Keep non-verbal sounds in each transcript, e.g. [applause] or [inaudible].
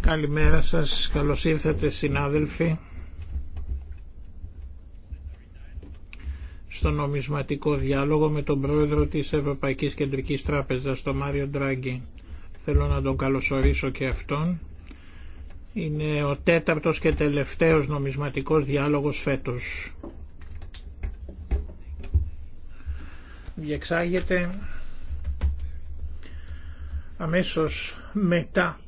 Καλημέρα σας, καλώς ήρθατε συνάδελφοι στο νομισματικό διάλογο με τον πρόεδρο της Ευρωπαϊκής Κεντρικής Τράπεζας, τον Μάριο Ντράγκη. Θέλω να τον καλωσορίσω και αυτόν. Είναι ο τέταρτος και τελευταίος νομισματικός διάλογος φέτος. Διεξάγεται αμέσως μετά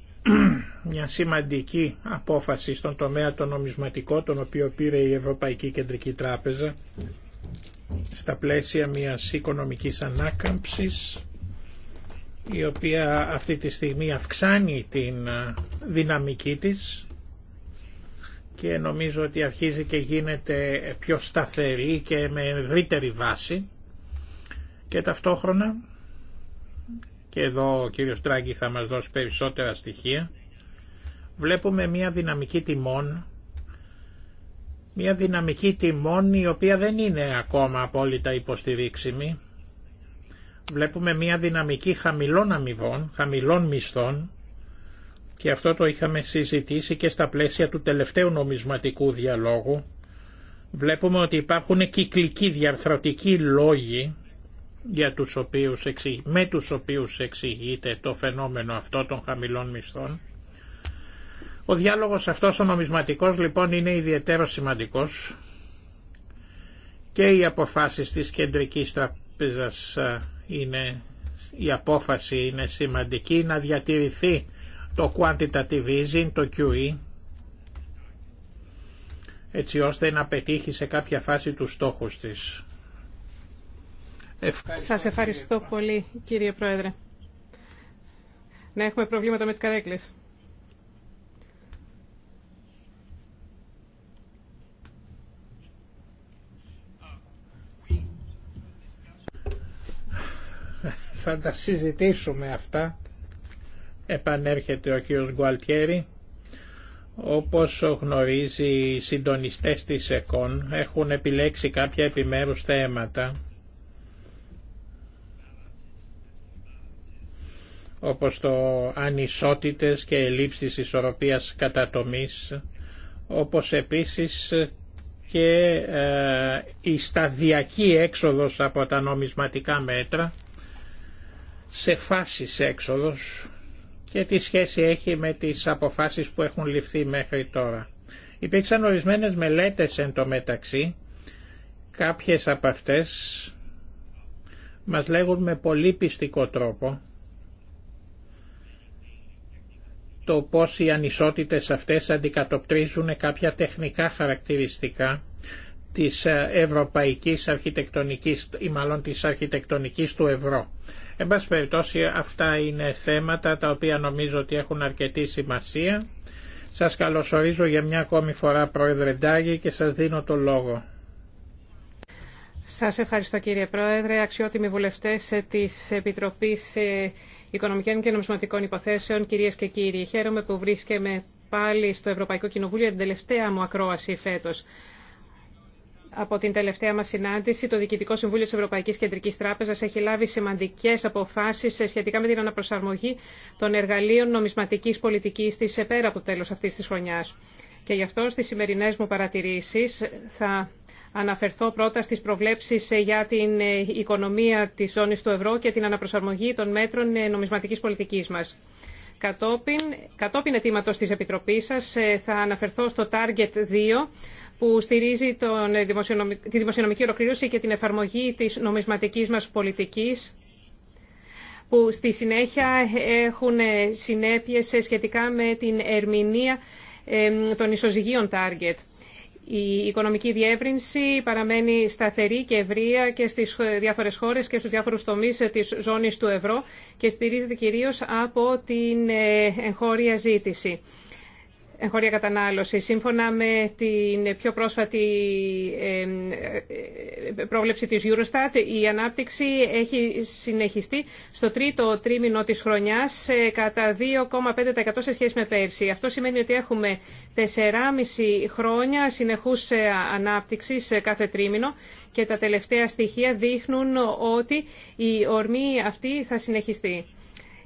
[clears throat] μια σημαντική απόφαση στον τομέα το νομισματικό τον οποίο πήρε η Ευρωπαϊκή Κεντρική Τράπεζα στα πλαίσια μιας οικονομικής ανάκαμψης η οποία αυτή τη στιγμή αυξάνει την δυναμική της και νομίζω ότι αρχίζει και γίνεται πιο σταθερή και με ευρύτερη βάση και ταυτόχρονα και εδώ ο κύριος Τράγκη θα μας δώσει περισσότερα στοιχεία, βλέπουμε μια δυναμική τιμών, μια δυναμική τιμών η οποία δεν είναι ακόμα απόλυτα υποστηρίξιμη. Βλέπουμε μια δυναμική χαμηλών αμοιβών, χαμηλών μισθών και αυτό το είχαμε συζητήσει και στα πλαίσια του τελευταίου νομισματικού διαλόγου. Βλέπουμε ότι υπάρχουν κυκλικοί διαρθρωτικοί λόγοι για τους οποίους, με τους οποίους εξηγείται το φαινόμενο αυτό των χαμηλών μισθών. Ο διάλογος αυτός ο νομισματικός λοιπόν είναι ιδιαίτερα σημαντικός και οι αποφάσεις της Κεντρικής Τραπέζας είναι, η απόφαση είναι σημαντική να διατηρηθεί το quantitative easing, το QE, έτσι ώστε να πετύχει σε κάποια φάση τους στόχους της. Σας ευχαριστώ πολύ κύριε Πρόεδρε. Να έχουμε προβλήματα με τις καρέκλες. Θα τα συζητήσουμε αυτά. Επανέρχεται ο κύριος Γκουαλτιέρη. Όπως γνωρίζει οι συντονιστές της ΕΚΟΝ έχουν επιλέξει κάποια επιμέρους θέματα όπως το ανισότητες και ελλείψεις ισορροπίας κατατομής, όπως επίσης και ε, η σταδιακή έξοδος από τα νομισματικά μέτρα, σε φάσεις έξοδος και τι σχέση έχει με τις αποφάσεις που έχουν ληφθεί μέχρι τώρα. Υπήρξαν ορισμένες μελέτες εν το μεταξύ, κάποιες από αυτές μας λέγουν με πολύ πιστικό τρόπο το πώς οι ανισότητες αυτές αντικατοπτρίζουν κάποια τεχνικά χαρακτηριστικά της ε, ευρωπαϊκής αρχιτεκτονικής ή μάλλον της αρχιτεκτονικής του ευρώ. Εν πάση περιπτώσει αυτά είναι θέματα τα οποία νομίζω ότι έχουν αρκετή σημασία. Σας καλωσορίζω για μια ακόμη φορά Πρόεδρε Ντάγη και σας δίνω το λόγο. Σας ευχαριστώ κύριε Πρόεδρε, αξιότιμοι βουλευτές της Επιτροπής ε, Οικονομικών και Νομισματικών Υποθέσεων, κυρίε και κύριοι. Χαίρομαι που βρίσκεμαι πάλι στο Ευρωπαϊκό Κοινοβούλιο την τελευταία μου ακρόαση φέτο. Από την τελευταία μα συνάντηση, το Διοικητικό Συμβούλιο τη Ευρωπαϊκή Κεντρική Τράπεζα έχει λάβει σημαντικέ αποφάσει σχετικά με την αναπροσαρμογή των εργαλείων νομισματικής πολιτικής τη ε, πέρα από το τέλο αυτής της χρονιάς. Και γι' αυτό στι σημερινέ μου παρατηρήσει θα αναφερθώ πρώτα στις προβλέψεις ε, για την ε, οικονομία της ζώνης του ευρώ και την αναπροσαρμογή των μέτρων ε, νομισματικής πολιτικής μας. Κατόπιν, κατόπιν αιτήματος της Επιτροπής σας θα αναφερθώ στο Target 2 που στηρίζει τον, τη δημοσιονομική ολοκλήρωση και την εφαρμογή της νομισματικής μας πολιτικής που στη συνέχεια έχουν συνέπειες σχετικά με την ερμηνεία των ισοζυγίων Target. Η οικονομική διεύρυνση παραμένει σταθερή και ευρεία και στις διάφορες χώρες και στους διάφορους τομείς της ζώνης του ευρώ και στηρίζεται κυρίως από την ε, εγχώρια ζήτηση εγχώρια κατανάλωση. Σύμφωνα με την πιο πρόσφατη ε, πρόβλεψη της Eurostat, η ανάπτυξη έχει συνεχιστεί στο τρίτο τρίμηνο της χρονιάς κατά 2,5% σε σχέση με πέρσι. Αυτό σημαίνει ότι έχουμε 4,5 χρόνια συνεχούς ε, ανάπτυξης ε, κάθε τρίμηνο και τα τελευταία στοιχεία δείχνουν ότι η ορμή αυτή θα συνεχιστεί.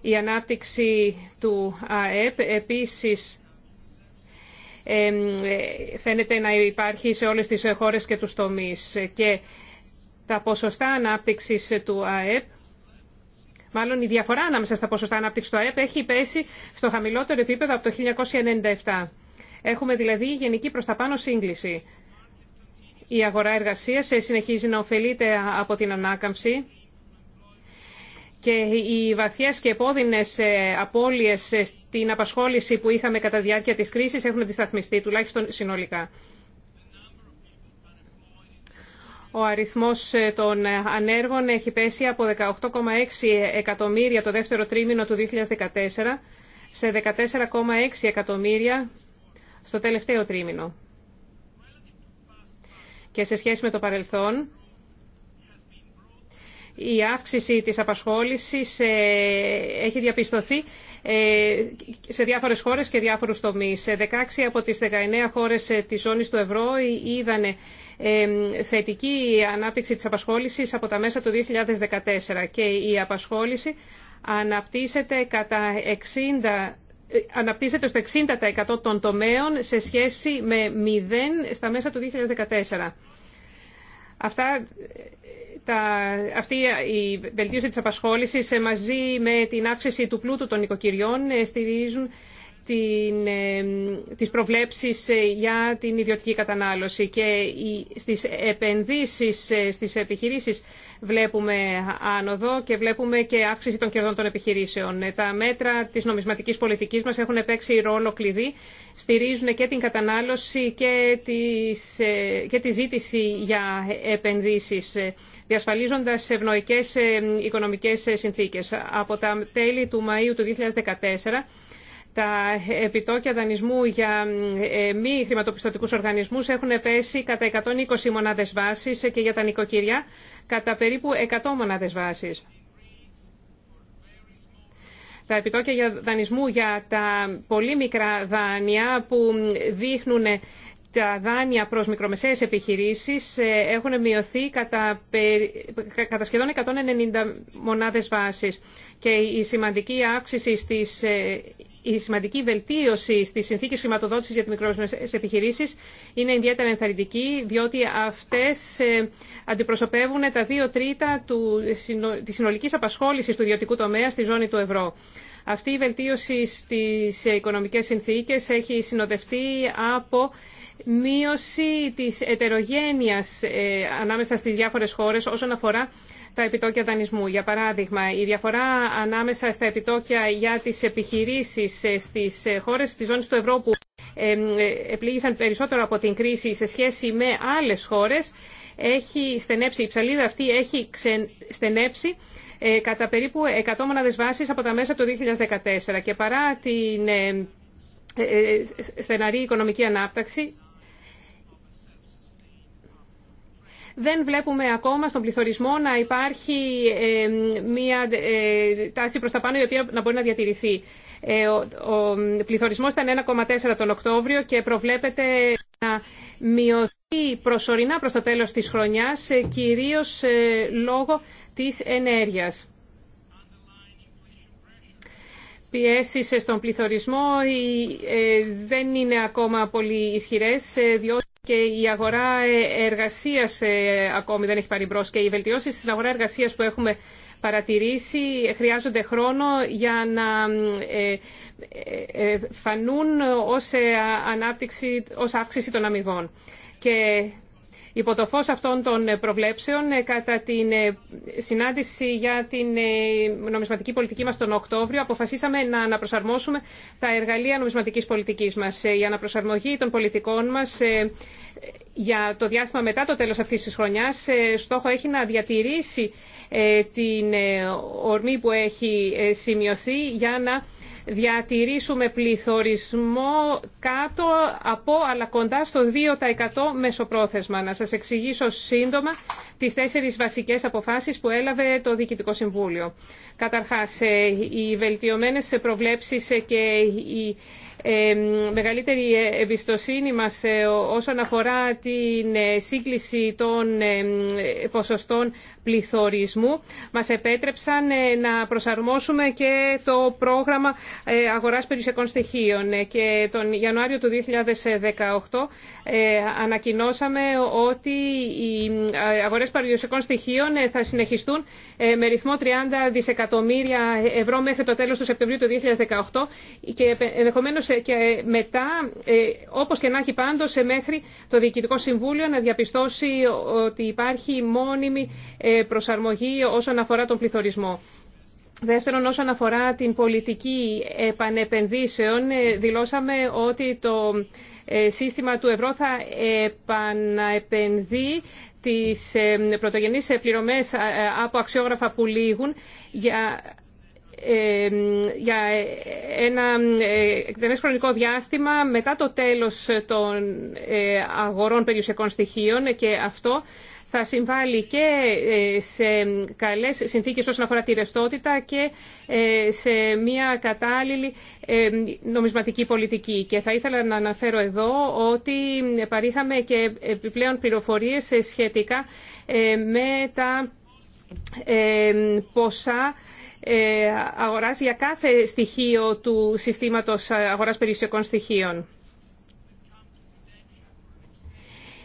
Η ανάπτυξη του ΑΕΠ επίσης ε, φαίνεται να υπάρχει σε όλες τις χώρες και τους τομείς. Και τα ποσοστά ανάπτυξης του ΑΕΠ, μάλλον η διαφορά ανάμεσα στα ποσοστά ανάπτυξης του ΑΕΠ έχει πέσει στο χαμηλότερο επίπεδο από το 1997. Έχουμε δηλαδή γενική προς τα πάνω σύγκληση. Η αγορά εργασίας ε, συνεχίζει να ωφελείται από την ανάκαμψη και οι βαθιές και επώδυνες ε, απώλειες ε, στην απασχόληση που είχαμε κατά διάρκεια της κρίσης έχουν αντισταθμιστεί, τουλάχιστον συνολικά. Ο αριθμός ε, των ανέργων έχει πέσει από 18,6 εκατομμύρια το δεύτερο τρίμηνο του 2014 σε 14,6 εκατομμύρια στο τελευταίο τρίμηνο. Και σε σχέση με το παρελθόν, η αύξηση της απασχόλησης ε, έχει διαπιστωθεί ε, σε διάφορες χώρες και διάφορους τομείς. Σε 16 από τις 19 χώρες ε, της ζώνης του ευρώ είδανε θετική ανάπτυξη της απασχόλησης από τα μέσα του 2014 και η απασχόληση αναπτύσσεται κατά 60 αναπτύσσεται στο 60% των τομέων σε σχέση με 0 στα μέσα του 2014. Αυτά τα, αυτή η βελτίωση της απασχόλησης μαζί με την αύξηση του πλούτου των οικοκυριών ε, στηρίζουν την, ε, τις προβλέψεις ε, για την ιδιωτική κατανάλωση και στις επενδύσεις ε, στις επιχειρήσεις βλέπουμε άνοδο και βλέπουμε και αύξηση των κερδών των επιχειρήσεων. Τα μέτρα της νομισματικής πολιτικής μας έχουν παίξει ρόλο κλειδί, στηρίζουν και την κατανάλωση και, τις, και τη ζήτηση για επενδύσεις, διασφαλίζοντας ευνοϊκές οικονομικές συνθήκες. Από τα τέλη του Μαΐου του 2014, τα επιτόκια δανεισμού για ε, μη χρηματοπιστωτικούς οργανισμούς έχουν πέσει κατά 120 μονάδες βάσης και για τα νοικοκυριά κατά περίπου 100 μονάδες βάσης. Τα επιτόκια για δανεισμού για τα πολύ μικρά δάνεια που δείχνουν τα δάνεια προς μικρομεσαίες επιχειρήσεις ε, έχουν μειωθεί κατά, κατά σχεδόν 190 μονάδες βάσης και η σημαντική αύξηση στις ε, η σημαντική βελτίωση στι συνθήκε χρηματοδότηση για τι μικρομεσαίε επιχειρήσει είναι ιδιαίτερα ενθαρρυντική, διότι αυτέ ε, αντιπροσωπεύουν τα δύο τρίτα τη συνολική απασχόληση του ιδιωτικού τομέα στη ζώνη του ευρώ. Αυτή η βελτίωση στι οικονομικέ συνθήκε έχει συνοδευτεί από μείωση της ετερογένειας ε, ανάμεσα στις διάφορες χώρες όσον αφορά τα επιτόκια δανεισμού. Για παράδειγμα, η διαφορά ανάμεσα στα επιτόκια για τις επιχειρήσεις ε, στις ε, χώρες της ζώνης του Ευρώπου που ε, επλήγησαν περισσότερο από την κρίση σε σχέση με άλλες χώρες έχει στενέψει, η ψαλίδα αυτή έχει ξεν, στενέψει κατά περίπου 100 μονάδες βάσης από τα μέσα του 2014 και παρά την στεναρή οικονομική ανάπτυξη, δεν βλέπουμε ακόμα στον πληθωρισμό να υπάρχει ε, μια ε, τάση προς τα πάνω η οποία να μπορεί να διατηρηθεί. Ε, ο πληθωρισμός ήταν 1,4 τον Οκτώβριο και προβλέπεται να μειωθεί προσωρινά προς το τέλος της χρονιάς, κυρίως λόγω της ενέργειας. Πιέσεις στον πληθωρισμό δεν είναι ακόμα πολύ ισχυρές, διότι και η αγορά ε, εργασίας ε, ακόμη δεν έχει πάρει μπρος και οι βελτιώσει στην αγορά εργασίας που έχουμε παρατηρήσει ε, χρειάζονται χρόνο για να φανούν ως, ανάπτυξη, ως αύξηση των αμοιβών. Και Υπό το φως αυτών των ε, προβλέψεων, ε, κατά την ε, συνάντηση για την νομισματική πολιτική μας τον Οκτώβριο, αποφασίσαμε να αναπροσαρμόσουμε τα εργαλεία νομισματικής πολιτικής μας. Η αναπροσαρμογή των πολιτικών μας για το διάστημα μετά το τέλος αυτής της χρονιάς στόχο έχει να διατηρήσει την ορμή που έχει σημειωθεί για να διατηρήσουμε πληθωρισμό κάτω από αλλά κοντά στο 2% μεσοπρόθεσμα. Να σας εξηγήσω σύντομα τις τέσσερις βασικές αποφάσεις που έλαβε το Διοικητικό Συμβούλιο. Καταρχάς, ε, οι βελτιωμένες προβλέψεις και οι μεγαλύτερη εμπιστοσύνη μας ε, όσον αφορά την ε, σύγκληση των ποσοστών πληθωρισμού μας επέτρεψαν ε, να προσαρμόσουμε και το πρόγραμμα αγοράς περιουσιακών στοιχείων και τον Ιανουάριο του 2018 ανακοινώσαμε ότι οι αγορές περιουσιακών στοιχείων θα συνεχιστούν με ρυθμό 30 δισεκατομμύρια ευρώ μέχρι το τέλος του Σεπτεμβρίου του 2018 και ενδεχομένως και μετά, ε, όπως και να έχει πάντως, ε, μέχρι το Διοικητικό Συμβούλιο να διαπιστώσει ότι υπάρχει μόνιμη ε, προσαρμογή όσον αφορά τον πληθωρισμό. Δεύτερον, όσον αφορά την πολιτική επανεπενδύσεων, δηλώσαμε ότι το σύστημα του ευρώ θα επαναεπενδύει τις πρωτογενείς πληρωμές από αξιόγραφα που λήγουν για για ένα ε, εκτενές χρονικό διάστημα μετά το τέλος των ε, αγορών περιουσιακών στοιχείων και αυτό θα συμβάλλει και ε, σε καλές συνθήκες όσον αφορά τη ρευστότητα και σε μια κατάλληλη νομισματική πολιτική. Και θα ήθελα να αναφέρω εδώ ότι παρήχαμε και επιπλέον πληροφορίες σχετικά με τα ποσά ε, αγοράς για κάθε στοιχείο του συστήματος αγοράς περιουσιακών στοιχείων.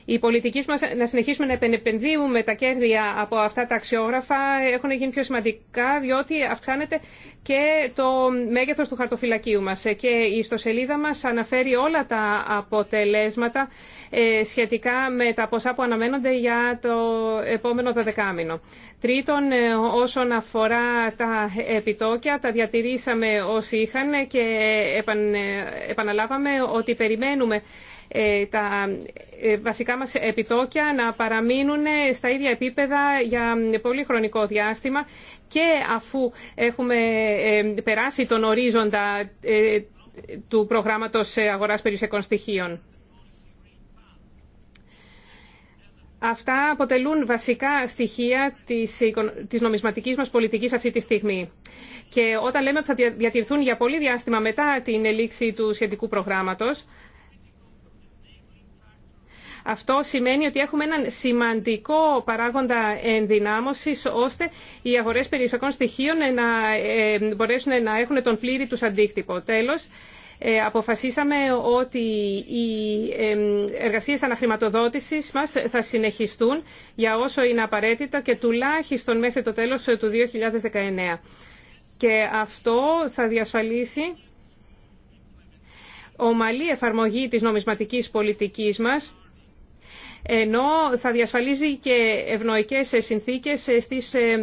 Οι πολιτικοί μας να συνεχίσουμε να επενεπενδύουμε τα κέρδη από αυτά τα αξιόγραφα έχουν γίνει πιο σημαντικά διότι αυξάνεται και το μέγεθος του χαρτοφυλακίου μας. Και η ιστοσελίδα μας αναφέρει όλα τα αποτελέσματα ε, σχετικά με τα ποσά που αναμένονται για το επόμενο δεκάμινο. Τρίτον, ε, όσον αφορά τα επιτόκια, τα διατηρήσαμε όσοι είχαν και επαναλάβαμε ότι περιμένουμε ε, τα ε, βασικά μας επιτόκια να παραμείνουν στα ίδια επίπεδα για πολύ χρονικό διάστημα και αφού έχουμε ε, περάσει τον ορίζοντα του προγράμματος αγοράς περιουσιακών στοιχείων. Αυτά αποτελούν βασικά στοιχεία της νομισματικής μας πολιτικής αυτή τη στιγμή. Και όταν λέμε ότι θα διατηρηθούν για πολύ διάστημα μετά την ελήξη του σχετικού προγράμματος, αυτό σημαίνει ότι έχουμε έναν σημαντικό παράγοντα ενδυνάμωσης ώστε οι αγορές περιουσιακών στοιχείων να ε, μπορέσουν να έχουν τον πλήρη τους αντίκτυπο. Τέλος, ε, αποφασίσαμε ότι οι ε, εργασίες αναχρηματοδότησης μας θα συνεχιστούν για όσο είναι απαραίτητα και τουλάχιστον μέχρι το τέλος του 2019. Και αυτό θα διασφαλίσει ομαλή εφαρμογή της νομισματικής πολιτικής μας ενώ θα διασφαλίζει και ευνοϊκές συνθήκες στις ε,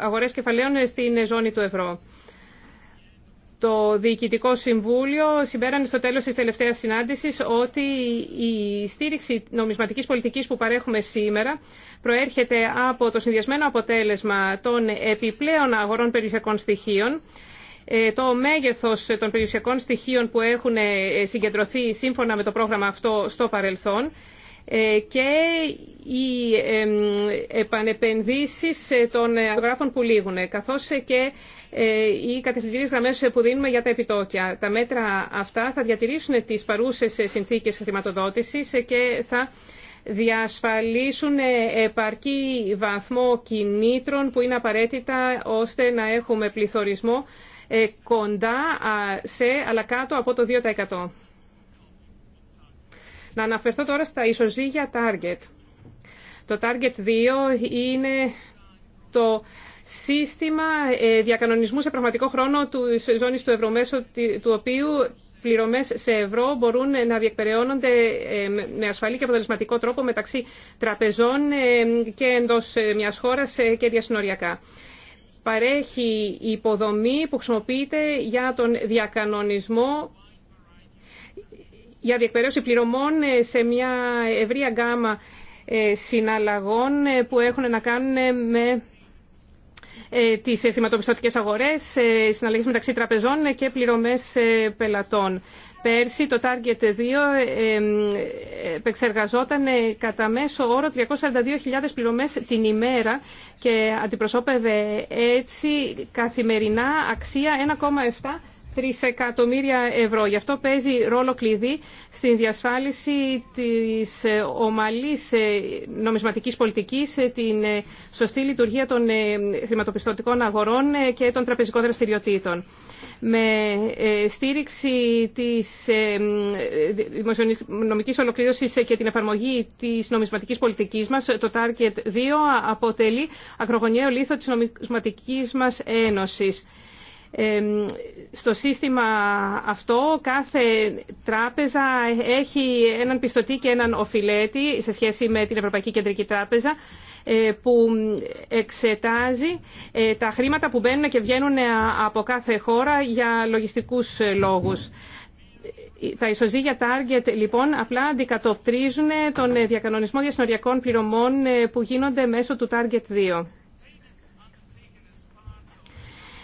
αγορές κεφαλαίων στην ζώνη του ευρώ. Το Διοικητικό Συμβούλιο συμπέρανε στο τέλος της τελευταίας συνάντησης ότι η στήριξη νομισματικής πολιτικής που παρέχουμε σήμερα προέρχεται από το συνδυασμένο αποτέλεσμα των επιπλέον αγορών περιουσιακών στοιχείων, ε, το μέγεθος των περιουσιακών στοιχείων που έχουν ε, συγκεντρωθεί σύμφωνα με το πρόγραμμα αυτό στο παρελθόν ε, και οι επανεπενδύσεις ε, των αγράφων που λήγουν, καθώς ε, και οι κατευθυντήριε γραμμές που δίνουμε για τα επιτόκια. Τα μέτρα αυτά θα διατηρήσουν τις παρούσες συνθήκες χρηματοδότησης και θα διασφαλίσουν επαρκή βαθμό κινήτρων που είναι απαραίτητα ώστε να έχουμε πληθωρισμό κοντά σε αλλά κάτω από το 2%. Να αναφερθώ τώρα στα ισοζύγια target. Το target 2 είναι το σύστημα ε, διακανονισμού σε πραγματικό χρόνο του ζώνης του ευρωμέσου, του οποίου πληρωμές σε ευρώ μπορούν να διεκπεραιώνονται ε, με ασφαλή και αποτελεσματικό τρόπο μεταξύ τραπεζών ε, και εντός μιας χώρας και διασυνοριακά. Παρέχει υποδομή που χρησιμοποιείται για τον διακανονισμό για διεκπαιρέωση πληρωμών ε, σε μια ευρία γκάμα ε, συναλλαγών ε, που έχουν να κάνουν με τις χρηματοπιστωτικές αγορές, συναλλαγές μεταξύ τραπεζών και πληρωμές πελατών. Πέρσι το Target 2 επεξεργαζόταν κατά μέσο όρο 342.000 πληρωμές την ημέρα και αντιπροσώπευε έτσι καθημερινά αξία 1,7 εκατομμύρια ευρώ. Γι' αυτό παίζει ρόλο κλειδί στην διασφάλιση της ε, ομαλής ε, νομισματικής πολιτικής, ε, την σωστή λειτουργία των χρηματοπιστωτικών αγορών και των τραπεζικών δραστηριοτήτων. Με στήριξη της δημοσιονομικής ολοκλήρωσης και την εφαρμογή της νομισματικής πολιτικής μας, το Target 2 αποτελεί ακρογωνιαίο λίθο της νομισματικής μας ένωσης στο σύστημα αυτό κάθε τράπεζα έχει έναν πιστωτή και έναν οφηλέτη σε σχέση με την Ευρωπαϊκή Κεντρική Τράπεζα ε, που εξετάζει ε, τα χρήματα που μπαίνουν και βγαίνουν ε, από κάθε χώρα για λογιστικούς λόγους. Τα ισοζύγια target λοιπόν απλά αντικατοπτρίζουν τον διακανονισμό διασυνοριακών πληρωμών που γίνονται μέσω του target 2.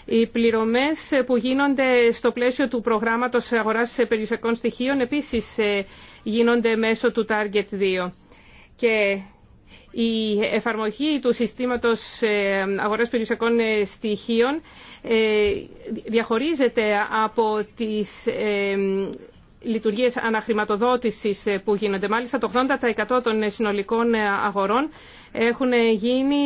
Οι πληρωμές που γίνονται στο πλαίσιο του προγράμματος αγοράς περιουσιακών στοιχείων επίσης ε, γίνονται μέσω του Target 2. Και η εφαρμογή του συστήματος ε, αγοράς περιουσιακών ε, στοιχείων διαχωρίζεται από τις λειτουργίες αναχρηματοδότησης ε, που γίνονται. Μάλιστα το 80% των ε, συνολικών ε, αγορών έχουν γίνει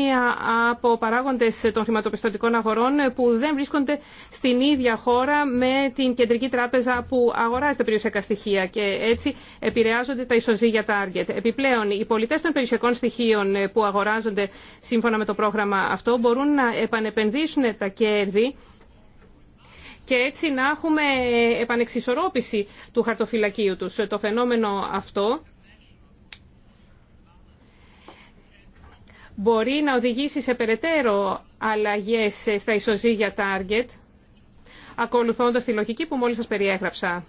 από παράγοντες των χρηματοπιστωτικών αγορών που δεν βρίσκονται στην ίδια χώρα με την κεντρική τράπεζα που αγοράζεται περιουσιακά στοιχεία και έτσι επηρεάζονται τα ισοζύγια target. Επιπλέον, οι πολιτές των περιουσιακών στοιχείων που αγοράζονται σύμφωνα με το πρόγραμμα αυτό μπορούν να επανεπενδύσουν τα κέρδη και έτσι να έχουμε ε, επανεξισορρόπηση του χαρτοφυλακίου τους. Το φαινόμενο αυτό μπορεί να οδηγήσει σε περαιτέρω αλλαγές ε, στα ισοζύγια target, ακολουθώντας τη λογική που μόλις σας περιέγραψα.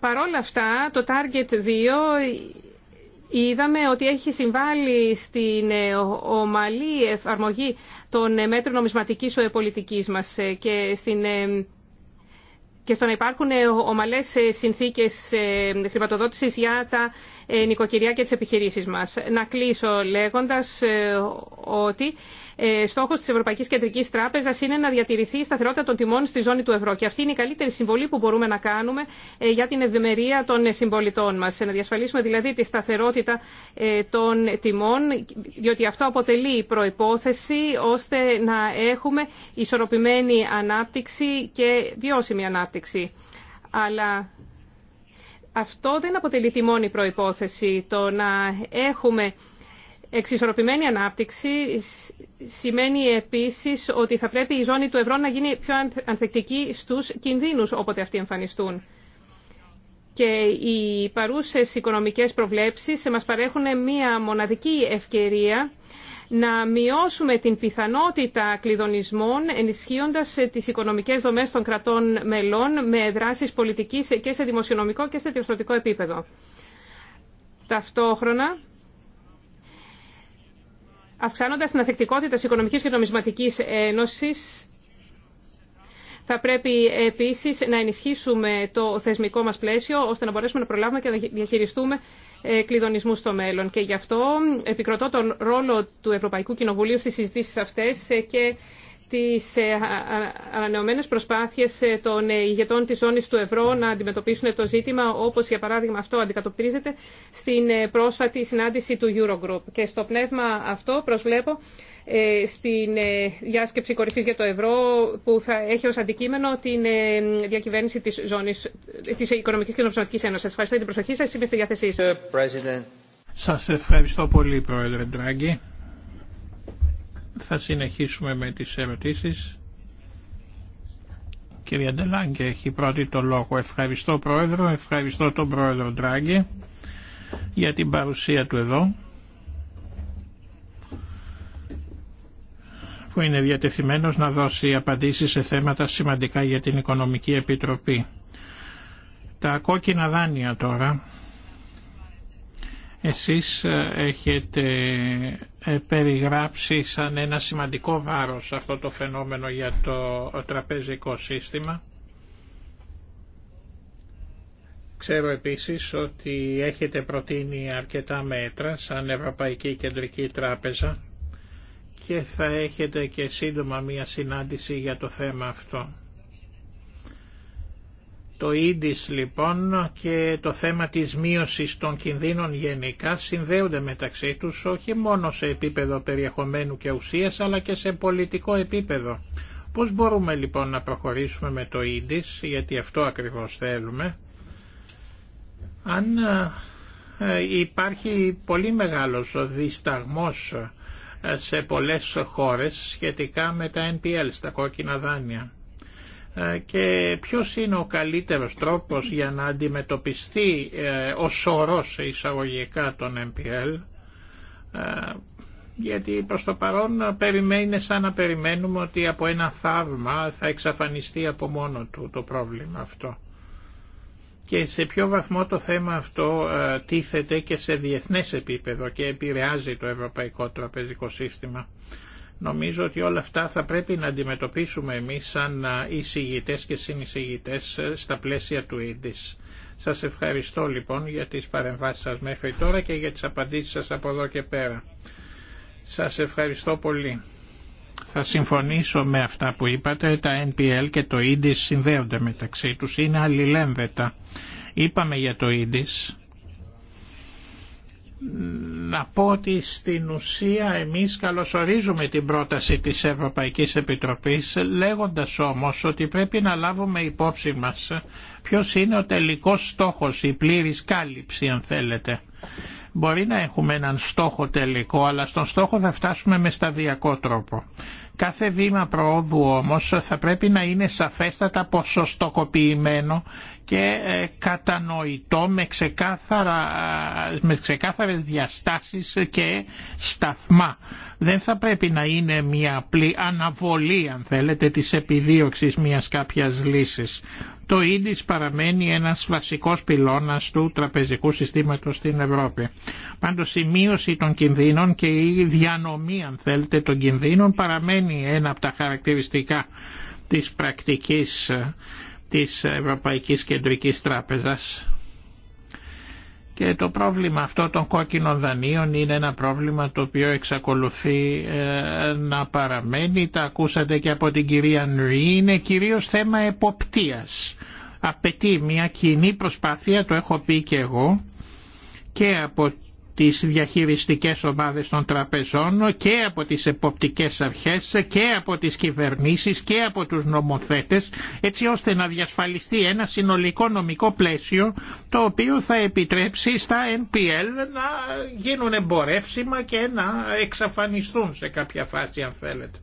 Παρόλα αυτά, το Target 2 ε, είδαμε ότι έχει συμβάλει στην ομαλή εφαρμογή των ε, μέτρων νομισματικής ε, πολιτικής μας ε, και, στην, και στο να υπάρχουν ομαλές συνθήκες χρηματοδότησης για τα νοικοκυριά και τις επιχειρήσεις μας. Να κλείσω λέγοντας ότι ε, στόχος της Ευρωπαϊκής Κεντρική Τράπεζα είναι να διατηρηθεί η σταθερότητα των τιμών στη ζώνη του ευρώ. Και αυτή είναι η καλύτερη συμβολή που μπορούμε να κάνουμε ε, για την ευημερία των συμπολιτών μας. Να διασφαλίσουμε δηλαδή τη σταθερότητα ε, των τιμών, διότι αυτό αποτελεί προϋπόθεση ώστε να έχουμε ισορροπημένη ανάπτυξη και βιώσιμη ανάπτυξη. Αλλά αυτό δεν αποτελεί τη μόνη προϋπόθεση. Το να έχουμε Εξισορροπημένη ανάπτυξη σημαίνει επίσης ότι θα πρέπει η ζώνη του ευρώ να γίνει πιο ανθεκτική στους κινδύνους όποτε αυτοί εμφανιστούν. Και οι παρούσες οικονομικές προβλέψεις μας παρέχουν μία μοναδική ευκαιρία να μειώσουμε την πιθανότητα κλειδονισμών ενισχύοντας τις οικονομικές δομές των κρατών μελών με δράσεις πολιτικής και σε δημοσιονομικό και σε διευθυντικό επίπεδο. Ταυτόχρονα, Αυξάνοντας την αθεκτικότητα της Οικονομικής και Νομισματικής Ένωση, θα πρέπει επίσης να ενισχύσουμε το θεσμικό μας πλαίσιο, ώστε να μπορέσουμε να προλάβουμε και να διαχειριστούμε ε, κλειδονισμού στο μέλλον. Και γι' αυτό επικροτώ τον ρόλο του Ευρωπαϊκού Κοινοβουλίου στις συζητήσεις αυτές ε, και τις ε, ανανεωμένες προσπάθειες ε, των ε, ηγετών της ζώνης του ευρώ να αντιμετωπίσουν το ζήτημα, όπως για παράδειγμα αυτό αντικατοπτρίζεται στην πρόσφατη συνάντηση του Eurogroup. Και στο πνεύμα αυτό προσβλέπω στην διάσκεψη κορυφής για το ευρώ που θα έχει ως αντικείμενο την διακυβέρνηση της, ζώνης, της Οικονομικής και Νομισματικής Ένωσης. Σας ευχαριστώ για την προσοχή σας. Είμαι στη διάθεσή σας. ευχαριστώ πολύ, Πρόεδρε Ντράγκη. Θα συνεχίσουμε με τις ερωτήσεις. Κυρία Ντελάγκε έχει πρώτη το λόγο. Ευχαριστώ Πρόεδρο, ευχαριστώ τον Πρόεδρο Ντράγκη για την παρουσία του εδώ που είναι διατεθειμένος να δώσει απαντήσεις σε θέματα σημαντικά για την Οικονομική Επιτροπή. Τα κόκκινα δάνεια τώρα. Εσείς ε, έχετε ε, περιγράψει σαν ένα σημαντικό βάρος αυτό το φαινόμενο για το τραπεζικό σύστημα. Ξέρω επίσης ότι έχετε προτείνει αρκετά μέτρα σαν Ευρωπαϊκή Κεντρική Τράπεζα και θα έχετε και σύντομα μία συνάντηση για το θέμα αυτό. Το ίντις λοιπόν και το θέμα της μείωσης των κινδύνων γενικά συνδέονται μεταξύ τους όχι μόνο σε επίπεδο περιεχομένου και ουσίας αλλά και σε πολιτικό επίπεδο. Πώς μπορούμε λοιπόν να προχωρήσουμε με το ίντις γιατί αυτό ακριβώς θέλουμε αν ε, υπάρχει πολύ μεγάλος δισταγμός ε, σε πολλές χώρες σχετικά με τα NPL, στα κόκκινα δάνεια. Ε, και ποιος είναι ο καλύτερος τρόπος για να αντιμετωπιστεί ε, ο σωρός εισαγωγικά των MPL ε, γιατί προς το παρόν περιμένει σαν να περιμένουμε ότι από ένα θαύμα θα εξαφανιστεί από μόνο του το πρόβλημα αυτό. Και σε ποιο βαθμό το θέμα αυτό τίθεται και σε διεθνές επίπεδο και επηρεάζει το ευρωπαϊκό τραπεζικό σύστημα. Νομίζω ότι όλα αυτά θα πρέπει να αντιμετωπίσουμε εμείς σαν εισηγητές και συνεισηγητές στα πλαίσια του ίντις. Σας ευχαριστώ λοιπόν για τις παρεμβάσεις σας μέχρι τώρα και για τις απαντήσεις σας από εδώ και πέρα. Σας ευχαριστώ πολύ. Θα συμφωνήσω με αυτά που είπατε, τα NPL και το ίντις συνδέονται μεταξύ τους, είναι αλληλέμβετα. Είπαμε για το ίντις να πω ότι στην ουσία εμείς καλωσορίζουμε την πρόταση της Ευρωπαϊκής Επιτροπής λέγοντας όμως ότι πρέπει να λάβουμε υπόψη μας ποιος είναι ο τελικός στόχος, η πλήρης κάλυψη αν θέλετε. Μπορεί να έχουμε έναν στόχο τελικό, αλλά στον στόχο θα φτάσουμε με σταδιακό τρόπο. Κάθε βήμα προόδου όμως θα πρέπει να είναι σαφέστατα ποσοστοκοποιημένο και ε, κατανοητό με, ξεκάθαρα, ε, με ξεκάθαρες διαστάσεις και σταθμά. Δεν θα πρέπει να είναι μια απλή αναβολή αν θέλετε της επιδίωξης μιας κάποιας λύσης το ίδις παραμένει ένας βασικός πυλώνας του τραπεζικού συστήματος στην Ευρώπη. Πάντως η μείωση των κινδύνων και η διανομή αν θέλετε των κινδύνων παραμένει ένα από τα χαρακτηριστικά της πρακτικής ε, της Ευρωπαϊκής Κεντρικής Τράπεζας και το πρόβλημα αυτό των κόκκινων δανείων είναι ένα πρόβλημα το οποίο εξακολουθεί ε, να παραμένει. Τα ακούσατε και από την κυρία Νουή. Είναι κυρίως θέμα εποπτείας. Απαιτεί μια κοινή προσπάθεια, το έχω πει και εγώ, και από τις διαχειριστικές ομάδες των τραπεζών και από τις εποπτικές αρχές και από τις κυβερνήσεις και από τους νομοθέτες έτσι ώστε να διασφαλιστεί ένα συνολικό νομικό πλαίσιο το οποίο θα επιτρέψει στα NPL να γίνουν εμπορεύσιμα και να εξαφανιστούν σε κάποια φάση αν θέλετε.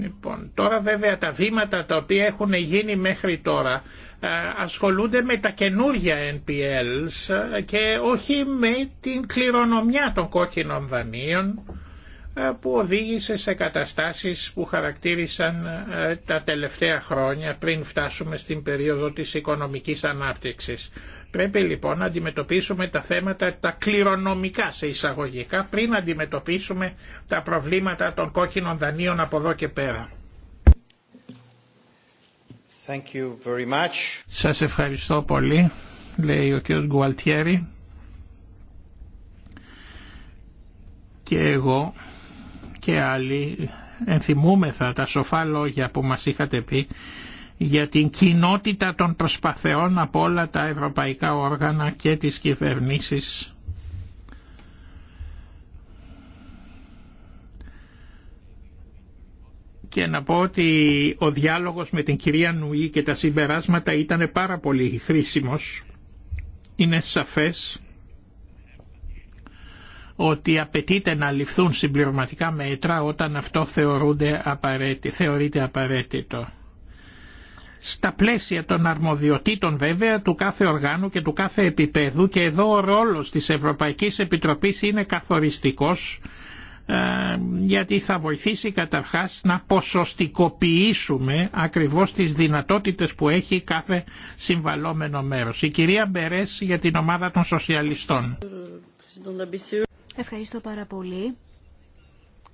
Λοιπόν, τώρα βέβαια τα βήματα τα οποία έχουν γίνει μέχρι τώρα ε, ασχολούνται με τα καινούργια NPLs και όχι με την κληρονομιά των κόκκινων δανείων ε, που οδήγησε σε καταστάσεις που χαρακτήρισαν ε, τα τελευταία χρόνια πριν φτάσουμε στην περίοδο της οικονομικής ανάπτυξης. Πρέπει λοιπόν να αντιμετωπίσουμε τα θέματα τα κληρονομικά σε εισαγωγικά πριν αντιμετωπίσουμε τα προβλήματα των κόκκινων δανείων από εδώ και πέρα. Thank Σας ευχαριστώ πολύ, λέει ο κ. Γκουαλτιέρη. Και εγώ και άλλοι ενθυμούμεθα τα σοφά λόγια που μας είχατε πει για την κοινότητα των προσπαθειών από όλα τα ευρωπαϊκά όργανα και τις κυβερνήσεις και να πω ότι ο διάλογος με την κυρία Νουή και τα συμπεράσματα ήταν πάρα πολύ χρήσιμος. Είναι σαφές ότι απαιτείται να ληφθούν συμπληρωματικά μέτρα όταν αυτό θεωρούνται απαραίτη, θεωρείται απαραίτητο. Στα πλαίσια των αρμοδιοτήτων βέβαια του κάθε οργάνου και του κάθε επίπεδου και εδώ ο ρόλος της Ευρωπαϊκής Επιτροπής είναι καθοριστικός ε, γιατί θα βοηθήσει καταρχάς να ποσοστικοποιήσουμε ακριβώς τις δυνατότητες που έχει κάθε συμβαλόμενο μέρος. Η κυρία Μπερές για την ομάδα των σοσιαλιστών. Ευχαριστώ πάρα πολύ.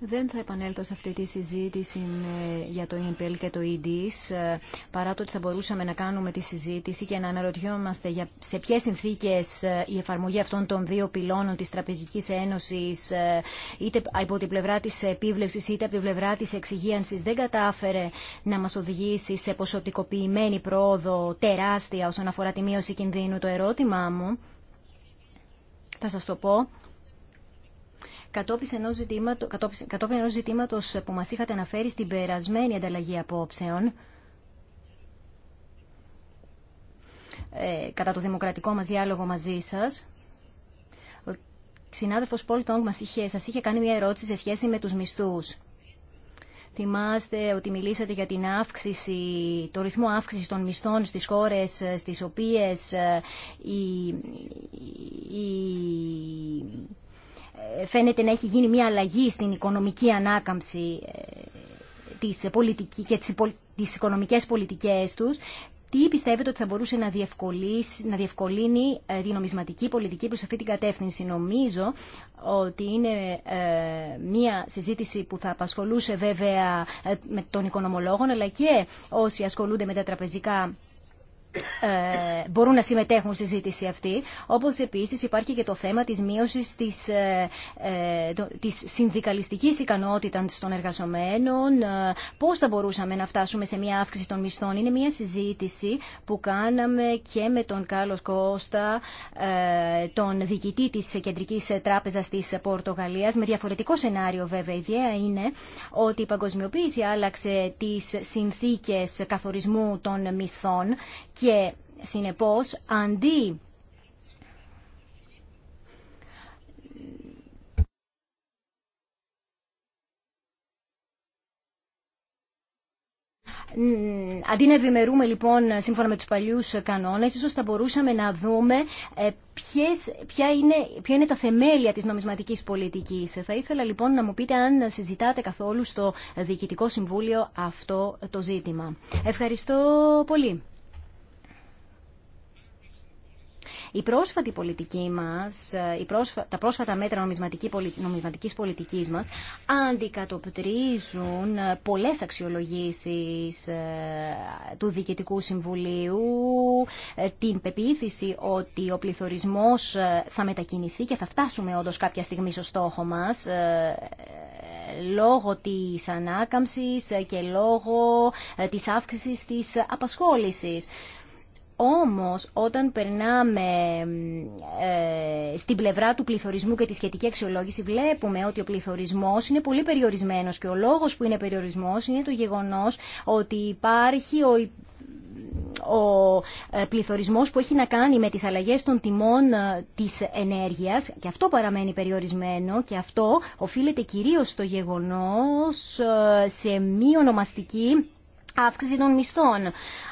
Δεν θα επανέλθω σε αυτή τη συζήτηση ε, για το EMPL και το EDIS, ε, παρά το ότι θα μπορούσαμε να κάνουμε τη συζήτηση και να αναρωτιόμαστε για σε ποιες συνθήκες ε, η εφαρμογή αυτών των δύο πυλώνων της Τραπεζικής Ένωσης, είτε από την πλευρά της επίβλεψης είτε από την πλευρά της εξυγίανσης, δεν κατάφερε να μας οδηγήσει σε ποσοτικοποιημένη πρόοδο τεράστια όσον αφορά τη μείωση κινδύνου. Το ερώτημά μου, θα σας το πω, κατόπιν ενός, ζητήματο, ζητήματος που μας είχατε αναφέρει στην περασμένη ανταλλαγή απόψεων ε, κατά το δημοκρατικό μας διάλογο μαζί σας. Ο συνάδελφος Πολ Τόγκ μας είχε, σας είχε κάνει μια ερώτηση σε σχέση με τους μισθούς. Θυμάστε ότι μιλήσατε για την αύξηση, το ρυθμό αύξησης των μισθών στις χώρες ε, στις οποίες ε, η, ε, φαίνεται να έχει γίνει μια αλλαγή στην οικονομική ανάκαμψη ε, της και τις οικονομικές πολιτικές τους, τι πιστεύετε ότι θα μπορούσε να, διευκολύνει ε, τη νομισματική πολιτική προς αυτή την κατεύθυνση. Νομίζω ότι είναι μία συζήτηση που θα απασχολούσε βέβαια με τον οικονομολόγο, αλλά και όσοι ασχολούνται με τα τραπεζικά ε, μπορούν να συμμετέχουν στη συζήτηση αυτή. Όπως επίσης υπάρχει και το θέμα της μείωσης της, ε, ε, της συνδικαλιστικής ικανότητας των εργαζομένων. Πώς θα μπορούσαμε να φτάσουμε σε μια αύξηση των μισθών. Είναι μια συζήτηση που κάναμε και με τον Κάλλος Κώστα, τον διοικητή της Κεντρικής Τράπεζας της Πορτογαλίας. Με διαφορετικό σενάριο βέβαια. Η ιδέα είναι ότι η παγκοσμιοποίηση άλλαξε τις συνθήκες καθορισμού των μισθών και συνεπώς αντί Αντί να ευημερούμε λοιπόν σύμφωνα με τους παλιούς κανόνες, ίσως θα μπορούσαμε να δούμε ε, ποιες, ποια, είναι, ποια είναι τα θεμέλια της νομισματικής πολιτικής. Θα ήθελα λοιπόν να μου πείτε αν συζητάτε καθόλου στο Διοικητικό Συμβούλιο αυτό το ζήτημα. Ευχαριστώ πολύ. Η πρόσφατη πολιτική μας, ε, η τα πρόσφατα μέτρα νομισματική, νομισματικής πολιτικής μας αντικατοπτρίζουν ε, πολλές αξιολογήσεις ε, του Διοικητικού Συμβουλίου, την πεποίθηση ότι ο πληθωρισμός θα μετακινηθεί και θα φτάσουμε όντως κάποια στιγμή στο στόχο μας λόγω της ανάκαμψης και λόγω της αύξησης της απασχόλησης. Όμως, όταν περνάμε ε, στην πλευρά του πληθωρισμού και τη σχετική αξιολόγηση, βλέπουμε ότι ο πληθωρισμός είναι πολύ περιορισμένος και ο λόγος που είναι περιορισμός είναι το γεγονός ότι υπάρχει ο ο ε, πληθωρισμός που έχει να κάνει με τις αλλαγές των τιμών ε, της ενέργειας και αυτό παραμένει περιορισμένο και αυτό οφείλεται κυρίως στο γεγονός σε μη ονομαστική αύξηση των μισθών.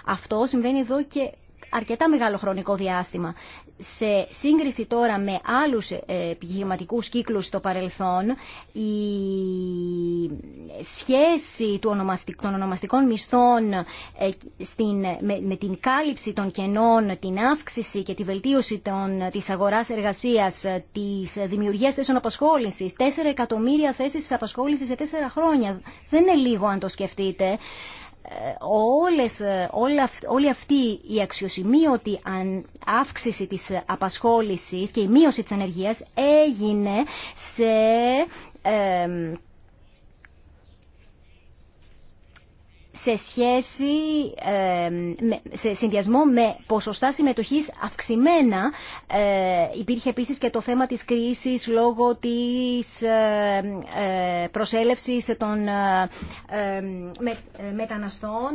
Αυτό συμβαίνει εδώ και αρκετά μεγάλο χρονικό διάστημα. Σε σύγκριση τώρα με άλλους ε, επιχειρηματικού κύκλους στο παρελθόν, η σχέση των ονομαστικών μισθών ε, με την κάλυψη των κενών, την αύξηση και τη βελτίωση των, της αγοράς εργασίας, ε, της δημιουργίας θέσεων απασχόλησης, 4 εκατομμύρια θέσεις απασχόλησης σε 4 χρόνια. Δεν είναι λίγο αν το σκεφτείτε όλες, ε, όλη αυτή η αξιοσημείωτη αύξηση της απασχόλησης και η μείωση της ανεργίας έγινε σε... Ε, σε σχέση, ε, σε συνδυασμό με ποσοστά συμμετοχής αυξημένα. Ε, υπήρχε επίσης και το θέμα της κρίσης λόγω της ε, προσέλευσης των μεταναστών,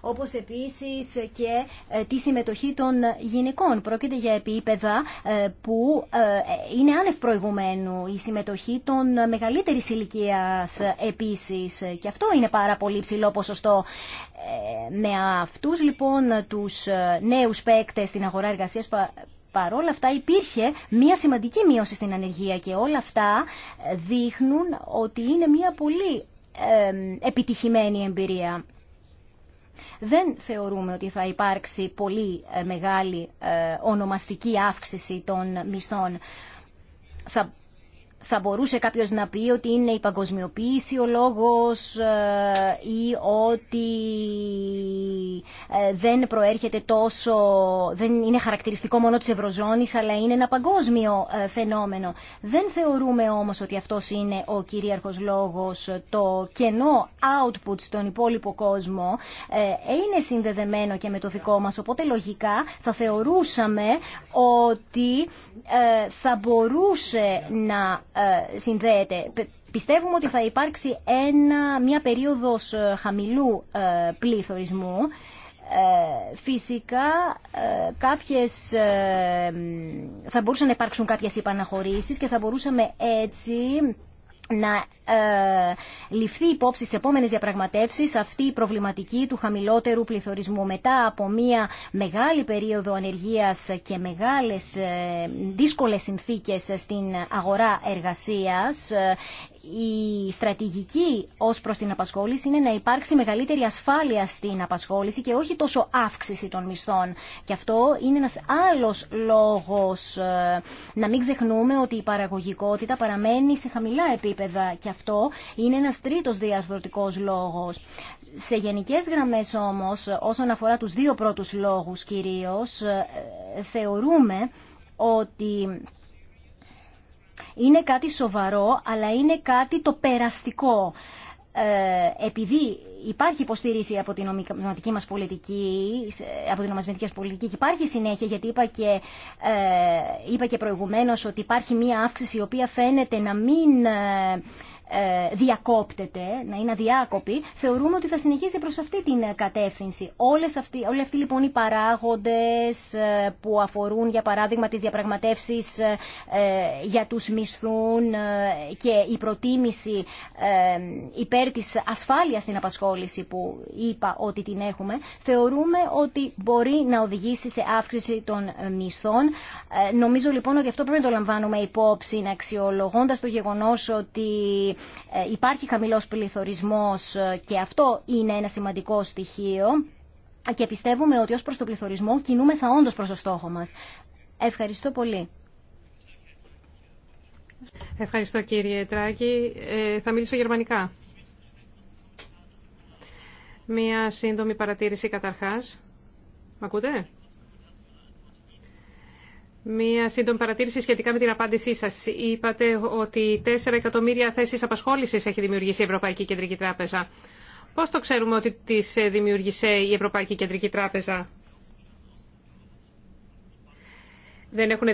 όπως επίσης και τη συμμετοχή των γυναικών. Πρόκειται για επίπεδα που είναι άνευ προηγουμένου η συμμετοχή των μεγαλύτερης ηλικίας επίσης. Και αυτό είναι πάρα πολύ ψηλό ποσοστό ε, με αυτούς λοιπόν τους ε, νέους παίκτες στην αγορά εργασίας παρόλα αυτά υπήρχε μια σημαντική μείωση στην ανεργία και όλα αυτά ε, δείχνουν ότι είναι μια πολύ επιτυχημένη εμπειρία. Δεν θεωρούμε ότι θα υπάρξει πολύ μεγάλη ονομαστική αύξηση των μισθών θα μπορούσε κάποιος να πει ότι είναι η παγκοσμιοποίηση ο λόγος ε, ή ότι ε, δεν προέρχεται τόσο, δεν είναι χαρακτηριστικό μόνο της Ευρωζώνης αλλά είναι ένα παγκόσμιο ε, φαινόμενο. Δεν θεωρούμε όμως ότι αυτός είναι ο κυρίαρχος λόγος. Το κενό output στον υπόλοιπο κόσμο είναι συνδεδεμένο και με το δικό μας, οπότε λογικά θα θεωρούσαμε ότι θα μπορούσε να ε, συνδέεται. Πιστεύουμε ότι θα υπάρξει ένα, μια περίοδος ε, χαμηλού ε, πληθωρισμού. Φυσικά κάποιες, θα μπορούσαν να υπάρξουν κάποιες υπαναχωρήσεις και θα μπορούσαμε έτσι να ε, ληφθεί υπόψη στι επόμενε διαπραγματεύσεις αυτή η προβληματική του χαμηλότερου πληθωρισμού μετά από μια μεγάλη περίοδο ανεργίας και μεγάλες ε, δύσκολες συνθήκες στην αγορά εργασίας ε, η στρατηγική ως προς την απασχόληση είναι να υπάρξει μεγαλύτερη ασφάλεια στην απασχόληση και όχι τόσο αύξηση των μισθών. Και αυτό είναι ένας άλλος λόγος ε, να μην ξεχνούμε ότι η παραγωγικότητα παραμένει σε χαμηλά επίπεδα και αυτό είναι ένας τρίτος διαρθρωτικός λόγος. Σε γενικές γραμμές όμως, όσον αφορά τους δύο πρώτους λόγους κυρίως, ε, θεωρούμε ότι είναι κάτι σοβαρό, αλλά είναι κάτι το περαστικό. Ε, επειδή υπάρχει υποστήριξη από την νομισματική μας πολιτική, από την νομισματική μας πολιτική και υπάρχει συνέχεια, γιατί είπα και, ε, είπα και προηγουμένως ότι υπάρχει μία αύξηση η οποία φαίνεται να μην ε, ε, διακόπτεται, να είναι αδιάκοπη, θεωρούμε ότι θα συνεχίσει προς αυτή την ε, κατεύθυνση. Όλες αυτοί, όλοι αυτοί λοιπόν οι παράγοντες ε, που αφορούν για παράδειγμα τις διαπραγματεύσεις για τους μισθούν και η προτίμηση υπέρ της ασφάλειας στην απασχόληση που είπα ότι την έχουμε, θεωρούμε ότι μπορεί να οδηγήσει σε αύξηση των μισθών. Νομίζω λοιπόν ότι αυτό πρέπει να το λαμβάνουμε υπόψη, αξιολογώντας το γεγονός ότι ε, υπάρχει χαμηλός πληθωρισμός ε, και αυτό είναι ένα σημαντικό στοιχείο και πιστεύουμε ότι ως προς το πληθωρισμό κινούμεθα όντως προς το στόχο μας. Ευχαριστώ πολύ. Ευχαριστώ κύριε Τράκη. Ε, θα μιλήσω γερμανικά. Μία σύντομη παρατήρηση καταρχάς. Μ' ακούτε? Μία σύντομη παρατήρηση σχετικά με την απάντησή σα. Είπατε ότι 4 εκατομμύρια θέσεις απασχόλησης έχει δημιουργήσει η Ευρωπαϊκή Κεντρική Τράπεζα. Πώς το ξέρουμε ότι τις ε, δημιούργησε η Ευρωπαϊκή Κεντρική Τράπεζα. Δεν έχουν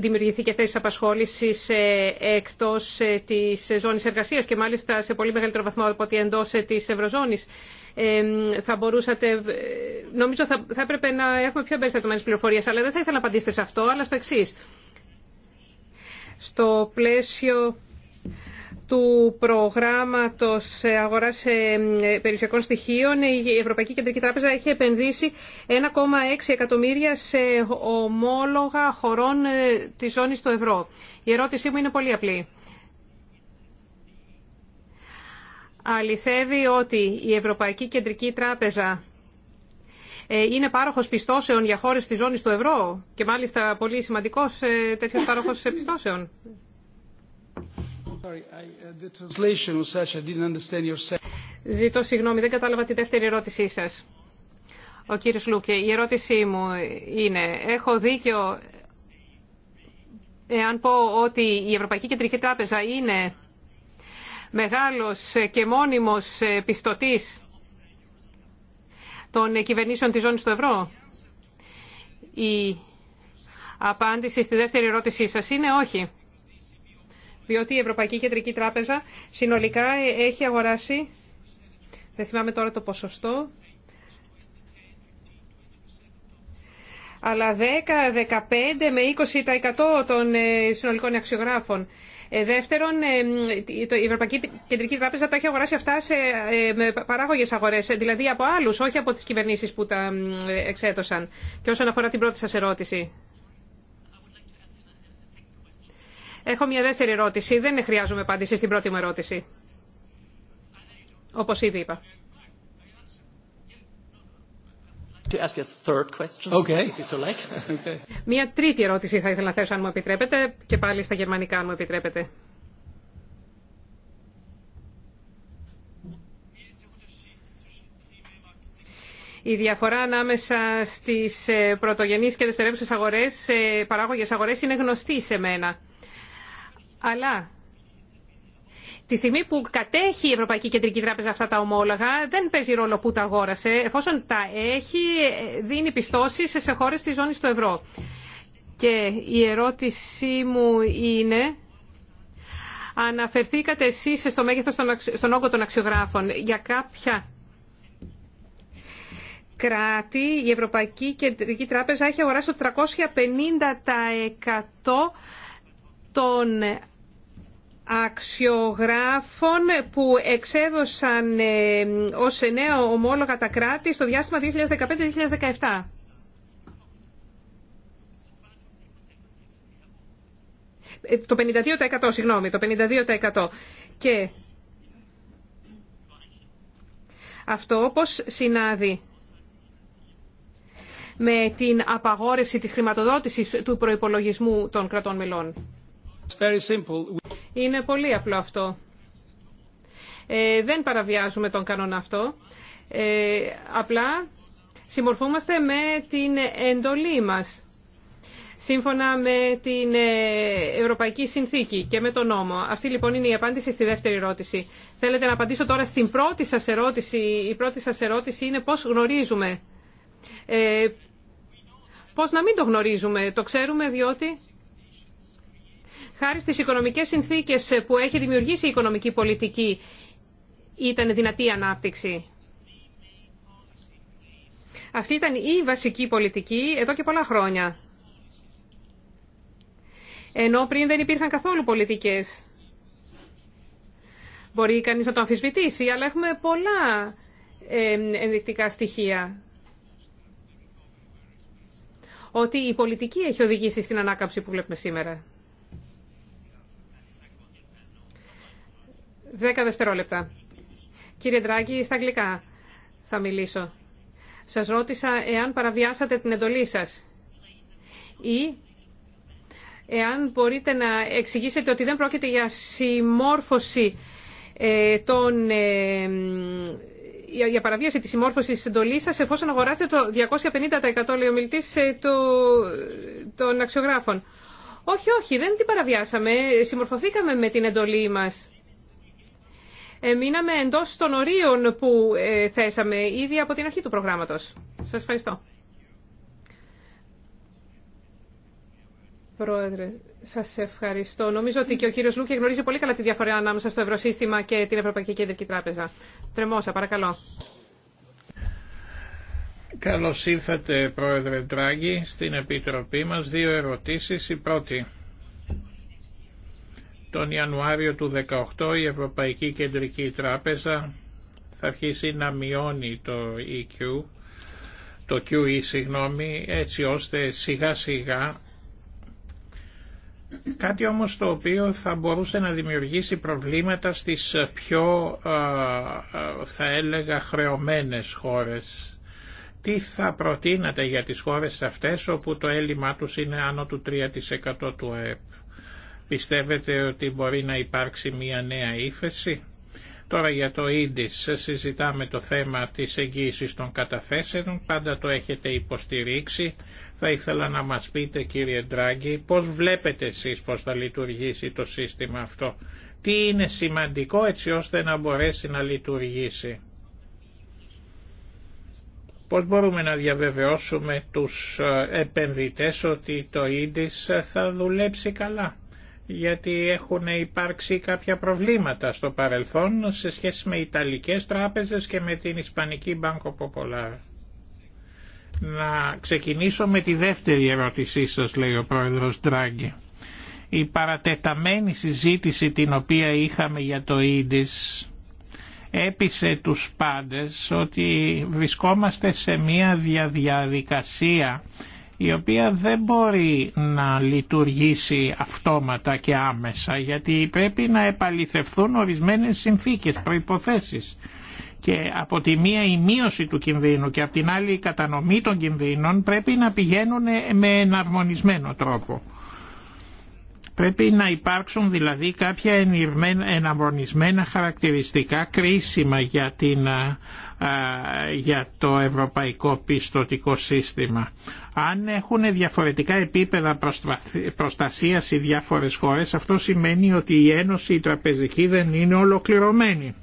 δημιουργηθεί και θέσεις απασχόλησης ε, εκτός ε, της ζώνη εργασίας και μάλιστα σε πολύ μεγαλύτερο βαθμό από ότι εντό τη Ευρωζώνης θα μπορούσατε, ε, νομίζω θα, θα έπρεπε να έχουμε πιο εμπεριστατωμένες πληροφορίες, αλλά δεν θα ήθελα να απαντήσετε σε αυτό, αλλά στο εξή. Στο πλαίσιο του προγράμματος αγοράς περιουσιακών στοιχείων η Ευρωπαϊκή Κεντρική Τράπεζα έχει επενδύσει 1,6 εκατομμύρια σε ομόλογα χωρών ε, της ζώνης του ευρώ. Η ερώτησή μου είναι πολύ απλή. αληθεύει ότι η Ευρωπαϊκή Κεντρική Τράπεζα ε, είναι πάροχος πιστώσεων για χώρες της ζώνης του ευρώ και μάλιστα πολύ σημαντικός ε, τέτοιος πάροχος πιστώσεων. Uh, Ζητώ συγγνώμη, δεν κατάλαβα τη δεύτερη ερώτησή σας. Ο κύριος Λούκε, η ερώτησή μου είναι, έχω δίκιο εάν πω ότι η Ευρωπαϊκή Κεντρική Τράπεζα είναι μεγάλος και μόνιμος πιστωτής των κυβερνήσεων της ζώνης του ευρώ. Η απάντηση στη δεύτερη ερώτησή σας είναι όχι. Διότι η Ευρωπαϊκή Κεντρική Τράπεζα συνολικά έχει αγοράσει, δεν θυμάμαι τώρα το ποσοστό, αλλά 10, 15 με 20% των ε, συνολικών αξιογράφων. Ε, δεύτερον, ε, η Ευρωπαϊκή Κεντρική Τράπεζα τα έχει αγοράσει αυτά σε ε, παράγωγε αγορέ, δηλαδή από άλλου, όχι από τι κυβερνήσει που τα εξέτωσαν. Και όσον αφορά την πρώτη σα ερώτηση. Έχω μια δεύτερη ερώτηση. Δεν χρειάζομαι απάντηση στην πρώτη μου ερώτηση. Όπως ήδη είπα. [laughs] Μία τρίτη ερώτηση θα ήθελα να θέσω αν μου επιτρέπετε και πάλι στα γερμανικά αν μου επιτρέπετε. Η διαφορά ανάμεσα στις ε, πρωτογενείς και δευτερεύουσες αγορές, ε, παράγωγες αγορές, είναι γνωστή σε μένα. Αλλά Τη στιγμή που κατέχει η Ευρωπαϊκή Κεντρική Τράπεζα αυτά τα ομόλογα, δεν παίζει ρόλο που τα αγόρασε, εφόσον τα έχει, δίνει πιστώσει σε χώρε τη ζώνη του ευρώ. Και η ερώτησή μου είναι, αναφερθήκατε εσεί στο μέγεθο των στον όγκο των αξιογράφων. Για κάποια κράτη, η Ευρωπαϊκή Κεντρική Τράπεζα έχει αγοράσει το 350% των αξιογράφων που εξέδωσαν ε, ως νέα ομόλογα τα κράτη στο διάστημα 2015-2017. Ε, το 52%, συγγνώμη, το 52%. Και αυτό όπως συνάδει με την απαγόρευση της χρηματοδότησης του προϋπολογισμού των κρατών μελών. Είναι πολύ απλό αυτό. Ε, δεν παραβιάζουμε τον κανόνα αυτό. Ε, απλά συμμορφούμαστε με την εντολή μας σύμφωνα με την ε, Ευρωπαϊκή Συνθήκη και με τον νόμο. Αυτή λοιπόν είναι η απάντηση στη δεύτερη ερώτηση. Θέλετε να απαντήσω τώρα στην πρώτη σας ερώτηση. Η πρώτη σας ερώτηση είναι πώς γνωρίζουμε. Ε, πώς να μην το γνωρίζουμε. Το ξέρουμε διότι Χάρη στις οικονομικές συνθήκες που έχει δημιουργήσει η οικονομική πολιτική ήταν δυνατή η ανάπτυξη. Αυτή ήταν η βασική πολιτική εδώ και πολλά χρόνια. Ενώ πριν δεν υπήρχαν καθόλου πολιτικές. Μπορεί κανείς να το αμφισβητήσει, αλλά έχουμε πολλά ενδεικτικά στοιχεία. Ότι η πολιτική έχει οδηγήσει στην ανάκαμψη που βλέπουμε σήμερα. Δέκα δευτερόλεπτα. Κύριε Ντράγκη, στα αγγλικά θα μιλήσω. Σας ρώτησα εάν παραβιάσατε την εντολή σας ή εάν μπορείτε να εξηγήσετε ότι δεν πρόκειται για συμμόρφωση ε, των, ε, για παραβίαση της συμμόρφωσης της εντολής σας εφόσον αγοράσετε το 250% λέει ε, των αξιογράφων. Όχι, όχι, δεν την παραβιάσαμε. Συμμορφωθήκαμε με την εντολή μας. Ε, μείναμε εντός των ορίων που ε, θέσαμε ήδη από την αρχή του προγράμματος. Σας ευχαριστώ. Πρόεδρε, σα ευχαριστώ. Νομίζω ότι και ο κύριο Λούκη γνωρίζει πολύ καλά τη διαφορά ανάμεσα στο Ευρωσύστημα και την Ευρωπαϊκή Κεντρική Τράπεζα. Τρεμόσα, παρακαλώ. Καλώς ήρθατε, Πρόεδρε Ντράγκη, στην Επιτροπή μας. Δύο ερωτήσεις. Η πρώτη. Τον Ιανουάριο του 2018 η Ευρωπαϊκή Κεντρική Τράπεζα θα αρχίσει να μειώνει το EQ, το QE συγγνώμη, έτσι ώστε σιγά σιγά Κάτι όμως το οποίο θα μπορούσε να δημιουργήσει προβλήματα στις πιο, θα έλεγα, χρεωμένες χώρες. Τι θα προτείνατε για τις χώρες αυτές όπου το έλλειμμα τους είναι άνω του 3% του ΑΕΠ. Πιστεύετε ότι μπορεί να υπάρξει μια νέα ύφεση. Τώρα για το ίντις συζητάμε το θέμα της εγγύησης των καταθέσεων, πάντα το έχετε υποστηρίξει. Θα ήθελα να μας πείτε κύριε Ντράγκη πώς βλέπετε εσείς πώς θα λειτουργήσει το σύστημα αυτό. Τι είναι σημαντικό έτσι ώστε να μπορέσει να λειτουργήσει. Πώς μπορούμε να διαβεβαιώσουμε τους ε, επενδυτές ότι το ίντις θα δουλέψει καλά γιατί έχουν υπάρξει κάποια προβλήματα στο παρελθόν σε σχέση με Ιταλικές τράπεζες και με την Ισπανική Banco Popular. Να ξεκινήσω με τη δεύτερη ερώτησή σας, λέει ο πρόεδρος Ντράγκη. Η παρατεταμένη συζήτηση την οποία είχαμε για το Ίντις έπεισε τους πάντες ότι βρισκόμαστε σε μια διαδικασία η οποία δεν μπορεί να λειτουργήσει αυτόματα και άμεσα γιατί πρέπει να επαληθευθούν ορισμένες συνθήκες, προϋποθέσεις και από τη μία η μείωση του κινδύνου και από την άλλη η κατανομή των κινδύνων πρέπει να πηγαίνουν με εναρμονισμένο τρόπο. Πρέπει να υπάρξουν δηλαδή κάποια εναμονισμένα χαρακτηριστικά κρίσιμα για, την, για το ευρωπαϊκό πιστοτικό σύστημα. Αν έχουν διαφορετικά επίπεδα προστασίας οι διάφορες χώρες, αυτό σημαίνει ότι η Ένωση η Τραπεζική δεν είναι ολοκληρωμένη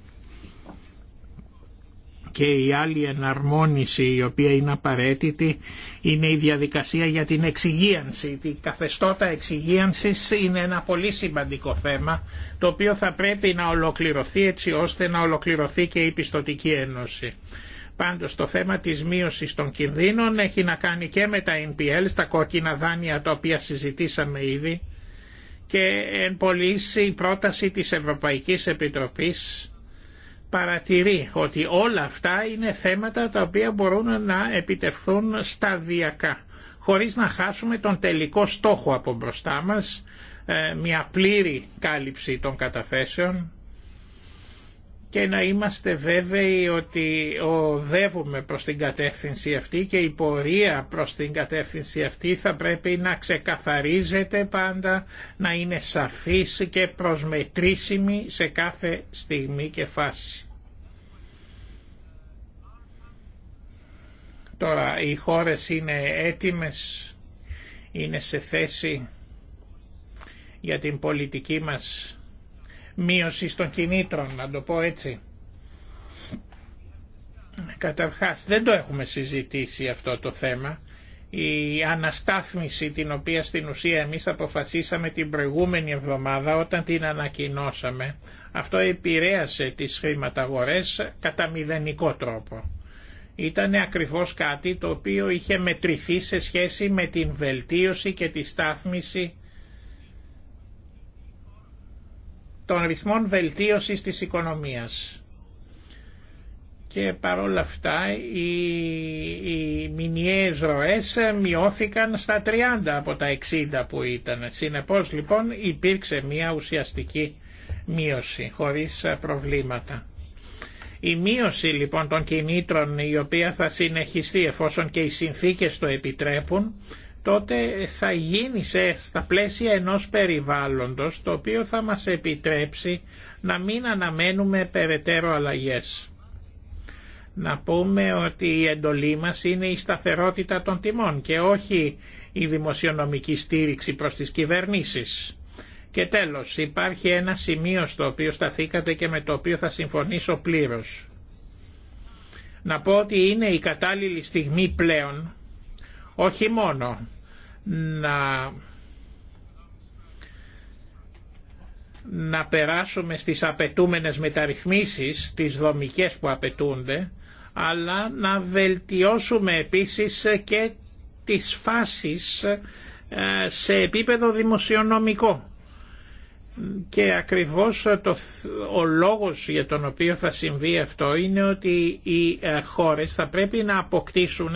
και η άλλη εναρμόνιση η οποία είναι απαραίτητη είναι η διαδικασία για την εξυγίανση. Η καθεστώτα εξυγίανσης είναι ένα πολύ σημαντικό θέμα το οποίο θα πρέπει να ολοκληρωθεί έτσι ώστε να ολοκληρωθεί και η πιστοτική ένωση. Πάντως το θέμα της μείωσης των κινδύνων έχει να κάνει και με τα NPL, τα κόκκινα δάνεια τα οποία συζητήσαμε ήδη και εν η πρόταση της Ευρωπαϊκής Επιτροπής παρατηρεί ότι όλα αυτά είναι θέματα τα οποία μπορούν να επιτευχθούν σταδιακά χωρίς να χάσουμε τον τελικό στόχο από μπροστά μας, ε, μια πλήρη κάλυψη των καταθέσεων και να είμαστε βέβαιοι ότι οδεύουμε προς την κατεύθυνση αυτή και η πορεία προς την κατεύθυνση αυτή θα πρέπει να ξεκαθαρίζεται πάντα, να είναι σαφής και προσμετρήσιμη σε κάθε στιγμή και φάση. Τώρα οι χώρες είναι έτοιμες, είναι σε θέση για την πολιτική μας μείωση των κινήτρων, να το πω έτσι. Καταρχάς δεν το έχουμε συζητήσει αυτό το θέμα. Η αναστάθμιση την οποία στην ουσία εμείς αποφασίσαμε την προηγούμενη εβδομάδα όταν την ανακοινώσαμε, αυτό επηρέασε τις χρηματαγορές κατά μηδενικό τρόπο. Ήταν ακριβώς κάτι το οποίο είχε μετρηθεί σε σχέση με την βελτίωση και τη στάθμιση των ρυθμών βελτίωσης της οικονομίας. Και παρόλα αυτά οι, οι μηνιαίες ροές μειώθηκαν στα 30 από τα 60 που ήταν. Συνεπώς λοιπόν υπήρξε μια ουσιαστική μείωση χωρίς προβλήματα. Η μείωση λοιπόν των κινήτρων η οποία θα συνεχιστεί εφόσον και οι συνθήκες το επιτρέπουν τότε θα γίνει στα πλαίσια ενός περιβάλλοντος το οποίο θα μας επιτρέψει να μην αναμένουμε περαιτέρω αλλαγές. Να πούμε ότι η εντολή μας είναι η σταθερότητα των τιμών και όχι η δημοσιονομική στήριξη προς τις κυβερνήσεις. Και τέλος, υπάρχει ένα σημείο στο οποίο σταθήκατε και με το οποίο θα συμφωνήσω πλήρως. Να πω ότι είναι η κατάλληλη στιγμή πλέον, όχι μόνο να να περάσουμε στις απαιτούμενες μεταρρυθμίσεις, τις δομικές που απαιτούνται, αλλά να βελτιώσουμε επίσης και τις φάσεις ε, σε επίπεδο δημοσιονομικό. Και ακριβώς ε, το, ο λόγος για τον οποίο θα συμβεί αυτό είναι ότι οι ε, χώρες θα πρέπει να αποκτήσουν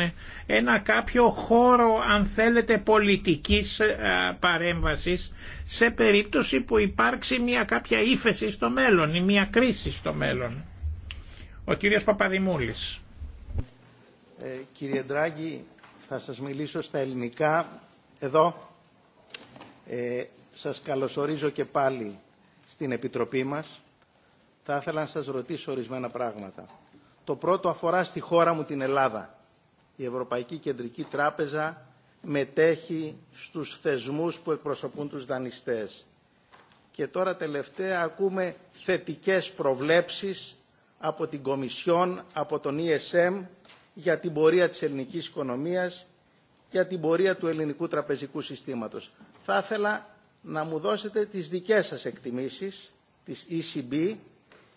ένα κάποιο χώρο αν θέλετε πολιτικής ε, παρέμβασης σε περίπτωση που υπάρξει μια κάποια ύφεση στο μέλλον ή μια κρίση στο μέλλον. Ο κύριος Παπαδημούλης. Ε, κύριε Ντράγκη, θα σας μιλήσω στα ελληνικά. Εδώ ε, σας καλωσορίζω και πάλι στην Επιτροπή μας. Θα ήθελα να σας ρωτήσω ορισμένα πράγματα. Το πρώτο αφορά στη χώρα μου την Ελλάδα η Ευρωπαϊκή Κεντρική Τράπεζα μετέχει στους θεσμούς που εκπροσωπούν τους δανειστές. Και τώρα τελευταία ακούμε θετικές προβλέψεις από την Κομισιόν, από τον ESM για την πορεία της ελληνικής οικονομίας, για την πορεία του ελληνικού τραπεζικού συστήματος. Θα ήθελα να μου δώσετε τις δικές σας εκτιμήσεις της ECB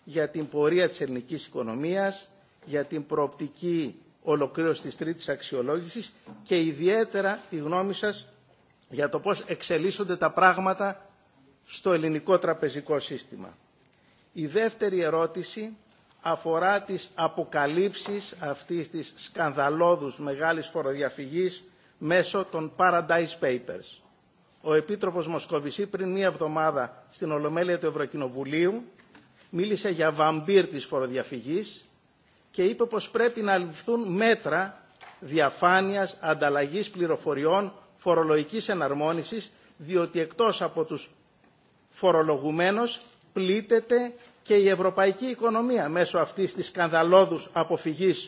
για την πορεία της ελληνικής οικονομίας, για την προοπτική ολοκλήρωση της τρίτης αξιολόγησης και ιδιαίτερα τη γνώμη σας για το πώς εξελίσσονται τα πράγματα στο ελληνικό τραπεζικό σύστημα. Η δεύτερη ερώτηση αφορά τις αποκαλύψεις αυτής της σκανδαλώδους μεγάλης φοροδιαφυγής μέσω των Paradise Papers. Ο Επίτροπος Μοσκοβισή πριν μία εβδομάδα στην Ολομέλεια του Ευρωκοινοβουλίου μίλησε για βαμπύρ της φοροδιαφυγής και είπε πως πρέπει να ληφθούν μέτρα διαφάνειας, ανταλλαγής πληροφοριών, φορολογικής εναρμόνισης, διότι εκτός από τους φορολογουμένους πλήττεται και η ευρωπαϊκή οικονομία μέσω αυτής της σκανδαλώδους αποφυγής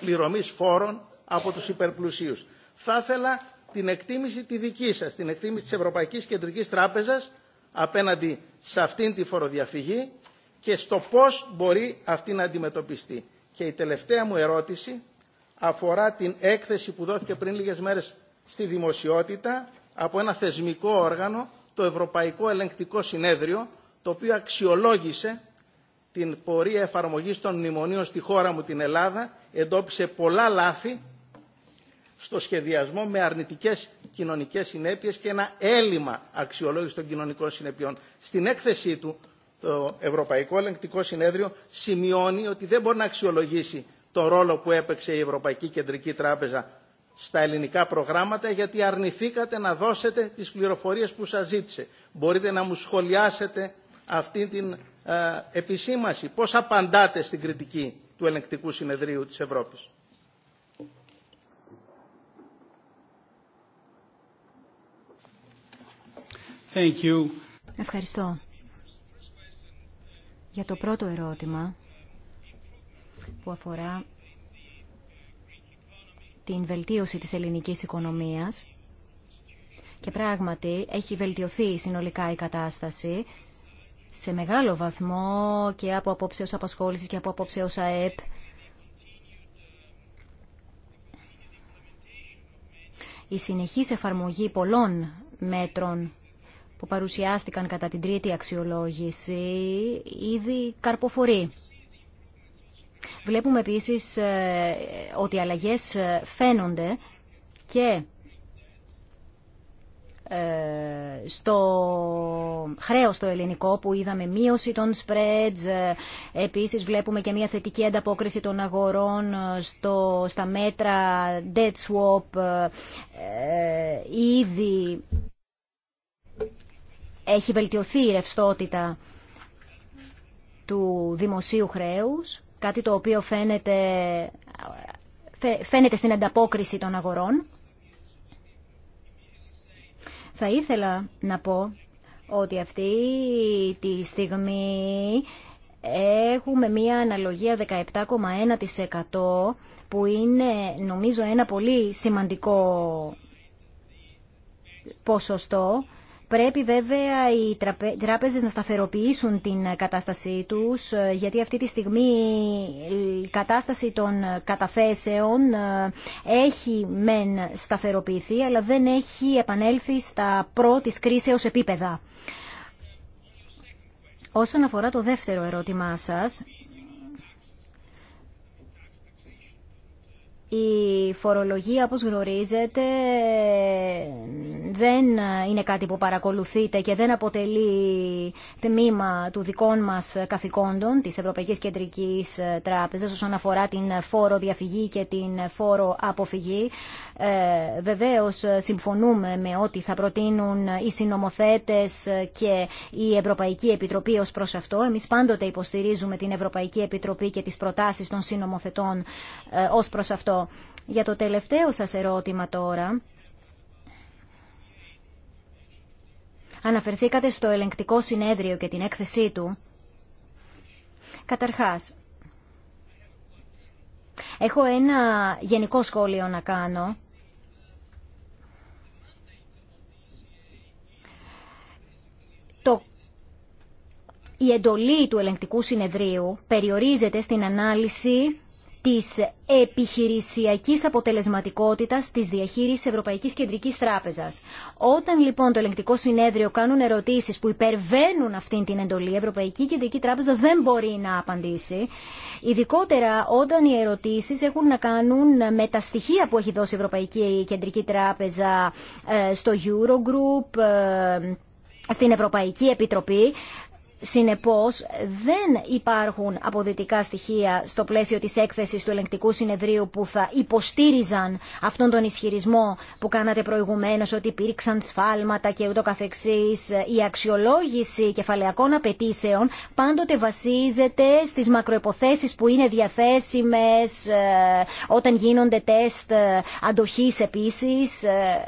πληρωμής φόρων από τους υπερπλουσίους. Θα ήθελα την εκτίμηση τη δική σας, την εκτίμηση της Ευρωπαϊκής Κεντρικής Τράπεζας απέναντι σε αυτήν τη φοροδιαφυγή και στο πώς μπορεί αυτή να αντιμετωπιστεί. Και η τελευταία μου ερώτηση αφορά την έκθεση που δόθηκε πριν λίγες μέρες στη δημοσιότητα από ένα θεσμικό όργανο, το Ευρωπαϊκό Ελεγκτικό Συνέδριο, το οποίο αξιολόγησε την πορεία εφαρμογής των μνημονίων στη χώρα μου την Ελλάδα, εντόπισε πολλά λάθη στο σχεδιασμό με αρνητικές κοινωνικές συνέπειες και ένα έλλειμμα αξιολόγηση των κοινωνικών συνεπειών. Στην έκθεσή του το Ευρωπαϊκό Ελεγκτικό Συνέδριο σημειώνει ότι δεν μπορεί να αξιολογήσει το ρόλο που έπαιξε η Ευρωπαϊκή Κεντρική Τράπεζα στα ελληνικά προγράμματα γιατί αρνηθήκατε να δώσετε τις πληροφορίες που σας ζήτησε. Μπορείτε να μου σχολιάσετε αυτή την ε, επισήμαση. Πώς απαντάτε στην κριτική του Ελεγκτικού Συνεδρίου της Ευρώπης. Thank you. Ευχαριστώ. Για το πρώτο ερώτημα που αφορά την βελτίωση της ελληνικής οικονομίας και πράγματι έχει βελτιωθεί συνολικά η κατάσταση σε μεγάλο βαθμό και από απόψε ως απασχόληση και από απόψε ως ΑΕΠ η συνεχής εφαρμογή πολλών μέτρων που παρουσιάστηκαν κατά την τρίτη αξιολόγηση ήδη καρποφορεί. Βλέπουμε επίσης ε, ότι οι αλλαγές ε, φαίνονται και ε, στο χρέος το ελληνικό που είδαμε μείωση των spreads επίσης βλέπουμε και μια θετική ανταπόκριση των αγορών στο, στα μέτρα debt swap ήδη έχει βελτιωθεί η ρευστότητα του δημοσίου χρέους, κάτι το οποίο φαίνεται, φαίνεται στην ανταπόκριση των αγορών. Θα ήθελα να πω ότι αυτή τη στιγμή έχουμε μία αναλογία 17,1% που είναι νομίζω ένα πολύ σημαντικό ποσοστό Πρέπει βέβαια οι τράπεζες να σταθεροποιήσουν την κατάστασή τους, ε, γιατί αυτή τη στιγμή η κατάσταση των καταθέσεων ε, έχει μεν σταθεροποιηθεί, αλλά δεν έχει επανέλθει στα πρώτης κρίσεως επίπεδα. Όσον αφορά το δεύτερο ερώτημά σας, Η φορολογία, όπως γνωρίζετε, δεν είναι κάτι που παρακολουθείτε και δεν αποτελεί τμήμα του δικών μας καθηκόντων της Ευρωπαϊκής Κεντρικής Τράπεζας όσον αφορά την φόρο διαφυγή και την φόρο αποφυγή. Ε, βεβαίως συμφωνούμε με ό,τι θα προτείνουν οι συνομοθέτες και η Ευρωπαϊκή Επιτροπή ως προς αυτό. Εμείς πάντοτε υποστηρίζουμε την Ευρωπαϊκή Επιτροπή και τις προτάσεις των συνομοθετών ε, ως προς αυτό. Για το τελευταίο σας ερώτημα τώρα, αναφερθήκατε στο ελεγκτικό συνέδριο και την έκθεσή του. Καταρχάς, έχω ένα γενικό σχόλιο να κάνω. Το η εντολή του ελεγκτικού συνεδρίου περιορίζεται στην ανάλυση της επιχειρησιακής αποτελεσματικότητας της διαχείρισης Ευρωπαϊκής Κεντρικής Τράπεζας. Όταν λοιπόν το ελεγκτικό συνέδριο κάνουν ερωτήσεις που υπερβαίνουν αυτήν την εντολή, η Ευρωπαϊκή Κεντρική Τράπεζα δεν μπορεί να απαντήσει, ειδικότερα όταν οι ερωτήσεις έχουν να κάνουν με τα στοιχεία που έχει δώσει η Ευρωπαϊκή Κεντρική Τράπεζα ε, στο Eurogroup, ε, στην Ευρωπαϊκή Επιτροπή Συνεπώς δεν υπάρχουν αποδυτικά στοιχεία στο πλαίσιο της έκθεσης του ελεγκτικού συνεδρίου που θα υποστήριζαν αυτόν τον ισχυρισμό που κάνατε προηγουμένως ότι υπήρξαν σφάλματα και ούτω καθεξής. Η αξιολόγηση κεφαλαιακών απαιτήσεων πάντοτε βασίζεται στις μακροεποθέσεις που είναι διαθέσιμες ε, όταν γίνονται τεστ ε, αντοχής επίσης ε,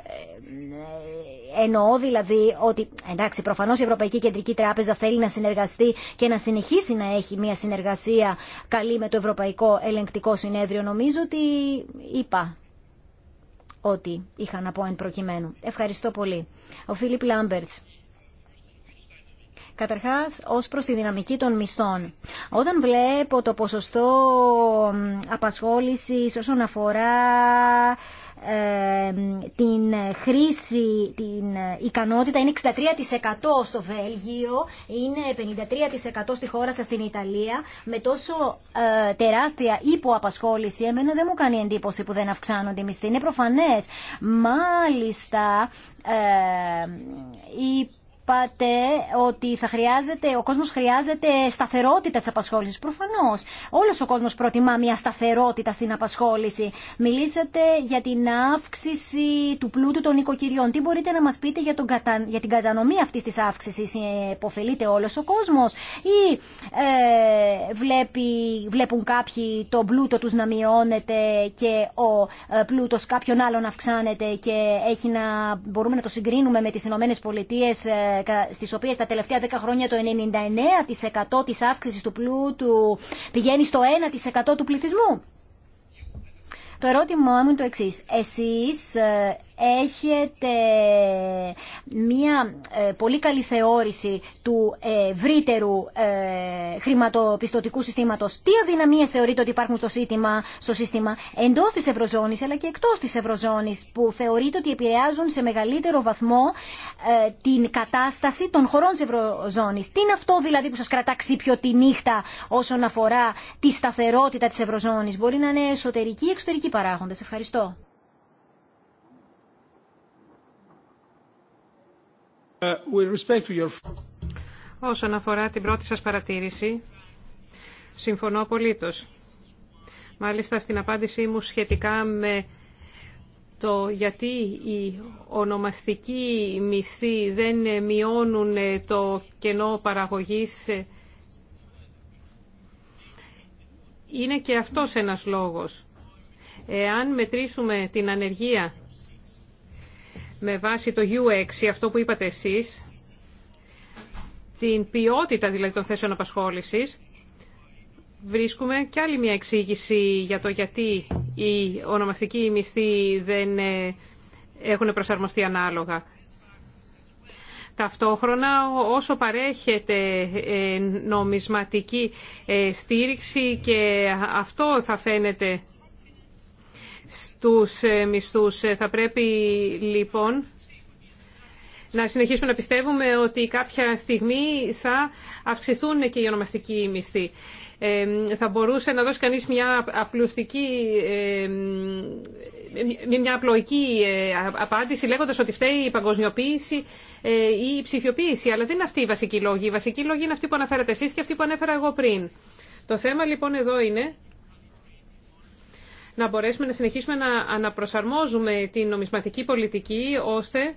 εννοώ δηλαδή ότι εντάξει προφανώς η Ευρωπαϊκή Κεντρική Τράπεζα θέλει να συνεργαστεί και να συνεχίσει να έχει μια συνεργασία καλή με το Ευρωπαϊκό Ελεγκτικό Συνέδριο. Νομίζω ότι είπα ό,τι είχα να πω εν προκειμένου. Ευχαριστώ πολύ. Ο Φίλιπ Λάμπερτς. Καταρχάς, ως προς τη δυναμική των μισθών. Όταν βλέπω το ποσοστό απασχόλησης όσον αφορά ε, την χρήση, την ικανότητα είναι 63% στο Βέλγιο, είναι 53% στη χώρα σας στην Ιταλία. Με τόσο ε, τεράστια υποαπασχόληση, εμένα δεν μου κάνει εντύπωση που δεν αυξάνονται οι μισθοί. Είναι προφανές. Μάλιστα, ε, η Πάτε ότι θα χρειάζεται, ο κόσμος χρειάζεται σταθερότητα της απασχόλησης. Προφανώς, όλος ο κόσμος προτιμά μια σταθερότητα στην απασχόληση. Μιλήσατε για την αύξηση του πλούτου των οικοκυριών. Τι μπορείτε να μας πείτε για, τον, για την κατανομή αυτής της αύξησης. Εποφελείται όλος ο κόσμος ή ε, βλέπουν κάποιοι το πλούτο τους να μειώνεται και ο ε, πλούτος κάποιων άλλων αυξάνεται και έχει να, μπορούμε να το συγκρίνουμε με τις Ηνωμένες Πολιτείες ε, στις οποίες τα τελευταία 10 χρόνια το 99% της αύξησης του πλούτου πηγαίνει στο 1% του πληθυσμού. Το ερώτημά μου είναι το εξή. Εσείς ε, έχετε μία ε, πολύ καλή θεώρηση του ευρύτερου ε, χρηματοπιστωτικού συστήματος. Τι αδυναμίες θεωρείτε ότι υπάρχουν στο σύστημα, στο σύστημα εντός της Ευρωζώνης αλλά και εκτός της Ευρωζώνης που θεωρείτε ότι επηρεάζουν σε μεγαλύτερο βαθμό ε, την κατάσταση των χωρών της Ευρωζώνης. Τι είναι αυτό δηλαδή που σας κρατά ξύπιο τη νύχτα όσον αφορά τη σταθερότητα της Ευρωζώνης. Μπορεί να είναι εσωτερική ή εξωτερικοί παράγοντες. Ευχαριστώ. Uh, Όσον αφορά την πρώτη σας παρατήρηση, συμφωνώ απολύτως. Μάλιστα στην απάντησή μου σχετικά με το γιατί οι ονομαστικοί μισθοί δεν μειώνουν το κενό παραγωγής είναι και αυτός ένας λόγος. Εάν μετρήσουμε την ανεργία με βάση το U6, αυτό που είπατε εσείς, την ποιότητα δηλαδή των θέσεων απασχόλησης, βρίσκουμε και άλλη μια εξήγηση για το γιατί οι ονομαστικοί μισθοί δεν ε, έχουν προσαρμοστεί ανάλογα. Ταυτόχρονα, όσο παρέχεται ε, νομισματική ε, στήριξη και αυτό θα φαίνεται τους ε, μισθούς. Ε, θα πρέπει λοιπόν να συνεχίσουμε να πιστεύουμε ότι κάποια στιγμή θα αυξηθούν και οι ονομαστικοί μισθοί. Ε, θα μπορούσε να δώσει κανείς μια απλουστική, μια απλοϊκή απάντηση λέγοντας ότι φταίει η παγκοσμιοποίηση ή η ψηφιοποίηση. Αλλά δεν είναι αυτή η βασική λόγη. Η βασική λόγη είναι αυτή που αναφέρατε εσείς και αυτή που ανέφερα εγώ πριν. Το θέμα λοιπόν εδώ είναι να μπορέσουμε να συνεχίσουμε να αναπροσαρμόζουμε την νομισματική πολιτική ώστε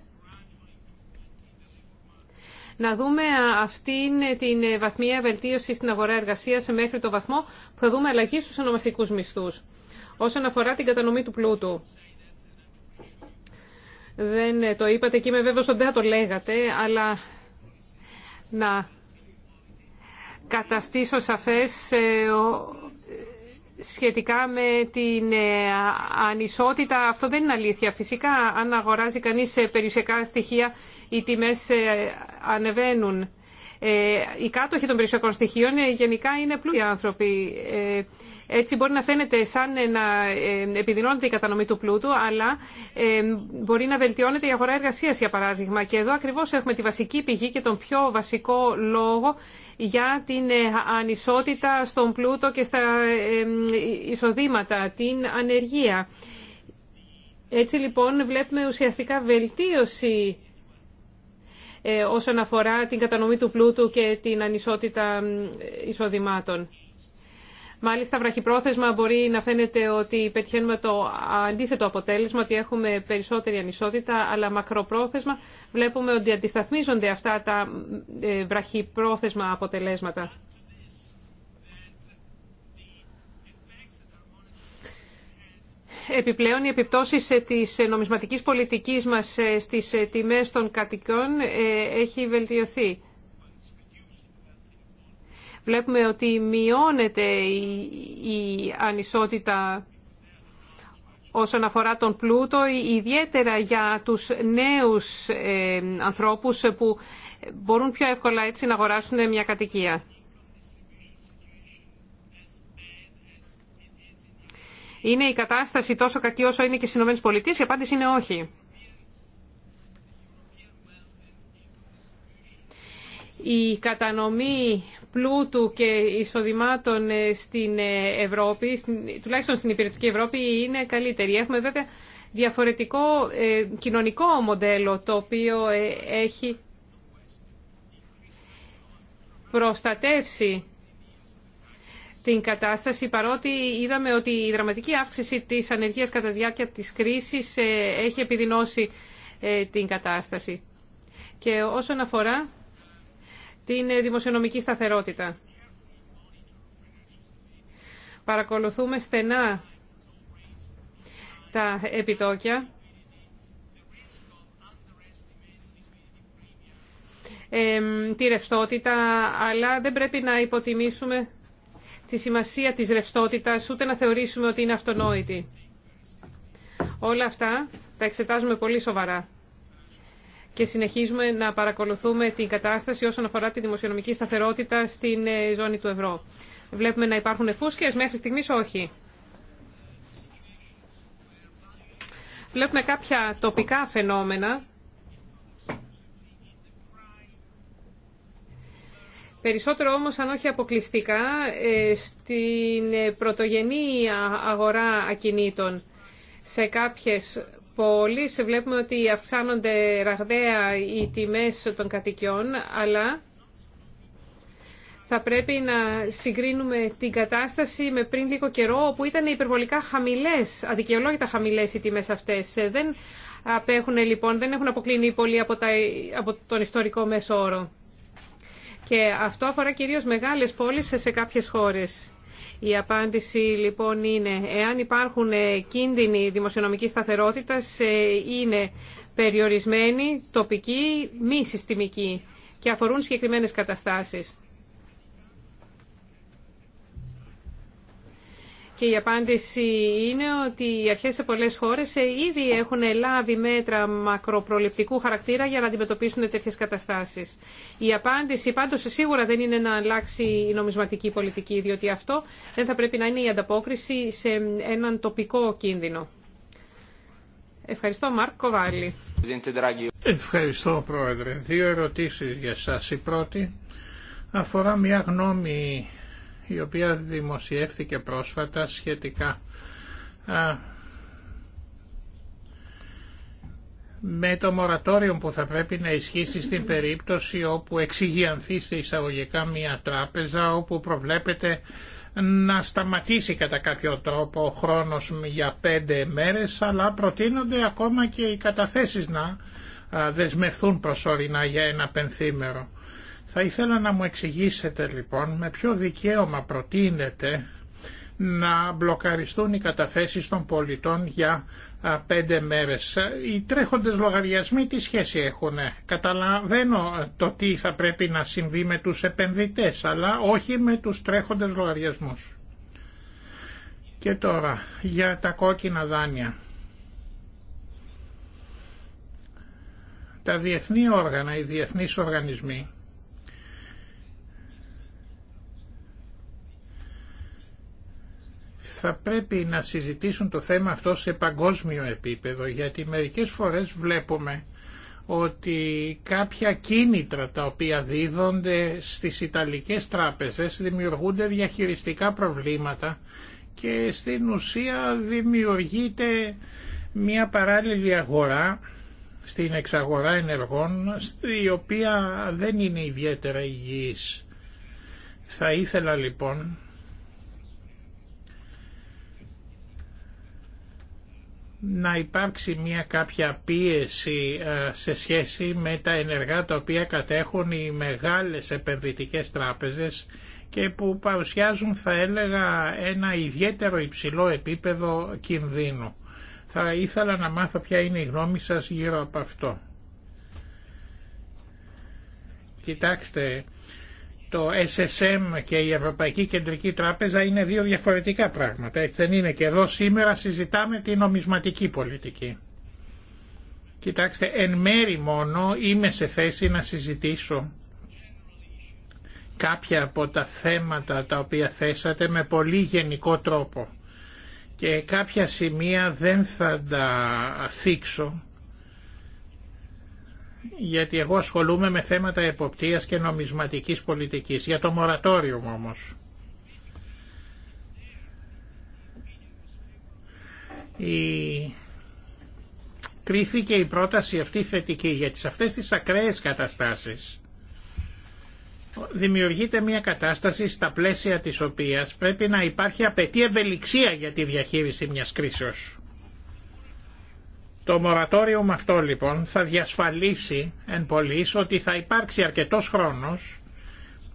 να δούμε αυτήν την βαθμία βελτίωση στην αγορά εργασίας μέχρι το βαθμό που θα δούμε αλλαγή στους ονομαστικούς μισθούς. Όσον αφορά την κατανομή του πλούτου, δεν το είπατε και είμαι βέβαιος ότι δεν το λέγατε, αλλά να καταστήσω σαφές ε, σχετικά με την ε, ανισότητα, αυτό δεν είναι αλήθεια. Φυσικά, αν αγοράζει κανείς ε, περιουσιακά στοιχεία, οι τιμές ε, ανεβαίνουν. Ε, οι κάτοχοι των περιουσιακών στοιχείων ε, γενικά είναι πλούσιοι άνθρωποι. Ε, έτσι μπορεί να φαίνεται σαν να επιδεινώνεται η κατανομή του πλούτου, αλλά μπορεί να βελτιώνεται η αγορά εργασία, για παράδειγμα. Και εδώ ακριβώ έχουμε τη βασική πηγή και τον πιο βασικό λόγο για την ανισότητα στον πλούτο και στα εισοδήματα, την ανεργία. Έτσι λοιπόν βλέπουμε ουσιαστικά βελτίωση ε, όσον αφορά την κατανομή του πλούτου και την ανισότητα εισοδημάτων. Μάλιστα, βραχυπρόθεσμα μπορεί να φαίνεται ότι πετυχαίνουμε το αντίθετο αποτέλεσμα, ότι έχουμε περισσότερη ανισότητα, αλλά μακροπρόθεσμα βλέπουμε ότι αντισταθμίζονται αυτά τα ε, βραχυπρόθεσμα αποτελέσματα. επιπλέον οι επιπτώσεις ε, της ε, νομισματικής πολιτικής μας ε, στις τιμές των κατοικιών έχει βελτιωθεί. Βλέπουμε ότι μειώνεται η ανισότητα όσον αφορά τον πλούτο, ιδιαίτερα για τους νέους ανθρώπους που μπορούν πιο εύκολα έτσι να αγοράσουν μια κατοικία. Είναι η κατάσταση τόσο κακή όσο είναι και στι ΗΠΑ. Η απάντηση είναι όχι. Η κατανομή πλούτου και εισοδημάτων στην Ευρώπη, τουλάχιστον στην υπηρετική Ευρώπη, είναι καλύτερη. Έχουμε βέβαια διαφορετικό ε, κοινωνικό μοντέλο το οποίο ε, έχει προστατεύσει την κατάσταση, παρότι είδαμε ότι η δραματική αύξηση της ανεργίας κατά διάρκεια της κρίσης ε, έχει επιδεινώσει ε, την κατάσταση. Και όσον αφορά την ε, δημοσιονομική σταθερότητα. Παρακολουθούμε στενά τα επιτόκια. τη ρευστότητα, αλλά δεν πρέπει να υποτιμήσουμε τη σημασία της ρευστότητας, ούτε να θεωρήσουμε ότι είναι αυτονόητη. Όλα αυτά τα εξετάζουμε πολύ σοβαρά και συνεχίζουμε να παρακολουθούμε την κατάσταση όσον αφορά τη δημοσιονομική σταθερότητα στην ε, ζώνη του ευρώ. Βλέπουμε να υπάρχουν φούσκες, μέχρι στιγμής όχι. Βλέπουμε κάποια τοπικά φαινόμενα Περισσότερο όμως, αν όχι αποκλειστικά, ε, στην πρωτογενή αγορά ακινήτων. Σε κάποιες πόλεις βλέπουμε ότι αυξάνονται ραγδαία οι τιμές των κατοικιών, αλλά θα πρέπει να συγκρίνουμε την κατάσταση με πριν λίγο καιρό, όπου ήταν υπερβολικά χαμηλές, αδικαιολόγητα χαμηλές οι τιμές αυτές. Ε, δεν απέχουν λοιπόν, δεν έχουν αποκλίνει πολύ από, τα, από τον ιστορικό μέσο όρο και αυτό αφορά κυρίως μεγάλες πόλεις σε κάποιες χώρες. Η απάντηση λοιπόν είναι, εάν υπάρχουν ε, κίνδυνοι δημοσιονομικής σταθερότητας, ε, είναι περιορισμένοι, τοπικοί, μη συστημικοί και αφορούν συγκεκριμένες καταστάσεις. Και η απάντηση είναι ότι οι αρχές σε πολλές χώρες ε, ήδη έχουν λάβει μέτρα μακροπροληπτικού χαρακτήρα για να αντιμετωπίσουν τέτοιες καταστάσεις. Η απάντηση πάντως σίγουρα δεν είναι να αλλάξει η νομισματική πολιτική, διότι αυτό δεν θα πρέπει να είναι η ανταπόκριση σε έναν τοπικό κίνδυνο. Ευχαριστώ Μάρκ Κοβάλη. Ευχαριστώ Πρόεδρε. Δύο ερωτήσεις για σας. Η πρώτη αφορά μια γνώμη η οποία δημοσιεύθηκε πρόσφατα σχετικά με το μορατόριο που θα πρέπει να ισχύσει στην περίπτωση όπου εξηγιανθεί σε εισαγωγικά μια τράπεζα όπου προβλέπεται να σταματήσει κατά κάποιο τρόπο ο χρόνος για πέντε μέρες αλλά προτείνονται ακόμα και οι καταθέσεις να δεσμευθούν προσωρινά για ένα πενθήμερο. Θα ήθελα να μου εξηγήσετε λοιπόν με ποιο δικαίωμα προτείνεται να μπλοκαριστούν οι καταθέσεις των πολιτών για πέντε μέρες. Οι τρέχοντες λογαριασμοί τι σχέση έχουν. Καταλαβαίνω το τι θα πρέπει να συμβεί με τους επενδυτές, αλλά όχι με τους τρέχοντες λογαριασμούς. Και τώρα, για τα κόκκινα δάνεια. Τα διεθνή όργανα, οι διεθνείς οργανισμοί, θα πρέπει να συζητήσουν το θέμα αυτό σε παγκόσμιο επίπεδο γιατί μερικές φορές βλέπουμε ότι κάποια κίνητρα τα οποία δίδονται στις Ιταλικές τράπεζες δημιουργούνται διαχειριστικά προβλήματα και στην ουσία δημιουργείται μια παράλληλη αγορά στην εξαγορά ενεργών η οποία δεν είναι ιδιαίτερα υγιής. Θα ήθελα λοιπόν να υπάρξει μια κάποια πίεση ε, σε σχέση με τα ενεργά τα οποία κατέχουν οι μεγάλες επενδυτικές τράπεζες και που παρουσιάζουν θα έλεγα ένα ιδιαίτερο υψηλό επίπεδο κινδύνου. Θα ήθελα να μάθω ποια είναι η γνώμη σας γύρω από αυτό. Κοιτάξτε, το SSM και η Ευρωπαϊκή Κεντρική Τράπεζα είναι δύο διαφορετικά πράγματα. Έτσι δεν είναι και εδώ σήμερα συζητάμε την νομισματική πολιτική. Κοιτάξτε, εν μέρη μόνο είμαι σε θέση να συζητήσω κάποια από τα θέματα τα οποία θέσατε με πολύ γενικό τρόπο και κάποια σημεία δεν θα τα θίξω γιατί εγώ ασχολούμαι με θέματα εποπτείας και νομισματικής πολιτικής. Για το μορατόριο όμως. Η... Κρίθηκε η πρόταση αυτή θετική, γιατί σε αυτές τις ακραίες καταστάσεις δημιουργείται μια κατάσταση στα πλαίσια της οποίας πρέπει να υπάρχει απαιτή ευελιξία για τη διαχείριση μιας κρίσεως. Το μορατόριο αυτό λοιπόν θα διασφαλίσει εν πολλής ότι θα υπάρξει αρκετός χρόνος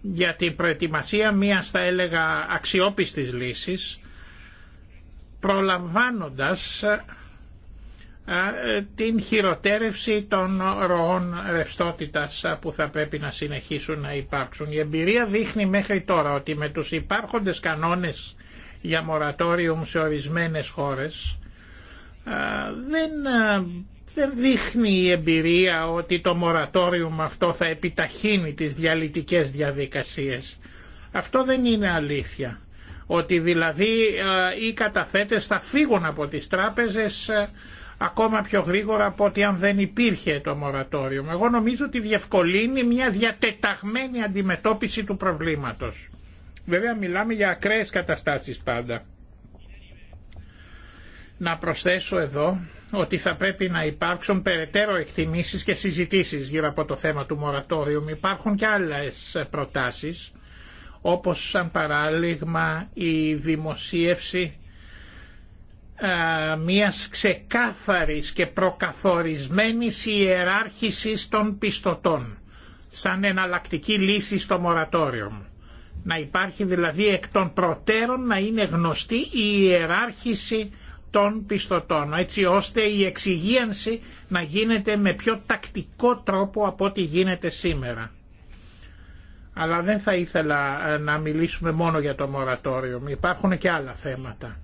για την προετοιμασία μιας θα έλεγα αξιόπιστης λύσης προλαμβάνοντας ε, ε, την χειροτέρευση των ροών ρευστότητας ε, που θα πρέπει να συνεχίσουν να υπάρξουν. Η εμπειρία δείχνει μέχρι τώρα ότι με τους υπάρχοντες κανόνες για μορατόριουμ σε ορισμένες χώρες δεν, δεν δείχνει η εμπειρία ότι το μορατόριουμ αυτό θα επιταχύνει τις διαλυτικές διαδικασίες. Αυτό δεν είναι αλήθεια. Ότι δηλαδή οι καταθέτες θα φύγουν από τις τράπεζες ακόμα πιο γρήγορα από ότι αν δεν υπήρχε το μορατόριο. Εγώ νομίζω ότι διευκολύνει μια διατεταγμένη αντιμετώπιση του προβλήματος. Βέβαια μιλάμε για ακραίες καταστάσεις πάντα να προσθέσω εδώ ότι θα πρέπει να υπάρξουν περαιτέρω εκτιμήσεις και συζητήσεις γύρω από το θέμα του μορατόριου. Υπάρχουν και άλλες προτάσεις, όπως σαν παράδειγμα η δημοσίευση μιας ξεκάθαρης και προκαθορισμένης ιεράρχησης των πιστωτών σαν εναλλακτική λύση στο μορατόριο. Να υπάρχει δηλαδή εκ των προτέρων να είναι γνωστή η ιεράρχηση των πιστωτών, έτσι ώστε η εξυγίανση να γίνεται με πιο τακτικό τρόπο από ό,τι γίνεται σήμερα. Αλλά δεν θα ήθελα ε, να μιλήσουμε μόνο για το μορατόριο, υπάρχουν και άλλα θέματα.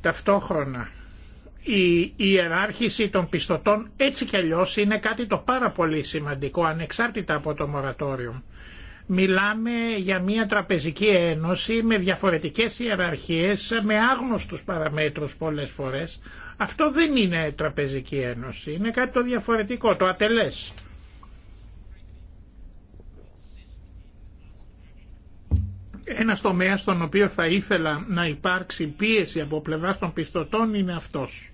Ταυτόχρονα, η ιεράρχηση των πιστωτών έτσι κι αλλιώς είναι κάτι το πάρα πολύ σημαντικό, ανεξάρτητα από το μορατόριο. Μιλάμε για μια τραπεζική ένωση με διαφορετικές ιεραρχίες, με άγνωστους παραμέτρους πολλές φορές. Αυτό δεν είναι τραπεζική ένωση, είναι κάτι το διαφορετικό, το ατελές. Ένα τομέα στον οποίο θα ήθελα να υπάρξει πίεση από πλευρά των πιστωτών είναι αυτός.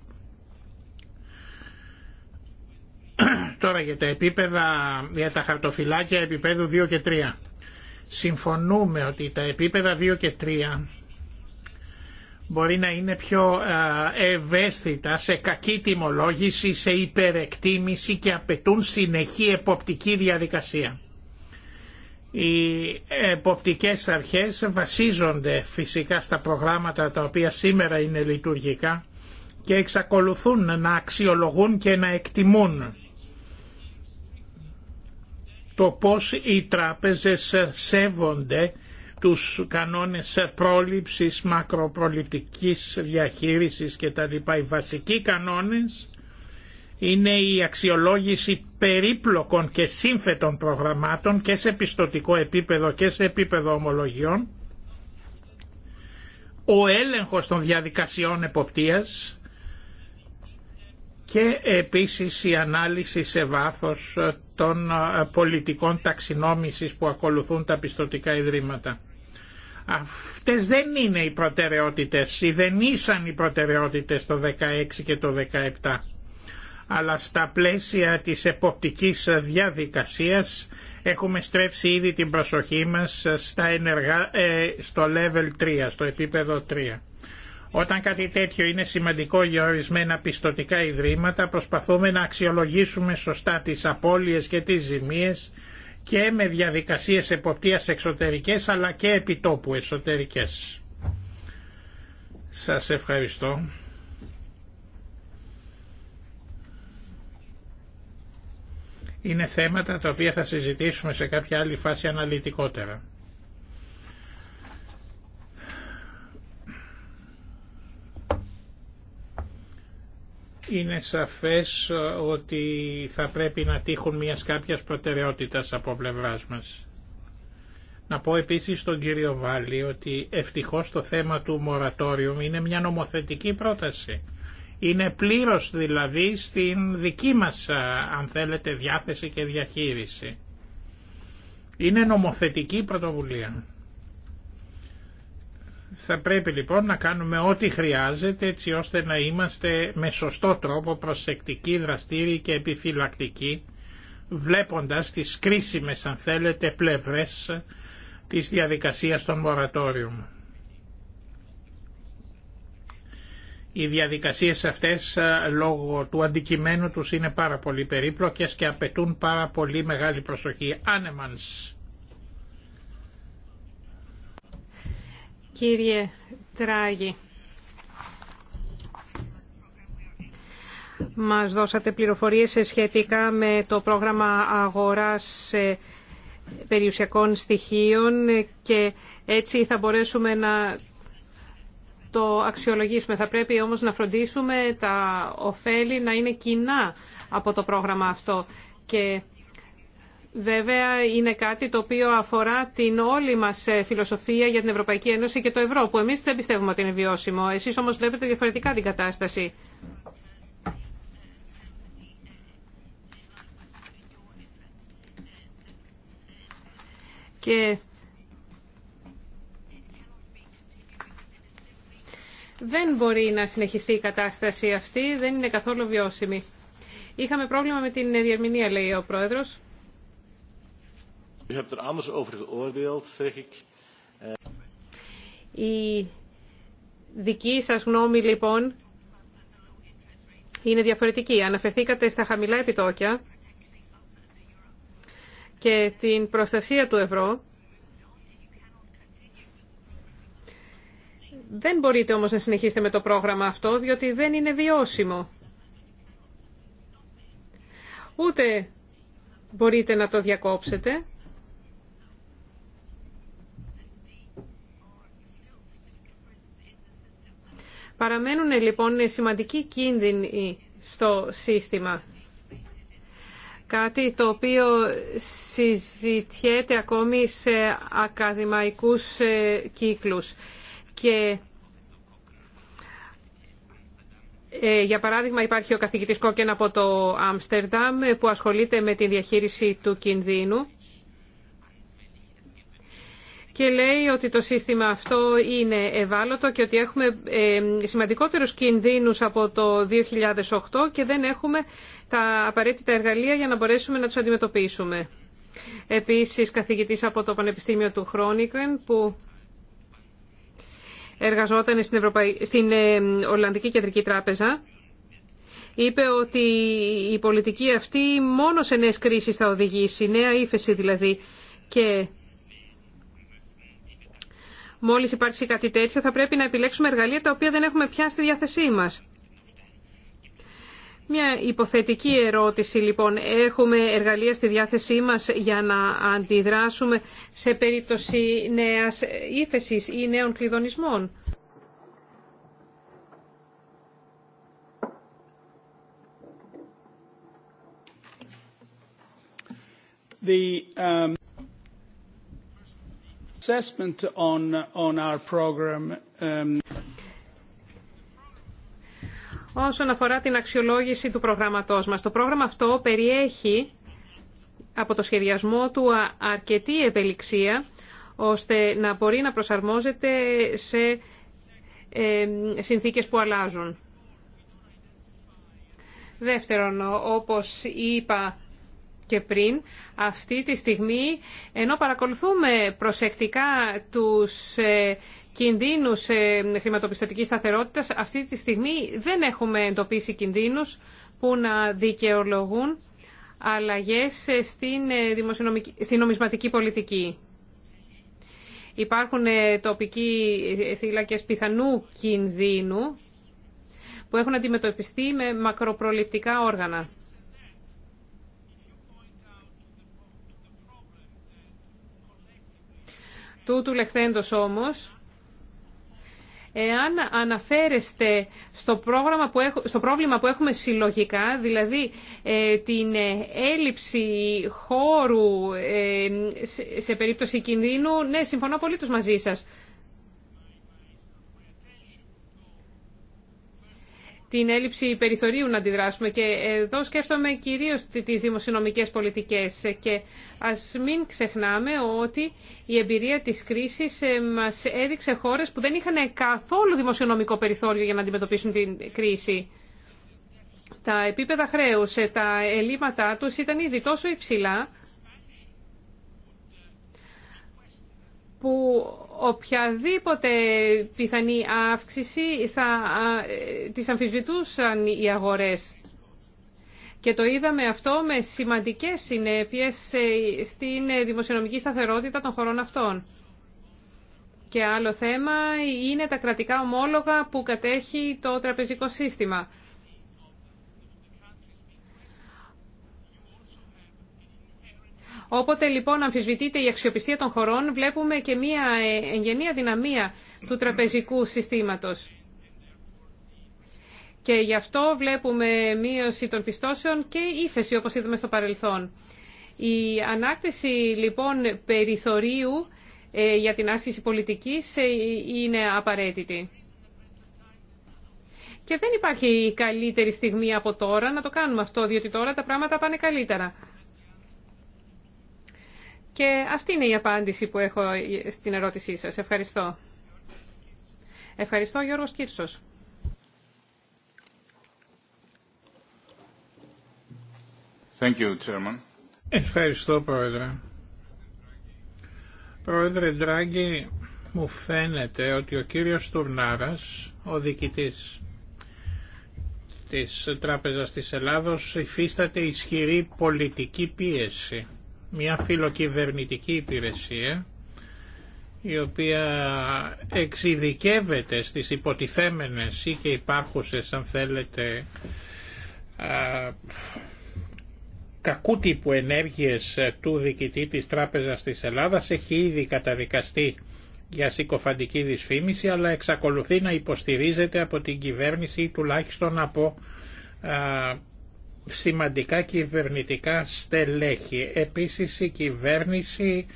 Τώρα για τα επίπεδα, για τα χαρτοφυλάκια επίπεδου 2 και 3. Συμφωνούμε ότι τα επίπεδα 2 και 3 μπορεί να είναι πιο ευαίσθητα σε κακή τιμολόγηση, σε υπερεκτίμηση και απαιτούν συνεχή εποπτική διαδικασία. Οι εποπτικές αρχές βασίζονται φυσικά στα προγράμματα τα οποία σήμερα είναι λειτουργικά και εξακολουθούν να αξιολογούν και να εκτιμούν το πώς οι τράπεζες σέβονται τους κανόνες πρόληψης, μακροπροληπτικής διαχείρισης κτλ. Οι βασικοί κανόνες είναι η αξιολόγηση περίπλοκων και σύμφετων προγραμμάτων και σε πιστοτικό επίπεδο και σε επίπεδο ομολογιών, ο έλεγχος των διαδικασιών εποπτείας, και επίσης η ανάλυση σε βάθος ε, των ε, πολιτικών ταξινόμησης που ακολουθούν τα πιστοτικά ιδρύματα. Αυτές δεν είναι οι προτεραιότητες ή δεν ήσαν οι προτεραιότητες το 2016 και το 2017 αλλά στα πλαίσια της εποπτικής διαδικασίας έχουμε στρέψει ήδη την προσοχή μας στα ενεργά, ε, στο level 3, στο επίπεδο 3. Όταν κάτι τέτοιο είναι σημαντικό για ορισμένα πιστοτικά ιδρύματα προσπαθούμε να αξιολογήσουμε σωστά τις απώλειες και τις ζημίες και με διαδικασίες εποπτείας εξωτερικές αλλά και επιτόπου εσωτερικές. Σας ευχαριστώ. Είναι θέματα τα οποία θα συζητήσουμε σε κάποια άλλη φάση αναλυτικότερα. είναι σαφές ε, ότι θα πρέπει να τύχουν μιας κάποια προτεραιότητας από πλευρά μα. Να πω επίσης στον κύριο Βάλλη ότι ευτυχώς το θέμα του μορατόριου είναι μια νομοθετική πρόταση. Είναι πλήρως δηλαδή στην δική μας ε, αν θέλετε διάθεση και διαχείριση. Είναι νομοθετική πρωτοβουλία. Θα πρέπει λοιπόν να κάνουμε ό,τι χρειάζεται έτσι ώστε να είμαστε με σωστό τρόπο προσεκτικοί, δραστήριοι και επιφυλακτικοί βλέποντας τις κρίσιμες αν θέλετε πλευρές της διαδικασίας των μορατόριων. Οι διαδικασίες αυτές λόγω του αντικειμένου τους είναι πάρα πολύ περίπλοκες και απαιτούν πάρα πολύ μεγάλη προσοχή. Άνεμανς κύριε Τράγη. Μας δώσατε πληροφορίες σχετικά με το πρόγραμμα αγοράς ε, περιουσιακών στοιχείων και έτσι θα μπορέσουμε να το αξιολογήσουμε. Θα πρέπει όμως να φροντίσουμε τα ωφέλη να είναι κοινά από το πρόγραμμα αυτό. Και Βέβαια είναι κάτι το οποίο αφορά την όλη μας ε, φιλοσοφία για την Ευρωπαϊκή Ένωση και το ευρώ που εμείς δεν πιστεύουμε ότι είναι βιώσιμο. Εσείς όμως βλέπετε διαφορετικά την κατάσταση. δεν μπορεί να συνεχιστεί η κατάσταση αυτή, δεν είναι καθόλου βιώσιμη. Είχαμε πρόβλημα με την διερμηνία, λέει ο Πρόεδρος. U hebt er anders Η δική σας γνώμη λοιπόν είναι διαφορετική. Αναφερθήκατε στα χαμηλά επιτόκια και την προστασία του ευρώ. Δεν μπορείτε όμως να συνεχίσετε με το πρόγραμμα αυτό, διότι δεν είναι βιώσιμο. Ούτε μπορείτε να το διακόψετε. Παραμένουν λοιπόν σημαντικοί κίνδυνοι στο σύστημα. Κάτι το οποίο συζητιέται ακόμη σε ακαδημαϊκούς ε, κύκλους. Και ε, για παράδειγμα υπάρχει ο καθηγητής Κόκεν από το Άμστερνταμ που ασχολείται με τη διαχείριση του κινδύνου και λέει ότι το σύστημα αυτό είναι ευάλωτο και ότι έχουμε σημαντικότερους κινδύνους από το 2008 και δεν έχουμε τα απαραίτητα εργαλεία για να μπορέσουμε να τους αντιμετωπίσουμε. Επίσης, καθηγητής από το Πανεπιστήμιο του Χρόνικεν που εργαζόταν στην, στην Ολλανδική Κεντρική Τράπεζα είπε ότι η πολιτική αυτή μόνο σε νέες κρίσεις θα οδηγήσει, νέα ύφεση δηλαδή και μόλις υπάρξει κάτι τέτοιο θα πρέπει να επιλέξουμε εργαλεία τα οποία δεν έχουμε πια στη διάθεσή μας. Μια υποθετική ερώτηση λοιπόν. Έχουμε εργαλεία στη διάθεσή μας για να αντιδράσουμε σε περίπτωση νέας ύφεσης ή νέων κλειδονισμών. The, um... Assessment on, our program, um, Όσον αφορά την αξιολόγηση του προγράμματός μας, το πρόγραμμα αυτό περιέχει από το σχεδιασμό του αρκετή ευελιξία ώστε να μπορεί να προσαρμόζεται σε ε, συνθήκες που αλλάζουν. Δεύτερον, όπως είπα και πριν, αυτή τη στιγμή, ενώ παρακολουθούμε προσεκτικά τους ε, κινδύνους ε, χρηματοπιστωτικής σταθερότητας, αυτή τη στιγμή δεν έχουμε εντοπίσει κινδύνους που να δικαιολογούν αλλαγές ε, στην, στην νομισματική πολιτική. Υπάρχουν τοπικοί θύλακες πιθανού κινδύνου που έχουν αντιμετωπιστεί με μακροπροληπτικά όργανα. Τούτου λεχθέντος όμως, εάν αναφέρεστε στο, πρόγραμμα που στο πρόβλημα που έχουμε συλλογικά, δηλαδή ε, την ε, έλλειψη χώρου ε, σε, σε περίπτωση κινδύνου, ναι, συμφωνώ πολύ τους μαζί σας. την έλλειψη περιθωρίου να αντιδράσουμε και εδώ σκέφτομαι κυρίως τις δημοσιονομικές πολιτικές και ας μην ξεχνάμε ότι η εμπειρία της κρίσης ε, μας έδειξε χώρες που δεν είχαν καθόλου δημοσιονομικό περιθώριο για να αντιμετωπίσουν την κρίση. Τα επίπεδα χρέους, ε, τα ελλείμματά τους ήταν ήδη τόσο υψηλά που οποιαδήποτε πιθανή αύξηση θα τις αμφισβητούσαν οι αγορές. Και το είδαμε αυτό με σημαντικές συνέπειες ε, στην δημοσιονομική σταθερότητα των χωρών αυτών. Και άλλο θέμα είναι τα κρατικά ομόλογα που κατέχει το τραπεζικό σύστημα. Όποτε λοιπόν αμφισβητείται η αξιοπιστία των χωρών, βλέπουμε και μια ε, εγγενή δυναμία του τραπεζικού συστήματος. Και γι' αυτό βλέπουμε μείωση των πιστώσεων και ύφεση, όπως είδαμε στο παρελθόν. Η ανάκτηση λοιπόν περιθωρίου ε, για την άσκηση πολιτικής ε, είναι απαραίτητη. Και δεν υπάρχει καλύτερη στιγμή από τώρα να το κάνουμε αυτό, διότι τώρα τα πράγματα πάνε καλύτερα. Και αυτή είναι η απάντηση που έχω στην ερώτησή σας. Ευχαριστώ. Ευχαριστώ, Γιώργος Κύρσος. Thank you, Chairman. Ευχαριστώ, Πρόεδρε. Πρόεδρε Ντράγκη, μου φαίνεται ότι ο κύριος Τουρνάρας, ο διοικητής της Τράπεζας της Ελλάδος, υφίσταται ισχυρή πολιτική πίεση μια φιλοκυβερνητική υπηρεσία η οποία εξειδικεύεται στις υποτιθέμενες ή και υπάρχουσες αν θέλετε κακού τύπου ενέργειες του διοικητή της Τράπεζας της Ελλάδας έχει ήδη καταδικαστεί για συκοφαντική δυσφήμιση αλλά εξακολουθεί να υποστηρίζεται από την κυβέρνηση ή τουλάχιστον από σημαντικά κυβερνητικά στελέχη. Επίσης η κυβέρνηση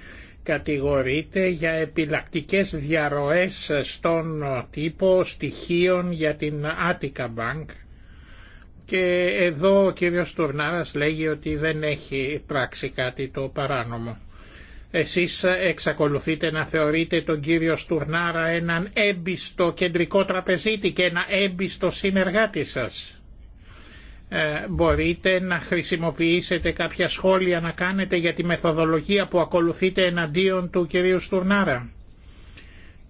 κατηγορείται για επιλακτικές διαρροές στον τύπο στοιχείων για την Attica Bank και εδώ ο κύριος Τουρνάρας λέγει ότι δεν έχει πράξει κάτι το παράνομο. Εσείς εξακολουθείτε να θεωρείτε τον κύριο Στουρνάρα έναν έμπιστο κεντρικό τραπεζίτη και ένα έμπιστο συνεργάτη σας. Ε, μπορείτε να χρησιμοποιήσετε κάποια σχόλια να κάνετε για τη μεθοδολογία που ακολουθείτε εναντίον του κυρίου Στουρνάρα.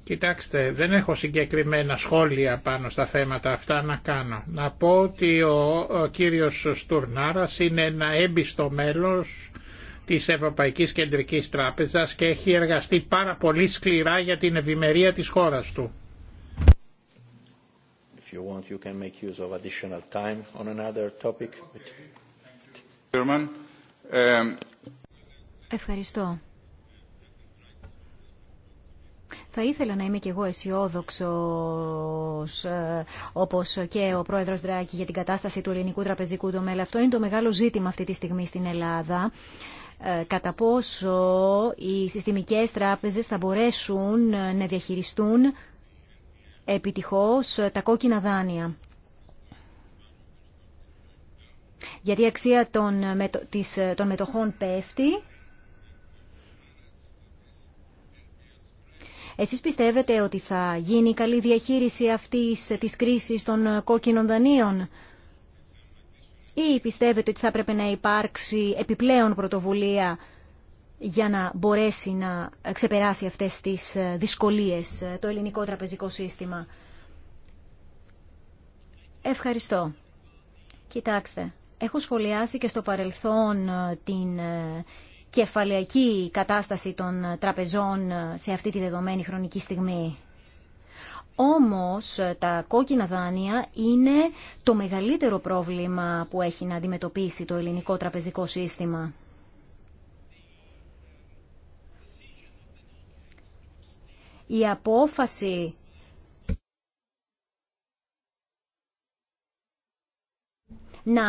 Κοιτάξτε, δεν έχω συγκεκριμένα σχόλια πάνω στα θέματα αυτά να κάνω. Να πω ότι ο, ο κύριος Στουρνάρας είναι ένα έμπιστο μέλος της Ευρωπαϊκής Κεντρικής Τράπεζας και έχει εργαστεί πάρα πολύ σκληρά για την ευημερία της χώρας του. If you want, you can make use of additional time on another topic. Um, Ευχαριστώ. Θα ήθελα να είμαι και εγώ αισιόδοξο ε, όπω και ο πρόεδρο Δράκη για την κατάσταση του ελληνικού τραπεζικού τομέα. Αυτό είναι το μεγάλο ζήτημα αυτή τη στιγμή στην Ελλάδα ε, κατά πόσο οι συστημικές τράπεζες θα μπορέσουν να διαχειριστούν επιτυχώς ε, τα κόκκινα δάνεια. Γιατί η αξία των, ε, ε, των μετοχών πέφτει. Εσείς πιστεύετε ότι θα γίνει καλή διαχείριση αυτής της κρίσης των κόκκινων δανείων ή πιστεύετε ότι θα πρέπει να υπάρξει επιπλέον πρωτοβουλία για να μπορέσει να ξεπεράσει αυτές τις ε, δυσκολίες ε, το ελληνικό τραπεζικό σύστημα. Ευχαριστώ. Κοιτάξτε, έχω σχολιάσει και στο παρελθόν ε, την κεφαλαιακή κατάσταση των τραπεζών σε αυτή τη δεδομένη χρονική στιγμή. Όμως τα κόκκινα δάνεια είναι το μεγαλύτερο πρόβλημα που έχει να αντιμετωπίσει το ελληνικό τραπεζικό σύστημα. η απόφαση να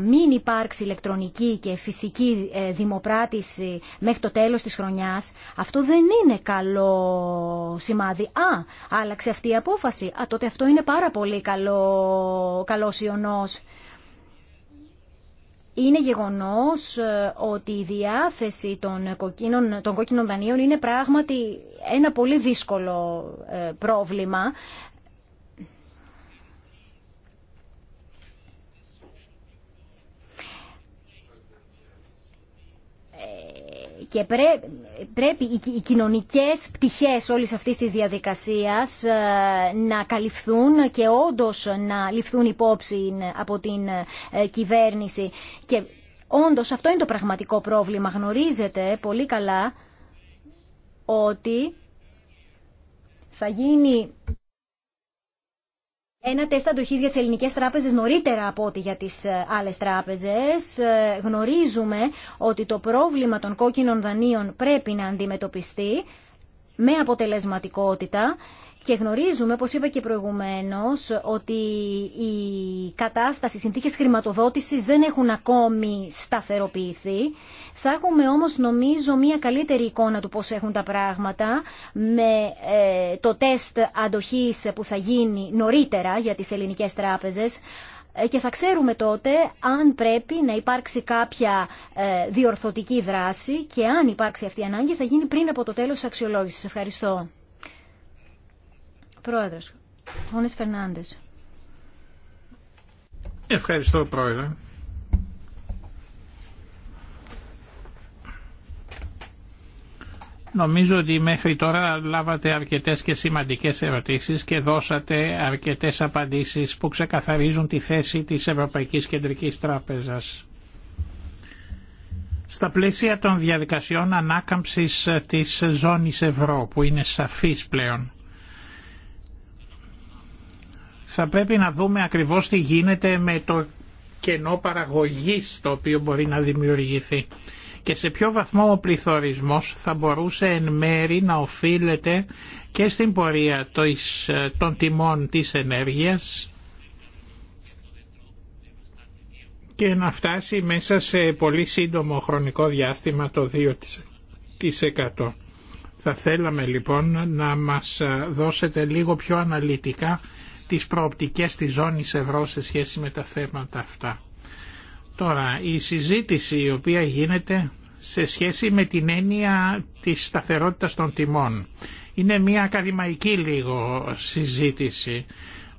μην υπάρξει ηλεκτρονική και φυσική ε, δημοπράτηση μέχρι το τέλος της χρονιάς, αυτό δεν είναι καλό σημάδι. Α, άλλαξε αυτή η απόφαση. Α, τότε αυτό είναι πάρα πολύ καλό, καλός είναι γεγονός ε, ότι η διάθεση των κοκκίνων, των κόκκινων δανείων είναι πράγματι ένα πολύ δύσκολο ε, πρόβλημα και πρέπει οι, οι κοινωνικές πτυχές όλης αυτής της διαδικασίας ε, να καλυφθούν και όντως να ληφθούν υπόψη από την ε, κυβέρνηση. Και όντως αυτό είναι το πραγματικό πρόβλημα. Γνωρίζετε πολύ καλά ότι θα γίνει ένα τεστ αντοχής για τις ελληνικές τράπεζες νωρίτερα από ό,τι για τις ε, άλλες τράπεζες. Ε, γνωρίζουμε ότι το πρόβλημα των κόκκινων δανείων πρέπει να αντιμετωπιστεί με αποτελεσματικότητα και γνωρίζουμε, όπως είπα και προηγουμένως, ότι η κατάσταση, οι συνθήκες χρηματοδότησης δεν έχουν ακόμη σταθεροποιηθεί. Θα έχουμε όμως, νομίζω, μια καλύτερη εικόνα του πώς έχουν τα πράγματα με ε, το τεστ αντοχής που θα γίνει νωρίτερα για τις ελληνικές τράπεζες ε, και θα ξέρουμε τότε αν πρέπει να υπάρξει κάποια ε, διορθωτική δράση και αν υπάρξει αυτή η ανάγκη θα γίνει πριν από το τέλος της αξιολόγησης. Ευχαριστώ. Πρόεδρος, Φερνάντες. Ευχαριστώ, Πρόεδρε. Νομίζω ότι μέχρι τώρα λάβατε αρκετές και σημαντικές ερωτήσεις και δώσατε αρκετές απαντήσεις που ξεκαθαρίζουν τη θέση της Ευρωπαϊκής Κεντρικής Τράπεζας. Στα πλαίσια των διαδικασιών ανάκαμψης της ζώνης ευρώ που είναι σαφής πλέον θα πρέπει να δούμε ακριβώς τι γίνεται με το κενό παραγωγής το οποίο μπορεί να δημιουργηθεί και σε ποιο βαθμό ο πληθωρισμός θα μπορούσε εν μέρη να οφείλεται και στην πορεία των τιμών της ενέργειας και να φτάσει μέσα σε πολύ σύντομο χρονικό διάστημα το 2%. Θα θέλαμε λοιπόν να μας δώσετε λίγο πιο αναλυτικά τις προοπτικές της ζώνης ευρώ σε σχέση με τα θέματα αυτά. Τώρα, η συζήτηση η οποία γίνεται σε σχέση με την έννοια της σταθερότητας των τιμών. Είναι μια ακαδημαϊκή λίγο συζήτηση.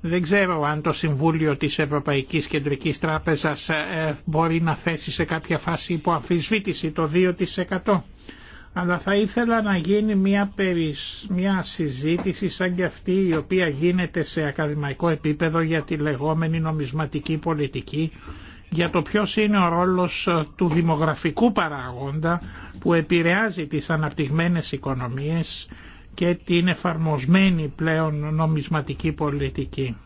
Δεν ξέρω αν το Συμβούλιο της Ευρωπαϊκής Κεντρικής Τράπεζας ε, μπορεί να θέσει σε κάποια φάση υπό αμφισβήτηση το 2% αλλά θα ήθελα να γίνει μια, περισ... μια συζήτηση σαν και αυτή η οποία γίνεται σε ακαδημαϊκό επίπεδο για τη λεγόμενη νομισματική πολιτική για το ποιος είναι ο ρόλος ε, του δημογραφικού παράγοντα που επηρεάζει τις αναπτυγμένες οικονομίες και την εφαρμοσμένη πλέον νομισματική πολιτική.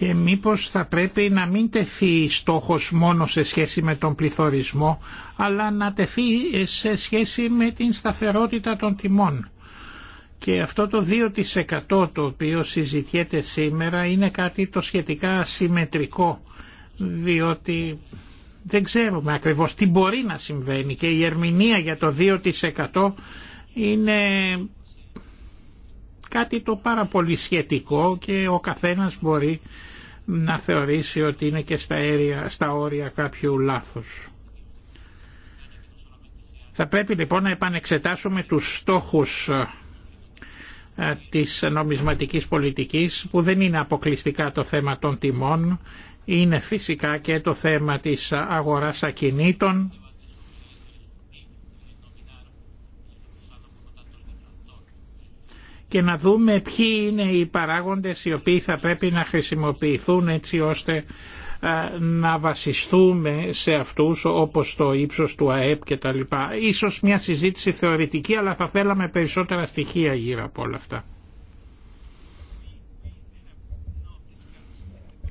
και μήπως θα πρέπει να μην τεθεί στόχος μόνο σε σχέση με τον πληθωρισμό αλλά να τεθεί σε σχέση με την σταθερότητα των τιμών. Και αυτό το 2% το οποίο συζητιέται σήμερα είναι κάτι το σχετικά συμμετρικό διότι δεν ξέρουμε ακριβώς τι μπορεί να συμβαίνει και η ερμηνεία για το 2% είναι κάτι το πάρα πολύ σχετικό και ο καθένας μπορεί να θεωρήσει ότι είναι και στα, στα όρια κάποιου λάθους. Θα πρέπει λοιπόν να επανεξετάσουμε τους στόχους ε, της νομισματικής πολιτικής που δεν είναι αποκλειστικά το θέμα των τιμών, είναι φυσικά και το θέμα της αγοράς ακινήτων και να δούμε ποιοι είναι οι παράγοντες οι οποίοι θα πρέπει να χρησιμοποιηθούν έτσι ώστε να βασιστούμε σε αυτούς όπως το ύψος του ΑΕΠ και τα λοιπά. Ίσως μια συζήτηση θεωρητική αλλά θα θέλαμε περισσότερα στοιχεία γύρω από όλα αυτά.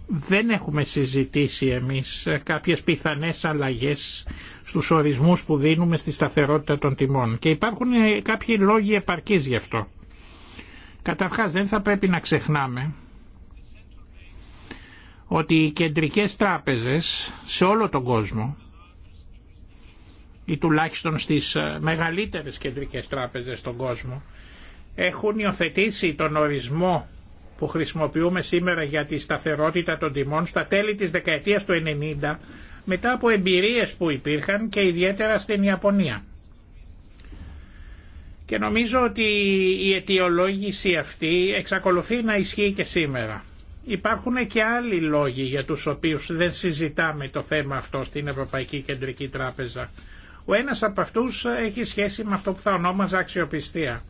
Δεν έχουμε συζητήσει εμείς κάποιες πιθανές αλλαγές στους ορισμούς που δίνουμε στη σταθερότητα των τιμών και υπάρχουν κάποιοι λόγοι επαρκής γι' αυτό. Καταρχάς δεν θα πρέπει να ξεχνάμε ότι οι κεντρικές τράπεζες σε όλο τον κόσμο ή τουλάχιστον στις ε, μεγαλύτερες κεντρικές τράπεζες στον κόσμο έχουν υιοθετήσει τον ορισμό που χρησιμοποιούμε σήμερα για τη σταθερότητα των τιμών στα τέλη της δεκαετίας του 90 μετά από εμπειρίες που υπήρχαν και ιδιαίτερα στην Ιαπωνία. Και νομίζω ότι η αιτιολόγηση αυτή εξακολουθεί να ισχύει και σήμερα. Υπάρχουν και άλλοι λόγοι για τους οποίους δεν συζητάμε το θέμα αυτό στην Ευρωπαϊκή Κεντρική Τράπεζα. Ο ένας από αυτούς έχει σχέση με αυτό που θα ονόμαζα αξιοπιστία.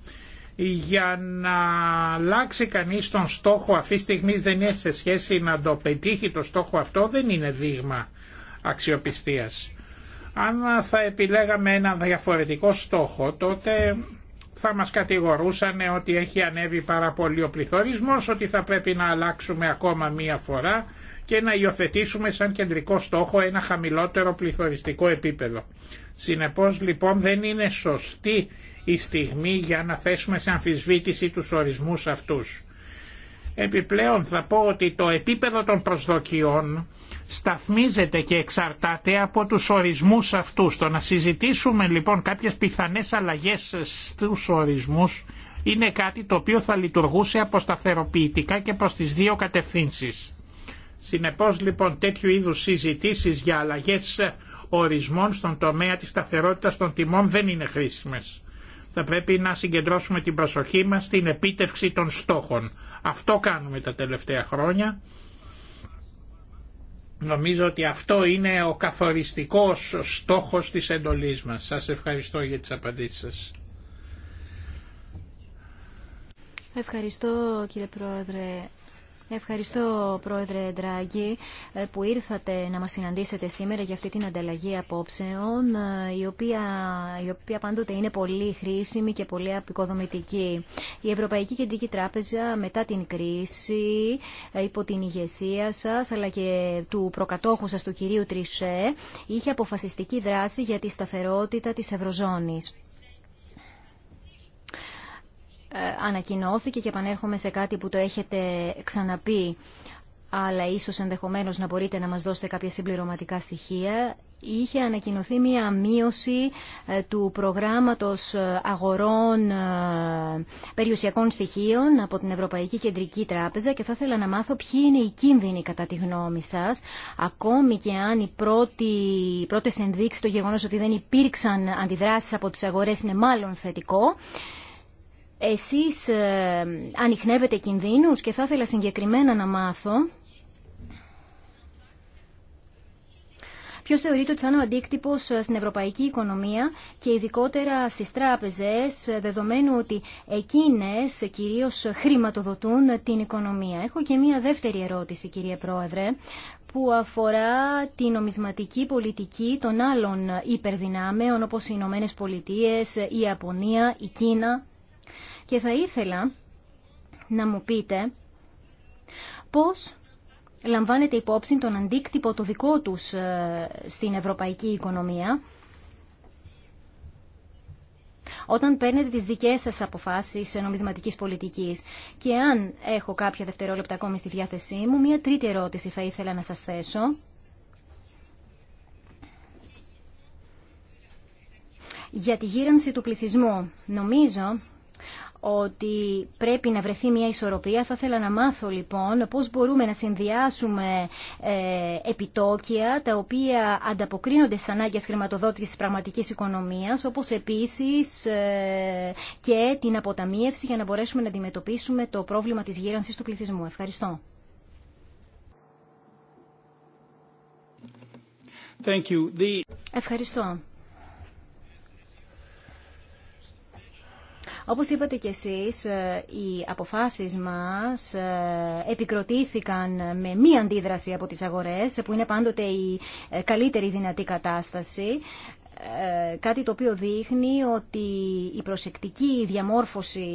Για να αλλάξει κανείς τον στόχο αυτή τη στιγμή δεν έχει σε σχέση να το πετύχει το στόχο αυτό δεν είναι δείγμα αξιοπιστίας. Αν θα επιλέγαμε ένα διαφορετικό στόχο τότε θα μας κατηγορούσαν ότι έχει ανέβει πάρα πολύ ο πληθωρισμός, ότι θα πρέπει να αλλάξουμε ακόμα μία φορά και να υιοθετήσουμε σαν κεντρικό στόχο ένα χαμηλότερο πληθωριστικό επίπεδο. Συνεπώς λοιπόν δεν είναι σωστή η στιγμή για να θέσουμε σε αμφισβήτηση τους ορισμούς αυτούς. Επιπλέον θα πω ότι το επίπεδο των προσδοκιών σταθμίζεται και εξαρτάται από τους ορισμούς αυτούς. Το να συζητήσουμε λοιπόν κάποιες πιθανές αλλαγές στους ορισμούς είναι κάτι το οποίο θα λειτουργούσε αποσταθεροποιητικά και προς τις δύο κατευθύνσεις. Συνεπώς λοιπόν τέτοιου είδους συζητήσεις για αλλαγές ορισμών στον τομέα της σταθερότητας των τιμών δεν είναι χρήσιμες. Θα πρέπει να συγκεντρώσουμε την προσοχή μας στην επίτευξη των στόχων. Αυτό κάνουμε τα τελευταία χρόνια. Νομίζω ότι αυτό είναι ο καθοριστικός στόχος της εντολής μας. Σας ευχαριστώ για τις απαντήσεις σας. Ευχαριστώ κύριε Πρόεδρε. Ευχαριστώ Πρόεδρε Ντράγκη ε, που ήρθατε να μας συναντήσετε σήμερα για αυτή την ανταλλαγή απόψεων ε, η οποία, η οποία πάντοτε είναι πολύ χρήσιμη και πολύ απεικοδομητική. Η Ευρωπαϊκή Κεντρική Τράπεζα μετά την κρίση ε, υπό την ηγεσία σας αλλά και του προκατόχου σας του κυρίου Τρισέ είχε αποφασιστική δράση για τη σταθερότητα της Ευρωζώνης. Ε, ανακοινώθηκε και επανέρχομαι σε κάτι που το έχετε ξαναπεί αλλά ίσως ενδεχομένως να μπορείτε να μας δώσετε κάποια συμπληρωματικά στοιχεία είχε ανακοινωθεί μία μείωση ε, του προγράμματος ε, αγορών περιουσιακών στοιχείων από την Ευρωπαϊκή Κεντρική Τράπεζα και θα ήθελα να μάθω ποιοι είναι οι κίνδυνοι κατά τη γνώμη σας ακόμη και αν οι πρώτες ενδείξεις το γεγονός ότι δεν υπήρξαν αντιδράσεις από τις αγορές είναι μάλλον θετικό εσείς ε, ανοιχνεύετε κινδύνους και θα ήθελα συγκεκριμένα να μάθω ποιος θεωρείται ότι θα είναι ο αντίκτυπος ε, στην ευρωπαϊκή οικονομία και ειδικότερα στι τράπεζες, ε, δεδομένου ότι εκείνε κυρίω χρηματοδοτούν την οικονομία. Έχω και μία δεύτερη ερώτηση, κύριε Πρόεδρε, που αφορά την νομισματική πολιτική των άλλων υπερδυνάμεων, όπως οι Ηνωμένε Πολιτείε, η Ιαπωνία, η Κίνα και θα ήθελα να μου πείτε πώς λαμβάνετε υπόψη τον αντίκτυπο το δικό τους ε, στην ευρωπαϊκή οικονομία όταν παίρνετε τις δικές σας αποφάσεις ε, νομισματικής πολιτικής. Και αν έχω κάποια δευτερόλεπτα ακόμη στη διάθεσή μου, μία τρίτη ερώτηση θα ήθελα να σας θέσω. Για τη γύρανση του πληθυσμού. Νομίζω ότι πρέπει να βρεθεί μια ισορροπία. Θα ήθελα να μάθω λοιπόν πώς μπορούμε να συνδυάσουμε ε, επιτόκια τα οποία ανταποκρίνονται στις ανάγκες χρηματοδότησης της πραγματικής οικονομίας όπως επίσης ε, και την αποταμίευση για να μπορέσουμε να αντιμετωπίσουμε το πρόβλημα της γύρανσης του πληθυσμού. Ευχαριστώ. Thank Ευχαριστώ. Όπως είπατε κι εσείς, ε, οι αποφάσεις μας ε, επικροτήθηκαν με μία αντίδραση από τις αγορές, που είναι πάντοτε η ε, καλύτερη δυνατή κατάσταση. Ε, κάτι το οποίο δείχνει ότι η προσεκτική διαμόρφωση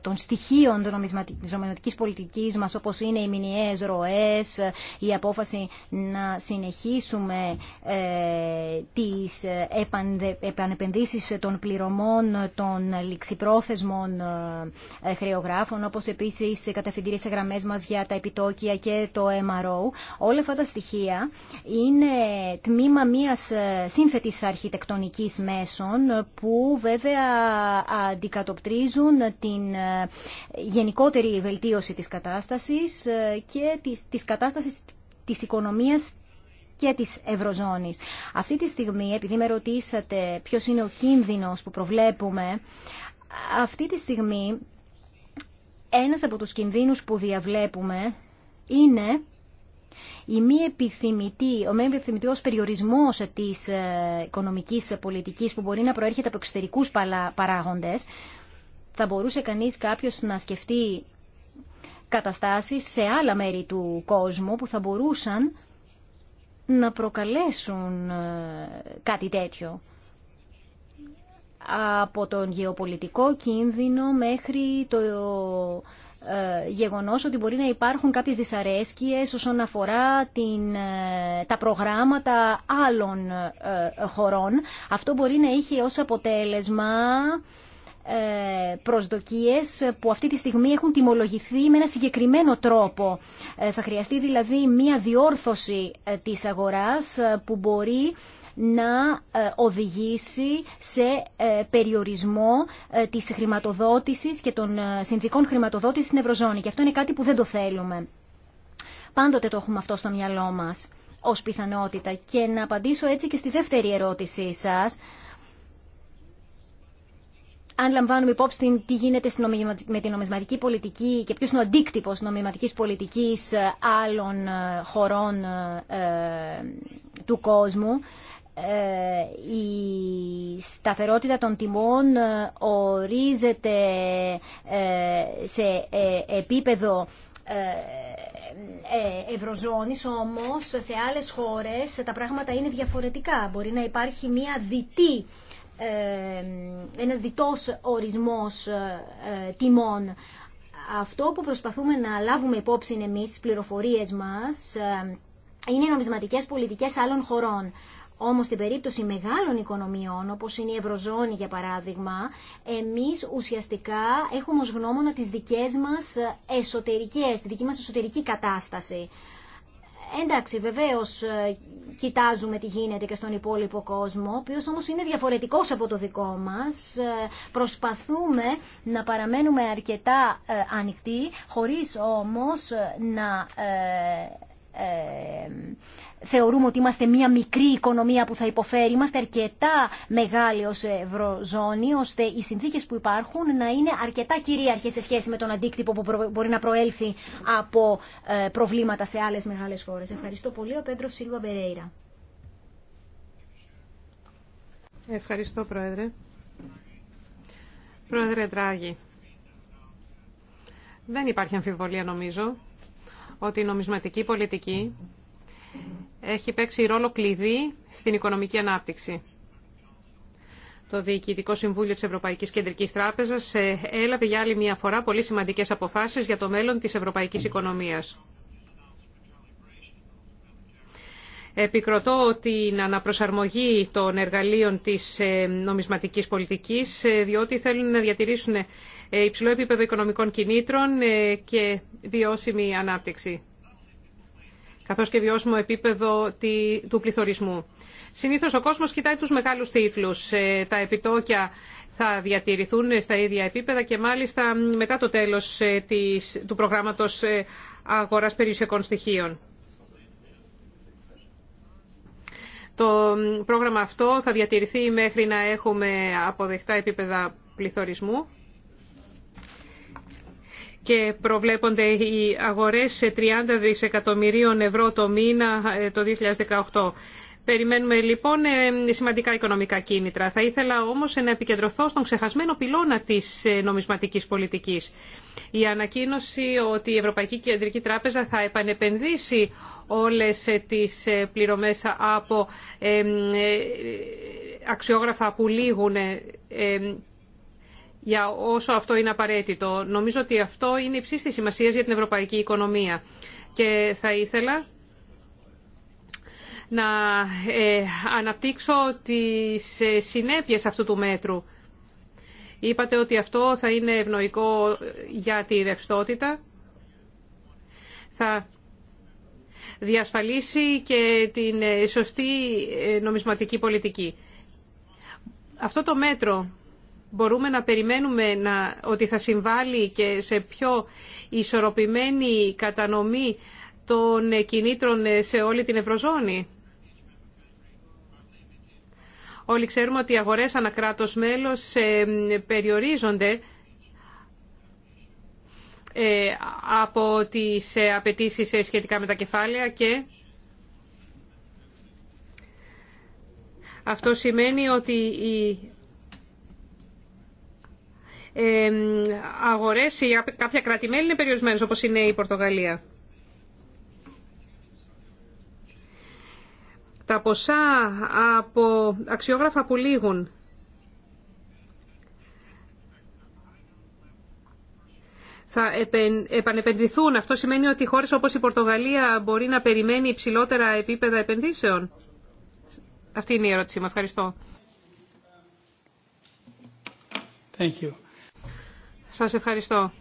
των, στοιχείων της νομισματικής πολιτικής μας όπως είναι οι μηνιαίες ροές, η απόφαση να συνεχίσουμε ε, τις επανεπενδύσεις των πληρωμών των ληξιπρόθεσμων ε, χρεογράφων όπως επίσης οι γραμμές μας για τα επιτόκια και το MRO όλα αυτά τα στοιχεία είναι τμήμα μία μιας ε, σύνθετης αρχιτεκτονικής μέσων που βέβαια αντικατοπτρίζουν την ε, γενικότερη βελτίωση της κατάστασης ε, και της, της κατάστασης της οικονομίας και της Ευρωζώνης. Αυτή τη στιγμή, επειδή με ρωτήσατε ποιος είναι ο κίνδυνος που προβλέπουμε, αυτή τη στιγμή ένας από τους κινδύνους που διαβλέπουμε είναι η μη επιθυμητή, ο μη περιορισμό περιορισμός της ε, οικονομικής πολιτικής που μπορεί να προέρχεται από εξωτερικούς παράγοντες, θα μπορούσε κανείς κάποιο να σκεφτεί καταστάσεις σε άλλα μέρη του κόσμου που θα μπορούσαν να προκαλέσουν ε, κάτι τέτοιο από τον γεωπολιτικό κίνδυνο μέχρι το ε, γεγονός ότι μπορεί να υπάρχουν κάποιες δυσαρέσκειες όσον αφορά την, ε, τα προγράμματα άλλων ε, χωρών. Αυτό μπορεί να είχε ως αποτέλεσμα προσδοκίες που αυτή τη στιγμή έχουν τιμολογηθεί με ένα συγκεκριμένο τρόπο. Θα χρειαστεί δηλαδή μία διόρθωση της αγοράς που μπορεί να ε, οδηγήσει σε ε, περιορισμό ε, της χρηματοδότησης και των συνθήκων χρηματοδότησης στην Ευρωζώνη. Και αυτό είναι κάτι που δεν το θέλουμε. Πάντοτε το έχουμε αυτό στο μυαλό μας ως πιθανότητα. Και να απαντήσω έτσι και στη δεύτερη ερώτησή σας αν λαμβάνουμε υπόψη την, τι γίνεται με την νομισματική πολιτική και ποιος είναι ο αντίκτυπος νομιματικής πολιτικής άλλων χωρών του κόσμου, ε, η σταθερότητα των τιμών ε, ορίζεται ε, σε επίπεδο ευρωζώνης, όμως σε άλλες χώρες τα πράγματα είναι διαφορετικά. Μπορεί να υπάρχει μια διτή ένας διτός ορισμός τιμών. Αυτό που προσπαθούμε να λάβουμε υπόψη εμείς στις πληροφορίες μας είναι νομισματικές πολιτικές άλλων χωρών. Όμως στην περίπτωση μεγάλων οικονομιών, όπως είναι η Ευρωζώνη για παράδειγμα, εμείς ουσιαστικά έχουμε ως γνώμονα τις δικές μας εσωτερικές, τη δική μας εσωτερική κατάσταση. Εντάξει, βεβαίω ε, κοιτάζουμε τι γίνεται και στον υπόλοιπο κόσμο, ο οποίο όμω είναι διαφορετικό από το δικό μα. Ε, προσπαθούμε να παραμένουμε αρκετά ε, ανοιχτοί, χωρί όμω να θεωρούμε ότι είμαστε μια μικρή οικονομία που θα υποφέρει. Είμαστε αρκετά μεγάλοι ως ευρωζώνη, ώστε οι συνθήκες που υπάρχουν να είναι αρκετά κυρίαρχες σε σχέση με τον αντίκτυπο που μπορεί να προέλθει από ε, προβλήματα σε άλλες μεγάλες χώρες. Ευχαριστώ πολύ. Ο Πέντρο Σίλβα Μπερέιρα. Ευχαριστώ, Πρόεδρε. Πρόεδρε Τράγη, δεν υπάρχει αμφιβολία νομίζω ότι η νομισματική πολιτική έχει παίξει ρόλο κλειδί στην οικονομική ανάπτυξη. Το Διοικητικό Συμβούλιο της Ευρωπαϊκής Κεντρικής Τράπεζας ε, έλαβε για άλλη μια φορά πολύ σημαντικές αποφάσεις για το μέλλον της ευρωπαϊκής οικονομίας. Επικροτώ την αναπροσαρμογή των εργαλείων της ε, νομισματικής πολιτικής, ε, διότι θέλουν να διατηρήσουν υψηλό επίπεδο οικονομικών κινήτρων και βιώσιμη ανάπτυξη καθώς και βιώσιμο επίπεδο του πληθωρισμού. Συνήθως ο κόσμος κοιτάει τους μεγάλους τίτλους. Ε, τα επιτόκια θα διατηρηθούν στα ίδια επίπεδα και μάλιστα μετά το τέλος ε, του προγράμματος ε, αγοράς περιουσιακών στοιχείων. Το πρόγραμμα αυτό θα διατηρηθεί μέχρι να έχουμε αποδεκτά επίπεδα πληθωρισμού και προβλέπονται οι αγορές σε 30 δισεκατομμυρίων ευρώ το μήνα ε, το 2018. Περιμένουμε λοιπόν ε, σημαντικά οικονομικά κίνητρα. Θα ήθελα όμως να επικεντρωθώ στον ξεχασμένο πυλώνα της ε, νομισματικής πολιτικής. Η ανακοίνωση ότι η Ευρωπαϊκή Κεντρική Τράπεζα θα επανεπενδύσει όλες τις πληρωμές από αξιόγραφα που λήγουν για όσο αυτό είναι απαραίτητο. Νομίζω ότι αυτό είναι υψίστης σημασία για την ευρωπαϊκή οικονομία. Και θα ήθελα να ε, αναπτύξω τις ε, συνέπειες αυτού του μέτρου. Είπατε ότι αυτό θα είναι ευνοϊκό για τη ρευστότητα. Θα διασφαλίσει και την ε, σωστή νομισματική πολιτική. Αυτό το μέτρο μπορούμε να περιμένουμε να, ότι θα συμβάλλει και σε πιο ισορροπημένη κατανομή των κινήτρων σε όλη την Ευρωζώνη. Όλοι ξέρουμε ότι οι αγορές ανακράτος μέλος ε, περιορίζονται ε, από τις ε, απαιτήσει σχετικά με τα κεφάλαια και αυτό σημαίνει ότι αγορές η κάποια κράτη-μέλη είναι περιορισμένες, όπως είναι η Πορτογαλία. Τα ποσά από αξιόγραφα που λήγουν θα επανεπενδυθούν. Αυτό σημαίνει ότι χώρες όπως η Πορτογαλία μπορεί να περιμένει υψηλότερα επίπεδα επενδύσεων. Αυτή είναι η ερώτησή μου. Ευχαριστώ. Thank you. Σας ευχαριστώ.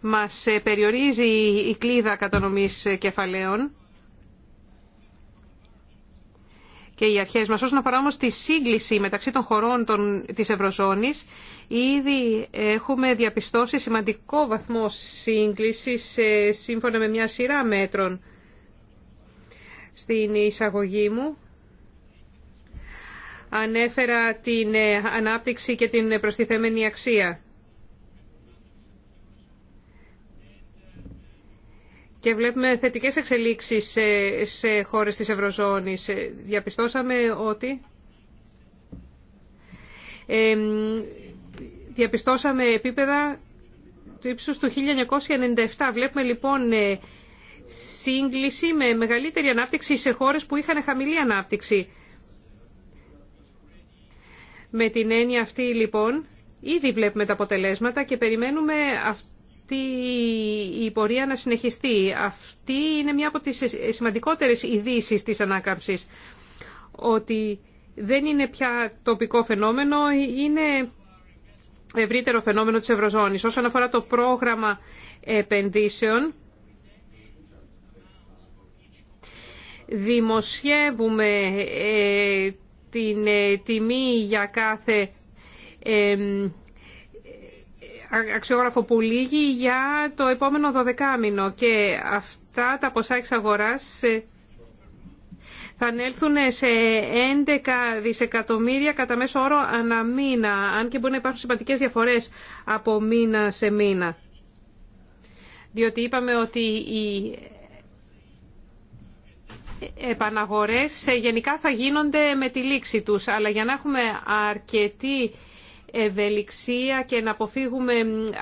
Μας ε, περιορίζει η κλίδα κατανομής ε, κεφαλαίων και οι αρχές μας. Όσον αφορά όμως τη σύγκληση μεταξύ των χωρών των, της Ευρωζώνης, ήδη έχουμε διαπιστώσει σημαντικό βαθμό σύγκλησης ε, σύμφωνα με μια σειρά μέτρων. Στην εισαγωγή μου ανέφερα την ε, ανάπτυξη και την προστιθέμενη αξία. Και βλέπουμε θετικές εξελίξεις σε, σε χώρες της Ευρωζώνης. Ε, διαπιστώσαμε ότι... διαπιστώσαμε επίπεδα του ύψους του 1997. Βλέπουμε λοιπόν ε, σύγκληση με μεγαλύτερη ανάπτυξη σε χώρες που είχαν χαμηλή ανάπτυξη. Με την έννοια αυτή λοιπόν ήδη βλέπουμε τα αποτελέσματα και περιμένουμε αυτή η πορεία να συνεχιστεί. Αυτή είναι μια από τις σημαντικότερες ειδήσει της ανάκαμψης. Ότι δεν είναι πια τοπικό φαινόμενο, είναι ευρύτερο φαινόμενο της Ευρωζώνης. Όσον αφορά το πρόγραμμα επενδύσεων, δημοσιεύουμε ε, την ε, τιμή για κάθε ε, αξιόγραφο που λύγει για το επόμενο 12 μήνο και αυτά τα ποσά εξαγοράς ε, θα ανέλθουν σε 11 δισεκατομμύρια κατά μέσο όρο ανά μήνα, αν και μπορεί να υπάρχουν σημαντικέ διαφορές από μήνα σε μήνα. Διότι είπαμε ότι η επαναγορές γενικά θα γίνονται με τη λήξη τους. Αλλά για να έχουμε αρκετή ευελιξία και να αποφύγουμε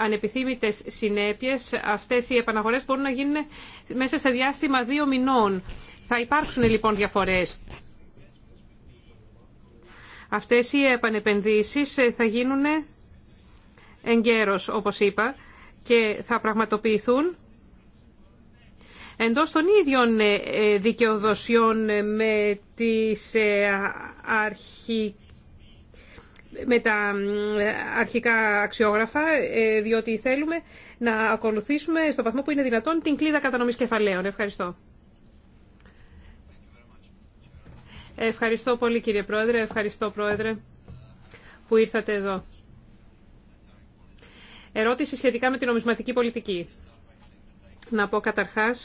ανεπιθύμητες συνέπειες, αυτές οι επαναγορές μπορούν να γίνουν μέσα σε διάστημα δύο μηνών. Θα υπάρξουν λοιπόν διαφορές. Αυτές οι επανεπενδύσεις θα γίνουν εγκαίρως, όπως είπα, και θα πραγματοποιηθούν εντός των ίδιων ε, ε, δικαιοδοσιών ε, με τις αρχι με τα αρχικά αξιόγραφα, διότι θέλουμε να ακολουθήσουμε στο βαθμό που είναι δυνατόν την κλίδα κατανομής κεφαλαίων. Ευχαριστώ. Ευχαριστώ πολύ κύριε Πρόεδρε, ευχαριστώ Πρόεδρε που ήρθατε εδώ. Ερώτηση σχετικά με την νομισματική πολιτική να πω καταρχάς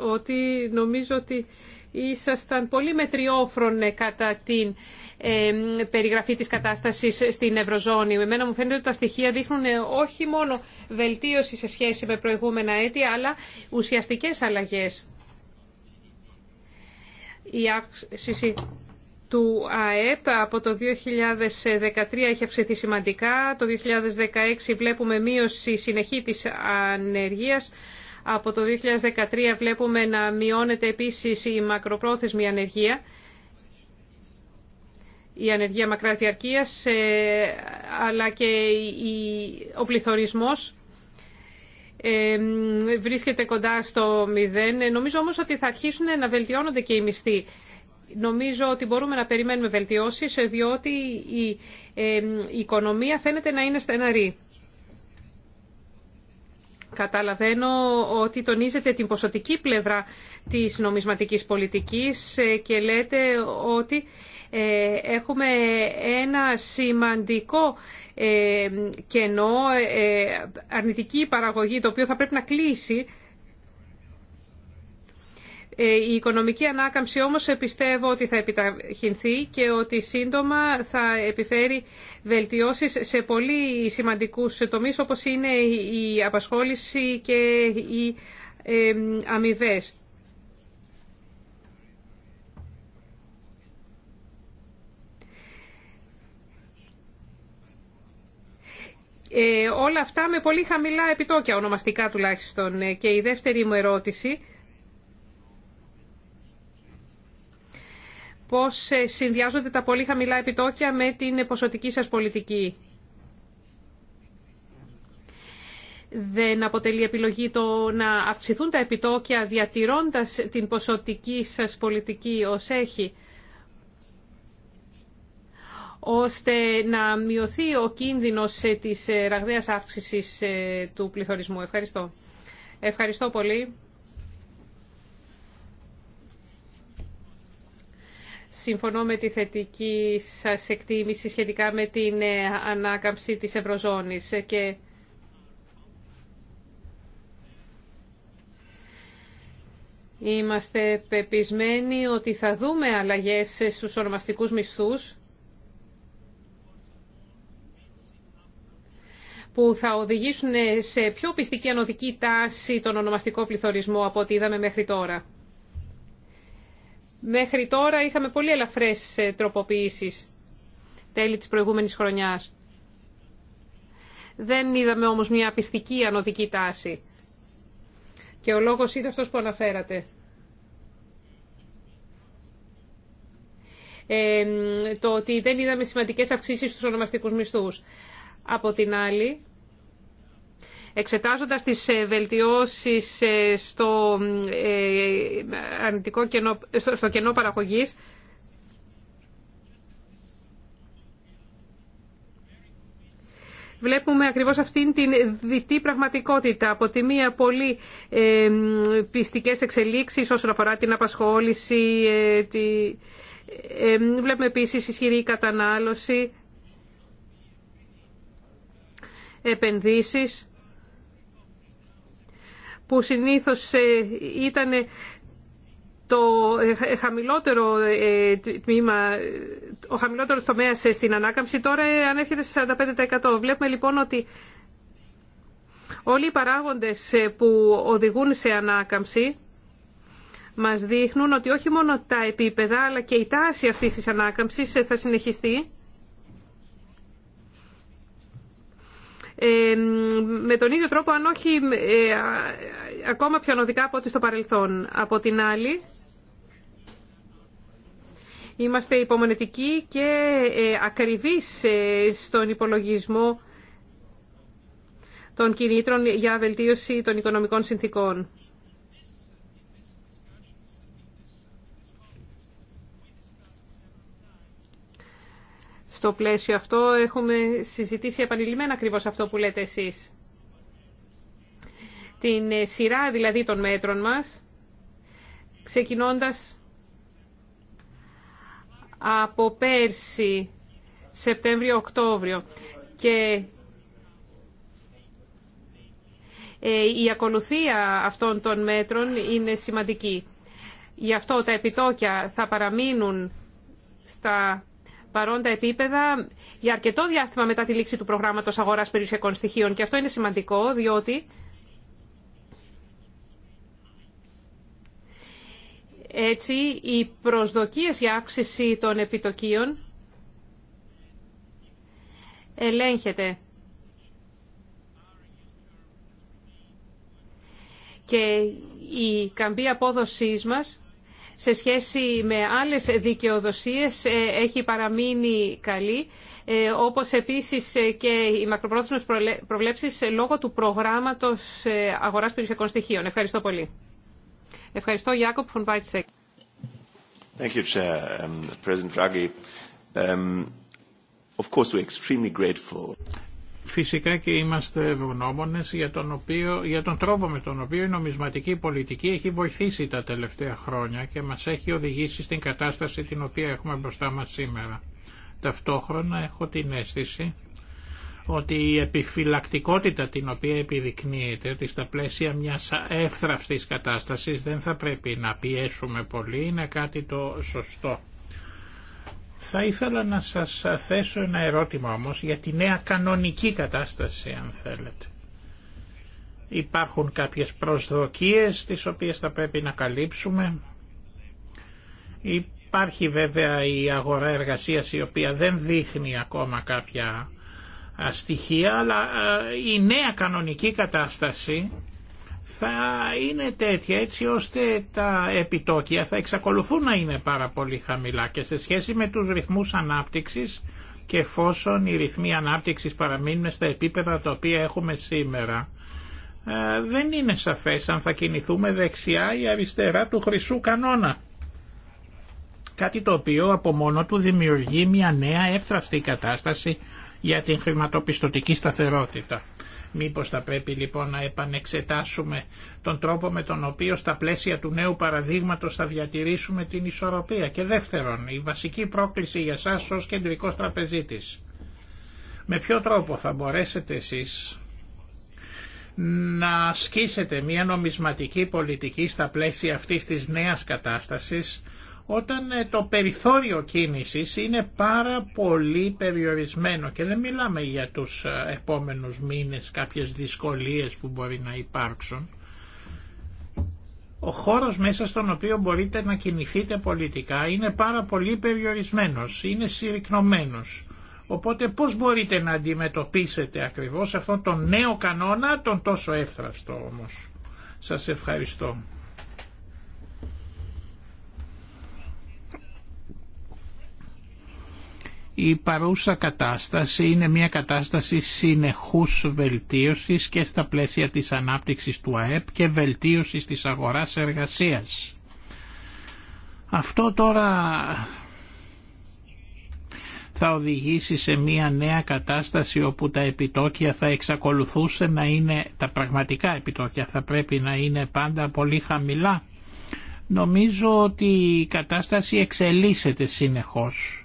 ότι νομίζω ότι ήσασταν πολύ μετριόφρονε κατά την περιγραφή της κατάστασης στην Ευρωζώνη. Εμένα μου φαίνεται ότι τα στοιχεία δείχνουν ε, όχι μόνο βελτίωση σε σχέση με προηγούμενα έτη, αλλά ουσιαστικές αλλαγές. Η αύξηση του ΑΕΠ από το 2013 έχει αυξηθεί σημαντικά. Το 2016 βλέπουμε μείωση συνεχή της ανεργίας από το 2013 βλέπουμε να μειώνεται επίσης η μακροπρόθεσμη ανεργία, η ανεργία μακράς διαρκείας, ε, αλλά και ο πληθωρισμός ε, βρίσκεται κοντά στο μηδέν. Ε, νομίζω όμως ότι θα αρχίσουν να βελτιώνονται και οι μισθοί. Νομίζω ότι μπορούμε να περιμένουμε βελτιώσεις, διότι η οικονομία φαίνεται να είναι στεναρή. Καταλαβαίνω ότι τονίζετε την ποσοτική πλευρά της νομισματικής πολιτικής ε, και λέτε ότι ε, έχουμε ένα σημαντικό ε, κενό, αρνητική παραγωγή, το οποίο θα πρέπει να κλείσει ε, η οικονομική ανάκαμψη όμως πιστεύω ότι θα επιταχυνθεί και ότι σύντομα θα επιφέρει βελτιώσεις σε πολύ σημαντικούς τομείς όπως είναι η απασχόληση και οι αμοιβέ. Ε, όλα αυτά με πολύ χαμηλά επιτόκια ονομαστικά τουλάχιστον. Ε, και η δεύτερη μου ερώτηση πώς ε, συνδυάζονται τα πολύ χαμηλά επιτόκια με την ποσοτική σας πολιτική. Δεν αποτελεί επιλογή το να αυξηθούν τα επιτόκια διατηρώντας την ποσοτική σας πολιτική ως έχει ώστε να μειωθεί ο κίνδυνος ε, της ε, ραγδαίας αύξησης του πληθωρισμού. Ευχαριστώ. Ευχαριστώ πολύ. Συμφωνώ με τη θετική σας εκτίμηση σχετικά με την ε, ανάκαμψη της Ευρωζώνης και είμαστε πεπισμένοι ότι θα δούμε αλλαγές στους ονομαστικούς μισθούς που θα οδηγήσουν σε πιο πιστική ανωδική τάση τον ονομαστικό πληθωρισμό από ό,τι είδαμε μέχρι τώρα. Μέχρι τώρα είχαμε πολύ ελαφρές ε, τροποποιήσεις τέλη της προηγούμενης χρονιάς. Δεν είδαμε όμως μια απιστική ανωδική τάση. Και ο λόγος είναι αυτός που αναφέρατε. το ότι δεν είδαμε σημαντικές αυξήσεις στους ονομαστικούς μισθούς. Από την άλλη, Εξετάζοντας τις ε, βελτιώσεις ε, στο, ε, αρνητικό κενό, στο κενό παραγωγής, Βλέπουμε ακριβώς αυτήν την διτή πραγματικότητα. Από τη μία πολύ ε, πιστικές εξελίξεις όσον αφορά την απασχόληση. τη, βλέπουμε επίσης ισχυρή κατανάλωση, επενδύσεις που συνήθως ε, ήταν το ε, ε, χαμηλότερο τμήμα, ο χαμηλότερος τομέας στην ανάκαμψη τώρα ανέρχεται σε 45%. Βλέπουμε λοιπόν ότι όλοι οι παράγοντες που οδηγούν σε ανάκαμψη μας δείχνουν ότι όχι μόνο τα επίπεδα αλλά και η τάση αυτής της ανάκαμψης θα συνεχιστεί Ε, με τον ίδιο τρόπο, αν όχι ε, ακόμα πιο ανωδικά από ό,τι στο παρελθόν. Από την άλλη, είμαστε υπομονετικοί και ε, ακριβείς στον υπολογισμό των κινήτρων για βελτίωση των οικονομικών συνθήκων. στο πλαίσιο αυτό έχουμε συζητήσει επανειλημμένα ακριβώ αυτό που λέτε εσείς. Την ε, σειρά δηλαδή των μέτρων μας, ξεκινώντας από πέρσι, Σεπτέμβριο-Οκτώβριο και ε, η ακολουθία αυτών των μέτρων είναι σημαντική. Γι' αυτό τα επιτόκια θα παραμείνουν στα παρόντα επίπεδα για αρκετό διάστημα μετά τη λήξη του προγράμματος αγοράς περιουσιακών στοιχείων. Και αυτό είναι σημαντικό, διότι έτσι οι προσδοκίες για αύξηση των επιτοκίων ελέγχεται. Και η καμπή απόδοσής μας σε σχέση με άλλες δικαιοδοσίες ε, έχει παραμείνει καλή, ε, όπως επίσης ε, και οι μακροπρόθεσμες προβλέψεις λόγω του προγράμματος αγοράς περιουσιακών στοιχείων. Ευχαριστώ πολύ. Ευχαριστώ, Ιάκοπ Φονβάιτσεκ. Thank you, Chair. Um, President Draghi, um, of course we're extremely grateful. Φυσικά και είμαστε ευγνώμονες για τον, για τον τρόπο με τον οποίο η νομισματική πολιτική έχει βοηθήσει τα τελευταία χρόνια και μας έχει οδηγήσει στην κατάσταση την οποία έχουμε μπροστά μας σήμερα. Ταυτόχρονα έχω την αίσθηση ότι η επιφυλακτικότητα την οποία επιδεικνύεται ότι στα πλαίσια μιας εύθραυστης κατάστασης δεν θα πρέπει να πιέσουμε πολύ είναι κάτι το σωστό. Θα ήθελα να σας θέσω ένα ερώτημα όμως για τη νέα κανονική κατάσταση αν θέλετε. Υπάρχουν κάποιες προσδοκίες τις οποίες θα πρέπει να καλύψουμε. Υπάρχει βέβαια η αγορά εργασίας η οποία δεν δείχνει ακόμα κάποια στοιχεία αλλά η νέα κανονική κατάσταση θα είναι τέτοια έτσι ώστε τα επιτόκια θα εξακολουθούν να είναι πάρα πολύ χαμηλά και σε σχέση με τους ρυθμούς ανάπτυξης και εφόσον οι ρυθμοί ανάπτυξης παραμείνουν στα επίπεδα τα οποία έχουμε σήμερα ε, δεν είναι σαφές αν θα κινηθούμε δεξιά ή αριστερά του χρυσού κανόνα. Κάτι το οποίο από μόνο του δημιουργεί μια νέα εύθραυστη κατάσταση για την χρηματοπιστωτική σταθερότητα. Μήπως θα πρέπει λοιπόν να επανεξετάσουμε τον τρόπο με τον οποίο στα πλαίσια του νέου παραδείγματος θα διατηρήσουμε την ισορροπία. Και δεύτερον, η βασική πρόκληση για σας ως κεντρικός τραπεζίτης. Με ποιο τρόπο θα μπορέσετε εσείς να ασκήσετε μια νομισματική πολιτική στα πλαίσια αυτής της νέας κατάστασης όταν ε, το περιθώριο κίνησης είναι πάρα πολύ περιορισμένο και δεν μιλάμε για τους ε, επόμενους μήνες κάποιες δυσκολίες που μπορεί να υπάρξουν, ο χώρος μέσα στον οποίο μπορείτε να κινηθείτε πολιτικά είναι πάρα πολύ περιορισμένος, είναι συρρυκνωμένος. Οπότε πώς μπορείτε να αντιμετωπίσετε ακριβώς αυτόν τον νέο κανόνα, τον τόσο εύθραυστο όμως. Σας ευχαριστώ. Η παρούσα κατάσταση είναι μια κατάσταση συνεχούς βελτίωσης και στα πλαίσια της ανάπτυξης του ΑΕΠ και βελτίωσης της αγοράς εργασίας. Αυτό τώρα θα οδηγήσει σε μια νέα κατάσταση όπου τα επιτόκια θα εξακολουθούσε να είναι, τα πραγματικά επιτόκια θα πρέπει να είναι πάντα πολύ χαμηλά. Νομίζω ότι η κατάσταση εξελίσσεται συνεχώς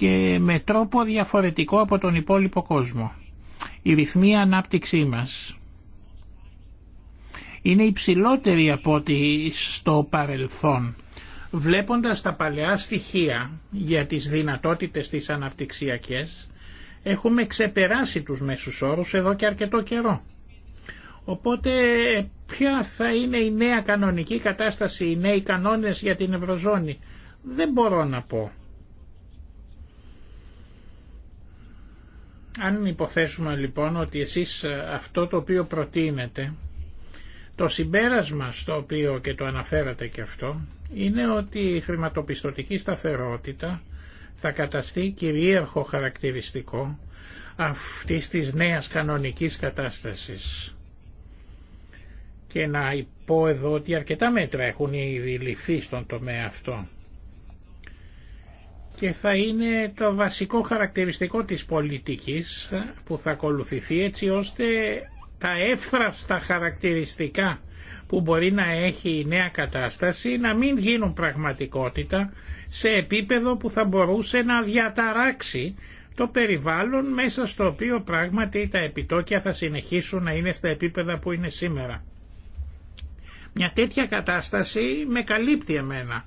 και με τρόπο διαφορετικό από τον υπόλοιπο κόσμο. Η ρυθμή ανάπτυξή μας είναι υψηλότερη από ό,τι στο παρελθόν. Βλέποντας τα παλαιά στοιχεία για τις δυνατότητες της αναπτυξιακές, έχουμε ξεπεράσει τους μέσους όρους εδώ και αρκετό καιρό. Οπότε ποια θα είναι η νέα κανονική κατάσταση, οι νέοι κανόνες για την Ευρωζώνη. Δεν μπορώ να πω. Αν υποθέσουμε λοιπόν ότι εσείς ε, αυτό το οποίο προτείνετε, το συμπέρασμα στο οποίο και το αναφέρατε και αυτό, είναι ότι η χρηματοπιστωτική σταθερότητα θα καταστεί κυρίαρχο χαρακτηριστικό αυτής της νέας κανονικής κατάστασης. Και να πω εδώ ότι αρκετά μέτρα έχουν ήδη ληφθεί στον τομέα αυτό και θα είναι το βασικό χαρακτηριστικό της πολιτικής που θα ακολουθηθεί έτσι ώστε τα εύθραυστα χαρακτηριστικά που μπορεί να έχει η νέα κατάσταση να μην γίνουν πραγματικότητα σε επίπεδο που θα μπορούσε να διαταράξει το περιβάλλον μέσα στο οποίο πράγματι τα επιτόκια θα συνεχίσουν να είναι στα επίπεδα που είναι σήμερα. Μια τέτοια κατάσταση με καλύπτει εμένα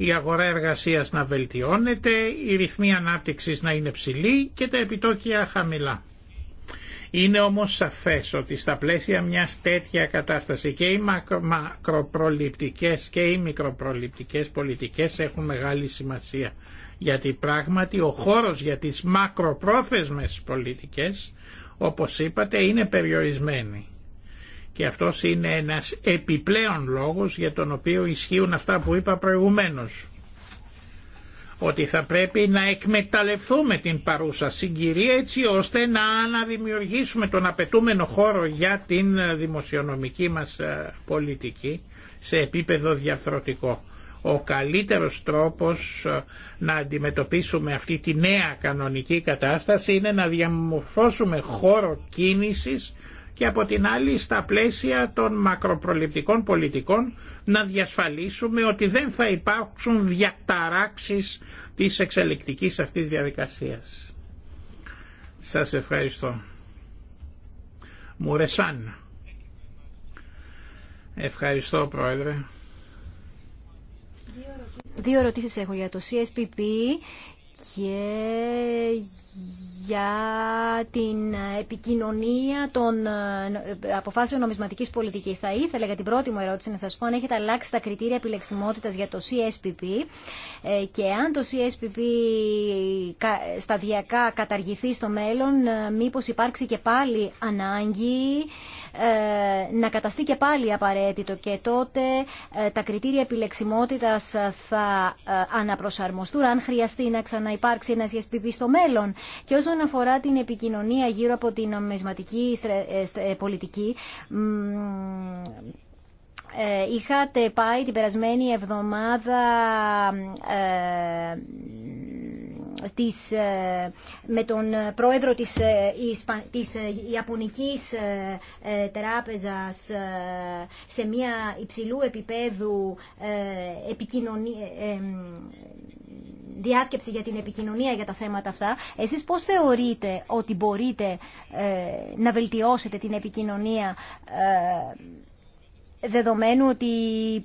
η αγορά εργασίας να βελτιώνεται, οι ρυθμοί ανάπτυξης να είναι ψηλοί και τα επιτόκια χαμηλά. Είναι όμως σαφές ότι στα πλαίσια μιας τέτοια κατάσταση και οι μακροπροληπτικές και οι μικροπροληπτικές πολιτικές έχουν μεγάλη σημασία. Γιατί πράγματι ο χώρος για τις μακροπρόθεσμες πολιτικές, όπως είπατε, είναι περιορισμένη. Και αυτός είναι ένας επιπλέον λόγος για τον οποίο ισχύουν αυτά που είπα προηγουμένως. Ότι θα πρέπει να εκμεταλλευτούμε την παρούσα συγκυρία έτσι ώστε να αναδημιουργήσουμε τον απαιτούμενο χώρο για την δημοσιονομική μας ε, πολιτική σε επίπεδο διαφθρωτικό. Ο καλύτερος τρόπος ε, να αντιμετωπίσουμε αυτή τη νέα κανονική κατάσταση είναι να διαμορφώσουμε χώρο κίνησης και από την άλλη στα πλαίσια των μακροπροληπτικών πολιτικών να διασφαλίσουμε ότι δεν θα υπάρξουν διαταράξεις της εξελικτικής αυτής διαδικασίας. Σας ευχαριστώ. Μουρεσάν. Ευχαριστώ Πρόεδρε. Δύο ερωτήσεις έχω για το CSPP και για την επικοινωνία των ε, ε, αποφάσεων νομισματικής πολιτικής. Θα ήθελα για την πρώτη μου ερώτηση να σας πω αν έχετε αλλάξει τα κριτήρια επιλεξιμότητας για το CSPP ε, και αν το CSPP σταδιακά καταργηθεί στο μέλλον, μήπως υπάρξει και πάλι ανάγκη ε, να καταστεί και πάλι απαραίτητο και τότε ε, τα κριτήρια επιλεξιμότητας θα ε, αναπροσαρμοστούν αν χρειαστεί να ξαναυπάρξει ένα GSPP στο μέλλον. Και όσον αφορά την επικοινωνία γύρω από την νομισματική πολιτική, είχατε πάει την περασμένη εβδομάδα ε, με τον ε, πρόεδρο της, ε, της Ιαπωνικής Τράπεζας σε μια υψηλού επίπεδου επικοινωνία διάσκεψη για την επικοινωνία για τα θέματα αυτά. Εσείς πώς θεωρείτε ότι μπορείτε να βελτιώσετε την επικοινωνία δεδομένου ότι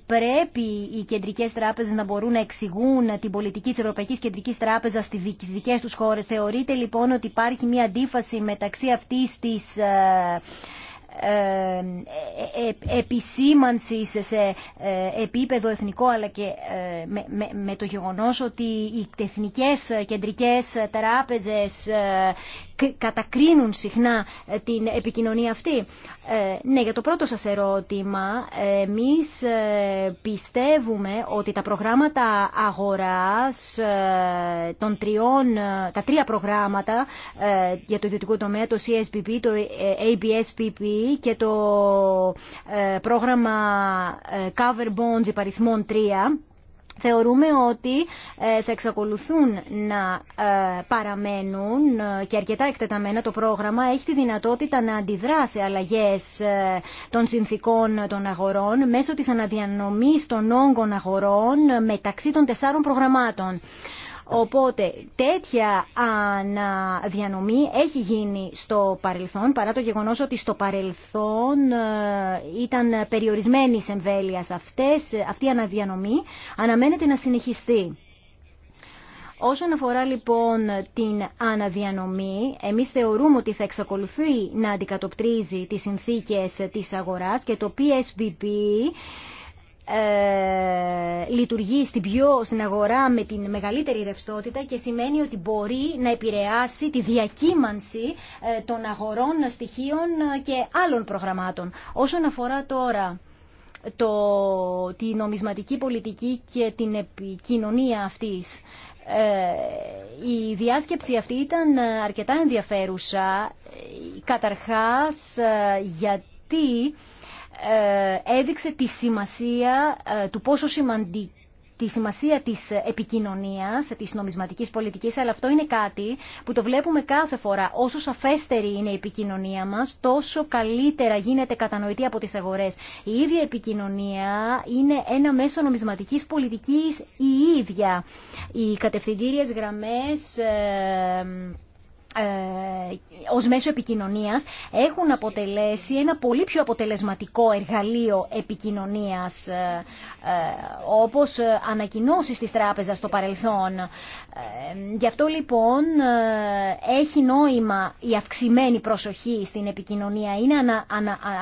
πρέπει οι κεντρικές τράπεζες να μπορούν να εξηγούν την πολιτική της Ευρωπαϊκής Κεντρικής Τράπεζας στις δικές τους χώρες. Θεωρείτε λοιπόν ότι υπάρχει μια αντίφαση μεταξύ αυτής της ε, ε, ε, επισήμανσης σε επίπεδο εθνικό αλλά και με το γεγονός ότι οι εθνικές κεντρικές τράπεζες κατακρίνουν συχνά ε, την επικοινωνία αυτή. Ε, ναι, για το πρώτο σας ερώτημα, εμείς ε, πιστεύουμε ότι τα προγράμματα αγοράς, των τριών, τα τρία προγράμματα για το ιδιωτικό τομέα, το CSPP, το ABSPP και το πρόγραμμα Cover Bonds υπαριθμών 3, Θεωρούμε ότι ε, θα εξακολουθούν να ε, παραμένουν ε, και αρκετά εκτεταμένα το πρόγραμμα έχει τη δυνατότητα να αντιδράσει σε αλλαγές των συνθήκων των αγορών μέσω της αναδιανομής των όγκων αγορών μεταξύ των τεσσάρων προγραμμάτων. Οπότε τέτοια αναδιανομή έχει γίνει στο παρελθόν, παρά το γεγονός ότι στο παρελθόν ε, ήταν περιορισμένη εμβέλεια αυτές, ε, αυτή η αναδιανομή αναμένεται να συνεχιστεί. Όσον αφορά λοιπόν την αναδιανομή, εμείς θεωρούμε ότι θα εξακολουθεί να αντικατοπτρίζει τις συνθήκες της αγοράς και το PSBB ε, λειτουργεί στην, πιο, στην αγορά με την μεγαλύτερη ρευστότητα και σημαίνει ότι μπορεί να επηρεάσει τη διακύμανση ε, των αγορών στοιχείων ε, και άλλων προγραμμάτων. Όσον αφορά τώρα το, τη νομισματική πολιτική και την επικοινωνία αυτής, η διάσκεψη αυτή ήταν αρκετά ενδιαφέρουσα, καταρχάς γιατί ε, έδειξε τη σημασία ε, του πόσο σημαντική τη σημασία της επικοινωνίας, της νομισματικής πολιτικής, αλλά αυτό είναι κάτι που το βλέπουμε κάθε φορά. Όσο σαφέστερη είναι η επικοινωνία μας, τόσο καλύτερα γίνεται κατανοητή από τις αγορές. Η ίδια επικοινωνία είναι ένα μέσο νομισματικής πολιτικής η ίδια. Οι κατευθυντήριες γραμμές... Ε, ε, ως μέσο επικοινωνίας έχουν αποτελέσει ένα πολύ πιο αποτελεσματικό εργαλείο επικοινωνίας ε, ε, όπως ανακοινώσεις της τράπεζας στο παρελθόν. Γι' αυτό λοιπόν έχει νόημα η αυξημένη προσοχή στην επικοινωνία. Είναι ανα,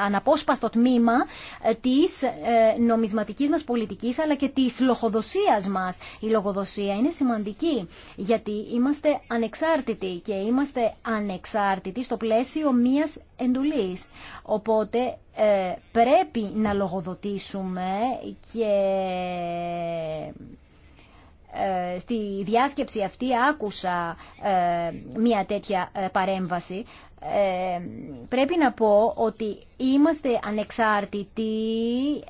αναπόσπαστο τμήμα της νομισματικής μας πολιτικής αλλά και της λογοδοσίας μας. Η λογοδοσία είναι σημαντική γιατί είμαστε ανεξάρτητοι και είμαστε είμαστε ανεξάρτητοι στο πλαίσιο μίας εντολής. Οπότε ε, πρέπει να λογοδοτήσουμε και ε, στη διάσκεψη αυτή άκουσα ε, μια τέτοια παρέμβαση ε, πρέπει να πω ότι είμαστε ανεξάρτητοι,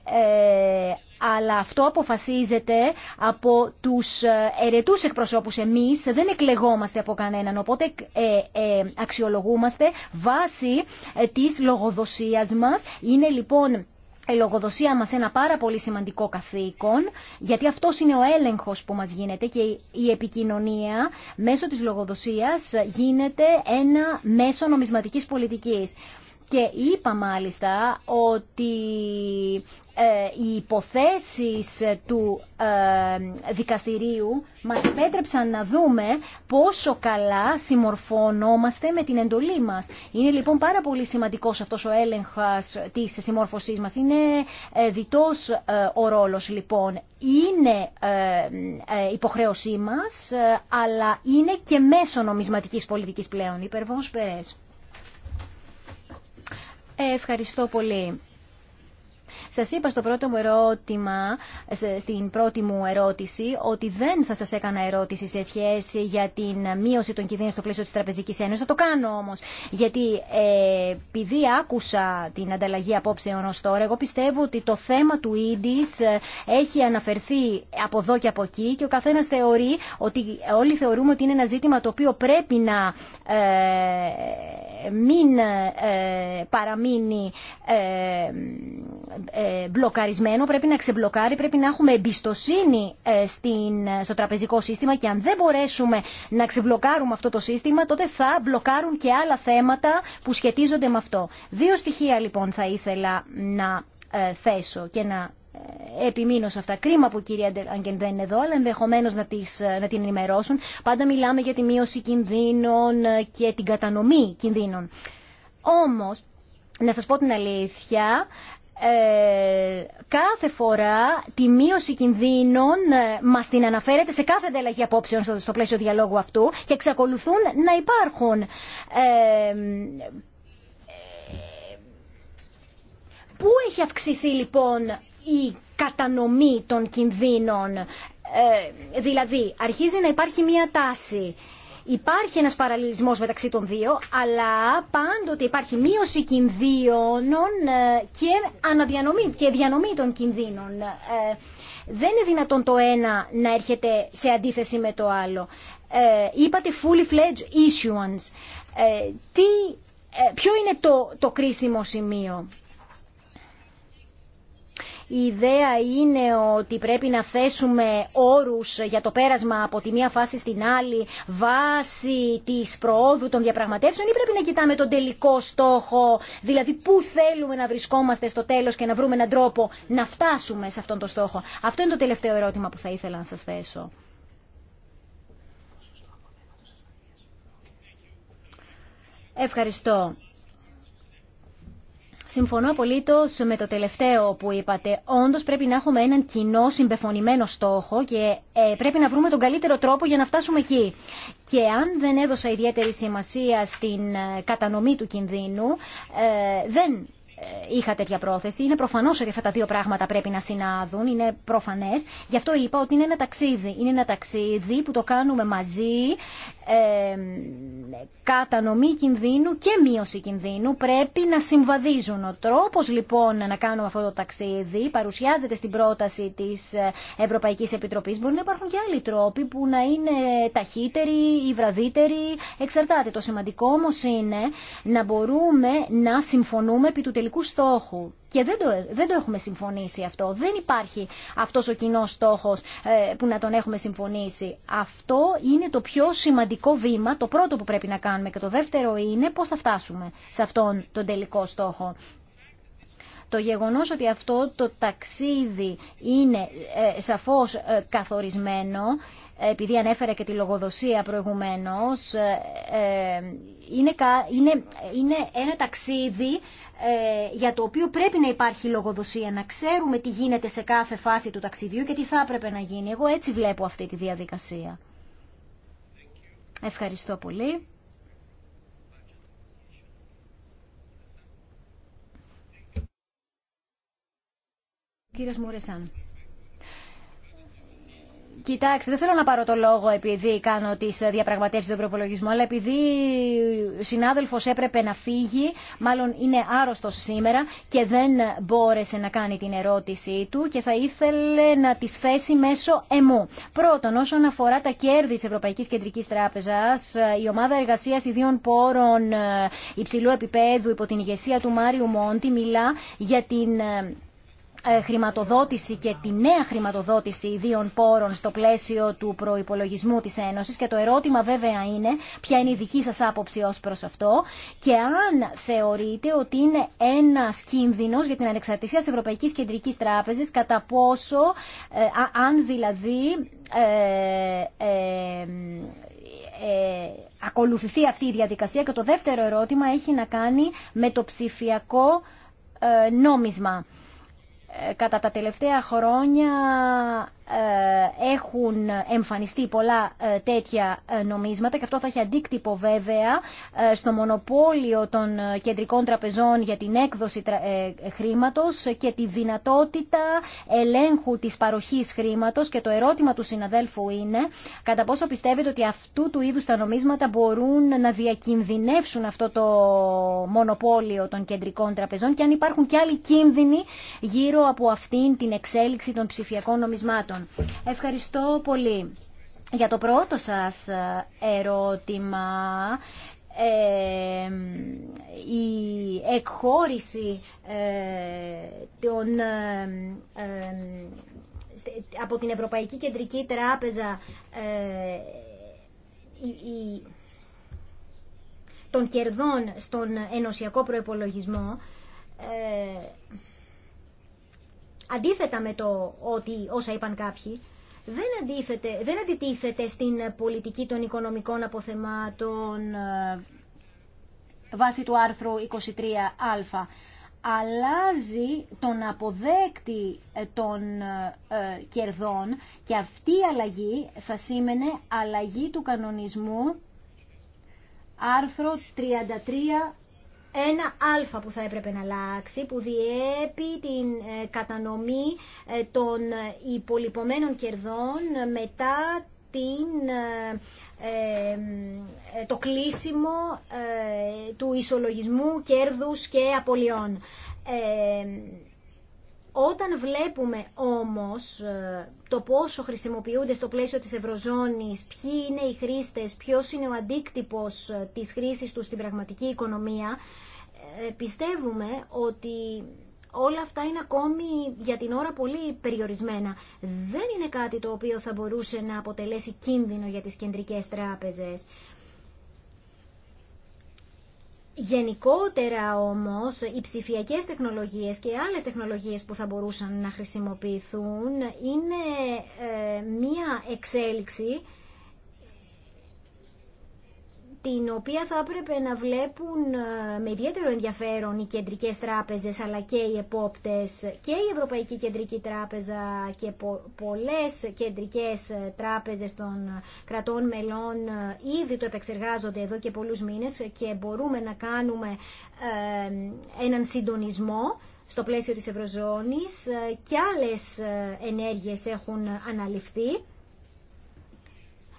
ε, αλλά αυτό αποφασίζεται από τους ε, ερετούς εκπροσώπους. Εμείς δεν εκλεγόμαστε από κανέναν, οπότε αξιολογούμαστε βάσει της λογοδοσίας μας. Είναι λοιπόν η λογοδοσία μας ένα πάρα πολύ σημαντικό καθήκον, γιατί αυτό είναι ο έλεγχος που μας γίνεται και η επικοινωνία μέσω της λογοδοσίας γίνεται ένα μέσο νομισματικής πολιτικής. Και είπα μάλιστα ότι ε, οι υποθέσεις του ε, δικαστηρίου μας επέτρεψαν να δούμε πόσο καλά συμμορφωνόμαστε με την εντολή μας. Είναι λοιπόν πάρα πολύ σημαντικός αυτός ο έλεγχος της συμμόρφωσής μας. Είναι ε, διτός ο ρόλος λοιπόν. Είναι υποχρέωσή μας, αλλά είναι και μέσο νομισματικής πολιτικής πλέον. Υπερβώς ε, ευχαριστώ πολύ. Σα είπα στο πρώτο μου ερώτημα, στην πρώτη μου ερώτηση, ότι δεν θα σας έκανα ερώτηση σε σχέση για την μείωση των κινδύνων στο πλαίσιο της Τραπεζικής Ένωση. Θα το κάνω όμως, γιατί ε, επειδή άκουσα την ανταλλαγή απόψεων ω τώρα, εγώ πιστεύω ότι το θέμα του ντι ε, έχει αναφερθεί από εδώ και από εκεί και ο καθένας θεωρεί ότι όλοι θεωρούμε ότι είναι ένα ζήτημα το οποίο πρέπει να ε, μην ε, παραμείνει ε, ε, μπλοκαρισμένο, πρέπει να ξεμπλοκάρει, πρέπει να έχουμε εμπιστοσύνη ε, στο τραπεζικό σύστημα και αν δεν μπορέσουμε να ξεμπλοκάρουμε αυτό το σύστημα, τότε θα μπλοκάρουν και άλλα θέματα που σχετίζονται με αυτό. Δύο στοιχεία λοιπόν θα ήθελα να ε, θέσω και να επιμείνω σε αυτά. Κρίμα που η κυρία Αγγεν δεν είναι εδώ, αλλά ενδεχομένω να, να την ενημερώσουν. Πάντα μιλάμε για τη μείωση κινδύνων και την κατανομή κινδύνων. Όμω, να σα πω την αλήθεια, ε, κάθε φορά τη μείωση κινδύνων ε, μας την αναφέρεται σε κάθε ανταλλαγή απόψεων στο, πλαίσιο διαλόγου αυτού και εξακολουθούν να υπάρχουν. Ε, ε, πού έχει αυξηθεί λοιπόν η κατανομή των κινδύνων, ε, δηλαδή αρχίζει να υπάρχει μία τάση Υπάρχει ένας παραλληλισμός μεταξύ των δύο, αλλά πάντοτε υπάρχει μείωση κινδύνων ε, και αναδιανομή και διανομή των κινδύνων. Ε, δεν είναι δυνατόν το ένα να έρχεται σε αντίθεση με το άλλο. Ε, είπατε fully fledged issuance. Τι, ποιο είναι το, το κρίσιμο σημείο. Η ιδέα είναι ότι πρέπει να θέσουμε όρους για το πέρασμα από τη μία φάση στην άλλη βάσει της προόδου των διαπραγματεύσεων ή πρέπει να κοιτάμε τον τελικό στόχο, δηλαδή πού θέλουμε να βρισκόμαστε στο τέλος και να βρούμε έναν τρόπο να φτάσουμε σε αυτόν τον στόχο. Αυτό είναι το τελευταίο ερώτημα που θα ήθελα να σας θέσω. Ευχαριστώ. Συμφωνώ απολύτω με το τελευταίο που είπατε. Όντω πρέπει να έχουμε έναν κοινό συμπεφωνημένο στόχο και ε, πρέπει να βρούμε τον καλύτερο τρόπο για να φτάσουμε εκεί. Και αν δεν έδωσα ιδιαίτερη σημασία στην ε, κατανομή του κινδύνου, ε, δεν ε, είχα τέτοια πρόθεση. Είναι προφανώ ότι αυτά τα δύο πράγματα πρέπει να συνάδουν, είναι προφανέ. Γι' αυτό είπα ότι είναι ένα ταξίδι. Είναι ένα ταξίδι που το κάνουμε μαζί, ε, κατανομή κινδύνου και μείωση κινδύνου πρέπει να συμβαδίζουν. Ο τρόπο λοιπόν να κάνουμε αυτό το ταξίδι παρουσιάζεται στην πρόταση τη Ευρωπαϊκή Επιτροπής. Μπορεί να υπάρχουν και άλλοι τρόποι που να είναι ταχύτεροι ή βραδύτεροι. Εξαρτάται. Το σημαντικό όμω είναι να μπορούμε να συμφωνούμε επί του τελικού και δεν το, δεν το έχουμε συμφωνήσει αυτό. Δεν υπάρχει αυτός ο κοινό στόχος ε, που να τον έχουμε συμφωνήσει. Αυτό είναι το πιο σημαντικό βήμα, το πρώτο που πρέπει να κάνουμε. Και το δεύτερο είναι πώς θα φτάσουμε σε αυτόν τον τελικό στόχο. Το γεγονός ότι αυτό το ταξίδι είναι ε, σαφώς ε, καθορισμένο επειδή ανέφερε και τη λογοδοσία προηγουμένως, είναι, είναι, είναι ένα ταξίδι ε, για το οποίο πρέπει να υπάρχει λογοδοσία, να ξέρουμε τι γίνεται σε κάθε φάση του ταξιδιού και τι θα έπρεπε να γίνει. Εγώ έτσι βλέπω αυτή τη διαδικασία. Ευχαριστώ πολύ. Κύριος Μουρεσάν. Κοιτάξτε, δεν θέλω να πάρω το λόγο επειδή κάνω τι ε, διαπραγματεύσει του προπολογισμού, αλλά επειδή ο συνάδελφο έπρεπε να φύγει, μάλλον είναι άρρωστο σήμερα και δεν μπόρεσε να κάνει την ερώτησή του και θα ήθελε να τη θέσει μέσω εμού. Πρώτον, όσον αφορά τα κέρδη τη Ευρωπαϊκή Κεντρική Τράπεζα, ε, η ομάδα εργασία ιδίων πόρων ε, υψηλού επίπεδου υπό την ηγεσία του Μάριου Μόντι μιλά για την ε, χρηματοδότηση και τη νέα χρηματοδότηση ιδίων πόρων στο πλαίσιο του προϋπολογισμού της Ένωσης και το ερώτημα βέβαια είναι ποια είναι η δική σας άποψη ως προς αυτό και αν θεωρείτε ότι είναι ένας κίνδυνος για την ανεξαρτησία της Ευρωπαϊκής Κεντρικής Τράπεζης κατά πόσο, ε, αν δηλαδή... Ε, ε, ε, ακολουθηθεί αυτή η διαδικασία και το δεύτερο ερώτημα έχει να κάνει με το ψηφιακό νόμισμα. Ε, κατά τα τελευταία χρόνια ε, έχουν εμφανιστεί πολλά ε, τέτοια ε, νομίσματα και αυτό θα έχει αντίκτυπο βέβαια στο μονοπόλιο των κεντρικών τραπεζών για την έκδοση χρήματος και τη δυνατότητα ελέγχου της παροχής χρήματος και το ερώτημα του συναδέλφου είναι κατά πόσο πιστεύετε ότι αυτού του είδους τα νομίσματα μπορούν να διακινδυνεύσουν αυτό το μονοπόλιο των κεντρικών τραπεζών και αν υπάρχουν και άλλοι κίνδυνοι γύρω από αυτήν την εξέλιξη των ψηφιακών νομισμάτων. Ευχαριστώ πολύ. Για το πρώτο σας ε, ερώτημα, ε, η εκχώρηση ε, των, ε, από την Ευρωπαϊκή Κεντρική Τράπεζα η, των κερδών στον ενωσιακό προϋπολογισμό αντίθετα με το ότι όσα είπαν κάποιοι, δεν, δεν αντιτίθεται στην πολιτική των οικονομικών αποθεμάτων ε, βάσει του άρθρου 23α. Αλλάζει τον αποδέκτη ε, των ε, κερδών και αυτή η αλλαγή θα σήμαινε αλλαγή του κανονισμού άρθρο 33 ένα αλφα που θα έπρεπε να αλλάξει, που διέπει την ε, κατανομή ε, των ε, υπολοιπωμένων κερδών μετά την, το κλείσιμο του ισολογισμού κέρδους και απολειών. Όταν βλέπουμε όμως ε, το πόσο χρησιμοποιούνται στο πλαίσιο της Ευρωζώνης, ποιοι είναι οι χρήστες, ποιος είναι ο αντίκτυπος ε, της χρήσης του στην πραγματική οικονομία, ε, πιστεύουμε ότι όλα αυτά είναι ακόμη για την ώρα πολύ περιορισμένα. Δεν είναι κάτι το οποίο θα μπορούσε να αποτελέσει κίνδυνο για τις κεντρικές τράπεζες. Γενικότερα όμως οι ψηφιακές τεχνολογίες και άλλες τεχνολογίες που θα μπορούσαν να χρησιμοποιηθούν είναι ε, μία εξέλιξη την οποία θα έπρεπε να βλέπουν ε, με ιδιαίτερο ενδιαφέρον οι κεντρικές τράπεζες αλλά και οι επόπτες και η Ευρωπαϊκή Κεντρική Τράπεζα και πολλές κεντρικές ε, τράπεζες των ε, κρατών μελών ήδη το επεξεργάζονται εδώ και πολλούς μήνες και μπορούμε να κάνουμε έναν συντονισμό στο πλαίσιο της Ευρωζώνης και άλλες ενέργειες έχουν αναλυφθεί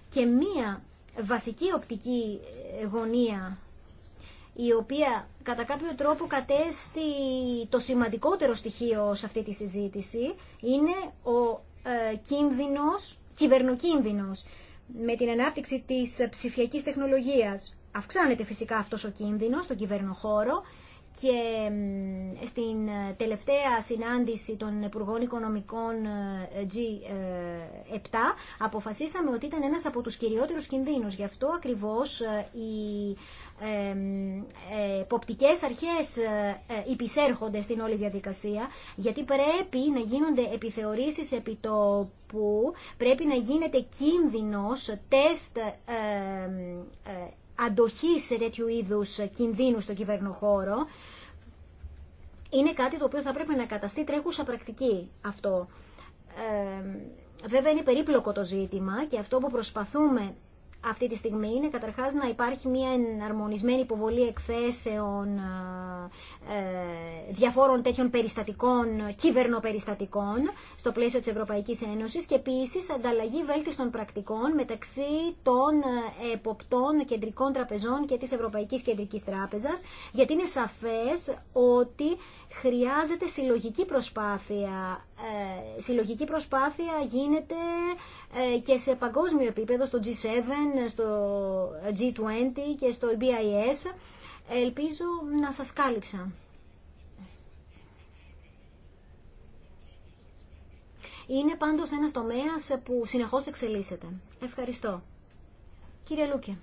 και μία βασική οπτική ε, γωνία η οποία κατά κάποιο τρόπο κατέστη το σημαντικότερο στοιχείο σε αυτή τη συζήτηση είναι ο ε, κίνδυνος, κυβερνοκίνδυνος με την ανάπτυξη της ψηφιακής τεχνολογίας. Αυξάνεται φυσικά αυτός ο κίνδυνος στον κυβερνοχώρο και στην ε, τελευταία συνάντηση των Υπουργών Οικονομικών ε, G7 ε, αποφασίσαμε ότι ήταν ένας από τους κυριότερους κινδύνους. Γι' αυτό ακριβώς οι εποπτικές αρχές υπησέρχονται στην όλη διαδικασία γιατί πρέπει να γίνονται επιθεωρήσεις που πρέπει να γίνεται κίνδυνος τεστ αντοχή σε τέτοιου είδου κινδύνου στο κυβερνοχώρο, είναι κάτι το οποίο θα πρέπει να καταστεί τρέχουσα πρακτική αυτό. Ε, βέβαια είναι περίπλοκο το ζήτημα και αυτό που προσπαθούμε αυτή τη στιγμή είναι καταρχάς να υπάρχει μια εναρμονισμένη υποβολή εκθέσεων ε, ε, διαφόρων τέτοιων περιστατικών, κυβερνοπεριστατικών στο πλαίσιο της Ευρωπαϊκής Ένωσης και επίσης ανταλλαγή βέλτιστων πρακτικών μεταξύ των ε, εποπτών κεντρικών τραπεζών και της Ευρωπαϊκής Κεντρικής Τράπεζας γιατί είναι σαφές ότι χρειάζεται συλλογική προσπάθεια ε, συλλογική προσπάθεια γίνεται ε, και σε παγκόσμιο επίπεδο, στο G7, στο G20 και στο BIS. Ελπίζω να σας κάλυψα. Είναι πάντως ένας τομέας που συνεχώς εξελίσσεται. Ευχαριστώ. Κύριε Λούκε.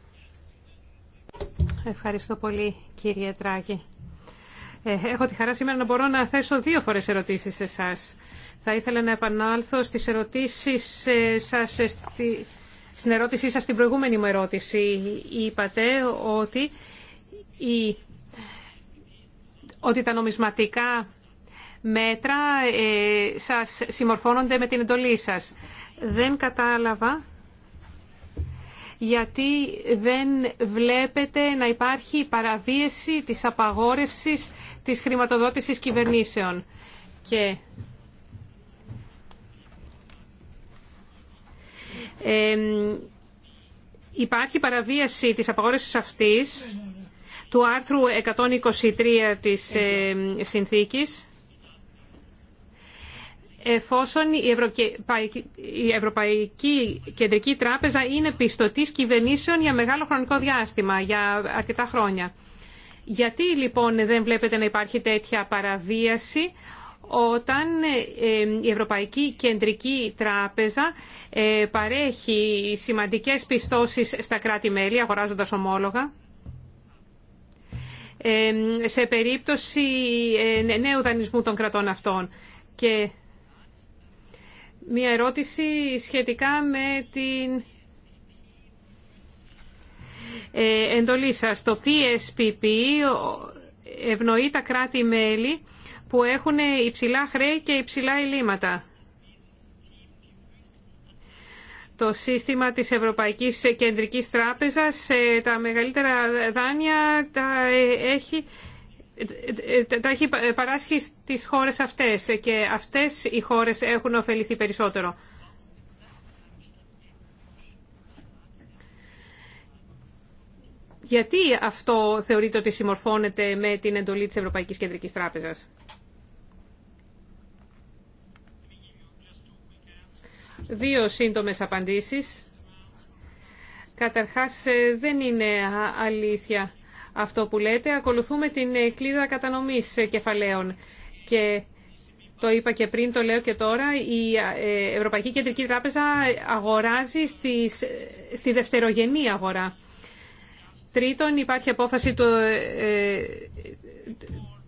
Ευχαριστώ πολύ κύριε Τράκη. Ε, έχω τη χαρά σήμερα να μπορώ να θέσω δύο φορές ερωτήσεις σε εσάς. Θα ήθελα να επανάλθω στις ερωτήσεις ε, σας, ε, στην ερώτησή σας, στην προηγούμενη μου ερώτηση. Είπατε ότι, ότι τα νομισματικά μέτρα ε, σας συμμορφώνονται με την εντολή σας. Δεν κατάλαβα γιατί δεν βλέπετε να υπάρχει παραβίαση της απαγόρευσης της χρηματοδότησης κυβερνήσεων. Και υπάρχει παραβίαση της απαγόρευσης αυτής του άρθρου 123 της ε, συνθήκης εφόσον η Ευρωπαϊκή, η Ευρωπαϊκή Κεντρική Τράπεζα είναι πιστωτής κυβερνήσεων για μεγάλο χρονικό διάστημα, για αρκετά χρόνια. Γιατί λοιπόν δεν βλέπετε να υπάρχει τέτοια παραβίαση όταν ε, ε, η Ευρωπαϊκή Κεντρική Τράπεζα ε, παρέχει σημαντικές πιστώσεις στα κράτη-μέλη, αγοράζοντας ομόλογα, σε περίπτωση νέου δανεισμού των κρατών αυτών. Και μια ερώτηση σχετικά με την εντολή σας. Το PSPP ευνοεί τα κράτη-μέλη που έχουν υψηλά χρέη και υψηλά ελλείμματα. Το σύστημα της Ευρωπαϊκής Κεντρικής Τράπεζας, ε, τα μεγαλύτερα δάνεια τα ε, έχει, ε, τα έχει παράσχει στις χώρες αυτές και αυτές οι χώρες έχουν ωφεληθεί περισσότερο. Γιατί αυτό θεωρείτε ότι συμμορφώνεται με την εντολή της Ευρωπαϊκής Κεντρικής Τράπεζας. Δύο σύντομες απαντήσεις. Καταρχάς, ε, δεν είναι αλήθεια αυτό που λέτε. Ακολουθούμε την ε, κλίδα κατανομής ε, κεφαλαίων. Και το είπα και πριν, το λέω και τώρα, η Ευρωπαϊκή Κεντρική Τράπεζα αγοράζει στις, στη δευτερογενή αγορά. Τρίτον, υπάρχει απόφαση του,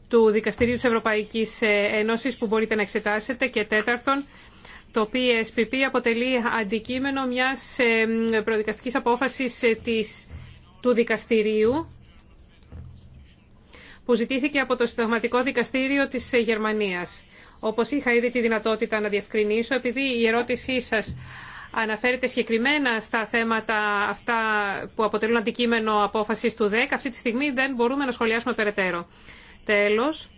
του Δικαστηρίου της Ευρωπαϊκής Ένωσης που μπορείτε να εξετάσετε. Και τέταρτον, το PSPP αποτελεί αντικείμενο μιας προδικαστικής απόφασης ε, της, του δικαστηρίου που ζητήθηκε από το Συνταγματικό Δικαστήριο της ε, Γερμανίας. Όπως είχα ήδη τη δυνατότητα να διευκρινίσω, επειδή η ερώτησή σας αναφέρεται συγκεκριμένα στα θέματα αυτά που αποτελούν αντικείμενο απόφασης του ΔΕΚ, αυτή τη στιγμή δεν μπορούμε να σχολιάσουμε περαιτέρω. Τέλος,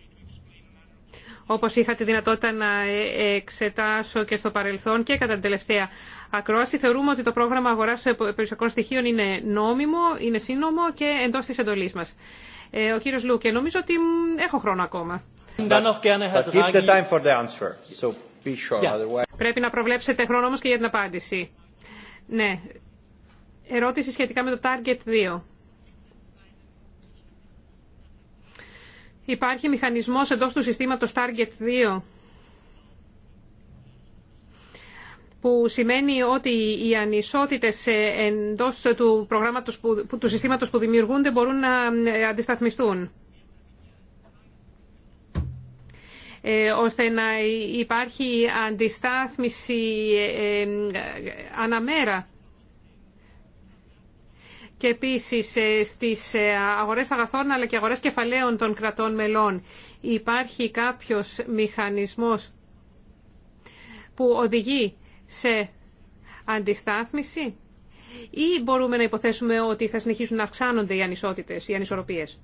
όπως είχα τη δυνατότητα να ε, ε, εξετάσω και στο παρελθόν και κατά την τελευταία ακρόαση, θεωρούμε ότι το πρόγραμμα αγοράς περιουσιακών στοιχείων είναι νόμιμο, είναι σύνομο και εντός της εντολής μας. Ε, ο κύριος Λούκε, νομίζω ότι έχω χρόνο ακόμα. Πρέπει να προβλέψετε χρόνο όμως και για την απάντηση. Ναι. Ερώτηση σχετικά με το Target 2. Υπάρχει μηχανισμός εντός του συστήματος Target 2 που σημαίνει ότι οι ανισότητες εντός του, προγράμματος του συστήματος που δημιουργούνται μπορούν να ε, αντισταθμιστούν. Ε, ώστε να υπάρχει αντιστάθμιση ε, αναμέρα και επίσης ε, στις ε, αγορές αγαθών αλλά και αγορές κεφαλαίων των κρατών μελών. Υπάρχει κάποιος μηχανισμός που οδηγεί σε αντιστάθμιση ή μπορούμε να υποθέσουμε ότι θα συνεχίσουν να αυξάνονται οι ανισότητες, οι ανισορροπίες.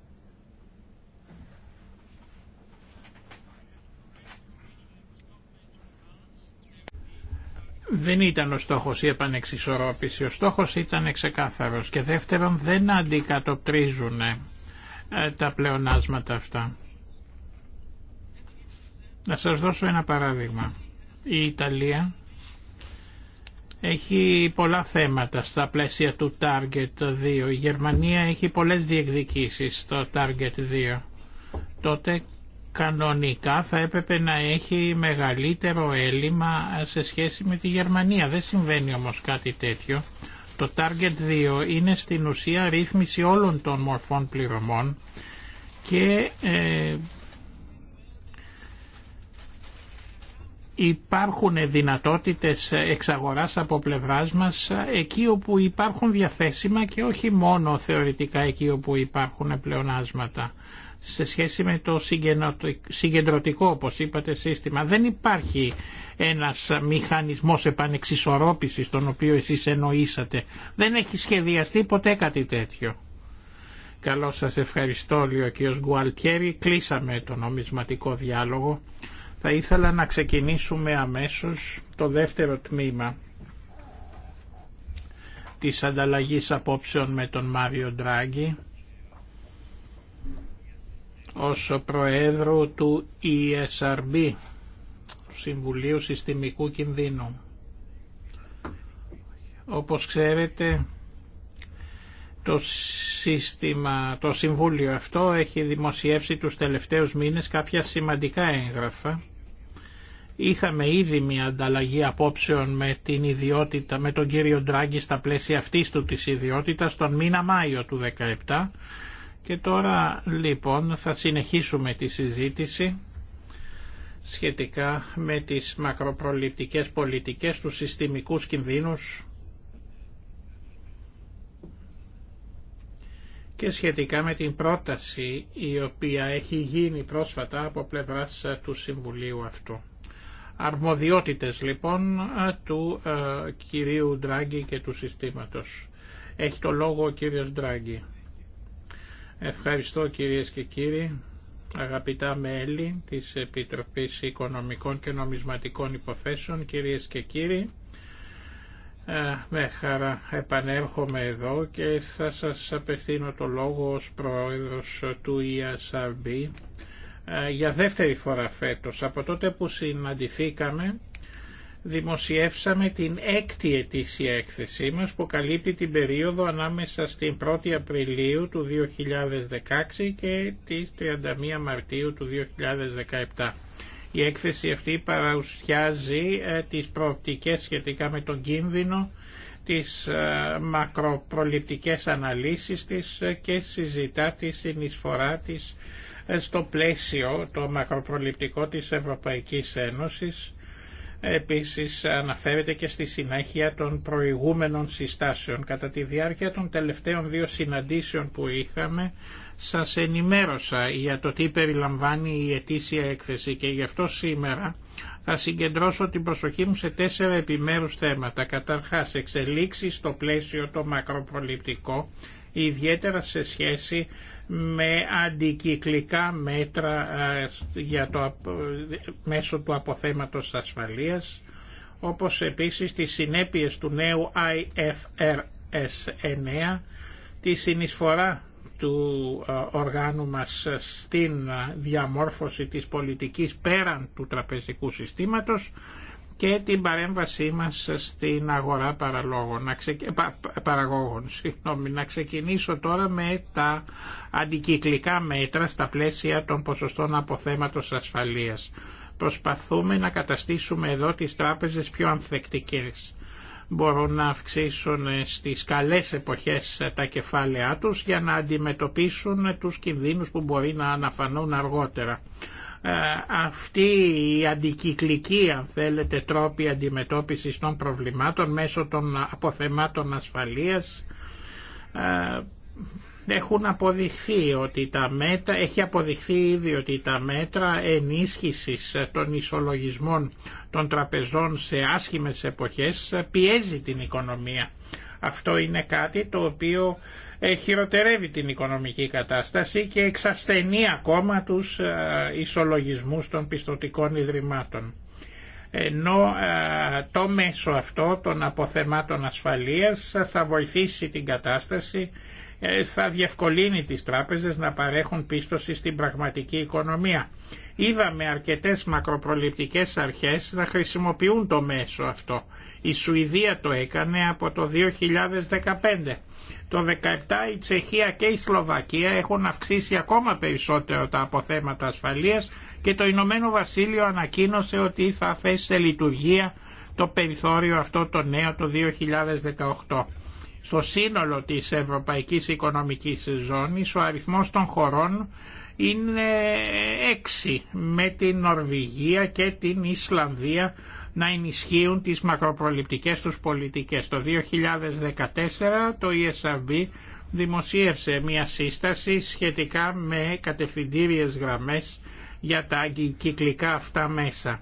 δεν ήταν ο στόχος η επανεξισορρόπηση. Ο στόχος ήταν ξεκάθαρο. και δεύτερον δεν αντικατοπτρίζουν ε, τα πλεονάσματα αυτά. Να σας δώσω ένα παράδειγμα. Η Ιταλία έχει πολλά θέματα στα πλαίσια του Target 2. Η Γερμανία έχει πολλές διεκδικήσεις στο Target 2. Τότε κανονικά θα έπρεπε να έχει μεγαλύτερο έλλειμμα σε σχέση με τη Γερμανία. Δεν συμβαίνει όμως κάτι τέτοιο. Το Target 2 είναι στην ουσία ρύθμιση όλων των μορφών πληρωμών και ε, υπάρχουν δυνατότητες εξαγοράς από πλευράς μας εκεί όπου υπάρχουν διαθέσιμα και όχι μόνο θεωρητικά εκεί όπου υπάρχουν πλεονάσματα σε σχέση με το συγκεντρωτικό όπως είπατε σύστημα δεν υπάρχει ένας μηχανισμός επανεξισορρόπησης τον οποίο εσείς εννοήσατε δεν έχει σχεδιαστεί ποτέ κάτι τέτοιο Καλό σας ευχαριστώ λέει ο κ. Γκουαλτιέρη κλείσαμε το νομισματικό διάλογο θα ήθελα να ξεκινήσουμε αμέσως το δεύτερο τμήμα της ανταλλαγής απόψεων με τον Μάριο Ντράγκη ως Προέδρου του ESRB, Συμβουλίου Συστημικού Κινδύνου. Όπως ξέρετε, το, σύστημα, το Συμβούλιο αυτό έχει δημοσιεύσει τους τελευταίους μήνες κάποια σημαντικά έγγραφα. Είχαμε ήδη μια ανταλλαγή απόψεων με την ιδιότητα, με τον κύριο Ντράγκη στα πλαίσια αυτής του της ιδιότητας τον μήνα Μάιο του 2017 και τώρα λοιπόν θα συνεχίσουμε τη συζήτηση σχετικά με τις μακροπροληπτικές πολιτικές, του συστημικούς κινδύνους και σχετικά με την πρόταση η οποία έχει γίνει πρόσφατα από πλευράς ε, του Συμβουλίου αυτού. Αρμοδιότητες λοιπόν ε, του ε, κυρίου Ντράγκη και του συστήματος. Έχει το λόγο ο κύριος Ντράγκη. Ευχαριστώ κυρίες και κύριοι, αγαπητά μέλη της Επιτροπής Οικονομικών και Νομισματικών Υποθέσεων, κυρίες και κύριοι. Ε, με χαρά επανέρχομαι εδώ και θα σας απευθύνω το λόγο ως πρόεδρος του ESRB ε, για δεύτερη φορά φέτος. Από τότε που συναντηθήκαμε δημοσιεύσαμε την έκτη ετήσια έκθεσή μας που καλύπτει την περίοδο ανάμεσα στην 1η Απριλίου του 2016 και τις 31 Μαρτίου του 2017. Η έκθεση αυτή παρουσιάζει ε, τις προοπτικές σχετικά με τον κίνδυνο, τις ε, μακροπροληπτικές αναλύσεις της ε, και συζητά τη συνεισφορά της στο πλαίσιο το μακροπροληπτικό της Ευρωπαϊκής Ένωσης Επίσης αναφέρεται και στη συνέχεια των προηγούμενων συστάσεων. Κατά τη διάρκεια των τελευταίων δύο συναντήσεων που είχαμε σας ενημέρωσα για το τι περιλαμβάνει η ετήσια έκθεση και γι' αυτό σήμερα θα συγκεντρώσω την προσοχή μου σε τέσσερα επιμέρους θέματα. Καταρχάς εξελίξεις στο πλαίσιο το μακροπροληπτικό ιδιαίτερα σε σχέση με αντικυκλικά μέτρα για το, μέσω του αποθέματος ασφαλείας, όπως επίσης τις συνέπειες του νέου IFRS 9, τη συνεισφορά του οργάνου μας στην διαμόρφωση της πολιτικής πέραν του τραπεζικού συστήματος και την παρέμβασή μας στην αγορά παραλόγων, να παραγόγων. να ξεκινήσω τώρα με τα αντικυκλικά μέτρα στα πλαίσια των ποσοστών αποθέματος ασφαλείας. Προσπαθούμε να καταστήσουμε εδώ τις τράπεζες πιο ανθεκτικές. Μπορούν να αυξήσουν στις καλές εποχές τα κεφάλαιά τους για να αντιμετωπίσουν τους κινδύνους που μπορεί να αναφανούν αργότερα. Ε, αυτή η αντικυκλική αν θέλετε τρόπη αντιμετώπισης των προβλημάτων μέσω των αποθεμάτων ασφαλείας ε, έχουν αποδειχθεί ότι τα μέτρα, έχει αποδειχθεί ήδη ότι τα μέτρα ενίσχυσης των ισολογισμών των τραπεζών σε άσχημες εποχές πιέζει την οικονομία αυτό είναι κάτι το οποίο ε, χειροτερεύει την οικονομική κατάσταση και εξασθενεί ακόμα τους ε, ισολογισμούς των πιστοτικών ιδρυμάτων. Ενώ ε, το μέσο αυτό των αποθεμάτων ασφαλείας θα βοηθήσει την κατάσταση θα διευκολύνει τις τράπεζες να παρέχουν πίστοση στην πραγματική οικονομία. Είδαμε αρκετές μακροπροληπτικές αρχές να χρησιμοποιούν το μέσο αυτό. Η Σουηδία το έκανε από το 2015. Το 2017 η Τσεχία και η Σλοβακία έχουν αυξήσει ακόμα περισσότερο τα αποθέματα ασφαλείας και το Ηνωμένο Βασίλειο ανακοίνωσε ότι θα θέσει σε λειτουργία το περιθώριο αυτό το νέο το 2018. Στο σύνολο της Ευρωπαϊκής Οικονομικής Ζώνης ο αριθμός των χωρών είναι έξι με την Νορβηγία και την Ισλανδία να ενισχύουν τις μακροπροληπτικές τους πολιτικές. Το 2014 το ESRB δημοσίευσε μια σύσταση σχετικά με κατευθυντήριες γραμμές για τα κυκλικά αυτά μέσα.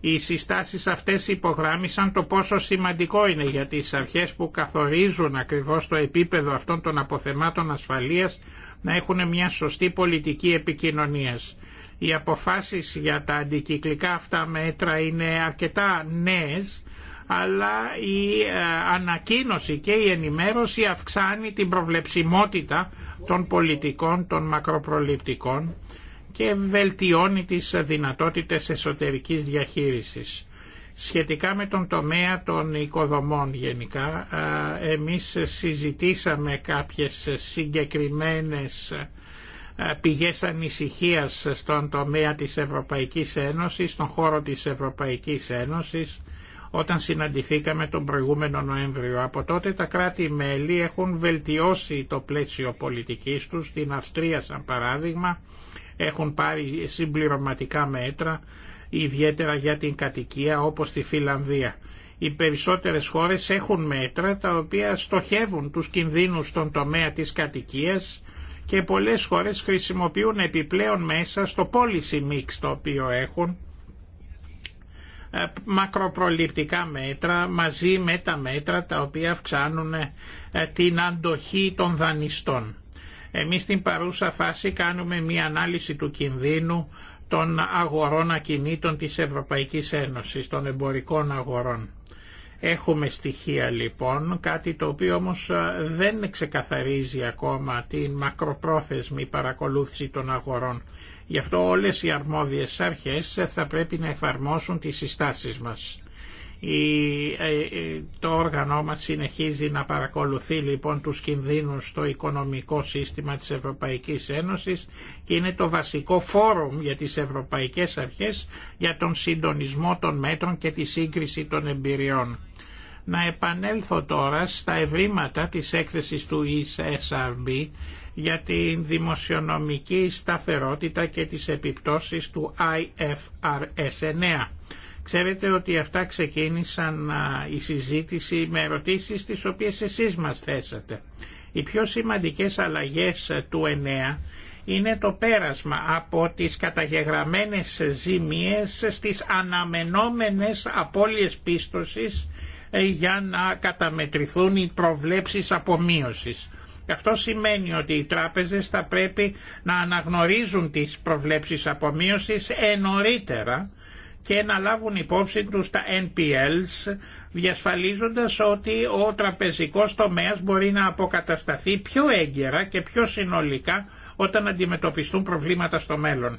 Οι συστάσεις αυτές υπογράμμισαν το πόσο σημαντικό είναι για τις αρχές που καθορίζουν ακριβώς το επίπεδο αυτών των αποθεμάτων ασφαλείας να έχουν μια σωστή πολιτική επικοινωνίας. Οι αποφάσεις για τα αντικυκλικά αυτά μέτρα είναι αρκετά νέες, αλλά η ε, ανακοίνωση και η ενημέρωση αυξάνει την προβλεψιμότητα των πολιτικών, των μακροπροληπτικών και βελτιώνει τις δυνατότητες εσωτερικής διαχείρισης. Σχετικά με τον τομέα των οικοδομών γενικά, ε, εμείς συζητήσαμε κάποιες συγκεκριμένες ε, πηγές ανησυχίας στον τομέα της Ευρωπαϊκής Ένωσης, στον χώρο της Ευρωπαϊκής Ένωσης, όταν συναντηθήκαμε τον προηγούμενο Νοέμβριο. Από τότε τα κράτη-μέλη έχουν βελτιώσει το πλαίσιο πολιτικής τους, ...την Αυστρία σαν παράδειγμα, έχουν πάρει συμπληρωματικά μέτρα, ιδιαίτερα για την κατοικία όπως τη Φιλανδία. Οι περισσότερες χώρες έχουν μέτρα τα οποία στοχεύουν τους κινδύνους στον τομέα της κατοικίας και πολλές χώρες χρησιμοποιούν επιπλέον μέσα στο policy mix το οποίο έχουν ε, μακροπροληπτικά μέτρα μαζί με τα μέτρα τα οποία αυξάνουν ε, την αντοχή των δανειστών. Εμείς στην παρούσα φάση κάνουμε μία ανάλυση του κινδύνου των αγορών ακινήτων της Ευρωπαϊκής Ένωσης, των εμπορικών αγορών. Έχουμε στοιχεία λοιπόν, κάτι το οποίο όμως δεν ξεκαθαρίζει ακόμα την μακροπρόθεσμη παρακολούθηση των αγορών. Γι' αυτό όλες οι αρμόδιες αρχές θα πρέπει να εφαρμόσουν τις συστάσεις μας. Ε, ε, το όργανο μας συνεχίζει να παρακολουθεί λοιπόν τους κινδύνους στο οικονομικό σύστημα της Ευρωπαϊκής Ένωσης και είναι το βασικό φόρουμ για τις ευρωπαϊκές αρχές για τον συντονισμό των μέτρων και τη σύγκριση των εμπειριών. Να επανέλθω τώρα στα ευρήματα της έκθεσης του ESRB για την δημοσιονομική σταθερότητα και τις επιπτώσεις του IFRS 9 Ξέρετε ότι αυτά ξεκίνησαν η συζήτηση με ερωτήσεις τις οποίες εσείς μας θέσατε. Οι πιο σημαντικές αλλαγές του 9 είναι το πέρασμα από τις καταγεγραμμένες ζημίες στις αναμενόμενες απώλειες πίστοσης ε, για να καταμετρηθούν οι προβλέψεις απομείωσης. Αυτό σημαίνει ότι οι τράπεζες θα πρέπει να αναγνωρίζουν τις προβλέψεις απομείωσης ενωρίτερα και να λάβουν υπόψη τους τα NPLs διασφαλίζοντας ότι ο τραπεζικός τομέας μπορεί να αποκατασταθεί πιο έγκαιρα και πιο συνολικά όταν αντιμετωπιστούν προβλήματα στο μέλλον.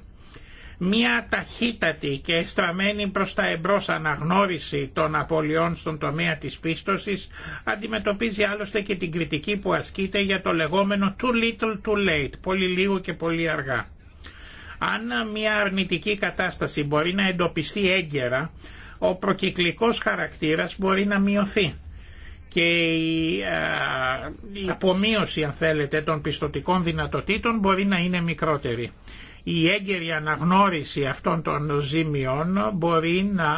Μία ταχύτατη και στραμμένη προς τα εμπρός αναγνώριση των απολειών στον τομέα της πίστοσης αντιμετωπίζει άλλωστε και την κριτική που ασκείται για το λεγόμενο too little too late, πολύ λίγο και πολύ αργά. Αν μια αρνητική κατάσταση μπορεί να εντοπιστεί έγκαιρα, ο προκυκλικός χαρακτήρας μπορεί να μειωθεί και η, η απομείωση αν θέλετε των πιστοτικών δυνατοτήτων μπορεί να είναι μικρότερη. Η έγκαιρη αναγνώριση αυτών των ζημιών μπορεί να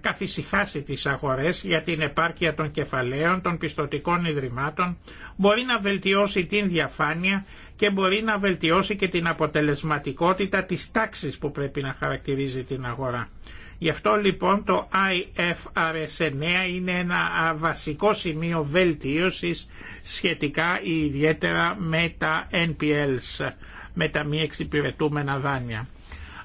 καθησυχάσει τις αγορές για την επάρκεια των κεφαλαίων, των πιστοτικών ιδρυμάτων, μπορεί να βελτιώσει την διαφάνεια και μπορεί να βελτιώσει και την αποτελεσματικότητα της τάξης που πρέπει να χαρακτηρίζει την αγορά. Γι' αυτό λοιπόν το IFRS 9 είναι ένα βασικό σημείο βελτίωσης σχετικά ιδιαίτερα με τα NPLs, με τα μη εξυπηρετούμενα δάνεια.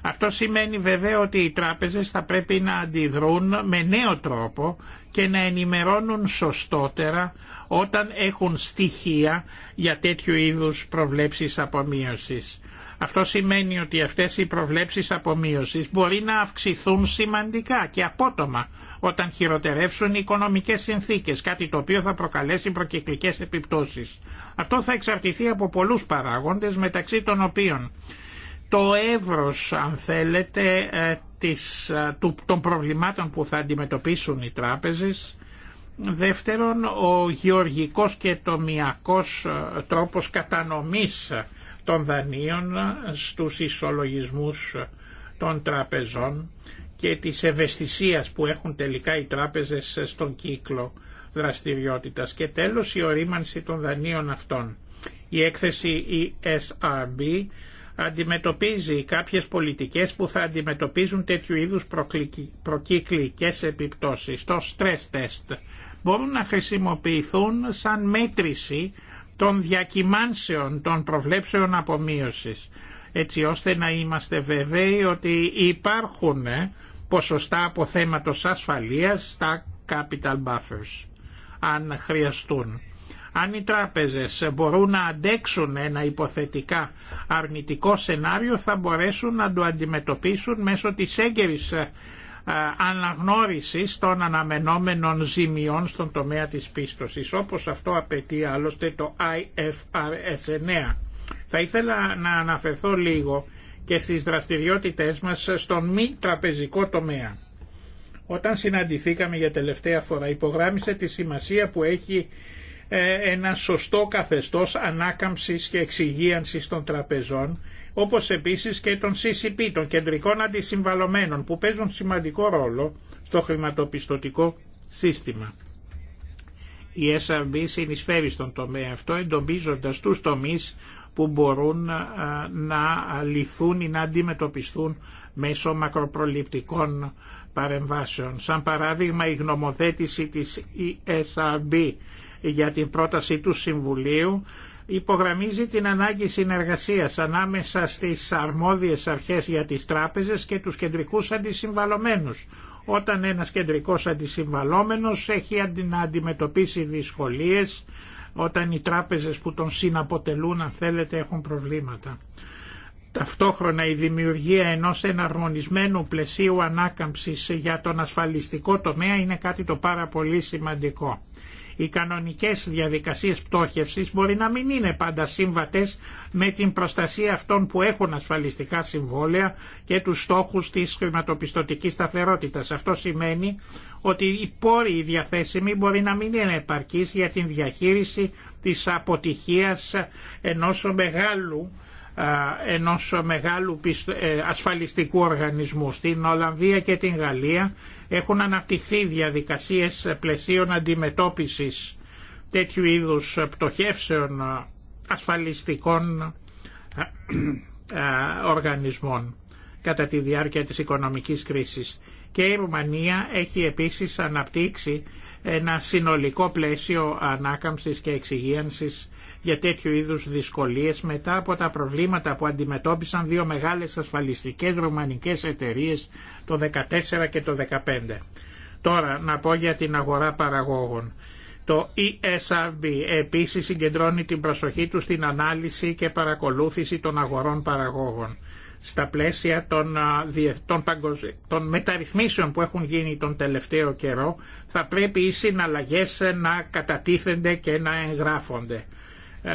Αυτό σημαίνει βέβαια ότι οι τράπεζες θα πρέπει να αντιδρούν με νέο τρόπο και να ενημερώνουν σωστότερα όταν έχουν στοιχεία για τέτοιου είδους προβλέψεις απομείωσης. Αυτό σημαίνει ότι αυτές οι προβλέψεις απομείωσης μπορεί να αυξηθούν σημαντικά και απότομα όταν χειροτερεύσουν οι οικονομικές συνθήκες, κάτι το οποίο θα προκαλέσει προκυκλικές επιπτώσεις. Αυτό θα εξαρτηθεί από πολλούς παράγοντες μεταξύ των οποίων το εύρος αν θέλετε ε, ε, των προβλημάτων που θα αντιμετωπίσουν οι τράπεζες Δεύτερον, ο γεωργικός και τομιακός ε, τρόπος κατανομής των δανείων στους ισολογισμούς των τραπεζών και της ευαισθησίας που έχουν τελικά οι τράπεζες στον κύκλο δραστηριότητας. Και τέλος, η ορίμανση των δανείων αυτών. Η έκθεση ESRB αντιμετωπίζει κάποιες πολιτικές που θα αντιμετωπίζουν τέτοιου είδους προκύκλικες επιπτώσεις. Το stress test μπορούν να χρησιμοποιηθούν σαν μέτρηση των διακυμάνσεων των προβλέψεων απομείωσης έτσι ώστε να είμαστε βέβαιοι ότι υπάρχουν ποσοστά αποθέματος ασφαλείας στα capital buffers αν χρειαστούν. Αν οι τράπεζες μπορούν να αντέξουν ένα υποθετικά αρνητικό σενάριο θα μπορέσουν να το αντιμετωπίσουν μέσω της έγκαιρης ε, αναγνώρισης των αναμενόμενων ζημιών στον τομέα της πίστοσης όπως αυτό απαιτεί άλλωστε το IFRS 9. Θα ήθελα να αναφερθώ λίγο και στις δραστηριότητες μας στον μη τραπεζικό τομέα. Όταν συναντηθήκαμε για τελευταία φορά υπογράμμισε τη σημασία που έχει ε, ένα σωστό καθεστώς ανάκαμψης και εξυγίανσης των τραπεζών, όπως επίσης και των CCP, των κεντρικών αντισυμβαλωμένων, που παίζουν σημαντικό ρόλο στο χρηματοπιστωτικό σύστημα. Η SRB συνεισφέρει στον τομέα αυτό, εντοπίζοντας τους τομείς που μπορούν να λυθούν ή να αντιμετωπιστούν μέσω μακροπροληπτικών παρεμβάσεων. Σαν παράδειγμα η γνωμοθέτηση της ESRB για την πρόταση του Συμβουλίου υπογραμμίζει την ανάγκη συνεργασίας ανάμεσα στις αρμόδιες αρχές για τις τράπεζες και τους κεντρικούς αντισυμβαλωμένους. Όταν ένας κεντρικός αντισυμβαλόμενος έχει να αντιμετωπίσει δυσκολίες, όταν οι τράπεζες που τον συναποτελούν αν θέλετε έχουν προβλήματα. Ταυτόχρονα η δημιουργία ενός εναρμονισμένου πλαισίου ανάκαμψης για τον ασφαλιστικό τομέα είναι κάτι το πάρα πολύ σημαντικό. Οι κανονικές διαδικασίες πτώχευσης μπορεί να μην είναι πάντα σύμβατες με την προστασία αυτών που έχουν ασφαλιστικά συμβόλαια και τους στόχους της χρηματοπιστωτικής σταθερότητας. Αυτό σημαίνει ότι οι πόροι διαθέσιμοι μπορεί να μην είναι επαρκείς για την διαχείριση της αποτυχίας ενός μεγάλου ενός μεγάλου ε, ασφαλιστικού οργανισμού στην Ολλανδία και την Γαλλία έχουν αναπτυχθεί διαδικασίες πλαισίων αντιμετώπισης τέτοιου είδους πτωχεύσεων ε, ασφαλιστικών ε, ε, οργανισμών κατά τη διάρκεια της οικονομικής κρίσης. Και η Ρουμανία έχει επίσης αναπτύξει ένα συνολικό πλαίσιο ανάκαμψης και εξυγίανσης για τέτοιου είδους δυσκολίες μετά από τα προβλήματα που αντιμετώπισαν δύο μεγάλες ασφαλιστικές ρωμανικές εταιρείες το 2014 και το 2015. Τώρα να πω για την αγορά παραγόγων. Το ESRB επίσης συγκεντρώνει την προσοχή του στην ανάλυση και παρακολούθηση των αγορών παραγόγων στα πλαίσια των, των, των μεταρρυθμίσεων που έχουν γίνει τον τελευταίο καιρό θα πρέπει οι συναλλαγές να κατατίθενται και να εγγράφονται. Ε,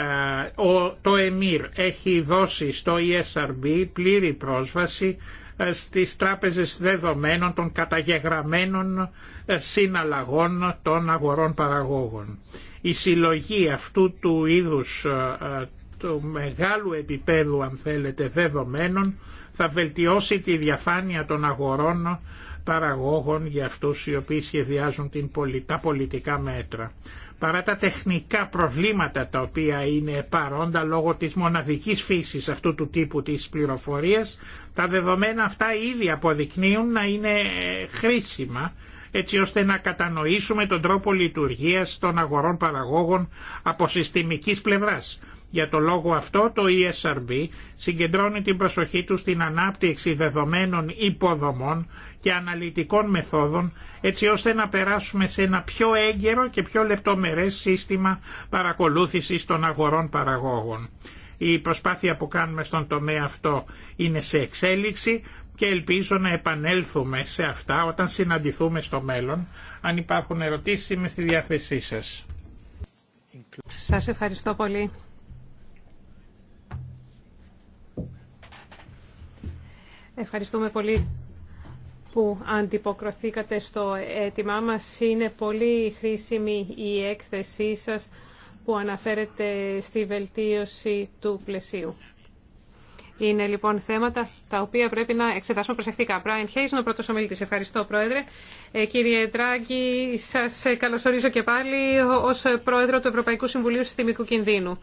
το ΕΜΙΡ έχει δώσει στο ESRB πλήρη πρόσβαση ε, στις τράπεζες δεδομένων των καταγεγραμμένων ε, συναλλαγών των αγορών παραγόγων. Η συλλογή αυτού του είδους του μεγάλου επίπεδου αν θέλετε δεδομένων θα βελτιώσει τη διαφάνεια των αγορών παραγόγων για αυτούς οι οποίοι σχεδιάζουν την, τα πολιτικά μέτρα παρά τα τεχνικά προβλήματα τα οποία είναι παρόντα λόγω της μοναδικής φύσης αυτού του τύπου της πληροφορίας, τα δεδομένα αυτά ήδη αποδεικνύουν να είναι ε, χρήσιμα έτσι ώστε να κατανοήσουμε τον τρόπο λειτουργίας των αγορών παραγόγων από συστημικής πλευράς. Για το λόγο αυτό το ESRB συγκεντρώνει την προσοχή του στην ανάπτυξη δεδομένων υποδομών και αναλυτικών μεθόδων έτσι ώστε να περάσουμε σε ένα πιο έγκαιρο και πιο λεπτομερές σύστημα παρακολούθησης των αγορών παραγόγων. Η προσπάθεια που κάνουμε στον τομέα αυτό είναι σε εξέλιξη και ελπίζω να επανέλθουμε σε αυτά όταν συναντηθούμε στο μέλλον. Αν υπάρχουν ερωτήσεις είμαι στη διάθεσή σας. Σας ευχαριστώ πολύ. Ευχαριστούμε πολύ που αντιποκροθήκατε στο αίτημά μας. Είναι πολύ χρήσιμη η έκθεσή σας που αναφέρεται στη βελτίωση του πλαισίου. Είναι λοιπόν θέματα τα οποία πρέπει να εξετάσουμε προσεκτικά. Brian Hayes, ο πρώτο ομιλητή. Ευχαριστώ, Πρόεδρε. Ε, κύριε Τράγκη, σας καλωσορίζω και πάλι ως Πρόεδρο του Ευρωπαϊκού Συμβουλίου Συστημικού Κινδύνου.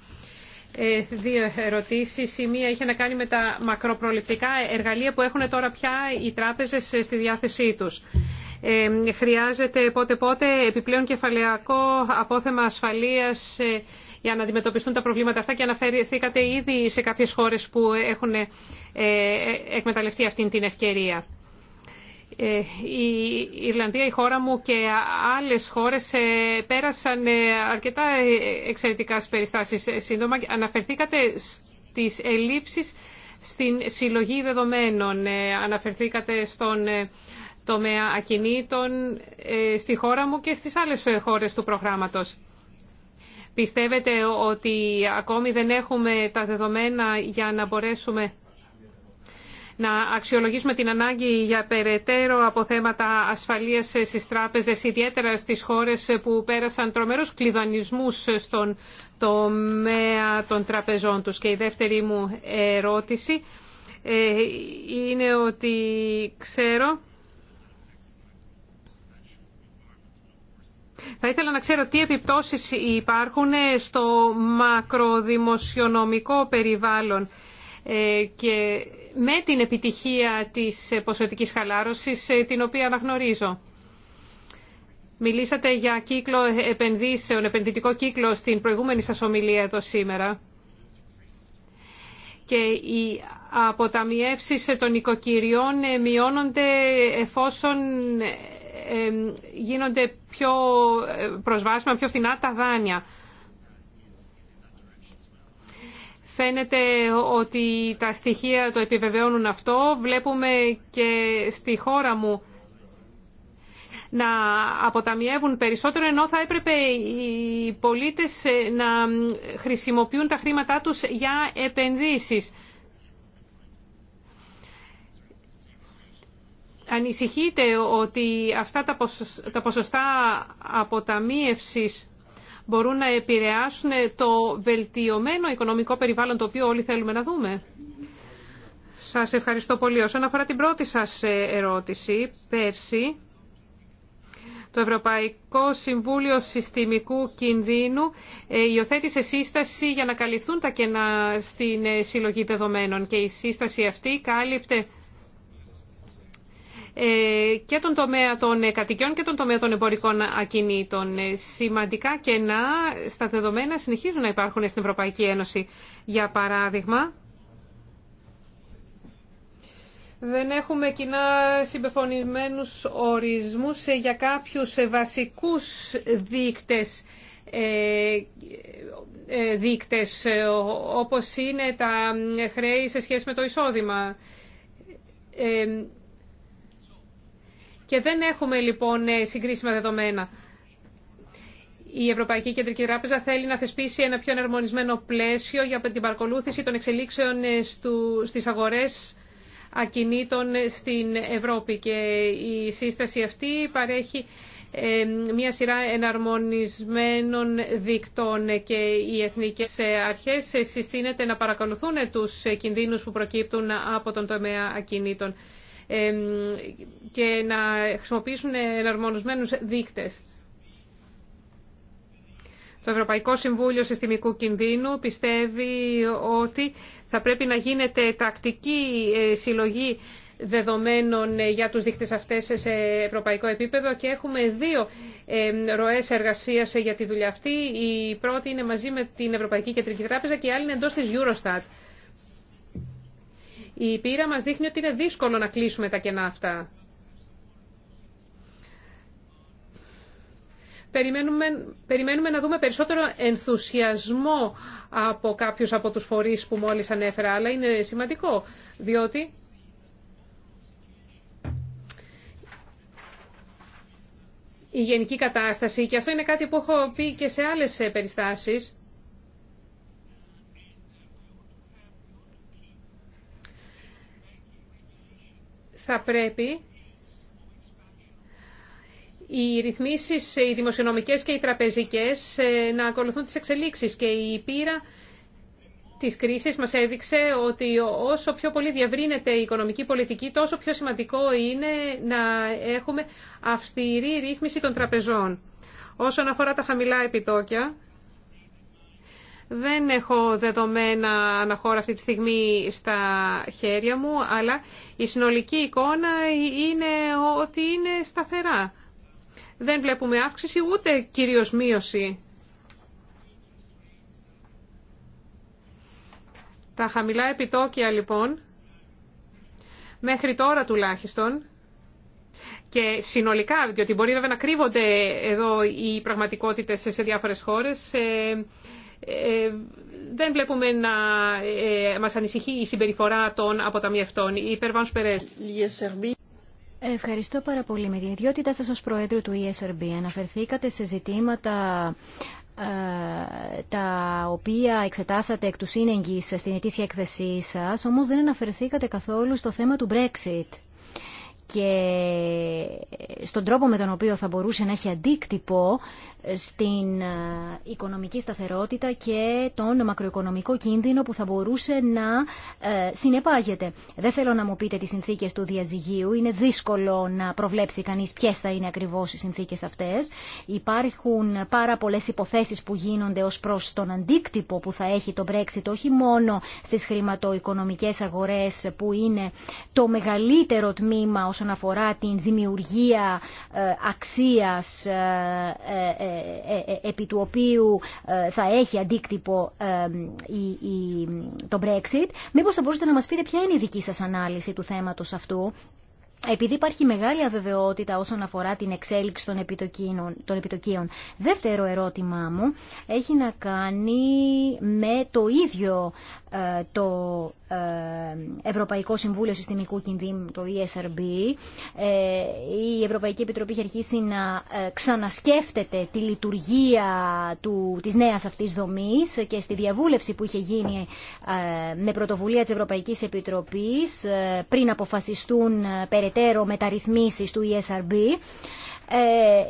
Ε, δύο ερωτήσεις. Η μία είχε να κάνει με τα μακροπροληπτικά εργαλεία που έχουν τώρα πια οι τράπεζες ε, στη διάθεσή τους. Ε, χρειάζεται πότε-πότε επιπλέον κεφαλαιακό απόθεμα ασφαλείας ε, για να αντιμετωπιστούν τα προβλήματα αυτά και αναφερθήκατε ήδη σε κάποιες χώρες που έχουν ε, εκμεταλλευτεί αυτή την ευκαιρία. Ε, η Ιρλανδία, η χώρα μου και άλλες χώρες ε, πέρασαν ε, αρκετά εξαιρετικά περιστάσεις σύντομα. Αναφερθήκατε στις ελλείψεις στην συλλογή δεδομένων. Αναφερθήκατε στον τομέα ακινήτων στη χώρα μου και στις άλλες χώρες του προγράμματος. Πιστεύετε ότι ακόμη δεν έχουμε τα δεδομένα για να μπορέσουμε να αξιολογήσουμε την ανάγκη για περαιτέρω αποθέματα ασφαλείας στις τράπεζες, ιδιαίτερα στις χώρες που πέρασαν τρομερούς κλειδονισμούς στον τομέα των τραπεζών τους. Και η δεύτερη μου ερώτηση ε, είναι ότι ξέρω... Θα ήθελα να ξέρω τι επιπτώσεις υπάρχουν στο μακροδημοσιονομικό περιβάλλον ε, και με την επιτυχία της ποσοτικής χαλάρωσης, ε, την οποία αναγνωρίζω. Μιλήσατε για κύκλο επενδύσεων, επενδυτικό κύκλο στην προηγούμενη σας ομιλία εδώ σήμερα. Και οι αποταμιεύσεις των οικοκυριών ε, μειώνονται εφόσον ε, γίνονται πιο προσβάσιμα, πιο φθηνά τα δάνεια. Φαίνεται ότι τα στοιχεία το επιβεβαιώνουν αυτό. Βλέπουμε και στη χώρα μου να αποταμιεύουν περισσότερο, ενώ θα έπρεπε οι πολίτες να χρησιμοποιούν τα χρήματά τους για επενδύσεις. Ανησυχείτε ότι αυτά τα ποσοστά αποταμίευσης μπορούν να επηρεάσουν το βελτιωμένο οικονομικό περιβάλλον το οποίο όλοι θέλουμε να δούμε. Σας ευχαριστώ πολύ. Όσον αφορά την πρώτη σας ε, ερώτηση, πέρσι το Ευρωπαϊκό Συμβούλιο Συστημικού Κινδύνου ε, υιοθέτησε σύσταση για να καλυφθούν τα κενά στην ε, συλλογή δεδομένων και η σύσταση αυτή κάλυπτε ε, και τον τομέα των ε, κατοικιών και τον τομέα των εμπορικών ακινήτων. Ε, σημαντικά κενά στα δεδομένα συνεχίζουν να υπάρχουν στην Ευρωπαϊκή Ένωση. Για παράδειγμα, δεν έχουμε κοινά συμπεφωνημένους ορισμούς για κάποιους βασικούς δείκτες δείκτες όπως είναι τα χρέη σε σχέση με το εισόδημα και δεν έχουμε λοιπόν ε, συγκρίσιμα δεδομένα. Η Ευρωπαϊκή Κεντρική Τράπεζα θέλει να θεσπίσει ένα πιο εναρμονισμένο πλαίσιο για την παρακολούθηση των εξελίξεων ε, στις αγορές ακινήτων ε, στην Ευρώπη και η σύσταση αυτή παρέχει μια σειρά εναρμονισμένων δικτών και οι εθνικές αρχές συστήνεται να παρακολουθούν τους κινδύνους που προκύπτουν από τον τομέα ακινήτων και να χρησιμοποιήσουν εναρμονισμένους δείκτες. Το Ευρωπαϊκό Συμβούλιο Συστημικού Κινδύνου πιστεύει ότι θα πρέπει να γίνεται τακτική ε, συλλογή δεδομένων ε, για τους δείκτες αυτές σε ευρωπαϊκό επίπεδο και έχουμε δύο ροές εργασίας για τη δουλειά αυτή. Η πρώτη είναι μαζί με την Ευρωπαϊκή Κεντρική Τράπεζα και η άλλη είναι εντός της Eurostat. Η πείρα μας δείχνει ότι είναι δύσκολο να κλείσουμε τα κενά αυτά. Περιμένουμε, περιμένουμε να δούμε περισσότερο ενθουσιασμό από κάποιους από τους φορείς που μόλις ανέφερα, αλλά είναι σημαντικό, διότι η γενική κατάσταση, και αυτό είναι κάτι που έχω πει και σε άλλες περιστάσεις, θα πρέπει οι ρυθμίσεις, οι δημοσιονομικές και οι τραπεζικές ε, να ακολουθούν τις εξελίξεις και η πείρα της κρίσης μας έδειξε ότι όσο πιο πολύ διαβρύνεται η οικονομική πολιτική τόσο πιο σημαντικό είναι να έχουμε αυστηρή ρύθμιση των τραπεζών. Όσον αφορά τα χαμηλά επιτόκια, δεν έχω δεδομένα αναχώρα αυτή τη στιγμή στα χέρια μου, αλλά η συνολική εικόνα είναι ότι είναι σταθερά. Δεν βλέπουμε αύξηση ούτε κυρίως μείωση. Τα χαμηλά επιτόκια λοιπόν, μέχρι τώρα τουλάχιστον, και συνολικά, διότι μπορεί βέβαια να κρύβονται εδώ οι πραγματικότητες σε διάφορες χώρες, ε, δεν βλέπουμε να ε, μας ανησυχεί η συμπεριφορά των αποταμιευτών. Η Περβάνς Περές. Ευχαριστώ πάρα πολύ. Με την ιδιότητά σας ως Προέδρου του ESRB αναφερθήκατε σε ζητήματα ε, τα οποία εξετάσατε εκ του σύνεγγυς στην ετήσια έκθεσή σας, όμως δεν αναφερθήκατε καθόλου στο θέμα του Brexit και στον τρόπο με τον οποίο θα μπορούσε να έχει αντίκτυπο στην ε, οικονομική σταθερότητα και τον μακροοικονομικό κίνδυνο που θα μπορούσε να ε, συνεπάγεται. Δεν θέλω να μου πείτε τις συνθήκες του διαζυγίου. Είναι δύσκολο να προβλέψει κανείς ποιες θα είναι ακριβώς οι συνθήκες αυτές. Υπάρχουν πάρα πολλές υποθέσεις που γίνονται ως προς τον αντίκτυπο που θα έχει το Brexit όχι μόνο στις χρηματοοικονομικές αγορές που είναι το μεγαλύτερο τμήμα όσον αφορά την δημιουργία ε, αξίας ε, ε, επί του οποίου θα έχει αντίκτυπο το Brexit. Μήπως θα μπορούσατε να μας πείτε ποια είναι η δική σας ανάλυση του θέματος αυτού επειδή υπάρχει μεγάλη αβεβαιότητα όσον αφορά την εξέλιξη των επιτοκίων, των επιτοκίων. Δεύτερο ερώτημά μου έχει να κάνει με το ίδιο ε, το ε, Ευρωπαϊκό Συμβούλιο Συστημικού Κινδύνου, το ESRB. Ε, η Ευρωπαϊκή Επιτροπή έχει αρχίσει να ξανασκέφτεται τη λειτουργία του, της νέας αυτής δομής και στη διαβούλευση που είχε γίνει με πρωτοβουλία της Ευρωπαϊκής Επιτροπής πριν αποφασιστούν περαιτέρω περαιτέρω μεταρρυθμίσεις του ESRB, ε,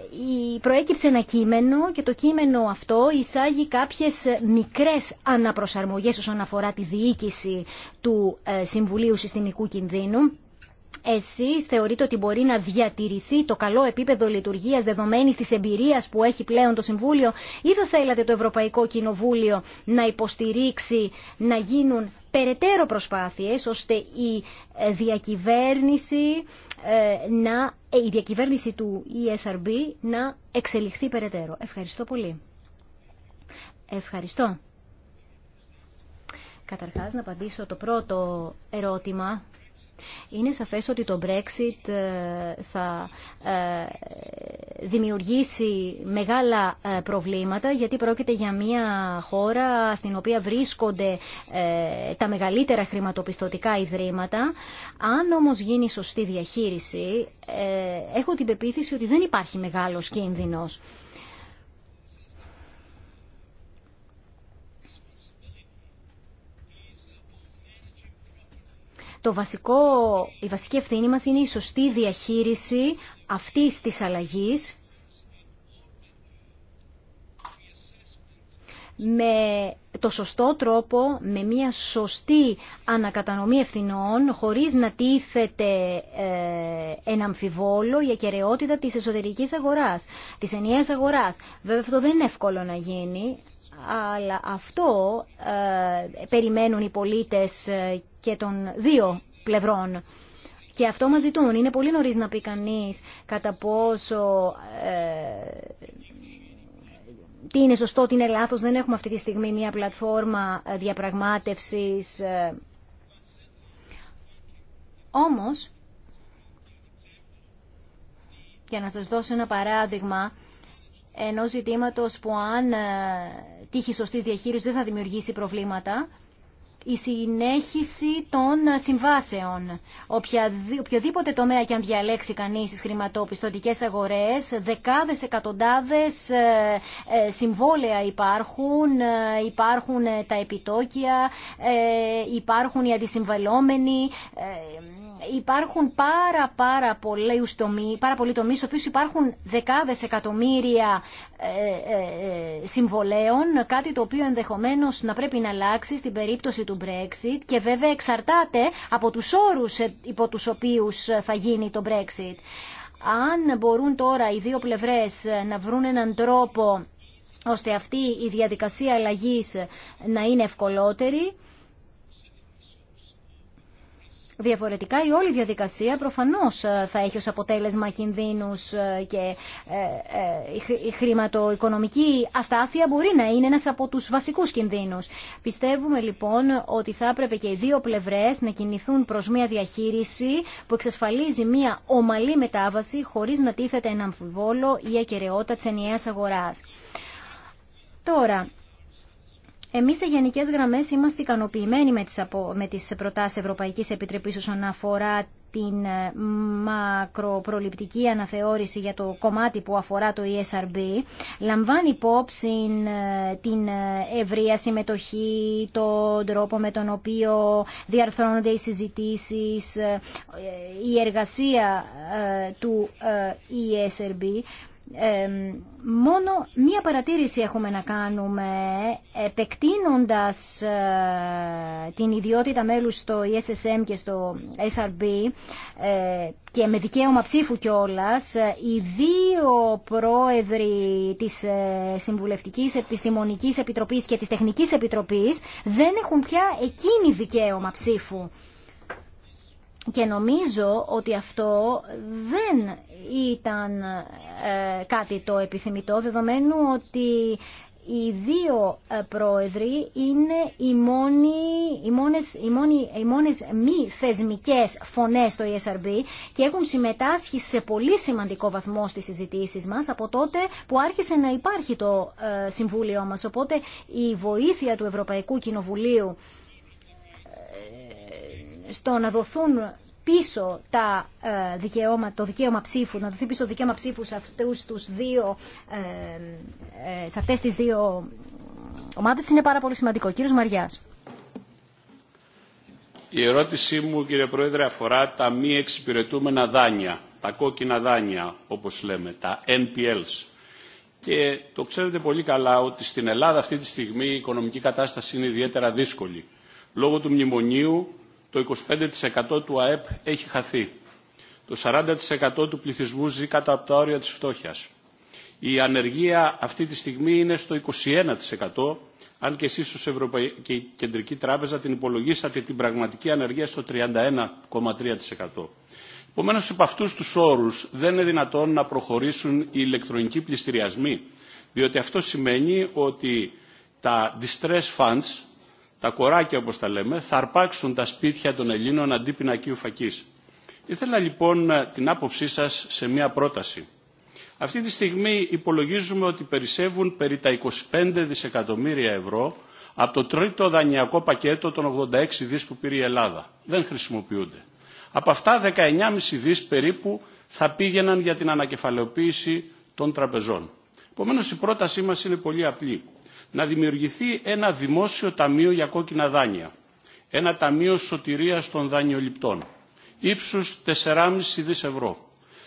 προέκυψε ένα κείμενο και το κείμενο αυτό εισάγει κάποιες μικρές αναπροσαρμογές όσον αφορά τη διοίκηση του ε, Συμβουλίου Συστημικού Κινδύνου. Εσείς θεωρείτε ότι μπορεί να διατηρηθεί το καλό επίπεδο λειτουργίας δεδομένης της εμπειρίας που έχει πλέον το Συμβούλιο ή θα θέλατε το Ευρωπαϊκό Κοινοβούλιο να υποστηρίξει να γίνουν περαιτέρω προσπάθειες ώστε η ε, διακυβέρνηση, ε, να, ε, η διακυβέρνηση του ESRB να εξελιχθεί περαιτέρω. Ευχαριστώ πολύ. Ευχαριστώ. Καταρχάς να απαντήσω το πρώτο ερώτημα είναι σαφές ότι το Brexit ε, θα ε, δημιουργήσει μεγάλα ε, προβλήματα γιατί πρόκειται για μια χώρα στην οποία βρίσκονται τα μεγαλύτερα χρηματοπιστωτικά ιδρύματα. Αν όμως γίνει σωστή διαχείριση, έχω την πεποίθηση ότι δεν υπάρχει μεγάλος κίνδυνος. Το βασικό, η βασική ευθύνη μας είναι η σωστή διαχείριση αυτής της αλλαγής με το σωστό τρόπο, με μια σωστή ανακατανομή ευθυνών, χωρίς να τίθεται ένα ε, αμφιβόλο η ακεραιότητα της εσωτερικής αγοράς, της ενιαίας αγοράς. Βέβαια αυτό δεν είναι εύκολο να γίνει, αλλά αυτό ε, περιμένουν οι πολίτες ε, και των δύο πλευρών. Και αυτό μας ζητούν. Είναι πολύ νωρίς να πει κανείς κατά πόσο... Ε, τι είναι σωστό, τι είναι λάθος. Δεν έχουμε αυτή τη στιγμή μια πλατφόρμα ε, διαπραγμάτευσης. Ε. Όμως, για να σας δώσω ένα παράδειγμα ενός ζητήματος που αν ε, τύχει σωστής διαχείρισης... δεν θα δημιουργήσει προβλήματα, η συνέχιση των συμβάσεων. οποιοδήποτε τομέα και αν διαλέξει κανείς στις χρηματοπιστωτικές αγορές, δεκάδες, εκατοντάδες ε, ε, συμβόλαια υπάρχουν, ε, υπάρχουν τα επιτόκια, υπάρχουν οι αντισυμβαλόμενοι, υπάρχουν πάρα πάρα πολλοί τομείς, πάρα πολλοί τομείς, οποίους υπάρχουν δεκάδες εκατομμύρια συμβολέων, κάτι το οποίο ενδεχομένως να πρέπει να αλλάξει στην περίπτωση του του Brexit και βέβαια εξαρτάται από τους όρους ε, υπό τους οποίους ε, θα γίνει το Brexit. Αν μπορούν τώρα οι δύο πλευρές ε, να βρουν έναν τρόπο ώστε αυτή η διαδικασία αλλαγής να είναι ευκολότερη, Διαφορετικά η όλη διαδικασία προφανώς ε, θα έχει ως αποτέλεσμα κινδύνους ε, και ε, η χρηματοοικονομική αστάθεια μπορεί να είναι ένας από τους βασικούς κινδύνους. Πιστεύουμε λοιπόν ότι θα έπρεπε και οι δύο πλευρές να κινηθούν προς μια διαχείριση που εξασφαλίζει μια ομαλή μετάβαση χωρίς να τίθεται ένα αμφιβόλο η ακεραιότητα της ενιαίας αγοράς. Τώρα, εμείς σε γενικές γραμμές είμαστε ικανοποιημένοι με τις, απο... με τις προτάσεις Ευρωπαϊκής όσον αφορά την ε, μακροπροληπτική αναθεώρηση για το κομμάτι που αφορά το ESRB λαμβάνει υπόψη ε, την ε, ευρεία συμμετοχή, τον τρόπο με τον οποίο διαρθρώνονται οι συζητήσεις, η εργασία του ESRB μόνο μία παρατήρηση έχουμε να κάνουμε επεκτείνοντας ε, την ιδιότητα μέλους στο ESSM και στο SRB ε, και με δικαίωμα ψήφου κιόλας ε, οι δύο πρόεδροι της Συμβουλευτικής Επιστημονικής Επιτροπής και της Τεχνικής Επιτροπής δεν έχουν πια εκείνη δικαίωμα ψήφου. Και νομίζω ότι αυτό δεν ήταν ε, κάτι το επιθυμητό, δεδομένου ότι οι δύο ε, πρόεδροι είναι οι, μόνοι, μόνες, οι μόνες μη θεσμικές φωνές στο ESRB και έχουν συμμετάσχει σε πολύ σημαντικό βαθμό στις συζητήσεις μας από τότε που άρχισε να υπάρχει το ε, Συμβούλιο μας. Οπότε η βοήθεια του Ευρωπαϊκού Κοινοβουλίου στο να δοθούν πίσω τα ε, δικαιώμα, το δικαίωμα ψήφου, να δοθεί πίσω το δικαίωμα ψήφου σε, αυτούς τους δύο, ε, ε, σε αυτές τις δύο ομάδες είναι πάρα πολύ σημαντικό. Κύριος Μαριάς. Η ερώτησή μου, κύριε Πρόεδρε, αφορά τα μη εξυπηρετούμενα δάνεια, τα κόκκινα δάνεια, όπως λέμε, τα NPLs. Και το ξέρετε πολύ καλά ότι στην Ελλάδα αυτή τη στιγμή η οικονομική κατάσταση είναι ιδιαίτερα δύσκολη. Λόγω του μνημονίου το 25% του ΑΕΠ έχει χαθεί. Το 40% του πληθυσμού ζει κάτω από τα όρια της φτώχειας. Η ανεργία αυτή τη στιγμή είναι στο 21%, αν και εσείς ως Ευρωπαϊκή Κεντρική Τράπεζα την υπολογίσατε την πραγματική ανεργία στο 31,3%. Επομένω, υπ' αυτού του όρου δεν είναι δυνατόν να προχωρήσουν οι ηλεκτρονικοί πληστηριασμοί, διότι αυτό σημαίνει ότι τα distress funds, τα κοράκια όπως τα λέμε, θα αρπάξουν τα σπίτια των Ελλήνων αντί πινακίου φακής. Ήθελα λοιπόν την άποψή σας σε μια πρόταση. Αυτή τη στιγμή υπολογίζουμε ότι περισσεύουν περί τα 25 δισεκατομμύρια ευρώ από το τρίτο δανειακό πακέτο των 86 δις που πήρε η Ελλάδα. Δεν χρησιμοποιούνται. Από αυτά 19,5 δις περίπου θα πήγαιναν για την ανακεφαλαιοποίηση των τραπεζών. Επομένω η πρότασή μας είναι πολύ απλή να δημιουργηθεί ένα δημόσιο ταμείο για κόκκινα δάνεια. Ένα ταμείο σωτηρίας των δανειοληπτών. Ύψους 4,5 δις ευρώ.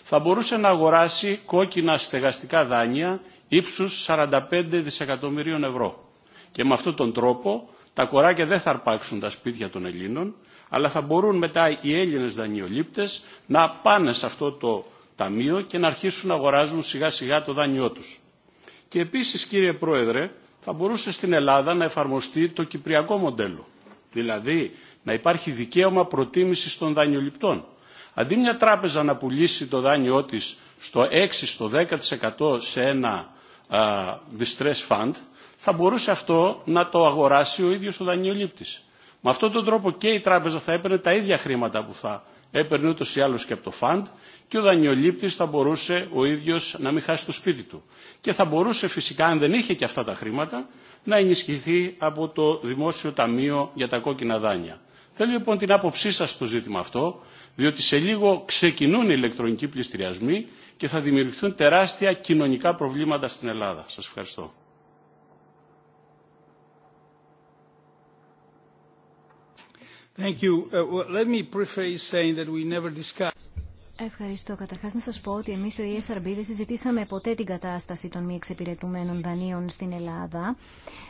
Θα μπορούσε να αγοράσει κόκκινα στεγαστικά δάνεια ύψους 45 δισεκατομμυρίων ευρώ. Και με αυτόν τον τρόπο τα κοράκια δεν θα αρπάξουν τα σπίτια των Ελλήνων, αλλά θα μπορούν μετά οι Έλληνες δανειολήπτες να πάνε σε αυτό το ταμείο και να αρχίσουν να αγοράζουν σιγά σιγά το δάνειό τους. Και επίσης κύριε Πρόεδρε, θα μπορούσε στην Ελλάδα να εφαρμοστεί το κυπριακό μοντέλο. Δηλαδή να υπάρχει δικαίωμα προτίμησης των δανειοληπτών. Αντί μια τράπεζα να πουλήσει το δάνειό της στο 6, στο 10% σε ένα distress fund, θα μπορούσε αυτό να το αγοράσει ο ίδιος ο δανειολήπτης. Με αυτόν τον τρόπο και η τράπεζα θα έπαιρνε τα ίδια χρήματα που θα έπαιρνε ούτως ή άλλως και από το φαντ και ο δανειολήπτης θα μπορούσε ο ίδιος να μην χάσει το σπίτι του. Και θα μπορούσε φυσικά, αν δεν είχε και αυτά τα χρήματα, να ενισχυθεί από το Δημόσιο Ταμείο για τα κόκκινα δάνεια. Θέλω λοιπόν την άποψή σας στο ζήτημα αυτό, διότι σε λίγο ξεκινούν οι ηλεκτρονικοί πληστηριασμοί και θα δημιουργηθούν τεράστια κοινωνικά προβλήματα στην Ελλάδα. Σας ευχαριστώ. Ευχαριστώ. Καταρχάς να σας πω ότι εμείς στο ESRB δεν συζητήσαμε ποτέ την κατάσταση των μη εξυπηρετουμένων δανείων στην Ελλάδα.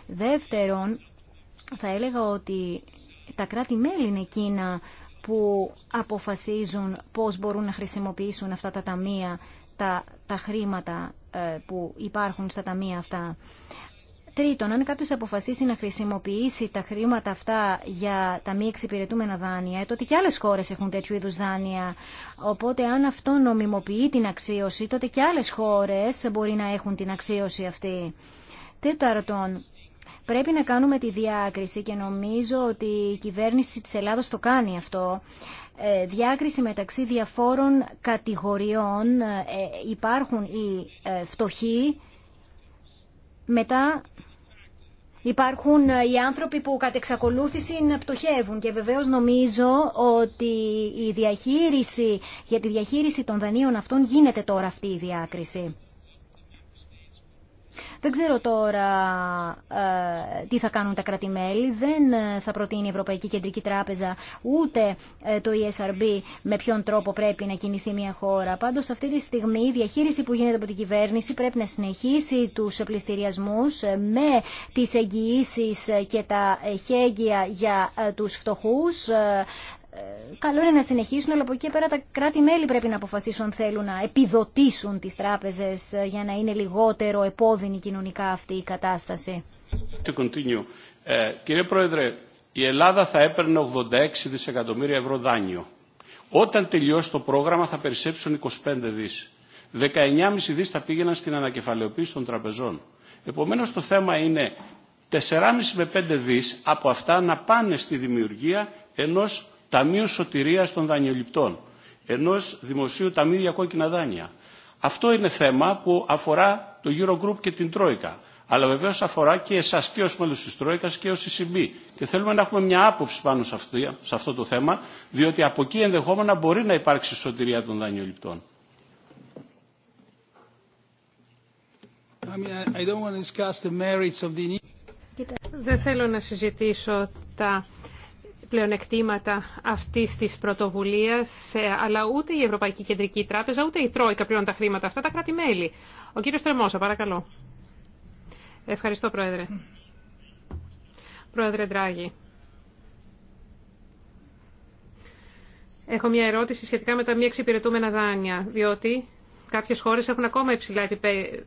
Δεύτερον, θα έλεγα ότι τα κράτη-μέλη είναι εκείνα που αποφασίζουν πώς μπορούν να χρησιμοποιήσουν αυτά τα ταμεία, τα, τα χρήματα ε, που υπάρχουν στα ταμεία αυτά. Τρίτον, αν κάποιο αποφασίσει να χρησιμοποιήσει τα χρήματα αυτά για τα μη εξυπηρετούμενα δάνεια, τότε και άλλε χώρε έχουν τέτοιου είδου δάνεια. Οπότε, αν αυτό νομιμοποιεί την αξίωση, τότε και άλλε χώρε μπορεί να έχουν την αξίωση αυτή. Τέταρτον, πρέπει να κάνουμε τη διάκριση και νομίζω ότι η κυβέρνηση της Ελλάδα το κάνει αυτό. Ε, διάκριση μεταξύ διαφόρων κατηγοριών ε, υπάρχουν οι ε, φτωχοί, μετά Υπάρχουν ε, οι άνθρωποι που κατ' εξακολούθηση να πτωχεύουν και βεβαίω νομίζω ότι η διαχείριση, για τη διαχείριση των δανείων αυτών γίνεται τώρα αυτή η διάκριση. Δεν ξέρω τώρα ε, τι θα κάνουν τα κρατημέλη. Δεν ε, θα προτείνει η Ευρωπαϊκή Κεντρική Τράπεζα ούτε ε, το ESRB με ποιον τρόπο πρέπει να κινηθεί μια χώρα. Πάντω, αυτή τη στιγμή η διαχείριση που γίνεται από την κυβέρνηση πρέπει να συνεχίσει του πληστηριασμού με τι εγγυήσει και τα χέγγια για του φτωχού καλό είναι να συνεχίσουν, αλλά από εκεί πέρα τα κράτη-μέλη πρέπει να αποφασίσουν αν θέλουν να επιδοτήσουν τις τράπεζες ε, για να είναι λιγότερο επώδυνη κοινωνικά αυτή η κατάσταση. Ε, κύριε Πρόεδρε, η Ελλάδα θα έπαιρνε 86 δισεκατομμύρια ευρώ δάνειο. Όταν τελειώσει το πρόγραμμα θα περισσέψουν 25 δις. 19,5 δις θα πήγαιναν στην ανακεφαλαιοποίηση των τραπεζών. Επομένως το θέμα είναι 4,5 με 5 δις από αυτά να πάνε στη δημιουργία ενός Ταμείου Σωτηρίας των Δανειοληπτών, ενός Δημοσίου Ταμείου για κόκκινα δάνεια. Αυτό είναι θέμα που αφορά το Eurogroup και την Τρόικα. Αλλά βεβαίω αφορά και εσά και ω μέλο τη Τρόικα και ω ECB. Και θέλουμε να έχουμε μια άποψη πάνω σε, αυτό, σε αυτό το θέμα, διότι από εκεί ενδεχόμενα μπορεί να υπάρξει σωτηρία των δανειοληπτών. Δεν θέλω να συζητήσω τα πλεονεκτήματα αυτή τη πρωτοβουλία, ε, αλλά ούτε η Ευρωπαϊκή Κεντρική Τράπεζα, ούτε η Τρόικα πλέον τα χρήματα αυτά, τα κράτη-μέλη. Ο κύριος Τρεμόσα, παρακαλώ. Ευχαριστώ, Πρόεδρε. Πρόεδρε Ντράγη. Έχω μια ερώτηση σχετικά με τα μη εξυπηρετούμενα δάνεια, διότι κάποιες χώρες έχουν ακόμα υψηλά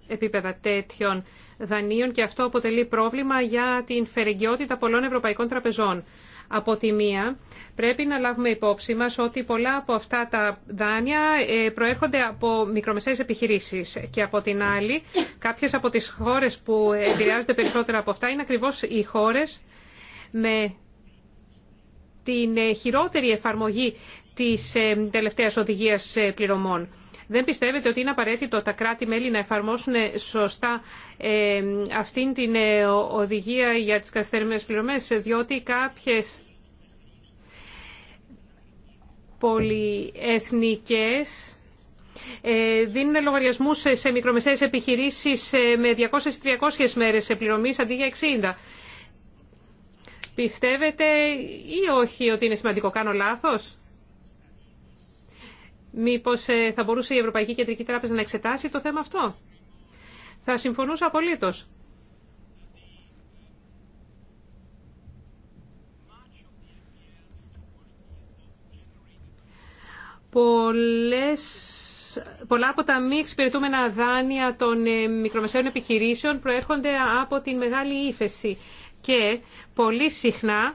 επίπεδα τέτοιων δανείων και αυτό αποτελεί πρόβλημα για την φερεγγιότητα πολλών ευρωπαϊκών τραπεζών. Από τη μία, πρέπει να λάβουμε υπόψη μας ότι πολλά από αυτά τα δάνεια ε, προέρχονται από μικρομεσαίες επιχειρήσεις και από την άλλη, κάποιες από τις χώρες που επηρεάζονται περισσότερα από αυτά είναι ακριβώς οι χώρες με την ε, χειρότερη εφαρμογή της ε, τελευταίας οδηγίας πληρωμών. Δεν πιστεύετε ότι είναι απαραίτητο τα κράτη-μέλη να εφαρμόσουν σωστά ε, αυτήν την ε, οδηγία για τις καθυστερημένες πληρωμές, διότι κάποιες πολυεθνικές ε, δίνουν λογαριασμούς σε μικρομεσαίες επιχειρήσεις με 200-300 μέρες πληρωμής αντί για 60. Πιστεύετε ή όχι ότι είναι σημαντικό, κάνω λάθος. Μήπως ε, θα μπορούσε η Ευρωπαϊκή Κεντρική Τράπεζα να εξετάσει το θέμα αυτό. Θα συμφωνούσα απολύτως. Πολλές, πολλά από τα μη εξυπηρετούμενα δάνεια των ε, μικρομεσαίων επιχειρήσεων προέρχονται από την μεγάλη ύφεση και πολύ συχνά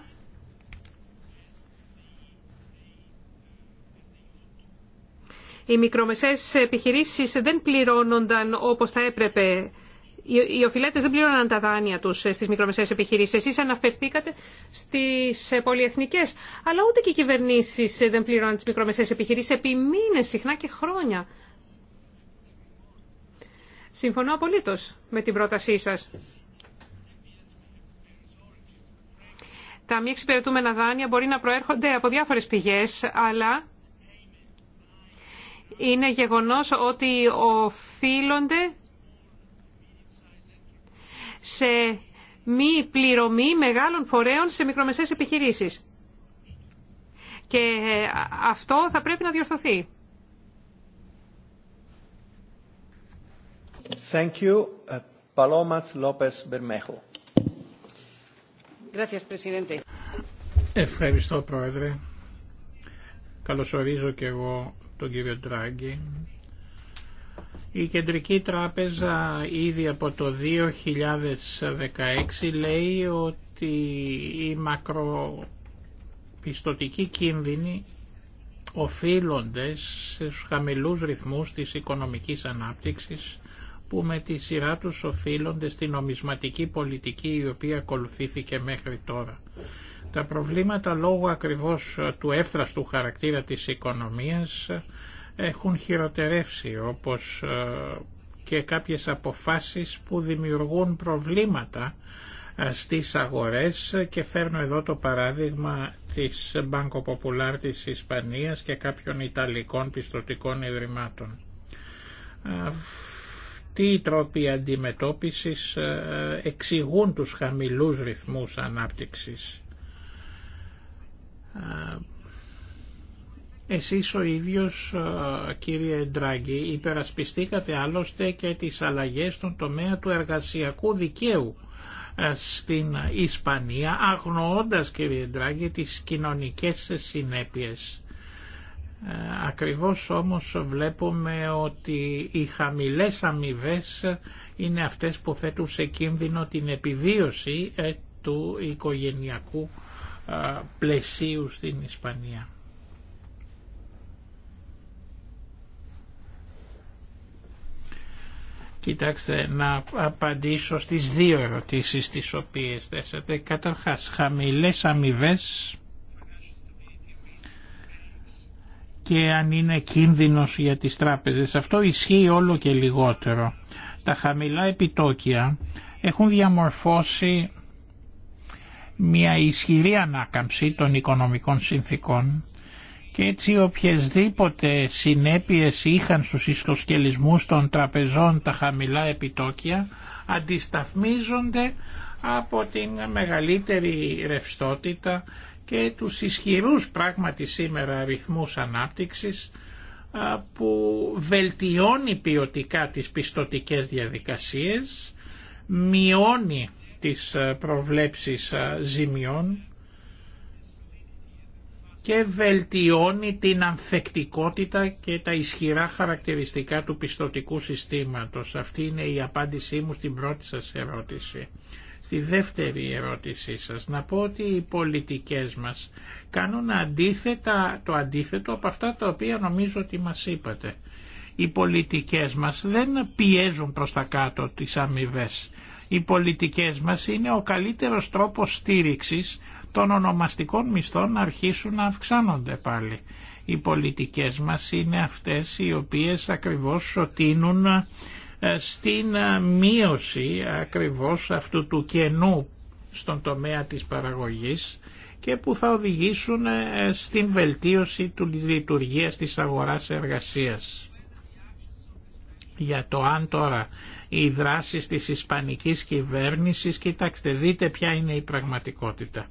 οι μικρομεσαίες επιχειρήσεις δεν πληρώνονταν όπως θα έπρεπε. Οι οφειλέτες δεν πληρώναν τα δάνεια τους στις μικρομεσαίες επιχειρήσεις. Εσείς αναφερθήκατε στις πολυεθνικές, αλλά ούτε και οι κυβερνήσεις δεν πληρώναν τις μικρομεσαίες επιχειρήσεις επί μήνες συχνά και χρόνια. Συμφωνώ απολύτως με την πρότασή σας. Τα μη εξυπηρετούμενα δάνεια μπορεί να προέρχονται από διάφορες πηγές, αλλά είναι γεγονός ότι οφείλονται σε μη πληρωμή μεγάλων φορέων σε μικρομεσαίες επιχειρήσεις. Και ε, αυτό θα πρέπει να διορθωθεί. Thank you. Ε, Ευχαριστώ, Πρόεδρε. Καλωσορίζω και εγώ τον κύριο Τράγκη. Η Κεντρική Τράπεζα ήδη από το 2016 λέει ότι οι μακροπιστωτικοί κίνδυνοι οφείλονται στους χαμηλούς ρυθμούς της οικονομικής ανάπτυξης που με τη σειρά τους οφείλονται στην νομισματική πολιτική η οποία ακολουθήθηκε μέχρι τώρα. Τα προβλήματα λόγω ακριβώς του εύθραστου χαρακτήρα της οικονομίας έχουν χειροτερεύσει όπως ε, και κάποιες αποφάσεις που δημιουργούν προβλήματα ε, στις αγορές και φέρνω εδώ το παράδειγμα της Banco Popular της Ισπανίας και κάποιων Ιταλικών πιστοτικών ιδρυμάτων. Αυτοί οι τρόποι αντιμετώπισης ε, εξηγούν τους χαμηλούς ρυθμούς ανάπτυξης ε, εσείς ο ίδιος ε, κύριε Ντράγκη υπερασπιστήκατε άλλωστε και τις αλλαγές στον τομέα του εργασιακού δικαίου ε, στην Ισπανία αγνοώντας κύριε Ντράγκη τις κοινωνικές συνέπειες. Ακριβώς όμως βλέπουμε ότι οι χαμηλές αμοιβέ είναι αυτές που θέτουν σε κίνδυνο την επιβίωση του οικογενειακού πλαισίου στην Ισπανία. Κοιτάξτε να απαντήσω στις δύο ερωτήσεις τις οποίες θέσατε. Καταρχάς, χαμηλές αμοιβέ και αν είναι κίνδυνος για τις τράπεζες. Αυτό ισχύει όλο και λιγότερο. Τα χαμηλά επιτόκια έχουν διαμορφώσει μια ισχυρή ανάκαμψη των οικονομικών συνθήκων και έτσι οποιασδήποτε συνέπειες είχαν στους ιστοσκελισμούς των τραπεζών τα χαμηλά επιτόκια αντισταθμίζονται από την μεγαλύτερη ρευστότητα και τους ισχυρούς πράγματι σήμερα ρυθμούς ανάπτυξης που βελτιώνει ποιοτικά τις πιστοτικές διαδικασίες, μειώνει τις ε, προβλέψεις ε, ζημιών και βελτιώνει την ανθεκτικότητα και τα ισχυρά χαρακτηριστικά του πιστοτικού συστήματος. Αυτή είναι η απάντησή μου στην πρώτη σας ερώτηση. Στη δεύτερη ερώτησή σας, να πω ότι οι πολιτικές μας κάνουν αντίθετα, το αντίθετο από αυτά τα οποία νομίζω ότι μας είπατε. Οι πολιτικές μας δεν πιέζουν προς τα κάτω τις αμοιβέ. Οι πολιτικές μας είναι ο καλύτερος τρόπος στήριξης των ονομαστικών μισθών να αρχίσουν να αυξάνονται πάλι. Οι πολιτικές μας είναι αυτές οι οποίες ακριβώς σωτήνουν ε, στην ε, μείωση ακριβώς αυτού του κενού στον τομέα της παραγωγής και που θα οδηγήσουν ε, στην βελτίωση του λειτουργίας της αγοράς εργασίας. Για το αν τώρα οι δράσεις της ισπανικής κυβέρνησης, κοιτάξτε, δείτε ποια είναι η πραγματικότητα.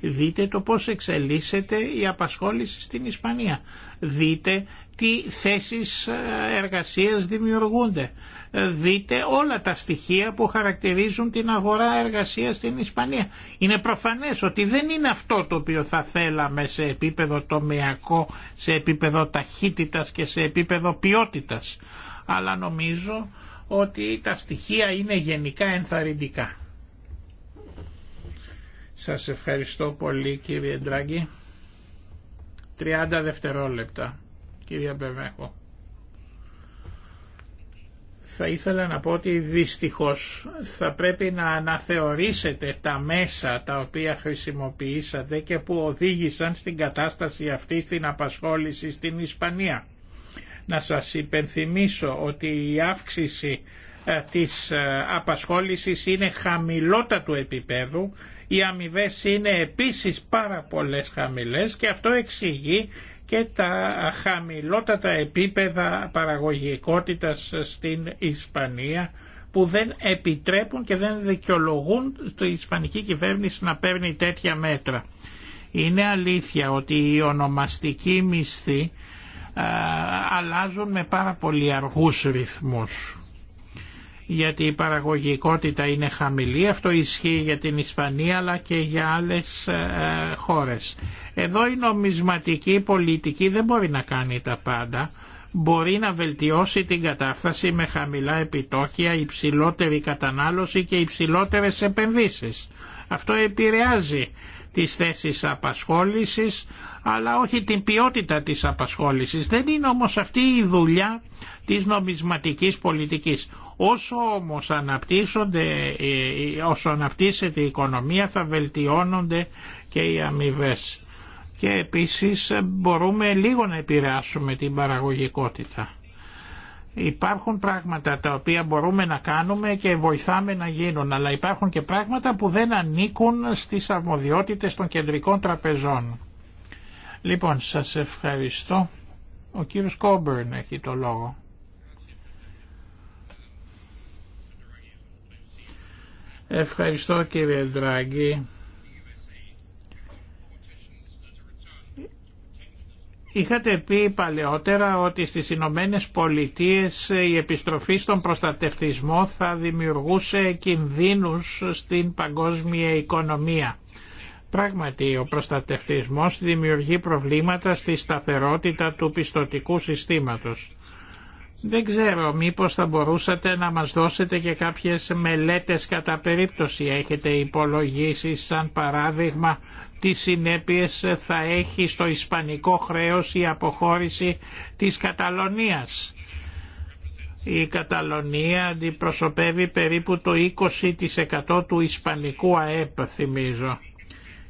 Δείτε το πώς εξελίσσεται η απασχόληση στην Ισπανία. Δείτε τι θέσεις ε, εργασίας δημιουργούνται. Δείτε όλα τα στοιχεία που χαρακτηρίζουν την αγορά εργασίας στην Ισπανία. Είναι προφανές ότι δεν είναι αυτό το οποίο θα θέλαμε σε επίπεδο τομεακό, σε επίπεδο ταχύτητας και σε επίπεδο ποιότητας. Αλλά νομίζω ότι τα στοιχεία είναι γενικά ενθαρρυντικά. Σας ευχαριστώ πολύ κύριε Ντράγκη. 30 δευτερόλεπτα, κύριε Μπεμέχο. Θα ήθελα να πω ότι δυστυχώς θα πρέπει να αναθεωρήσετε τα μέσα τα οποία χρησιμοποιήσατε και που οδήγησαν στην κατάσταση αυτή στην απασχόληση στην Ισπανία. Να σας υπενθυμίσω ότι η αύξηση ε, της ε, απασχόλησης είναι χαμηλότατου επίπεδου, οι αμοιβέ είναι επίσης πάρα πολλές χαμηλές και αυτό εξηγεί και τα χαμηλότατα επίπεδα παραγωγικότητας στην Ισπανία που δεν επιτρέπουν και δεν δικαιολογούν την Ισπανική κυβέρνηση να παίρνει τέτοια μέτρα. Είναι αλήθεια ότι η ονομαστική μισθή ε, αλλάζουν με πάρα πολύ αργούς ρυθμούς. Γιατί η παραγωγικότητα είναι χαμηλή, αυτό ισχύει για την Ισπανία αλλά και για άλλες ε, χώρες. Εδώ η νομισματική πολιτική δεν μπορεί να κάνει τα πάντα μπορεί να βελτιώσει την κατάσταση με χαμηλά επιτόκια, υψηλότερη κατανάλωση και υψηλότερες επενδύσεις. Αυτό επηρεάζει τις θέσεις απασχόλησης αλλά όχι την ποιότητα της απασχόλησης. Δεν είναι όμως αυτή η δουλειά της νομισματικής πολιτικής. Όσο όμως αναπτύσσονται, ε, ε, όσο αναπτύσσεται η οικονομία θα βελτιώνονται και οι αμοιβέ. Και επίσης ε, μπορούμε λίγο να επηρεάσουμε την παραγωγικότητα. Υπάρχουν πράγματα τα οποία μπορούμε να κάνουμε και βοηθάμε να γίνουν, αλλά υπάρχουν και πράγματα που δεν ανήκουν στις αρμοδιότητες των κεντρικών τραπεζών. Λοιπόν, σας ευχαριστώ. Ο κύριος Κόμπερν έχει το λόγο. Ευχαριστώ κύριε Ντράγκη. Είχατε πει παλαιότερα ότι στις Ηνωμένε Πολιτείες η επιστροφή στον προστατευτισμό θα δημιουργούσε κινδύνους στην παγκόσμια οικονομία. Πράγματι, ο προστατευτισμός δημιουργεί προβλήματα στη σταθερότητα του πιστοτικού συστήματος. Δεν ξέρω, μήπως θα μπορούσατε να μας δώσετε και κάποιες μελέτες κατά περίπτωση. Έχετε υπολογίσει σαν παράδειγμα τι συνέπειες θα έχει στο ισπανικό χρέος η αποχώρηση της Καταλωνίας. Η Καταλωνία αντιπροσωπεύει περίπου το 20% του ισπανικού ΑΕΠ, θυμίζω.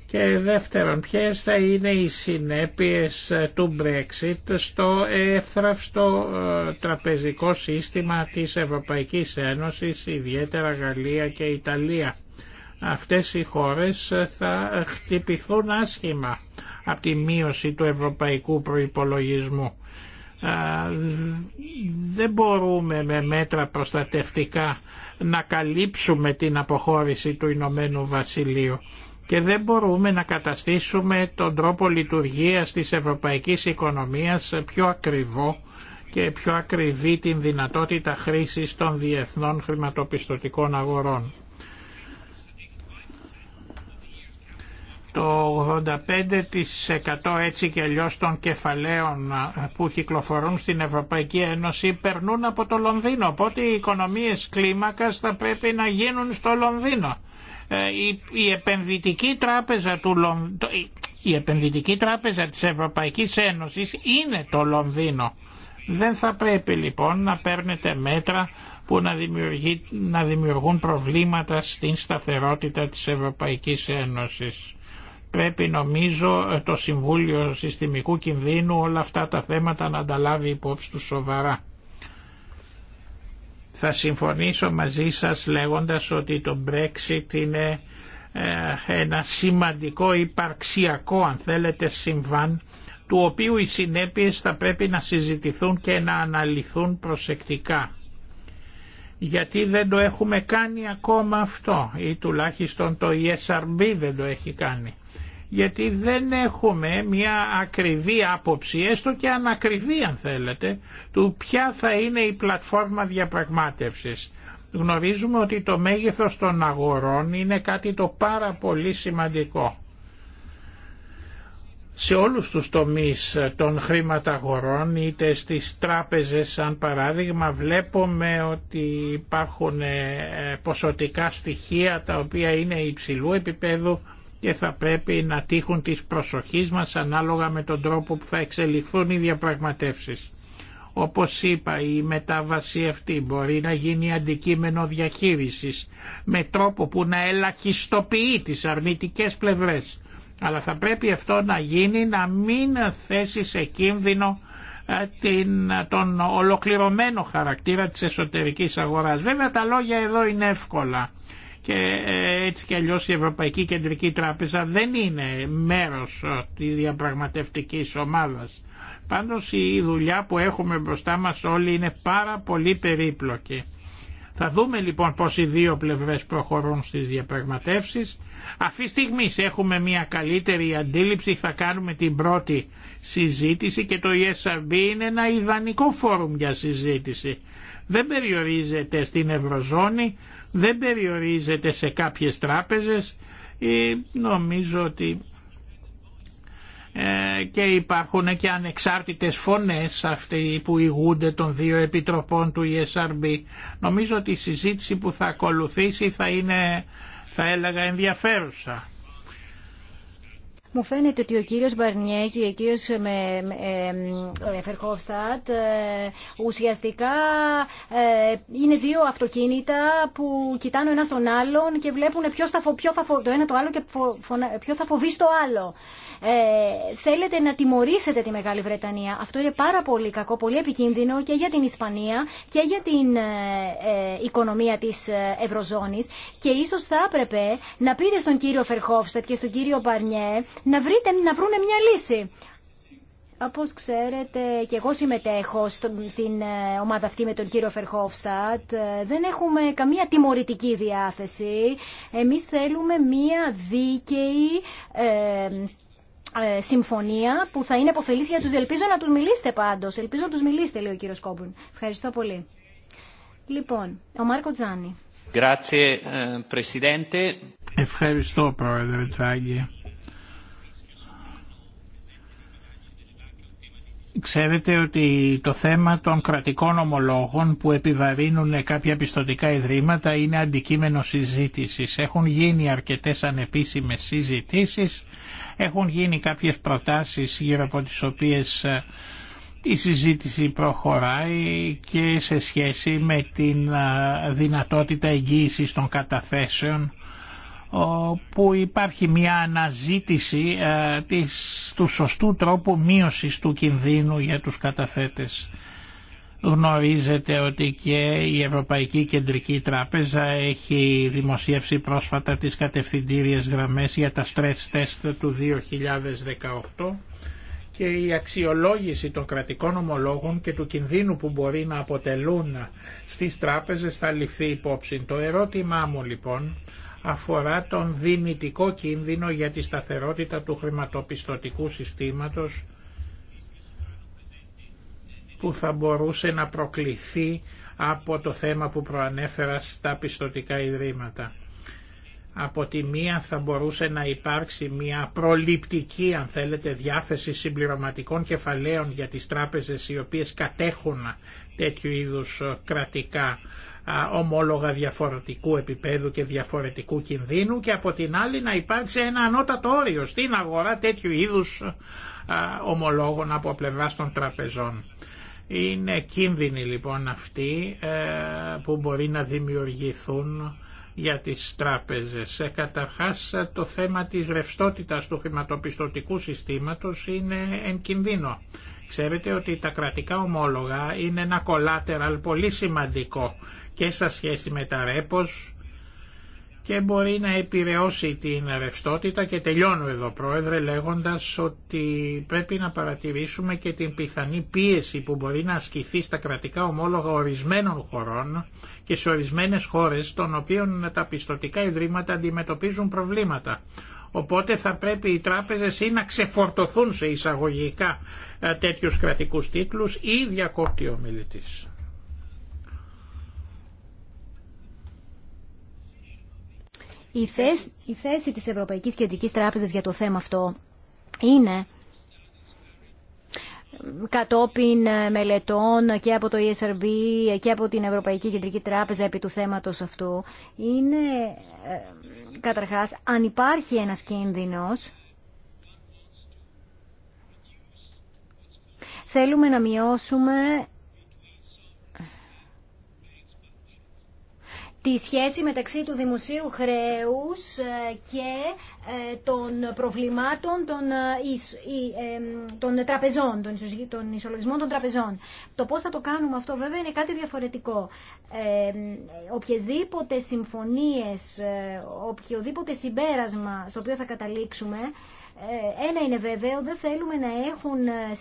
Και δεύτερον, ποιες θα είναι οι συνέπειες ε, του Brexit στο εύθραυστο ε, τραπεζικό σύστημα της Ευρωπαϊκής Ένωσης, ιδιαίτερα Γαλλία και Ιταλία. Αυτές οι χώρες ε, θα χτυπηθούν άσχημα από τη μείωση του ευρωπαϊκού προϋπολογισμού. Δεν μπορούμε με μέτρα προστατευτικά να καλύψουμε την αποχώρηση του Ηνωμένου Βασιλείου και δεν μπορούμε να καταστήσουμε τον τρόπο λειτουργίας της ευρωπαϊκής οικονομίας πιο ακριβό και πιο ακριβή την δυνατότητα χρήσης των διεθνών χρηματοπιστωτικών αγορών. Το 85% έτσι και αλλιώς των κεφαλαίων που κυκλοφορούν στην Ευρωπαϊκή Ένωση περνούν από το Λονδίνο, οπότε οι οικονομίες κλίμακας θα πρέπει να γίνουν στο Λονδίνο ε, η επενδυτική τράπεζα του η επενδυτική τράπεζα της Ευρωπαϊκής Ένωσης είναι το Λονδίνο. Δεν θα πρέπει λοιπόν να παίρνετε μέτρα που να, να δημιουργούν προβλήματα στην σταθερότητα της Ευρωπαϊκής Ένωσης. Πρέπει νομίζω το Συμβούλιο Συστημικού Κινδύνου όλα αυτά τα θέματα να ανταλάβει υπόψη του σοβαρά. Θα συμφωνήσω μαζί σας λέγοντας ότι το Brexit είναι ε, ένα σημαντικό υπαρξιακό αν θέλετε συμβάν του οποίου οι συνέπειες θα πρέπει να συζητηθούν και να αναλυθούν προσεκτικά. Γιατί δεν το έχουμε κάνει ακόμα αυτό ή τουλάχιστον το ESRB δεν το έχει κάνει γιατί δεν έχουμε μια ακριβή άποψη, έστω και ανακριβή αν θέλετε, του ποια θα είναι η πλατφόρμα διαπραγμάτευσης. Γνωρίζουμε ότι το μέγεθος των αγορών είναι κάτι το πάρα πολύ σημαντικό. Σε όλους τους τομείς των χρηματαγορών, είτε στις τράπεζες σαν παράδειγμα, βλέπουμε ότι υπάρχουν ε, ποσοτικά στοιχεία τα οποία είναι υψηλού επίπεδου και θα πρέπει να τύχουν της προσοχής μας ανάλογα με τον τρόπο που θα εξελιχθούν οι διαπραγματεύσεις. Όπως είπα, η μετάβαση αυτή μπορεί να γίνει αντικείμενο διαχείρισης με τρόπο που να ελαχιστοποιεί τις αρνητικές πλευρές. Αλλά θα πρέπει αυτό να γίνει να μην θέσει σε κίνδυνο ε, την, τον ολοκληρωμένο χαρακτήρα της εσωτερικής αγοράς. Βέβαια τα λόγια εδώ είναι εύκολα και ε, έτσι κι αλλιώς η Ευρωπαϊκή Κεντρική Τράπεζα δεν είναι μέρος ε, της διαπραγματευτικής ομάδας. Πάντως η δουλειά που έχουμε μπροστά μας όλοι είναι πάρα πολύ περίπλοκη. Θα δούμε λοιπόν πώς οι δύο πλευρές προχωρούν στις διαπραγματεύσεις. Αυτή τη στιγμή έχουμε μια καλύτερη αντίληψη, θα κάνουμε την πρώτη συζήτηση και το ESRB είναι ένα ιδανικό φόρουμ για συζήτηση. Δεν περιορίζεται στην Ευρωζώνη, δεν περιορίζεται σε κάποιες τράπεζες ή ε, νομίζω ότι ε, και υπάρχουν και ανεξάρτητες φωνές αυτοί που ηγούνται των δύο επιτροπών του ESRB. Νομίζω ότι η συζήτηση που θα ακολουθήσει θα είναι θα έλεγα ενδιαφέρουσα. Μου φαίνεται ότι ο κύριος Μπαρνιέ και ο κύριος ε, με, με, ε, ε, Φερχόφστατ ουσιαστικά είναι δύο αυτοκίνητα που κοιτάνε ο ένας τον άλλον και βλέπουν ποιος θα, φο, ποιο θα το ένα το άλλο και ποιο θα φοβεί το άλλο. θέλετε να τιμωρήσετε τη Μεγάλη Βρετανία. Αυτό είναι πάρα πολύ κακό, πολύ επικίνδυνο και για την Ισπανία και για την ε, οικονομία της Ευρωζώνης και ίσως θα έπρεπε να πείτε στον κύριο Φερχόφστατ και στον κύριο Μπαρνιέ να, βρείτε, να βρούνε μια λύση. Όπως ξέρετε, και εγώ συμμετέχω στην ε, ομάδα αυτή με τον κύριο Φερχόφστατ, ε, δεν έχουμε καμία τιμωρητική διάθεση. Εμείς θέλουμε μία δίκαιη ε, συμφωνία που θα είναι αποφελής για τους. Ελπίζω να τους μιλήσετε πάντως. Ελπίζω να τους μιλήσετε, λέει ο κύριος Κόμπουν. Ευχαριστώ πολύ. Λοιπόν, ο Μάρκο Τζάνι. Ευχαριστώ, Πρόεδρε Τράγκη. Ξέρετε ότι το θέμα των κρατικών ομολόγων που επιβαρύνουν κάποια πιστοτικά ιδρύματα είναι αντικείμενο συζήτησης. Έχουν γίνει αρκετές ανεπίσημες συζητήσεις, έχουν γίνει κάποιες προτάσεις γύρω από τις οποίες ε, η συζήτηση προχωράει και σε σχέση με την ε, δυνατότητα εγγύησης των καταθέσεων που υπάρχει μια αναζήτηση ε, της, του σωστού τρόπου μείωσης του κινδύνου για τους καταθέτες. Γνωρίζετε ότι και η Ευρωπαϊκή Κεντρική Τράπεζα έχει δημοσιεύσει πρόσφατα τις κατευθυντήριες γραμμές για τα stress test του 2018 και η αξιολόγηση των κρατικών ομολόγων και του κινδύνου που μπορεί να αποτελούν στις τράπεζες θα ληφθεί υπόψη. Το ερώτημά μου λοιπόν αφορά τον δυνητικό κίνδυνο για τη σταθερότητα του χρηματοπιστωτικού συστήματος που θα μπορούσε να προκληθεί από το θέμα που προανέφερα στα πιστωτικά ιδρύματα. Από τη μία θα μπορούσε να υπάρξει μια προληπτική αν θέλετε διάθεση συμπληρωματικών κεφαλαίων για τις τράπεζες οι οποίες κατέχουν τέτοιου είδους κρατικά ομόλογα διαφορετικού επίπεδου και διαφορετικού κινδύνου και από την άλλη να υπάρξει ένα ανώτατο όριο στην αγορά τέτοιου είδους ομολόγων από πλευράς των τραπεζών. Είναι κίνδυνοι λοιπόν αυτοί ε, που μπορεί να δημιουργηθούν για τις τράπεζες. Ε, καταρχάς το θέμα της ρευστότητας του χρηματοπιστωτικού συστήματος είναι εν κινδύνο. Ξέρετε ότι τα κρατικά ομόλογα είναι ένα collateral πολύ σημαντικό και σε σχέση με τα ρέπος και μπορεί να επιρεώσει την ρευστότητα και τελειώνω εδώ πρόεδρε λέγοντας ότι πρέπει να παρατηρήσουμε και την πιθανή πίεση που μπορεί να ασκηθεί στα κρατικά ομόλογα ορισμένων χωρών και σε ορισμένες χώρες των οποίων τα πιστοτικά ιδρύματα αντιμετωπίζουν προβλήματα. Οπότε θα πρέπει οι τράπεζες ή να ξεφορτωθούν σε εισαγωγικά ε, τέτοιους κρατικούς τίτλους ή διακόπτει ο Η θέση, η θέση της Ευρωπαϊκής Κεντρικής Τράπεζας για το θέμα αυτό είναι κατόπιν ε, μελετών και από το ESRB και από την Ευρωπαϊκή Κεντρική Τράπεζα επί του θέματος αυτού είναι ε, καταρχάς αν υπάρχει ένας κίνδυνος θέλουμε να μειώσουμε τη σχέση μεταξύ του δημοσίου χρέους ε, και ε, των προβλημάτων των, ε, τραπεζών, των ισολογισμών των τραπεζών. Το πώς θα το κάνουμε αυτό βέβαια είναι κάτι διαφορετικό. Ε, οποιασδήποτε συμφωνίες, οποιοδήποτε συμπέρασμα στο οποίο θα καταλήξουμε ε, ένα είναι βέβαιο, δεν θέλουμε να έχουν ε,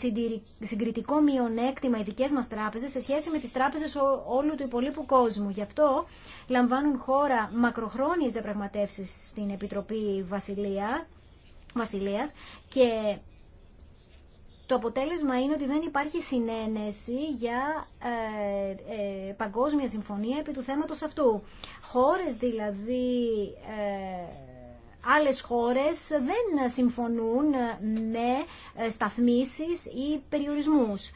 συγκριτικό μειονέκτημα οι δικές μας τράπεζες σε σχέση με τις τράπεζες όλου του υπολείπου κόσμου. Γι' αυτό λαμβάνουν χώρα μακροχρόνιες διαπραγματεύσεις στην Επιτροπή Βασιλεία, Βασιλείας και το αποτέλεσμα είναι ότι δεν υπάρχει συνένεση για ε, ε παγκόσμια συμφωνία επί του θέματος αυτού. Χώρες δηλαδή άλλες χώρες δεν συμφωνούν με ε, σταθμίσεις ή περιορισμούς.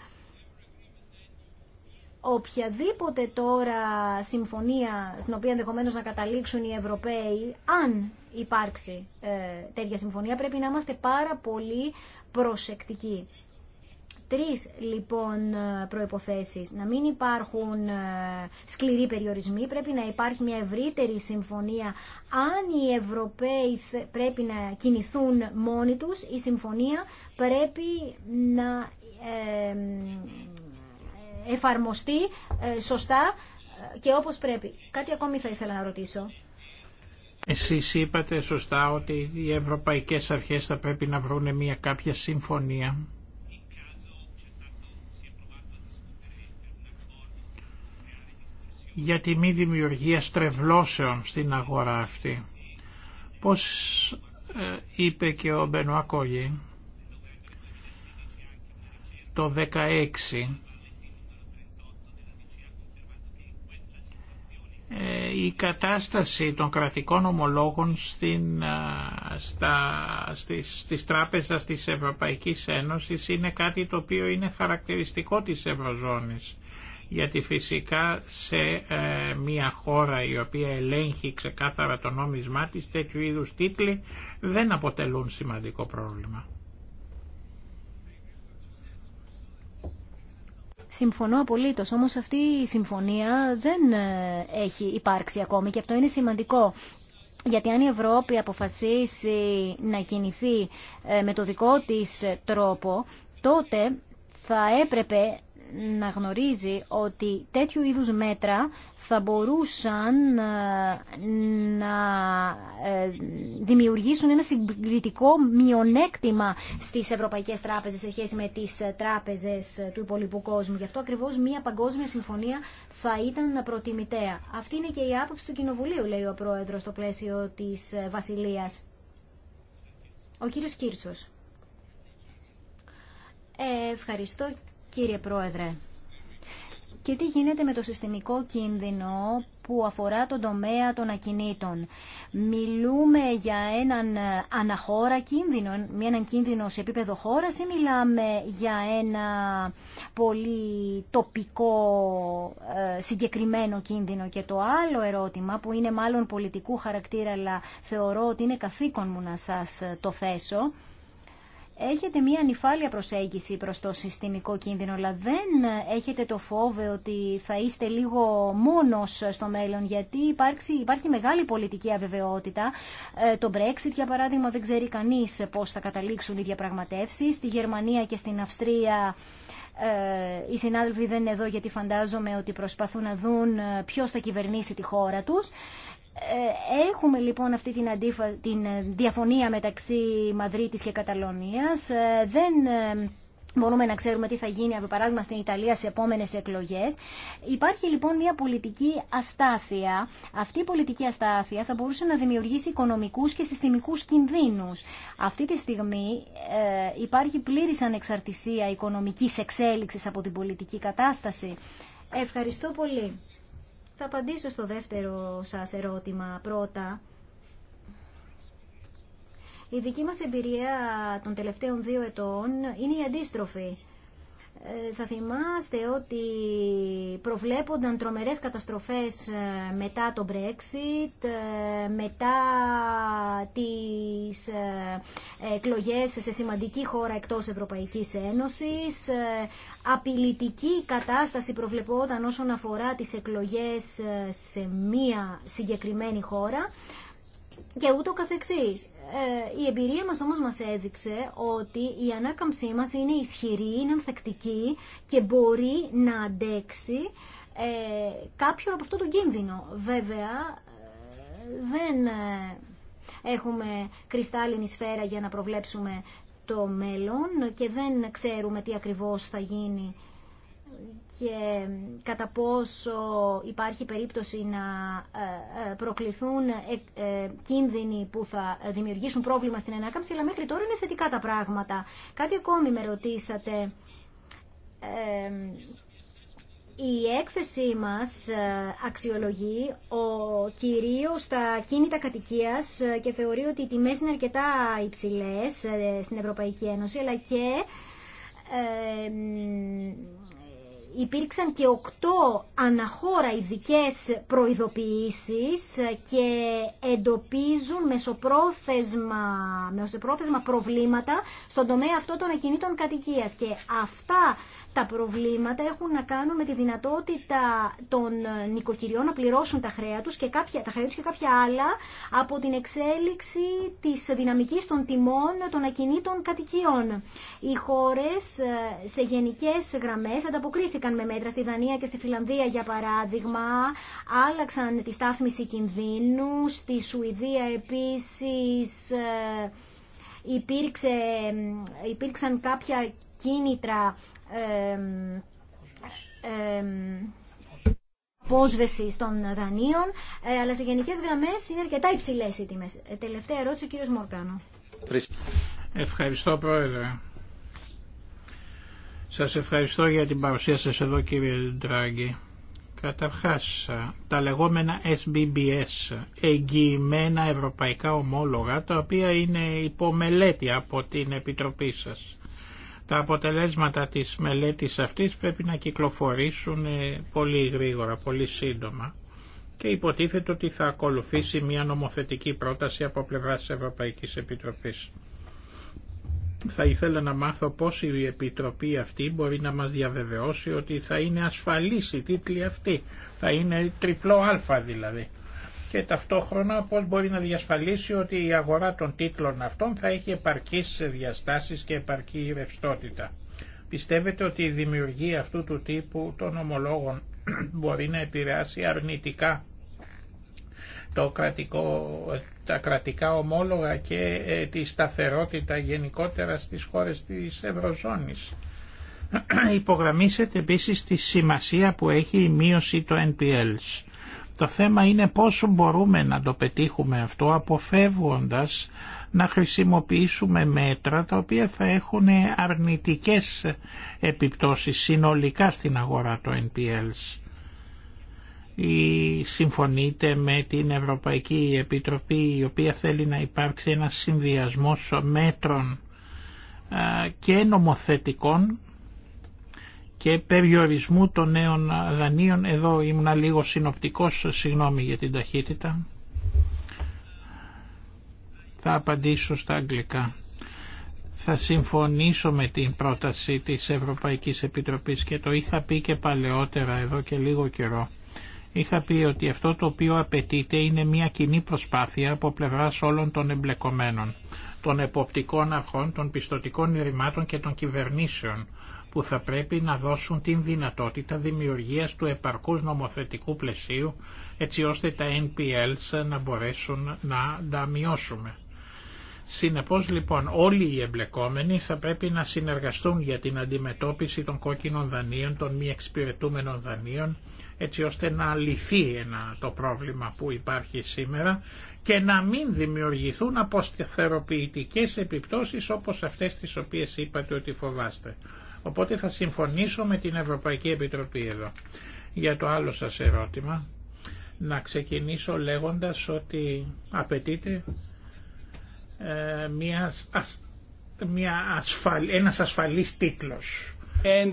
Οποιαδήποτε τώρα συμφωνία στην οποία ενδεχομένως να καταλήξουν οι Ευρωπαίοι, αν υπάρξει ε, τέτοια συμφωνία, πρέπει να είμαστε πάρα πολύ προσεκτικοί τρεις λοιπόν ε, προϋποθέσεις. Να μην υπάρχουν ε, σκληροί περιορισμοί, πρέπει να υπάρχει μια ευρύτερη συμφωνία. Αν οι Ευρωπαίοι πρέπει να κινηθούν μόνοι τους, η συμφωνία πρέπει να εφαρμοστεί ε, σωστά και όπως πρέπει. Κάτι ακόμη θα ήθελα να ρωτήσω. Εσείς είπατε σωστά ότι οι ευρωπαϊκές αρχές θα πρέπει να βρουν μια κάποια συμφωνία για τη μη δημιουργία στρεβλώσεων στην αγορά αυτή. Πώς ε, είπε και ο Μπενουά το 16 ε, η κατάσταση των κρατικών ομολόγων στην, ε, στα, στις, στις τράπεζες της Ευρωπαϊκής Ένωσης είναι κάτι το οποίο είναι χαρακτηριστικό της Ευρωζώνης γιατί φυσικά σε ε, μια χώρα η οποία ελέγχει ξεκάθαρα το νόμισμά της τέτοιου είδους τίτλοι δεν αποτελούν σημαντικό πρόβλημα. Συμφωνώ απολύτω. όμως αυτή η συμφωνία δεν ε, έχει υπάρξει ακόμη και αυτό είναι σημαντικό. Γιατί αν η Ευρώπη αποφασίσει να κινηθεί ε, με το δικό της τρόπο, τότε θα έπρεπε να γνωρίζει ότι τέτοιου είδους μέτρα θα μπορούσαν ε, να ε, δημιουργήσουν ένα συγκριτικό μειονέκτημα στις ευρωπαϊκές τράπεζες σε σχέση με τις ε, τράπεζες του υπολοιπού κόσμου. Γι' αυτό ακριβώς μια παγκόσμια συμφωνία θα ήταν προτιμητέα. Αυτή είναι και η άποψη του Κοινοβουλίου, λέει ο Πρόεδρος, στο πλαίσιο της Βασιλείας. Ο κύριος Κύρτσος. Ε, ευχαριστώ κύριε Πρόεδρε. Και τι γίνεται με το συστημικό κίνδυνο που αφορά τον τομέα των ακινήτων. Μιλούμε για έναν αναχώρα κίνδυνο, έναν κίνδυνο σε επίπεδο χώρας ή μιλάμε για ένα πολύ τοπικό ε, συγκεκριμένο κίνδυνο. Και το άλλο ερώτημα που είναι μάλλον πολιτικού χαρακτήρα αλλά θεωρώ ότι είναι καθήκον μου να σας το θέσω έχετε μία ανυφάλια προσέγγιση προς το συστημικό κίνδυνο, αλλά δεν έχετε το φόβο ότι θα είστε λίγο μόνος στο μέλλον, γιατί υπάρχει μεγάλη πολιτική αβεβαιότητα. Ε, το Brexit, για παράδειγμα, δεν ξέρει κανείς πώς θα καταλήξουν οι διαπραγματεύσεις. Στη Γερμανία και στην Αυστρία ε, οι συνάδελφοι δεν είναι εδώ γιατί φαντάζομαι ότι προσπαθούν να δουν ε, ποιος θα κυβερνήσει τη χώρα τους. Ε, έχουμε λοιπόν αυτή την, αντίφα... την ε, διαφωνία μεταξύ Μαδρίτης και Καταλωνίας. Ε, δεν μπορούμε να ξέρουμε τι θα γίνει, από παράδειγμα, στην Ιταλία σε επόμενες εκλογές. Υπάρχει λοιπόν μια πολιτική αστάθεια. Αυτή η πολιτική αστάθεια θα μπορούσε να δημιουργήσει οικονομικούς και συστημικούς κινδύνους. Αυτή τη στιγμή υπάρχει πλήρης ανεξαρτησία οικονομικής εξέλιξης από την πολιτική κατάσταση. Ευχαριστώ πολύ. Θα απαντήσω στο δεύτερο σας ερώτημα πρώτα. Η δική μας εμπειρία των τελευταίων δύο ετών είναι η αντίστροφη. Ε, θα θυμάστε ότι προβλέπονταν τρομερές καταστροφές ε, μετά το Brexit, ε, μετά τις εκλογές σε σημαντική χώρα εκτός Ευρωπαϊκής Ένωσης. Απειλητική κατάσταση προβλεπόταν όσον αφορά τις εκλογές σε μία συγκεκριμένη χώρα και ούτω καθεξής. Ε, η εμπειρία μας όμως μας έδειξε ότι η ανάκαμψή μας είναι ισχυρή, είναι ανθεκτική και μπορεί να αντέξει ε, κάποιον από αυτό το κίνδυνο. Βέβαια, ε, δεν έχουμε κρυστάλλινη σφαίρα για να προβλέψουμε το μέλλον και δεν ξέρουμε τι ακριβώς θα γίνει και κατά πόσο υπάρχει περίπτωση να ε, ε, προκληθούν ε, κίνδυνοι που θα δημιουργήσουν πρόβλημα στην ανάκαμψη, αλλά μέχρι τώρα είναι θετικά τα πράγματα. Κάτι ακόμη με ρωτήσατε. Η έκθεσή μας αξιολογεί ο κυρίως τα κίνητα κατοικίας και θεωρεί ότι οι τιμές είναι αρκετά υψηλές στην Ευρωπαϊκή Ένωση, αλλά και υπήρξαν και οκτώ αναχώρα ειδικέ προειδοποιήσεις και εντοπίζουν μεσοπρόθεσμα, μεσοπρόθεσμα προβλήματα στον τομέα αυτό των ακινήτων κατοικίας. Και αυτά τα προβλήματα έχουν να κάνουν με τη δυνατότητα των νοικοκυριών να πληρώσουν τα χρέα τους και κάποια, τα χρέα τους και κάποια άλλα από την εξέλιξη της δυναμικής των τιμών των ακινήτων κατοικιών. Οι χώρες ε, σε γενικές γραμμές ανταποκρίθηκαν με μέτρα στη Δανία και στη Φιλανδία για παράδειγμα, άλλαξαν τη στάθμιση κινδύνου, στη Σουηδία επίσης ε, ε, υπήρξαν κάποια κίνητρα απόσβεση των δανείων, ε, αλλά σε γενικέ γραμμέ είναι αρκετά υψηλέ οι τιμέ. Ε, τελευταία ερώτηση, ο κύριο Μορκάνο. Ευχαριστώ, Πρόεδρε. Σα ευχαριστώ για την παρουσία σα εδώ κύριε Ντράγκη. Καταρχά τα λεγόμενα SBBS, εγγυημένα ευρωπαϊκά ομόλογα, τα οποία είναι υπομελέτη από την Επιτροπή σας. Τα αποτελέσματα της μελέτης αυτής πρέπει να κυκλοφορήσουν ε, πολύ γρήγορα, πολύ σύντομα και υποτίθεται ότι θα ακολουθήσει μια νομοθετική πρόταση από πλευρά πλευράς Ευρωπαϊκής Επιτροπής. Θα ήθελα να μάθω πώς η Επιτροπή αυτή μπορεί να μας διαβεβαιώσει ότι θα είναι ασφαλής η τίτλη αυτή. Θα είναι τριπλό αλφα δηλαδή και ταυτόχρονα πώς μπορεί να διασφαλίσει ότι η αγορά των τίτλων αυτών θα έχει επαρκείς διαστάσεις και επαρκή ρευστότητα. Πιστεύετε ότι η δημιουργία αυτού του τύπου των ομολόγων [clears throat] μπορεί να επηρεάσει αρνητικά τα κρατικά ομόλογα και ε, τη σταθερότητα γενικότερα στις χώρες της Ευρωζώνης. [clears throat] Υπογραμμίσετε επίσης τη σημασία που έχει η μείωση των NPLs. Το θέμα είναι πόσο μπορούμε να το πετύχουμε αυτό αποφεύγοντας να χρησιμοποιήσουμε μέτρα τα οποία θα έχουν αρνητικές επιπτώσεις συνολικά στην αγορά των NPLs ή συμφωνείτε με την Ευρωπαϊκή Επιτροπή η οποία θέλει να υπάρξει ένας συνδυασμός μέτρων και νομοθετικών και περιορισμού των νέων δανείων. Εδώ ήμουν λίγο συνοπτικός, συγγνώμη για την ταχύτητα. Θα απαντήσω στα αγγλικά. Θα συμφωνήσω με την πρόταση της Ευρωπαϊκής Επιτροπής και το είχα πει και παλαιότερα εδώ και λίγο καιρό. Είχα πει ότι αυτό το οποίο απαιτείται είναι μια κοινή προσπάθεια από πλευράς όλων των εμπλεκομένων των εποπτικών αρχών, των πιστοτικών ηρημάτων και των κυβερνήσεων που θα πρέπει να δώσουν την δυνατότητα δημιουργίας του επαρκούς νομοθετικού πλαισίου έτσι ώστε τα NPLs να μπορέσουν να τα μειώσουμε. Συνεπώς λοιπόν όλοι οι εμπλεκόμενοι θα πρέπει να συνεργαστούν για την αντιμετώπιση των κόκκινων δανείων, των μη εξυπηρετούμενων δανείων, έτσι ώστε να λυθεί το πρόβλημα που υπάρχει σήμερα και να μην δημιουργηθούν αποστεθεροποιητικές επιπτώσεις όπως αυτές τις οποίες είπατε ότι φοβάστε. Οπότε θα συμφωνήσω με την Ευρωπαϊκή Επιτροπή εδώ. Για το άλλο σας ερώτημα, να ξεκινήσω λέγοντας ότι απαιτείται ε, μια, ασφαλ, ένας ασφαλής τίτλος. Ε,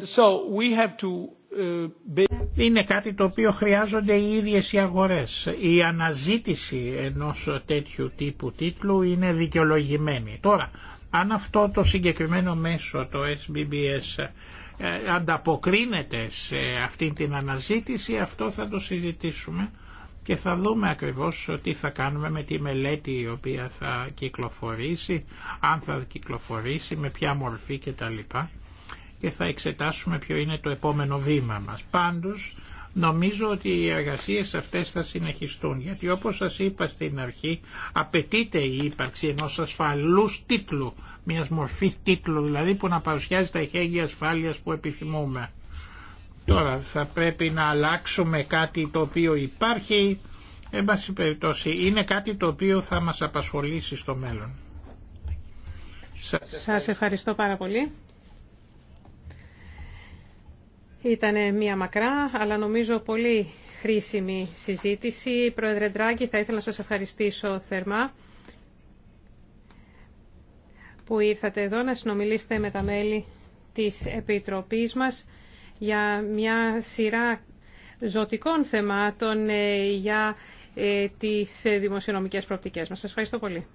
είναι κάτι το οποίο χρειάζονται οι ίδιες οι αγορές. Η αναζήτηση ενός τέτοιου τύπου τίτλου είναι δικαιολογημένη. Τώρα, αν αυτό το συγκεκριμένο μέσο, το SBBS, ε, ανταποκρίνεται σε αυτή την αναζήτηση, αυτό θα το συζητήσουμε και θα δούμε ακριβώς τι θα κάνουμε με τη μελέτη η οποία θα κυκλοφορήσει, αν θα κυκλοφορήσει, με ποια μορφή κτλ. Και θα εξετάσουμε ποιο είναι το επόμενο βήμα μας. Πάντως, νομίζω ότι οι εργασίες αυτές θα συνεχιστούν, γιατί όπως σας είπα στην αρχή, απαιτείται η ύπαρξη ενός ασφαλούς τίτλου μιας μορφής τίτλου δηλαδή που να παρουσιάζει τα ηχέγγυα ασφάλεια που επιθυμούμε. Τώρα θα πρέπει να αλλάξουμε κάτι το οποίο υπάρχει, εν πάση περιπτώσει είναι κάτι το οποίο θα μας απασχολήσει στο μέλλον. Σας ευχαριστώ πάρα πολύ. Ήταν μια μακρά, αλλά νομίζω πολύ χρήσιμη συζήτηση. Πρόεδρε Ντράγκη, θα ήθελα να σας ευχαριστήσω θερμά που ήρθατε εδώ να συνομιλήσετε με τα μέλη της Επιτροπής μας για μια σειρά ζωτικών θεμάτων ε, για ε, τις δημοσιονομικές προοπτικές μας. Σας ευχαριστώ πολύ.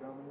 Germany.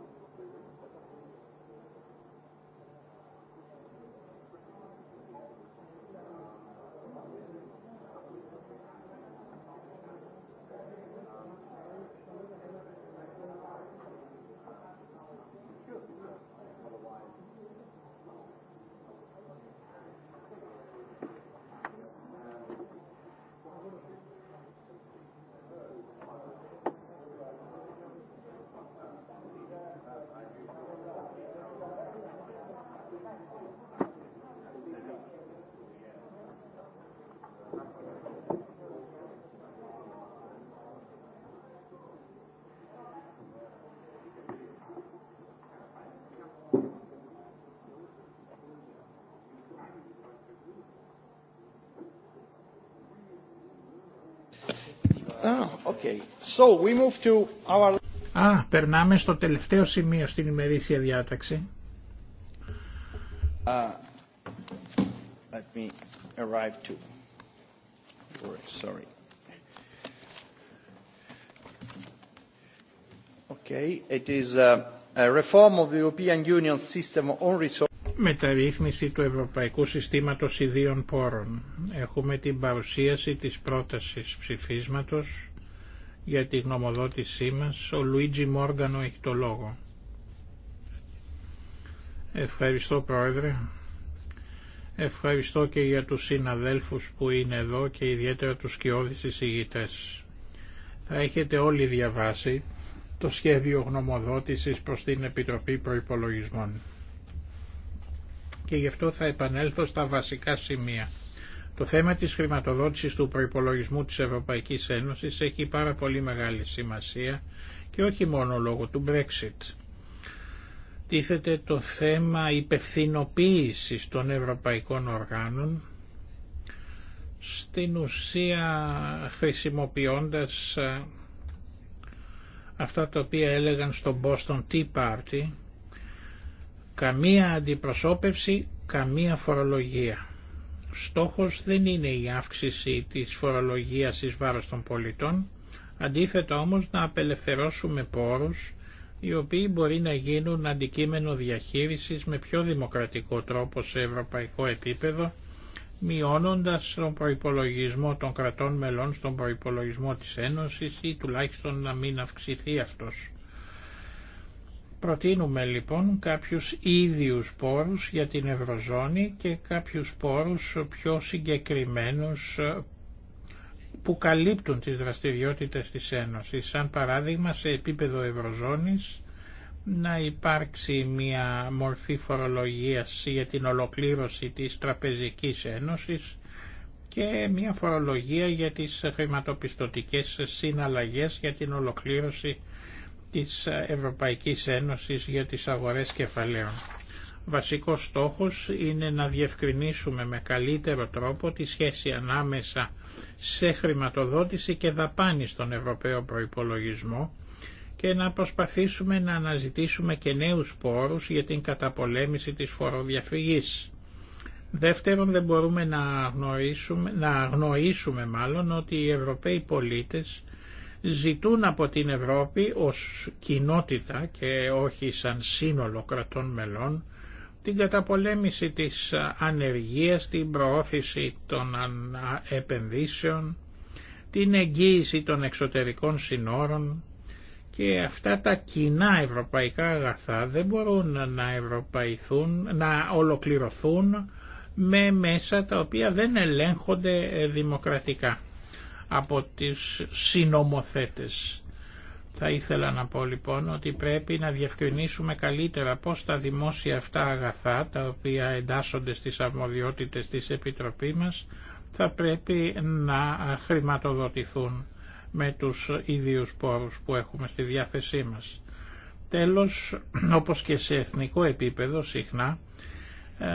Okay. Α, περνάμε στο τελευταίο σημείο στην ημερήσια διάταξη. Uh, μεταρρύθμιση του Ευρωπαϊκού Συστήματος Ιδίων Πόρων. Έχουμε την παρουσίαση της πρότασης ψηφίσματος για τη γνωμοδότησή μας. Ο Λουίτζι Μόργανο έχει το λόγο. Ευχαριστώ Πρόεδρε. Ευχαριστώ και για τους συναδέλφους που είναι εδώ και ιδιαίτερα τους σκιώδεις εισηγητές. Θα έχετε όλοι διαβάσει το σχέδιο γνωμοδότησης προς την Επιτροπή Προϋπολογισμών. Και γι' αυτό θα επανέλθω στα βασικά σημεία. Το θέμα της χρηματοδότησης του προϋπολογισμού της Ευρωπαϊκής Ένωσης έχει πάρα πολύ μεγάλη σημασία και όχι μόνο λόγω του Brexit. Τίθεται το θέμα υπευθυνοποίησης των ευρωπαϊκών οργάνων στην ουσία χρησιμοποιώντας ε, αυτά τα οποία έλεγαν στο Boston Tea Party καμία αντιπροσώπευση, καμία φορολογία. Στόχος δεν είναι η αύξηση της φορολογίας εις βάρος των πολιτών, αντίθετα όμως να απελευθερώσουμε πόρους οι οποίοι μπορεί να γίνουν αντικείμενο διαχείρισης με πιο δημοκρατικό τρόπο σε ευρωπαϊκό επίπεδο, μειώνοντας τον προϋπολογισμό των κρατών μελών στον προϋπολογισμό της Ένωσης ή τουλάχιστον να μην αυξηθεί αυτός. Προτείνουμε λοιπόν κάποιους ίδιους πόρους για την Ευρωζώνη και κάποιους πόρους πιο συγκεκριμένους ε, που καλύπτουν τις δραστηριότητες της Ένωσης. Σαν παράδειγμα σε επίπεδο Ευρωζώνης να υπάρξει μια μορφή φορολογίας για την ολοκλήρωση της Τραπεζικής Ένωσης και μια φορολογία για τις χρηματοπιστωτικές συναλλαγές για την ολοκλήρωση της Ευρωπαϊκής Ένωσης για τις αγορές κεφαλαίων. Βασικός στόχος είναι να διευκρινίσουμε με καλύτερο τρόπο τη σχέση ανάμεσα σε χρηματοδότηση και δαπάνη στον Ευρωπαίο προϋπολογισμό και να προσπαθήσουμε να αναζητήσουμε και νέους πόρους για την καταπολέμηση της φοροδιαφυγής. Δεύτερον, δεν μπορούμε να αγνοήσουμε, να μάλλον ότι οι Ευρωπαίοι πολίτες ζητούν από την Ευρώπη ως κοινότητα και όχι σαν σύνολο κρατών μελών την καταπολέμηση της ανεργίας, την προώθηση των επενδύσεων, την εγγύηση των εξωτερικών συνόρων και αυτά τα κοινά ευρωπαϊκά αγαθά δεν μπορούν να, ευρωπαϊθούν, να ολοκληρωθούν με μέσα τα οποία δεν ελέγχονται δημοκρατικά από τις συνομοθέτες. Θα ήθελα να πω λοιπόν ότι πρέπει να διευκρινίσουμε καλύτερα πώς τα δημόσια αυτά αγαθά, τα οποία εντάσσονται στις αρμοδιότητες της Επιτροπή μας, θα πρέπει να χρηματοδοτηθούν με τους ίδιους πόρους που έχουμε στη διάθεσή μας. Τέλος, όπως και σε εθνικό επίπεδο συχνά, ε,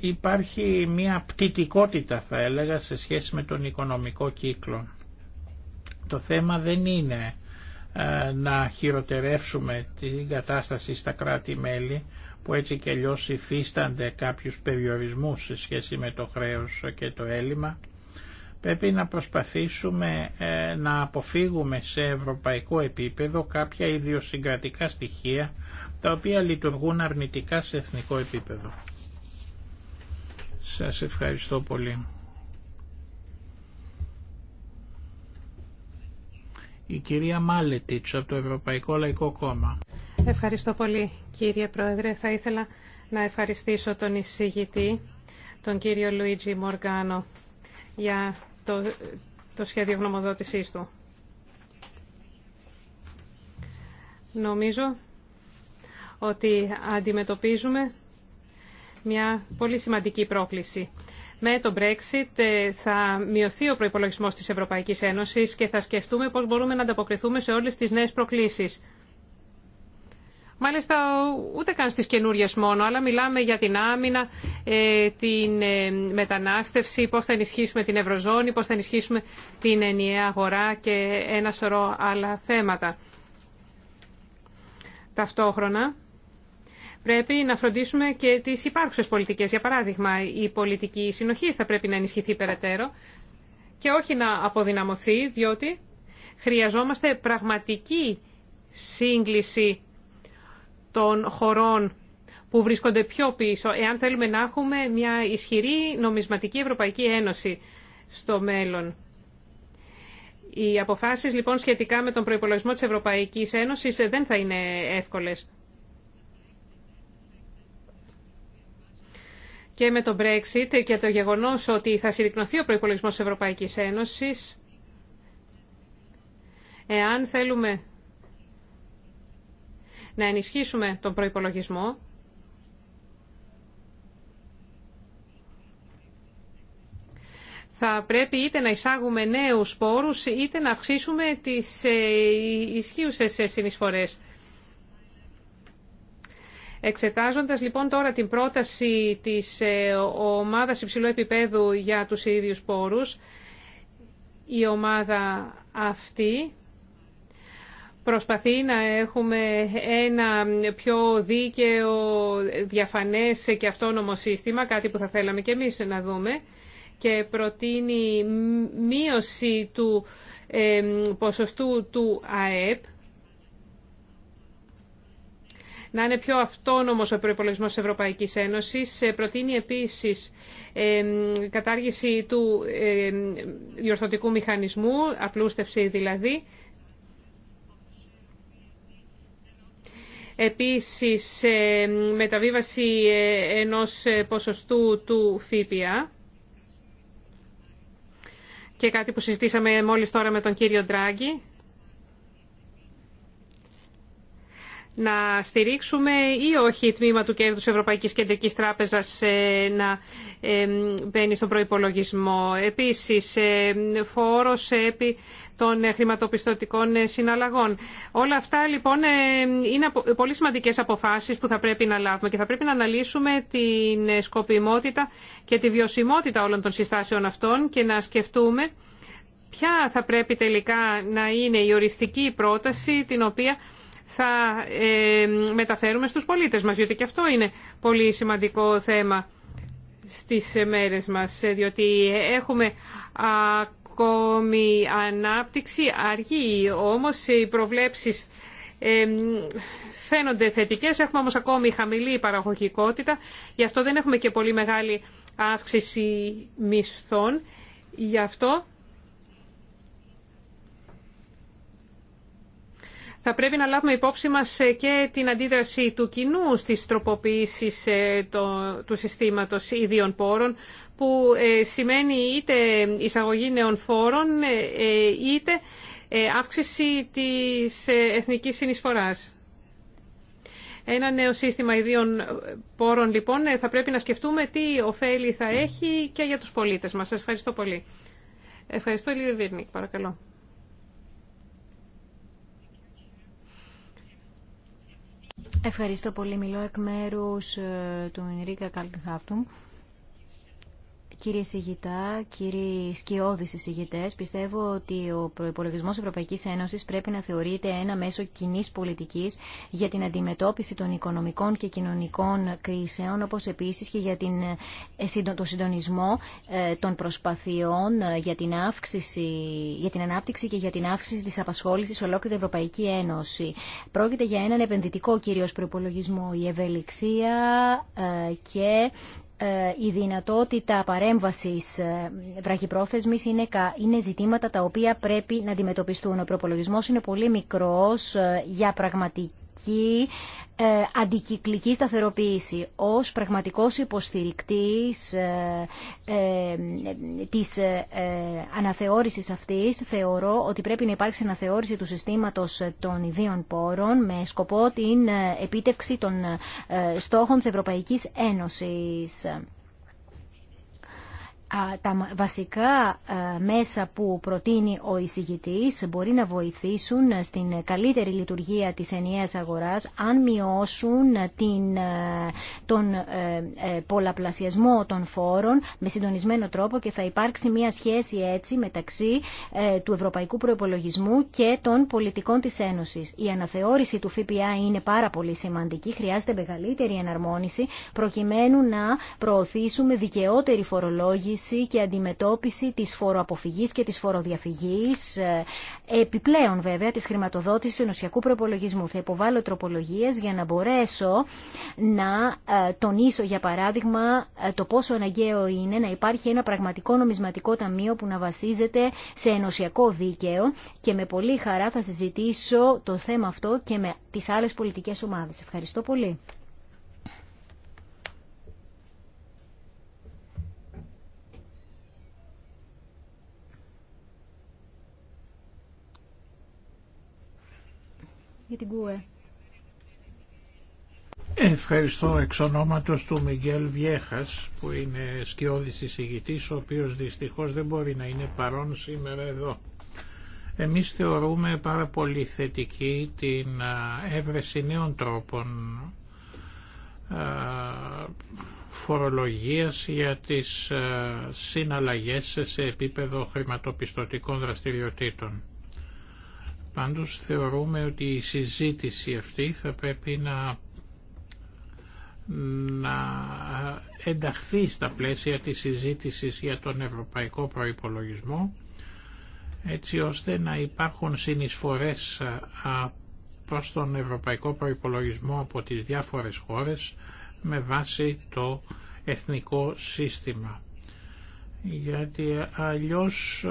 υπάρχει μια πτυτικότητα θα έλεγα σε σχέση με τον οικονομικό κύκλο. Το θέμα δεν είναι ε, να χειροτερεύσουμε την κατάσταση στα κράτη-μέλη που έτσι και αλλιώ υφίστανται κάποιους περιορισμούς σε σχέση με το χρέος και το έλλειμμα. Πρέπει να προσπαθήσουμε ε, να αποφύγουμε σε ευρωπαϊκό επίπεδο κάποια ιδιοσυγκρατικά στοιχεία τα οποία λειτουργούν αρνητικά σε εθνικό επίπεδο. Σας ευχαριστώ πολύ. Η κυρία Μάλετιτς από το Ευρωπαϊκό Λαϊκό Κόμμα. Ευχαριστώ πολύ κύριε Πρόεδρε. Θα ήθελα να ευχαριστήσω τον εισηγητή, τον κύριο Λουίτζι Μοργάνο, για το, το σχέδιο γνωμοδότησής του. Νομίζω ότι αντιμετωπίζουμε μια πολύ σημαντική πρόκληση. Με το Brexit ε, θα μειωθεί ο προπολογισμό τη Ευρωπαϊκή Ένωσης και θα σκεφτούμε πώς μπορούμε να ανταποκριθούμε σε όλες τις νέες προκλήσεις. Μάλιστα ούτε καν στις καινούριε μόνο, αλλά μιλάμε για την άμυνα, ε, την ε, μετανάστευση, πώς θα ενισχύσουμε την Ευρωζώνη, πώς θα ενισχύσουμε την ενιαία αγορά και ένα σωρό άλλα θέματα. Ταυτόχρονα πρέπει να φροντίσουμε και τις υπάρχουσες πολιτικές. Για παράδειγμα, η πολιτική συνοχή θα πρέπει να ενισχυθεί περαιτέρω και όχι να αποδυναμωθεί, διότι χρειαζόμαστε πραγματική σύγκληση των χωρών που βρίσκονται πιο πίσω, εάν θέλουμε να έχουμε μια ισχυρή νομισματική Ευρωπαϊκή Ένωση στο μέλλον. Οι αποφάσεις λοιπόν σχετικά με τον προϋπολογισμό της Ευρωπαϊκής Ένωσης δεν θα είναι εύκολες. και με το Brexit και το γεγονός ότι θα συρρυκνωθεί ο προϋπολογισμός της Ευρωπαϊκής Ένωσης, εάν θέλουμε να ενισχύσουμε τον προϋπολογισμό, θα πρέπει είτε να εισάγουμε νέους πόρους είτε να αυξήσουμε τις ε, ισχύουσες συνεισφορές. Εξετάζοντας λοιπόν τώρα την πρόταση της ε, ομάδας υψηλού επίπεδου για τους ίδιους πόρους, η ομάδα αυτή προσπαθεί να έχουμε ένα πιο δίκαιο, διαφανές και αυτόνομο σύστημα, κάτι που θα θέλαμε και εμείς να δούμε, και προτείνει μείωση του ε, ποσοστού του ΑΕΠ να είναι πιο αυτόνομος ο προπολογισμό της Ευρωπαϊκής Ένωσης. Ε, προτείνει επίσης κατάργηση του διορθωτικού μηχανισμού, απλούστευση δηλαδή. Επίσης, μεταβίβαση ε, ενός ε, ποσοστού του ΦΠΑ και κάτι που συζητήσαμε μόλις τώρα με τον κύριο Ντράγκη. να στηρίξουμε ή όχι τμήμα του κέρδους Ευρωπαϊκής Κεντρικής Τράπεζας να μπαίνει στον προϋπολογισμό. Επίσης, φόρος επί των χρηματοπιστωτικών συναλλαγών. Όλα αυτά λοιπόν είναι πολύ σημαντικές αποφάσεις που θα πρέπει να λάβουμε και θα πρέπει να αναλύσουμε την σκοπιμότητα και τη βιωσιμότητα όλων των συστάσεων αυτών και να σκεφτούμε ποια θα πρέπει τελικά να είναι η οριστική πρόταση την οποία θα ε, μεταφέρουμε στους πολίτες μας, διότι και αυτό είναι πολύ σημαντικό θέμα στις μέρες μας, ε, διότι έχουμε ακόμη ανάπτυξη αργή, όμως οι προβλέψεις ε, φαίνονται θετικές, έχουμε όμως ακόμη χαμηλή παραγωγικότητα, γι' αυτό δεν έχουμε και πολύ μεγάλη αύξηση μισθών, γι' αυτό θα πρέπει να λάβουμε υπόψη μας ε, και την αντίδραση του κοινού στις τροποποιήσεις ε, του συστήματος ιδίων πόρων που ε, σημαίνει είτε εισαγωγή νέων φόρων είτε αύξηση της εθνικής συνεισφοράς. Ένα νέο σύστημα ιδίων πόρων λοιπόν θα πρέπει να σκεφτούμε τι ωφέλη θα έχει και για τους πολίτες μας. Σας ευχαριστώ πολύ. Ευχαριστώ Λίδη Βίρνικ, παρακαλώ. Ευχαριστώ πολύ. Μιλώ εκ μέρου ε, του Ενρίκα Καλκχάφτουμ, Κύριε Σιγητά, κύριοι σκιώδη εισηγητέ, πιστεύω ότι ο προπολογισμό Ευρωπαϊκή Ένωση πρέπει να θεωρείται ένα μέσο κοινή πολιτική για την αντιμετώπιση των οικονομικών και κοινωνικών κρίσεων, όπω επίση και για την, ε, το συντονισμό ε, των προσπαθειών ε, για την, αύξηση, για την ανάπτυξη και για την αύξηση της απασχόλησης ολόκληρη Ευρωπαϊκή Ένωση. Πρόκειται για έναν επενδυτικό κύριο προπολογισμό, η ευελιξία και ε, η δυνατότητα παρέμβασης ε, βραχυπρόθεσμης είναι, είναι ζητήματα τα οποία πρέπει να αντιμετωπιστούν. Ο προπολογισμός είναι πολύ μικρός ε, για πραγματική και ε, αντικυκλική σταθεροποίηση ως πραγματικός υποστηρικτής ε, ε, της αναθεώρησης αυτής θεωρώ ότι πρέπει να υπάρξει αναθεώρηση του συστήματος των ιδίων πόρων με σκοπό την επίτευξη των στόχων της Ευρωπαϊκής Ένωσης τα βασικά μέσα που προτείνει ο εισηγητής μπορεί να βοηθήσουν στην καλύτερη λειτουργία της ενιαίας αγοράς αν μειώσουν την, τον ε, ε, πολλαπλασιασμό των φόρων με συντονισμένο τρόπο και θα υπάρξει μια σχέση έτσι μεταξύ ε, του ευρωπαϊκού προϋπολογισμού και των πολιτικών της Ένωσης. Η αναθεώρηση του ΦΠΑ είναι πάρα πολύ σημαντική, χρειάζεται μεγαλύτερη εναρμόνιση προκειμένου να προωθήσουμε δικαιότερη φορολόγηση και αντιμετώπιση της φοροαποφυγής και της φοροδιαφυγής, ε, επιπλέον βέβαια της χρηματοδότησης του ενωσιακού προπολογισμού. Θα υποβάλω τροπολογίες για να μπορέσω να ε, τονίσω για παράδειγμα ε, το πόσο αναγκαίο είναι να υπάρχει ένα πραγματικό νομισματικό ταμείο που να βασίζεται σε ενωσιακό δίκαιο και με πολύ χαρά θα συζητήσω το θέμα αυτό και με τις άλλες πολιτικές ομάδες. Ευχαριστώ πολύ. Ευχαριστώ εξ ονόματος του Μιγγέλ Βιέχας που είναι σκιώδης εισηγητής ο οποίος δυστυχώς δεν μπορεί να είναι παρόν σήμερα εδώ. Εμείς θεωρούμε πάρα πολύ θετική την έβρεση νέων τρόπων φορολογίας για τις συναλλαγές σε επίπεδο χρηματοπιστωτικών δραστηριοτήτων. Πάντως θεωρούμε ότι η συζήτηση αυτή θα πρέπει να, να ενταχθεί στα πλαίσια της συζήτησης για τον ευρωπαϊκό προϋπολογισμό έτσι ώστε να υπάρχουν συνεισφορές προς τον ευρωπαϊκό προϋπολογισμό από τις διάφορες χώρες με βάση το εθνικό σύστημα γιατί αλλιώς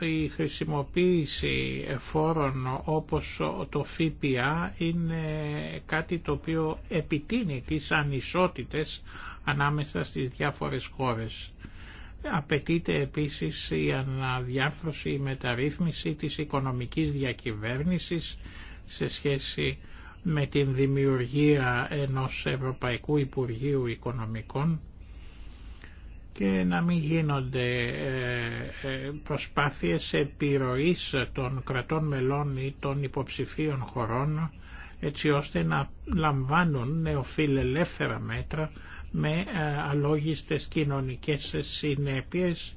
η χρησιμοποίηση φόρων όπως το ΦΠΑ είναι κάτι το οποίο επιτείνει τις ανισότητες ανάμεσα στις διάφορες χώρες. Απαιτείται επίσης η αναδιάρθρωση, η μεταρρύθμιση της οικονομικής διακυβέρνησης σε σχέση με την δημιουργία ενός Ευρωπαϊκού Υπουργείου Οικονομικών και να μην γίνονται ε, ε, προσπάθειες επιρροής των κρατών μελών ή των υποψηφίων χωρών έτσι ώστε να λαμβάνουν νεοφιλελεύθερα μέτρα με ε, αλόγιστες κοινωνικές συνέπειες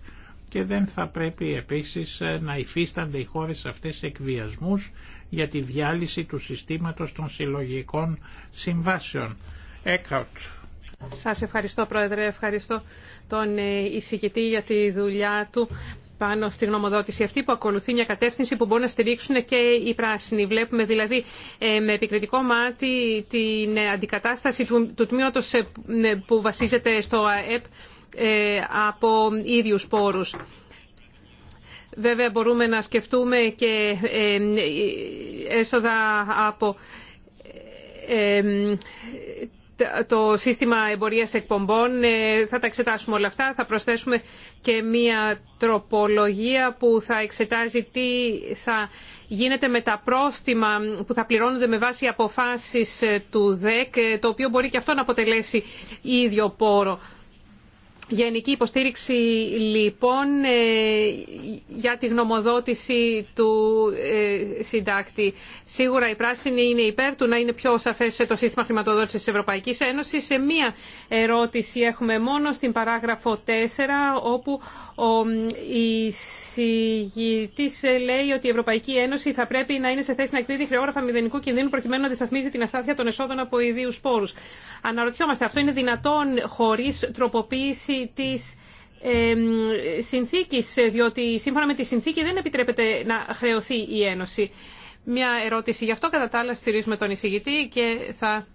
και δεν θα πρέπει επίσης να υφίστανται οι χώρες αυτές εκβιασμούς για τη διάλυση του συστήματος των συλλογικών συμβάσεων. Σας ευχαριστώ Πρόεδρε, ευχαριστώ τον ε, εισηγητή για τη δουλειά του πάνω στη γνωμοδότηση αυτή που ακολουθεί μια κατεύθυνση που μπορεί να στηρίξουν και οι πράσινοι. Βλέπουμε δηλαδή ε, με επικριτικό μάτι την αντικατάσταση του, του τμήματος ε, ναι, που βασίζεται στο ΑΕΠ από ίδιους πόρους. Βέβαια μπορούμε να σκεφτούμε και έσοδα από το σύστημα εμπορίας εκπομπών. Ε, θα τα εξετάσουμε όλα αυτά. Θα προσθέσουμε και μία τροπολογία που θα εξετάζει τι θα γίνεται με τα πρόστιμα που θα πληρώνονται με βάση αποφάσεις ε, του ΔΕΚ, ε, το οποίο μπορεί και αυτό να αποτελέσει ίδιο πόρο. Γενική υποστήριξη λοιπόν ε, για τη γνωμοδότηση του ε, συντάκτη. Σίγουρα η πράσινη είναι υπέρ του να είναι πιο σαφές το σύστημα χρηματοδότησης της Ευρωπαϊκής Ένωσης. Σε μία ερώτηση έχουμε μόνο στην παράγραφο 4 όπου ο εισηγητής ε, λέει ότι η Ευρωπαϊκή Ένωση θα πρέπει να είναι σε θέση να εκδίδει χρεόγραφα μηδενικού κινδύνου προκειμένου να αντισταθμίζει την αστάθεια των εσόδων από ιδίου πόρου. Αναρωτιόμαστε, αυτό είναι δυνατόν χωρί τροποποίηση τη ε, συνθήκης, διότι σύμφωνα με τη συνθήκη δεν επιτρέπεται να χρεωθεί η Ένωση. Μια ερώτηση γι' αυτό κατά τα άλλα στηρίζουμε τον εισηγητή και θα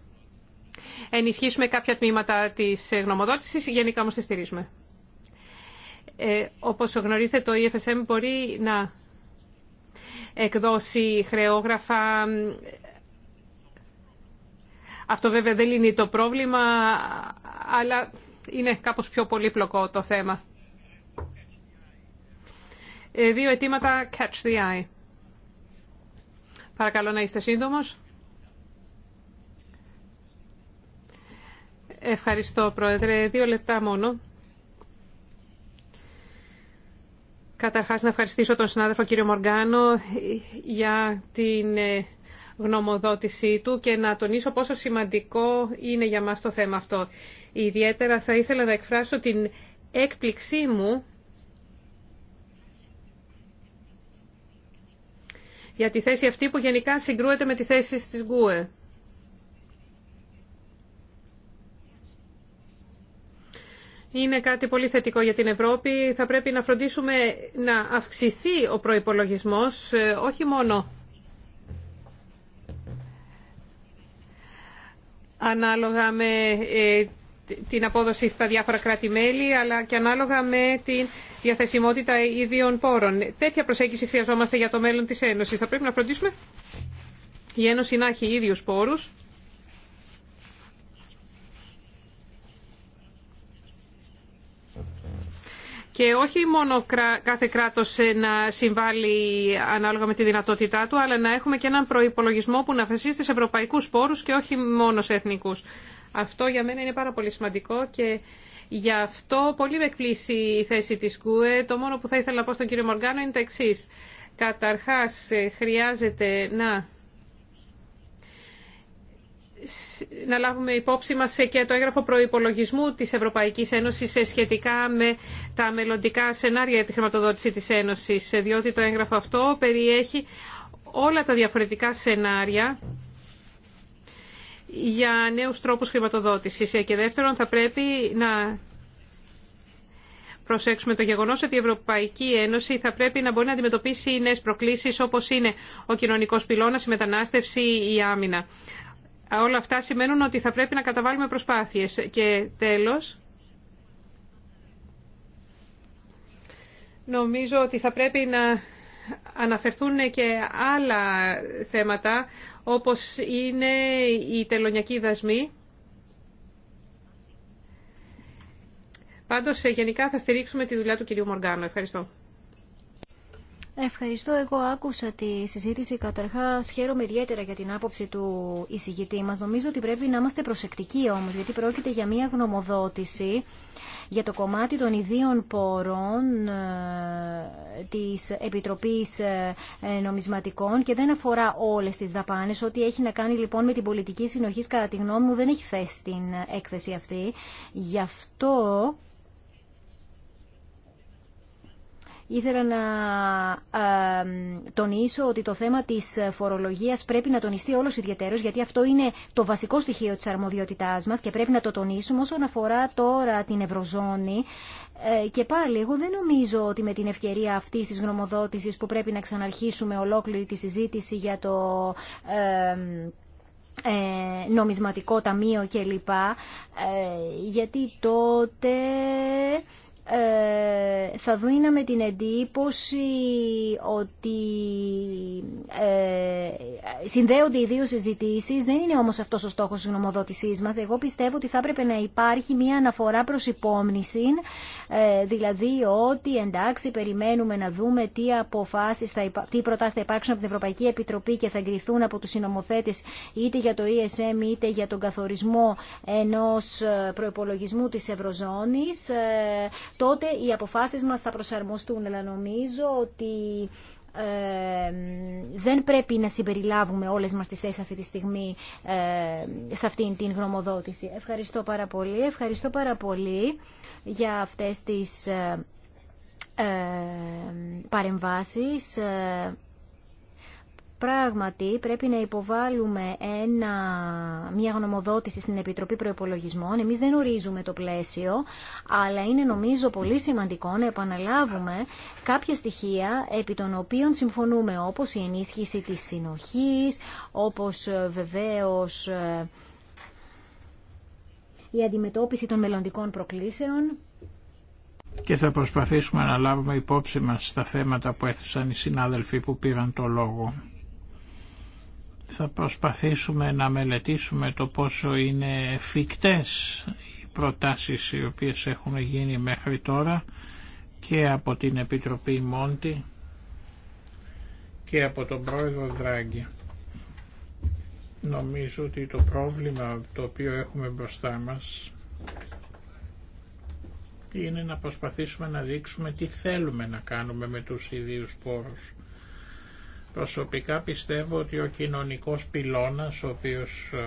ενισχύσουμε κάποια τμήματα της ε, γνωμοδότησης. Γενικά όμως τη στηρίζουμε. Ε, όπως γνωρίζετε το EFSM μπορεί να εκδώσει χρεόγραφα. Αυτό βέβαια δεν λύνει το πρόβλημα, αλλά είναι κάπως πιο πολύπλοκο το θέμα. Ε, δύο αιτήματα catch the eye. Παρακαλώ να είστε σύντομος. Ευχαριστώ, Πρόεδρε. Δύο λεπτά μόνο. Καταρχάς να ευχαριστήσω τον συνάδελφο κύριο Μοργάνο ε, για την ε, γνωμοδότησή του και να τονίσω πόσο σημαντικό είναι για μας το θέμα αυτό. Ιδιαίτερα θα ήθελα να εκφράσω την έκπληξή μου για τη θέση αυτή που γενικά συγκρούεται με τη θέση της ΓΚΟΕ. είναι κάτι πολύ θετικό για την Ευρώπη. Θα πρέπει να φροντίσουμε να αυξηθεί ο προϋπολογισμός, ε, όχι μόνο ανάλογα με ε, την απόδοση στα διάφορα κράτη-μέλη, αλλά και ανάλογα με την διαθεσιμότητα ιδίων πόρων. Τέτοια προσέγγιση χρειαζόμαστε για το μέλλον της Ένωσης. Θα πρέπει να φροντίσουμε η Ένωση να έχει ίδιους πόρους και όχι μόνο κάθε κράτος ε, να συμβάλλει ανάλογα με τη δυνατότητά του, αλλά να έχουμε και έναν προπολογισμό που να βασίζεται στις ευρωπαϊκούς πόρους και όχι μόνο σε εθνικούς. Αυτό για μένα είναι πάρα πολύ σημαντικό και γι' αυτό πολύ με εκπλήσει η θέση της ΚΟΕ. Το μόνο που θα ήθελα να πω στον κύριο Μοργάνο είναι το εξή. Καταρχά ε, χρειάζεται να να λάβουμε υπόψη μας και το έγγραφο προϋπολογισμού της Ευρωπαϊκής Ένωσης σχετικά με τα μελλοντικά σενάρια για τη χρηματοδότηση της Ένωσης, διότι το έγγραφο αυτό περιέχει όλα τα διαφορετικά σενάρια για νέους τρόπους χρηματοδότησης. Και δεύτερον, θα πρέπει να προσέξουμε το γεγονό ότι η Ευρωπαϊκή Ένωση θα πρέπει να μπορεί να αντιμετωπίσει νέε προκλήσει όπω είναι ο κοινωνικό πυλώνα, η μετανάστευση, η άμυνα όλα αυτά σημαίνουν ότι θα πρέπει να καταβάλουμε προσπάθειες. Και τέλος, νομίζω ότι θα πρέπει να αναφερθούν και άλλα θέματα, όπως είναι η τελωνιακή δασμή. Πάντως, γενικά θα στηρίξουμε τη δουλειά του κυρίου Μοργάνου. Ευχαριστώ. Ευχαριστώ. Εγώ άκουσα τη συζήτηση. Καταρχά, χαίρομαι ιδιαίτερα για την άποψη του εισηγητή μα. Νομίζω ότι πρέπει να είμαστε προσεκτικοί όμω, γιατί πρόκειται για μία γνωμοδότηση για το κομμάτι των ιδίων πόρων ε, της Επιτροπής ε, ε, Νομισματικών και δεν αφορά όλες τις δαπάνες. Ό,τι έχει να κάνει λοιπόν με την πολιτική συνοχή, κατά τη γνώμη μου, δεν έχει θέση στην έκθεση αυτή. Γι' αυτό Ήθελα να ε, τονίσω ότι το θέμα της φορολογίας πρέπει να τονιστεί όλος ιδιαίτερος γιατί αυτό είναι το βασικό στοιχείο της αρμοδιότητάς μας και πρέπει να το τονίσουμε όσον αφορά τώρα την Ευρωζώνη ε, και πάλι εγώ δεν νομίζω ότι με την ευκαιρία αυτή της γνωμοδότησης που πρέπει να ξαναρχίσουμε ολόκληρη τη συζήτηση για το ε, νομισματικό ταμείο κλπ. γιατί τότε ε, θα δίναμε την εντύπωση ότι ε, συνδέονται οι δύο συζητήσεις. Δεν είναι όμως αυτός ο στόχος της νομοδότησής μας. Εγώ πιστεύω ότι θα έπρεπε να υπάρχει μια αναφορά προς υπόμνηση, ε, δηλαδή ότι εντάξει περιμένουμε να δούμε τι, αποφάσεις θα τι προτάσεις θα υπάρξουν από την Ευρωπαϊκή Επιτροπή και θα εγκριθούν από τους συνομοθέτες είτε για το ESM είτε για τον καθορισμό ενός προϋπολογισμού της Ευρωζώνης τότε οι αποφάσεις μας θα προσαρμοστούν. Αλλά νομίζω ότι δεν πρέπει να συμπεριλάβουμε όλες μας τις θέσεις αυτή τη στιγμή σε αυτήν την γνωμοδότηση. Ευχαριστώ πάρα πολύ. Ευχαριστώ πάρα πολύ για αυτές τις ε, ε παρεμβάσεις. Ε, Πράγματι, πρέπει να υποβάλουμε ένα, μια γνωμοδότηση στην Επιτροπή Προπολογισμών. Εμείς δεν ορίζουμε το πλαίσιο, αλλά είναι νομίζω πολύ σημαντικό να επαναλάβουμε κάποια στοιχεία επί των οποίων συμφωνούμε, όπως η ενίσχυση της συνοχής, όπως ε, βεβαίως ε, η αντιμετώπιση των μελλοντικών προκλήσεων. Και θα προσπαθήσουμε να λάβουμε υπόψη μας τα θέματα που έθεσαν οι συνάδελφοι που πήραν το λόγο θα προσπαθήσουμε να μελετήσουμε το πόσο είναι εφικτές οι προτάσεις οι οποίες έχουν γίνει μέχρι τώρα και από την Επιτροπή Μόντι και από τον πρόεδρο Δράγκη. Νομίζω ότι το πρόβλημα το οποίο έχουμε μπροστά μας είναι να προσπαθήσουμε να δείξουμε τι θέλουμε να κάνουμε με τους ιδίους πόρους Προσωπικά πιστεύω ότι ο κοινωνικός πυλώνας, ο οποίος ε,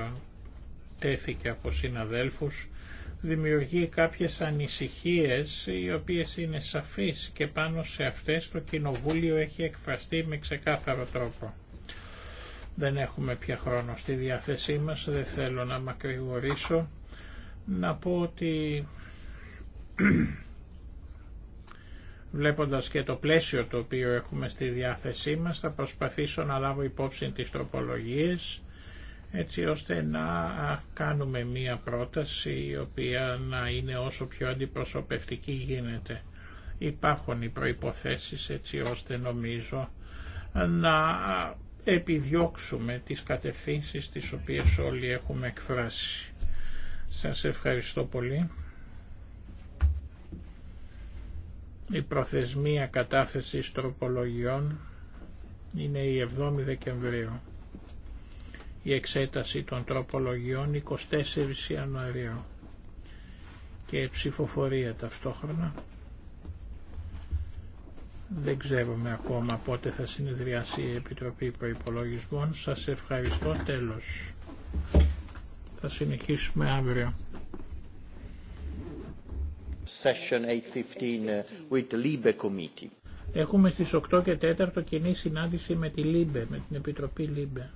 τέθηκε από συναδέλφους, δημιουργεί κάποιες ανησυχίες οι οποίες είναι σαφείς και πάνω σε αυτές το Κοινοβούλιο έχει εκφραστεί με ξεκάθαρο τρόπο. Δεν έχουμε πια χρόνο στη διάθεσή μας, δεν θέλω να μακρηγορήσω. Να πω ότι Βλέποντας και το πλαίσιο το οποίο έχουμε στη διάθεσή μας θα προσπαθήσω να λάβω υπόψη τις τροπολογίες έτσι ώστε να κάνουμε μία πρόταση η οποία να είναι όσο πιο αντιπροσωπευτική γίνεται. Υπάρχουν οι προϋποθέσεις έτσι ώστε νομίζω να επιδιώξουμε τις κατευθύνσεις τις οποίες όλοι έχουμε εκφράσει. Σας ευχαριστώ πολύ. Η προθεσμία κατάθεσης τροπολογιών είναι η 7η Δεκεμβρίου. Η εξέταση των τροπολογιών 24 Ιανουαρίου και ψηφοφορία ταυτόχρονα. Δεν ξέρουμε ακόμα πότε θα συνεδριάσει η Επιτροπή Προϋπολογισμών. Σας ευχαριστώ. Τέλος. Θα συνεχίσουμε αύριο. Session 8.15 uh, with Libe Committee. Έχουμε στις 8 και 4 κοινή συνάντηση με τη Λίμπε, με την Επιτροπή Λίμπε.